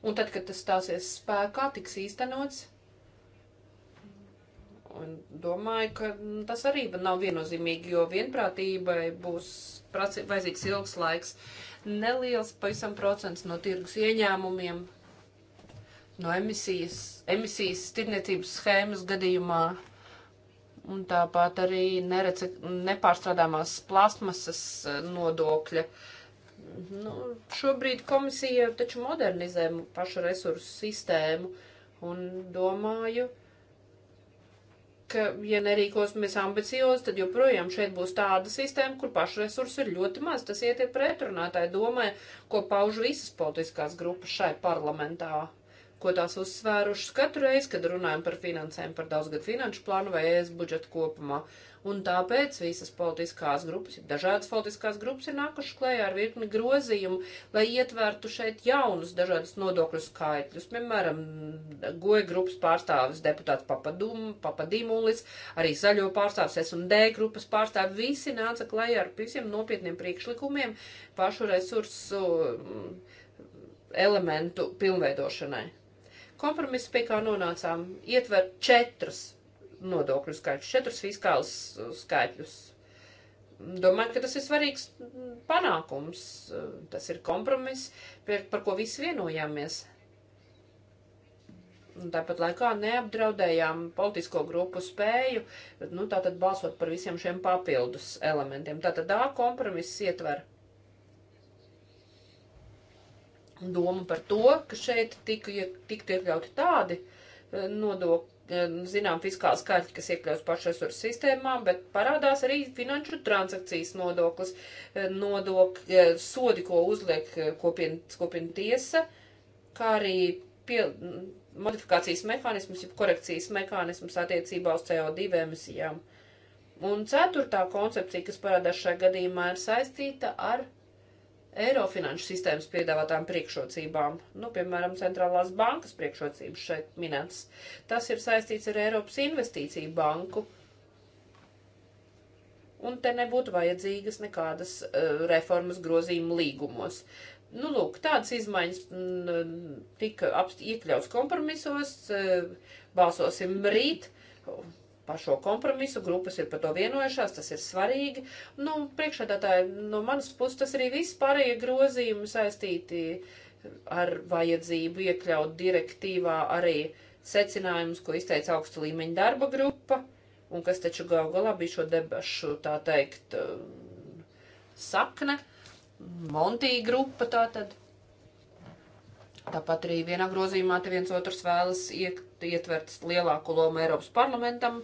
Speaker 1: Un tad, kad tas stāsies spēkā, tiks īstenots Un domāju, ka mm, tas arī nav viennozīmīgi, jo vienprātībai būs vajadzīgs ilgs laiks. Neliels pavisam procents no tirgus ieņēmumiem, no emisijas, emisijas tirniecības schēmas gadījumā, un tāpat arī nerece, nepārstrādāmās plasmasas eh, nodokļa. Nu, šobrīd komisija taču modernizē pašu resursu sistēmu, un domāju, ka ka, ja nerīkosimies ambiciozi, tad joprojām šeit būs tāda sistēma, kur pašresursu ir ļoti maz. Tas iet ir pretrunātāji domai, ko pauž visas politiskās grupas šai parlamentā, ko tās uzsvērušas katru reizi, kad runājam par finansēm, par daudzgadu finanšu plānu vai ES budžetu kopumā. Un tāpēc visas politiskās grupas, dažādas politiskās grupas ir nākušas klējā ar virkni grozījumu, lai ietvertu šeit jaunus dažādus nodokļu skaitļus. Piemēram, goja grupas pārstāvis deputāts Papadum, Papadimulis, arī zaļo pārstāvis S&D grupas pārstāvis, visi nāca klējā ar visiem nopietniem priekšlikumiem pašu resursu mm, elementu pilnveidošanai. Kompromiss, pie kā nonācām, ietver četras nodokļu skaitļus, četrus fiskālus uh, skaitļus. Domāju, ka tas ir svarīgs mm, panākums, uh, tas ir kompromiss, par ko visi vienojāmies. Un tāpat laikā neapdraudējām politisko grupu spēju, nu, tātad balsot par visiem šiem papildus elementiem. Tātad tā kompromiss ietver domu par to, ka šeit tiktu tik iekļauti tādi uh, nodokļi zinām fiskāli skaitļi, kas iekļaus pašresursu sistēmām, bet parādās arī finanšu transakcijas nodoklis, eh, nodok, eh, sodi, ko uzliek kopienas eh, kopien tiesa, kā arī pie, modifikācijas mehānismus, jeb korekcijas mehānismus attiecībā uz CO2 emisijām. Un ceturtā koncepcija, kas parādās šajā gadījumā, ir saistīta ar eiro finanšu sistēmas piedāvātām priekšrocībām, nu, piemēram, centrālās bankas priekšrocības šeit minētas. Tas ir saistīts ar Eiropas investīciju banku. Un te nebūtu vajadzīgas nekādas uh, reformas grozījuma līgumos. Nu, lūk, tādas izmaiņas m, mm, tika apst, iekļauts kompromisos, uh, balsosim rīt. Uh, par šo kompromisu, grupas ir par to vienojušās, tas ir svarīgi. Nu, priekšādātāji, no manas puses tas arī viss pārējie grozījumi saistīti ar vajadzību iekļaut direktīvā arī secinājumus, ko izteica augsta līmeņa darba grupa, un kas taču gal galā bija šo debašu, tā teikt, um, sakne, Montija grupa tātad. Tāpat arī vienā grozījumā te viens otrs vēlas iek, ietverts lielāku lomu Eiropas parlamentam.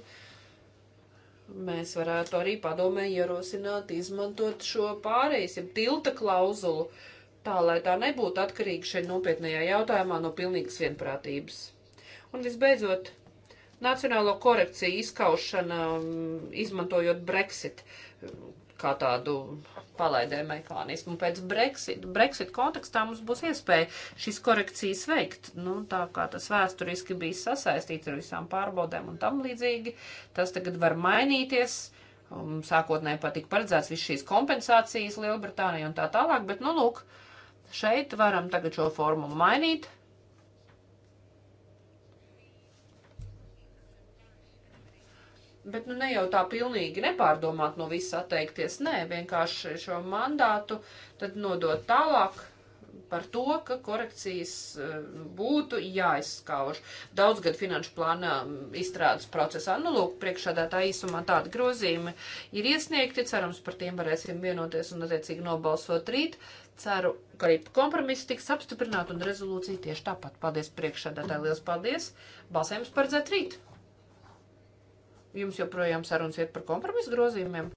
Speaker 1: Mēs varētu arī padomē ierosināt, izmantot šo pārējais, ja tilta klauzulu, tā lai tā nebūtu atkarīga šeit nopietnējā jautājumā no pilnīgas vienprātības. Un visbeidzot, nacionālo korekciju izkaušana, mm, izmantojot Brexit kā tādu palaidēju mehānismu. Pēc Brexit, Brexit kontekstā mums būs iespēja šīs korekcijas veikt. Nu, tā kā tas vēsturiski bija sasaistīts ar visām pārbaudēm un tam līdzīgi, tas tagad var mainīties. Sākotnēji patika paredzēts viss šīs kompensācijas Lielbritānijai un tā tālāk, bet, nu, lūk, šeit varam tagad šo formu mainīt Bet nu ne jau tā pilnīgi nepārdomāt no visa atteikties, nē, vienkārši šo mandātu tad nodot tālāk par to, ka korekcijas eh, būtu jāizskauž. Daudzgad finanšu plāna mm, izstrādes procesā, nu lūk, priekšādā tā īsumā tādi grozījumi ir iesniegti, cerams, par tiem varēsim vienoties un attiecīgi nobalsot rīt. Ceru, ka arī kompromiss tiks apstiprināt un rezolūcija tieši tāpat. Paldies priekšādā tā, liels paldies. Balsējums paredzēt rīt. Jums joprojām sarunas iet par kompromisu grozījumiem?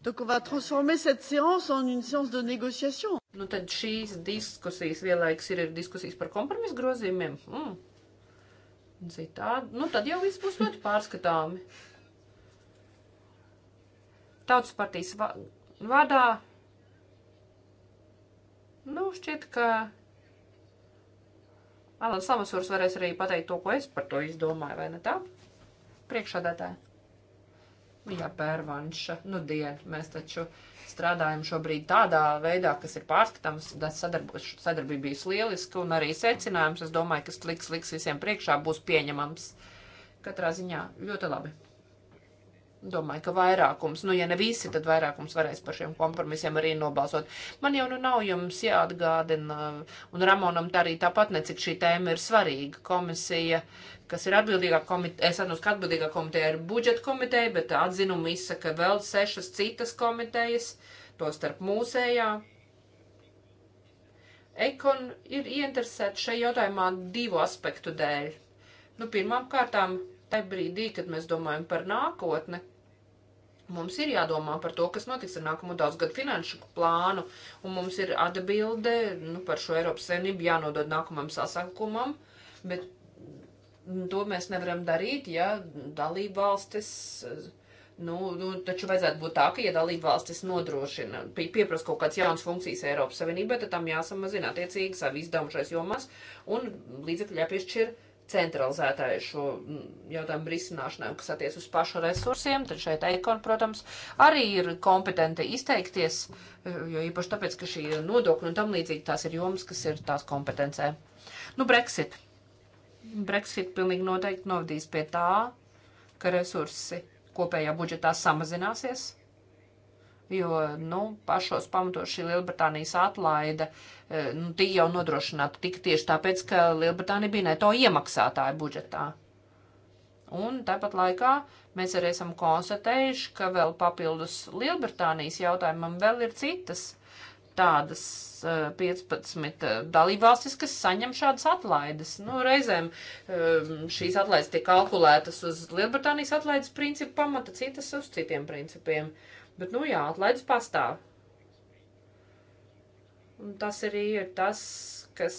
Speaker 1: Donc on va transformer cette séance en une séance de négociation. Nu tad šīs diskusijas vienlaiks ir, ir diskusijas par kompromisu grozījumiem. Mm. Citādi, nu tad jau viss būs ļoti pārskatāmi. Tautas partijas vārdā, nu šķiet, ka Alans Lamasūrs varēs arī pateikt to, ko es par to izdomāju, vai ne tā? Priekšādātāji. Jā, pērvanša. Nu, dien, mēs taču strādājam šobrīd tādā veidā, kas ir pārskatāms. Sadarbība bijusi lieliska un arī secinājums, es domāju, kas liks, liks visiem priekšā būs pieņemams. Katrā ziņā ļoti labi. Domāju, ka vairākums, nu, ja ne visi, tad vairākums varēs par šiem kompromisiem arī nobalsot. Man jau nu nav jums jāatgādina, un Ramonam tā arī tāpat necik šī tēma ir svarīga. Komisija, kas ir atbildīgā komiteja, es atnos, ka atbildīgā komiteja ir budžeta komiteja, bet atzinumu izsaka vēl sešas citas komitejas, to starp mūsējā. Ekon ir ieinteresēta šajā jautājumā divu aspektu dēļ. Nu, pirmām kārtām, tajā brīdī, kad mēs domājam par nākotni, Mums ir jādomā par to, kas notiks ar nākamo daudzgadu finanšu plānu, un mums ir atbilde nu, par šo Eiropas saimnību jānodod nākamajam sasaukumam, bet mm, to mēs nevaram darīt, ja dalība valstis. Nu, nu, taču vajadzētu būt tā, ka, ja dalība valstis nodrošina, pie, pieprasa kaut kādas jaunas funkcijas Eiropas Savienībai, tad tam jāsamazina attiecīgi savu izdevumu šais jomās un līdzekļi jāpiešķir. Ja centralizētai šo mm, jautājumu risināšanai, kas attiec uz pašu resursiem, tad šeit Eikon, protams, arī ir kompetenti izteikties, jo īpaši tāpēc, ka šī nodokļa un tam līdzīgi tās ir jomas, kas ir tās kompetencē. Nu, Brexit. Brexit pilnīgi noteikti novadīs pie tā, ka resursi kopējā budžetā samazināsies jo, nu, pašos pamatos šī Lielbritānijas atlaida, e, nu, tī jau nodrošināta tik tieši tāpēc, ka Lielbritānija bija neto iemaksātāja budžetā. Un tāpat laikā mēs arī esam konstatējuši, ka vēl papildus Lielbritānijas jautājumam vēl ir citas tādas 15 e, e, dalībvalstis, kas saņem šādas atlaides. Nu, reizēm šīs atlaides tiek kalkulētas uz Lielbritānijas atlaides principu pamata, citas uz citiem principiem. Uh, Bet, nu jā, atlaides pastāv. Un tas arī ir tas, kas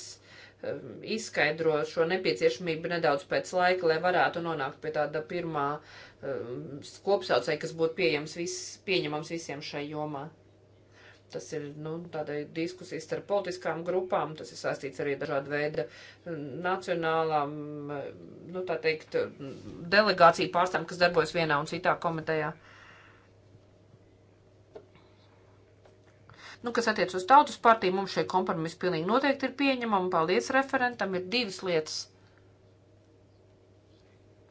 Speaker 1: um, izskaidro šo nepieciešamību nedaudz pēc laika, lai varētu nonākt pie tāda pirmā um, kopsaucēja, kas būtu pieejams vis, pieņemams visiem šai jomā. Tas ir nu, tāda diskusija starp politiskām grupām, tas ir saistīts arī dažāda veida um, nacionālām, um, nu, tā teikt, um, delegāciju pārstāvjiem, kas darbojas vienā un citā komitejā. Uh, Nu, kas attiec uz tautas partiju, mums šie kompromisi pilnīgi noteikti ir pieņemami. Paldies referentam. Ir divas lietas,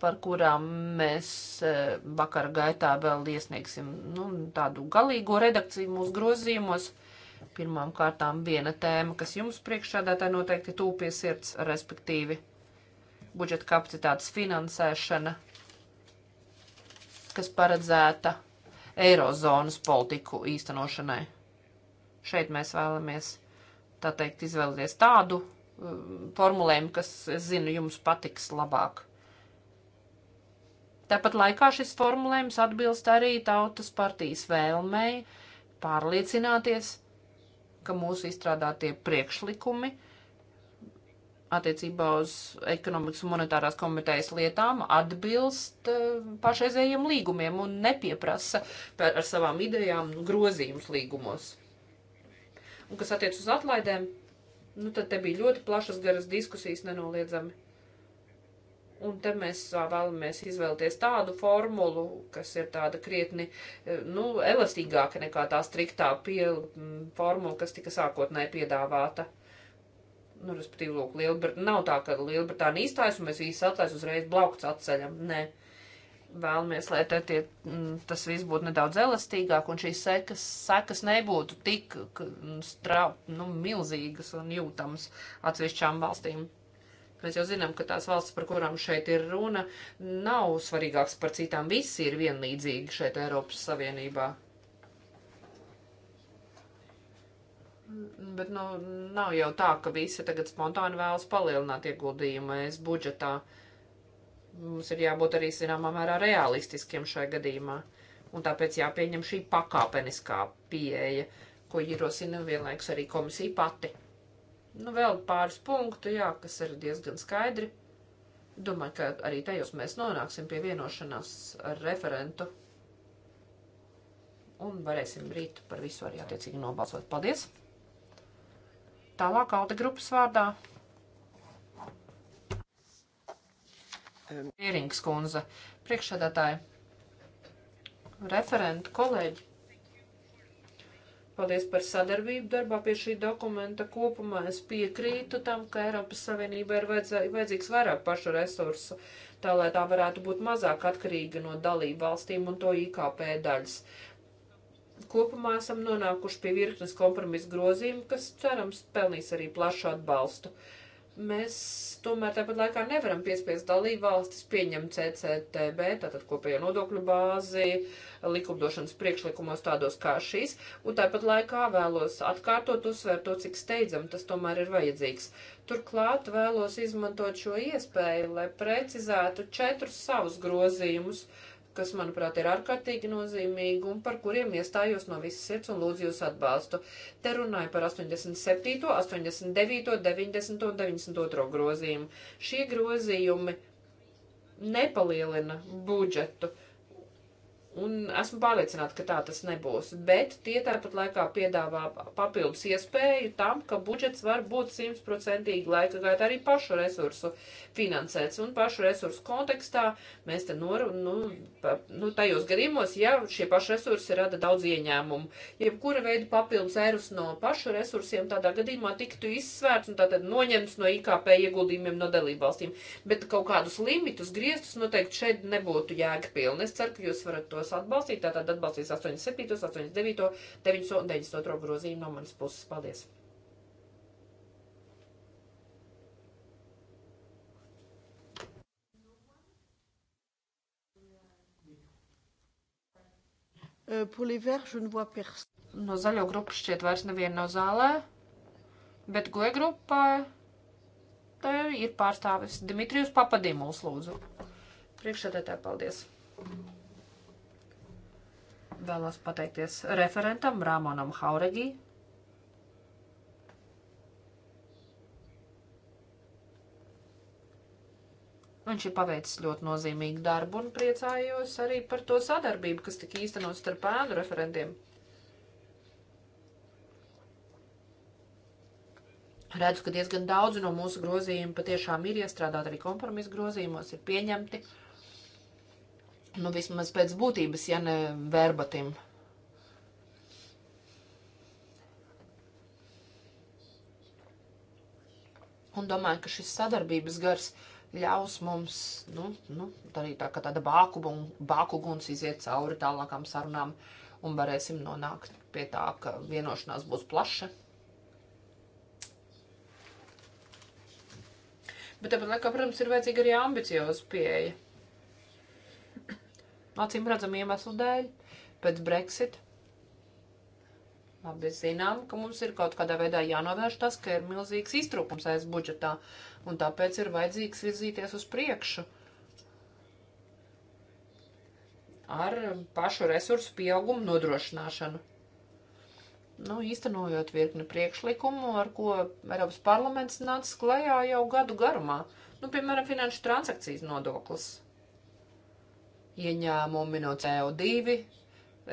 Speaker 1: par kurām mēs eh, vakara gaitā vēl iesniegsim nu, tādu galīgo redakciju mūsu grozījumos. Pirmām kārtām viena tēma, kas jums priekšādātāji noteikti tūpies sirds, respektīvi budžeta kapacitātes finansēšana, kas paredzēta Eirozonas politiku īstenošanai. Šeit mēs vēlamies, tā teikt, izvēlēties tādu uh, formulējumu, kas, es zinu, jums patiks labāk. Tāpat laikā šis formulējums atbilst arī tautas partijas vēlmei pārliecināties, ka mūsu izstrādātie priekšlikumi attiecībā uz ekonomikas un monetārās komitejas lietām atbilst uh, pašreizējiem līgumiem un nepieprasa par, ar savām idejām grozījumus līgumos. Un kas attiec uz atlaidēm, nu tad te bija ļoti plašas garas diskusijas nenoliedzami. Un te mēs vēlamies izvēlēties tādu formulu, kas ir tāda krietni, nu, elastīgāka nekā tā striktā pie, m, formula, kas tika sākotnēji piedāvāta. Nu, respektīvi, lūk, Lielbrit... nav tā, ka Lielbritānija izstājas un mēs visi atlaist uzreiz blaukts atceļam. Nē. Ne vēlamies, lai tie, mm, tas viss būtu nedaudz elastīgāk un šīs sekas, sekas nebūtu tik mm, strau, nu, milzīgas un jūtamas atsevišķām valstīm. Mēs jau zinām, ka tās valsts, par kurām šeit ir runa, nav svarīgākas par citām. Visi ir vienlīdzīgi šeit Eiropas Savienībā. Bet nu, nav jau tā, ka visi tagad spontāni vēlas palielināt ieguldījumu es budžetā. Uh, mums ir jābūt arī zināmā mērā realistiskiem šajā gadījumā. Un tāpēc jāpieņem šī pakāpeniskā pieeja, ko ierosina vienlaikus arī komisija pati. Nu, vēl pāris punktu, jā, kas ir diezgan skaidri. Domāju, ka arī tajos mēs nonāksim pie vienošanās ar referentu. Un varēsim rīt par visu arī attiecīgi nobalsot. Paldies! Tālāk Alde grupas vārdā Ierings kundze, priekšsēdētāji, referenti, kolēģi. Paldies par sadarbību darbā pie šī dokumenta. Kopumā es piekrītu tam, ka Eiropas Savienībai ir vajadzīgs vairāk pašu resursu, tā lai tā varētu būt mazāk atkarīga no dalību valstīm un to IKP daļas. Kopumā esam nonākuši pie virknes kompromisu grozījumu, kas cerams pelnīs arī plašu atbalstu. Uh, Mēs tomēr tāpat laikā nevaram piespiest dalībvalstis pieņemt CCTB, tātad kopējo nodokļu bāzi, likumdošanas priekšlikumos tādos kā šīs, un tāpat laikā vēlos atkārtot uzsvērt to, cik steidzam tas tomēr ir vajadzīgs. Turklāt vēlos izmantot šo iespēju, lai precizētu četrus savus grozījumus. Uh, kas, manuprāt, ir ārkārtīgi nozīmīgi un par kuriem iestājos no visas sirds un lūdzu jūs atbalstu. Te runāju par 87., 89., 90. un 92. grozījumu. Šie grozījumi nepalielina budžetu. Uh, Un esmu pārliecināta, ka tā tas nebūs. Bet tie tāpat laikā piedāvā papildus iespēju tam, ka budžets var būt simtprocentīgi laika gaitā arī pašu resursu finansēts. Un pašu resursu kontekstā mēs te nor, nu, pa, nu, tajos gadījumos, ja šie paši resursi rada daudz ieņēmumu, jebkura veida papildus eirus no pašu resursiem tādā gadījumā tiktu izsvērts un tātad noņemts no IKP ieguldījumiem no dalībvalstīm. Bet kaut kādus limitus, griestus noteikti šeit nebūtu jēgpilni. Es ceru, ka jūs varat tos tos atbalstīt. Tātad atbalstīs 87, 89, 92 grozījumu no manas puses. Paldies! Euh, pour les verts, je ne vois personne. No zaļo grupas šķiet vairs neviena nav no zālē, bet goja grupā te ir pārstāvis Dimitrijus Papadimuls, lūdzu. Priekšsēdētāji, paldies! Mm -hmm vēlos pateikties referentam Rāmonam Hauregī. Viņš ir paveicis ļoti nozīmīgu darbu un priecājos arī par to sadarbību, kas tika īstenot starp ēnu referentiem. Redzu, ka diezgan daudz no mūsu grozījumiem patiešām ir iestrādāti arī kompromisu grozījumos, ir pieņemti. Uh, Nu, vismaz pēc būtības, ja ne verbatim. Un domāju, ka šis sadarbības gars ļaus mums, nu, nu arī tā kā tāda bāku, bāku guns iziet cauri tālākām sarunām un varēsim nonākt pie tā, ka vienošanās būs plaša. Bet tāpat laikā, protams, ir vajadzīga arī ambicioza pieeja acīm redzam iemeslu dēļ, pēc Brexit. Labi, zinām, ka mums ir kaut kādā veidā jānovērš tas, ka ir milzīgs iztrūkums aiz budžetā, un tāpēc ir vajadzīgs virzīties uz priekšu ar pašu resursu pieaugumu nodrošināšanu. Nu, īstenojot virkni priekšlikumu, ar ko Eiropas parlaments nāca klajā jau gadu garumā, nu, piemēram, finanšu transakcijas nodoklis – ieņēmumi no CO2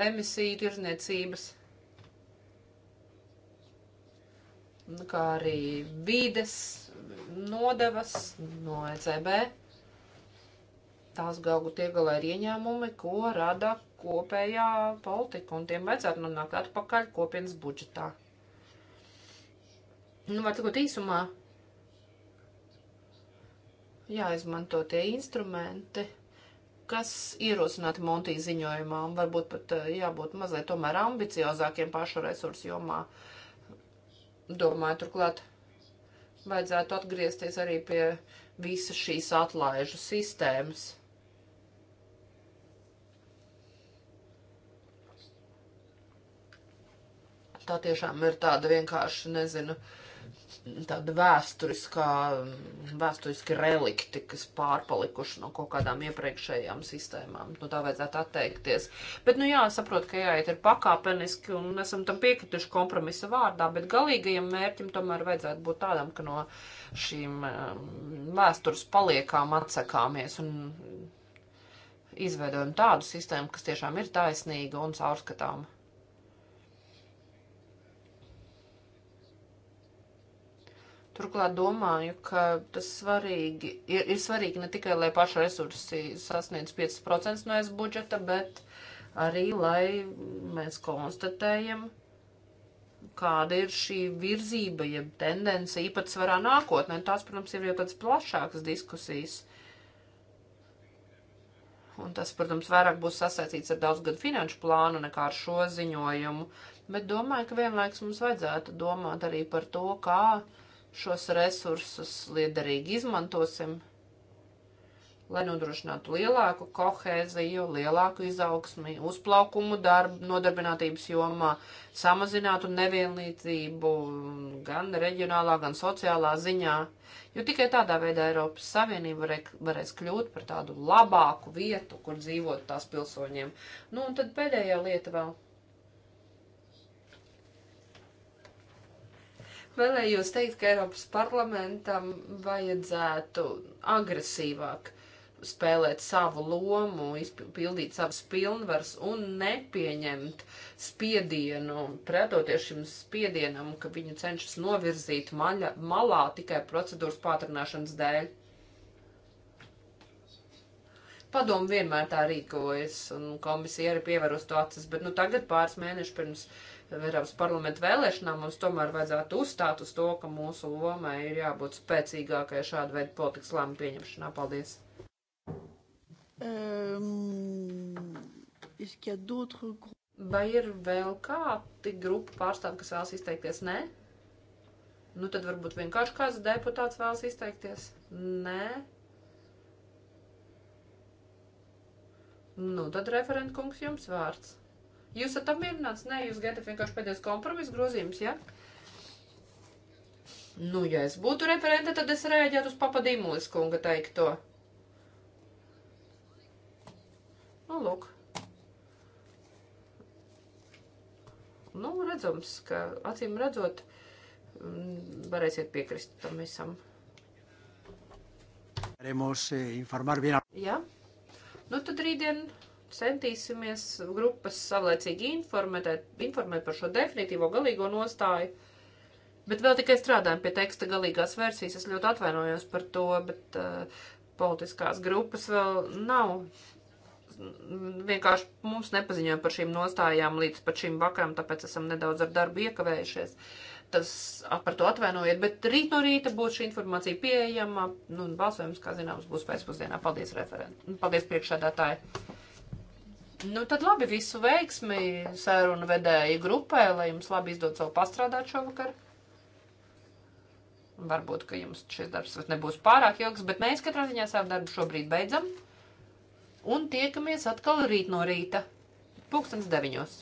Speaker 1: emisiju tirniecības, nu, kā arī vides nodevas no ECB. Tās galvu tie galā ir ieņēmumi, ko rada kopējā politika, un tiem vajadzētu nonākt atpakaļ kopienas budžetā. Nu, var teikt īsumā, jāizmanto tie instrumenti, kas ierosināti Montija ziņojumā, un varbūt pat eh, jābūt mazliet tomēr ambiciozākiem pašu resursu jomā. Domāju, turklāt vajadzētu atgriezties arī pie visas šīs atlaižu sistēmas. Tā tiešām ir tāda vienkārši, nezinu, uh, tāda vēsturiskā, vēsturiski relikti, kas pārpalikuši no kaut kādām iepriekšējām sistēmām. Nu, tā vajadzētu atteikties. Bet, nu jā, saprot, ka jāiet ir pakāpeniski un esam tam piekrituši kompromisa vārdā, bet galīgajam mērķim tomēr vajadzētu būt tādam, ka no šīm um, vēstures paliekām atsakāmies un izveidojam tādu sistēmu, kas tiešām ir taisnīga un caurskatāma. Turklāt domāju, ka tas svarīgi, ir, ir svarīgi ne tikai, lai paši resursi sasniedz 5% no es budžeta, bet arī, lai mēs konstatējam, kāda ir šī virzība, jeb tendence īpatsvarā nākotnē. Tās, protams, ir jau tāds plašāks diskusijas. Un tas, protams, vairāk būs sasaistīts ar daudzgadu finanšu plānu nekā ar šo ziņojumu. Bet domāju, ka vienlaiks mums vajadzētu domāt arī par to, kā. Ka šos resursus liederīgi izmantosim, lai nodrošinātu lielāku kohēziju, lielāku izaugsmi, uzplaukumu darbu, nodarbinātības jomā, samazinātu nevienlīdzību gan reģionālā, gan sociālā ziņā, jo tikai tādā veidā Eiropas Savienība varēs kļūt par tādu labāku vietu, kur dzīvot tās pilsoņiem. Nu, un tad pēdējā lieta vēl. Vēlējos teikt, ka Eiropas parlamentam vajadzētu agresīvāk spēlēt savu lomu, pildīt savas pilnvaras un nepieņemt spiedienu, pretoties šim spiedienam, ka viņu cenšas novirzīt maļa, malā tikai procedūras pātrināšanas dēļ. Padomu vienmēr tā rīkojas, un komisija arī pievēros to acis, bet nu tagad pāris mēnešus pirms uh, Eiropas parlamenta vēlēšanām mums tomēr vajadzētu uzstāt uz to, ka mūsu lomai ir jābūt spēcīgākai šāda veida politikas lēmu pieņemšanā. Paldies! Um, Vai ir vēl kādi grupu pārstāvji, kas vēlas izteikties? Nē? Nu, tad varbūt vienkārši kāds deputāts vēlas izteikties? Nē? Nu, tad referentkungs jums vārds. Jūs esat apmierināts? Nē, jūs gatavi vienkārši pēdējais kompromiss grozījums, ja? Nu, ja es būtu referente, tad es rēģētu uz papadīmulis kunga teikto. Nu, lūk. Nu, redzams, ka acīm redzot, mm, varēsiet piekrist tam visam.
Speaker 3: Ja?
Speaker 1: Eh, nu, tad rītdien centīsimies grupas savlaicīgi informēt, informēt par šo definitīvo galīgo nostāju. Bet vēl tikai strādājam pie teksta galīgās versijas. Es ļoti atvainojos par to, bet uh, politiskās grupas vēl nav. Vienkārši mums nepaziņoja par šīm nostājām līdz pat šīm vakaram, tāpēc esam nedaudz ar darbu iekavējušies. Tas par to atvainojiet, bet rīt no rīta būs šī informācija pieejama. Nu, un balsojums, kā zināms, būs pēcpusdienā. Paldies, referenti. Paldies, priekšādātāji. Nu, tad labi, visu veiksmi sērunu vedēji grupē, lai jums labi izdodas vēl pastrādāt šovakar. Varbūt, ka jums šis darbs nebūs pārāk ilgs, bet mēs katrā ziņā savu darbu šobrīd beidzam. Un tiekamies atkal rīt no rīta, pulkstens deviņos.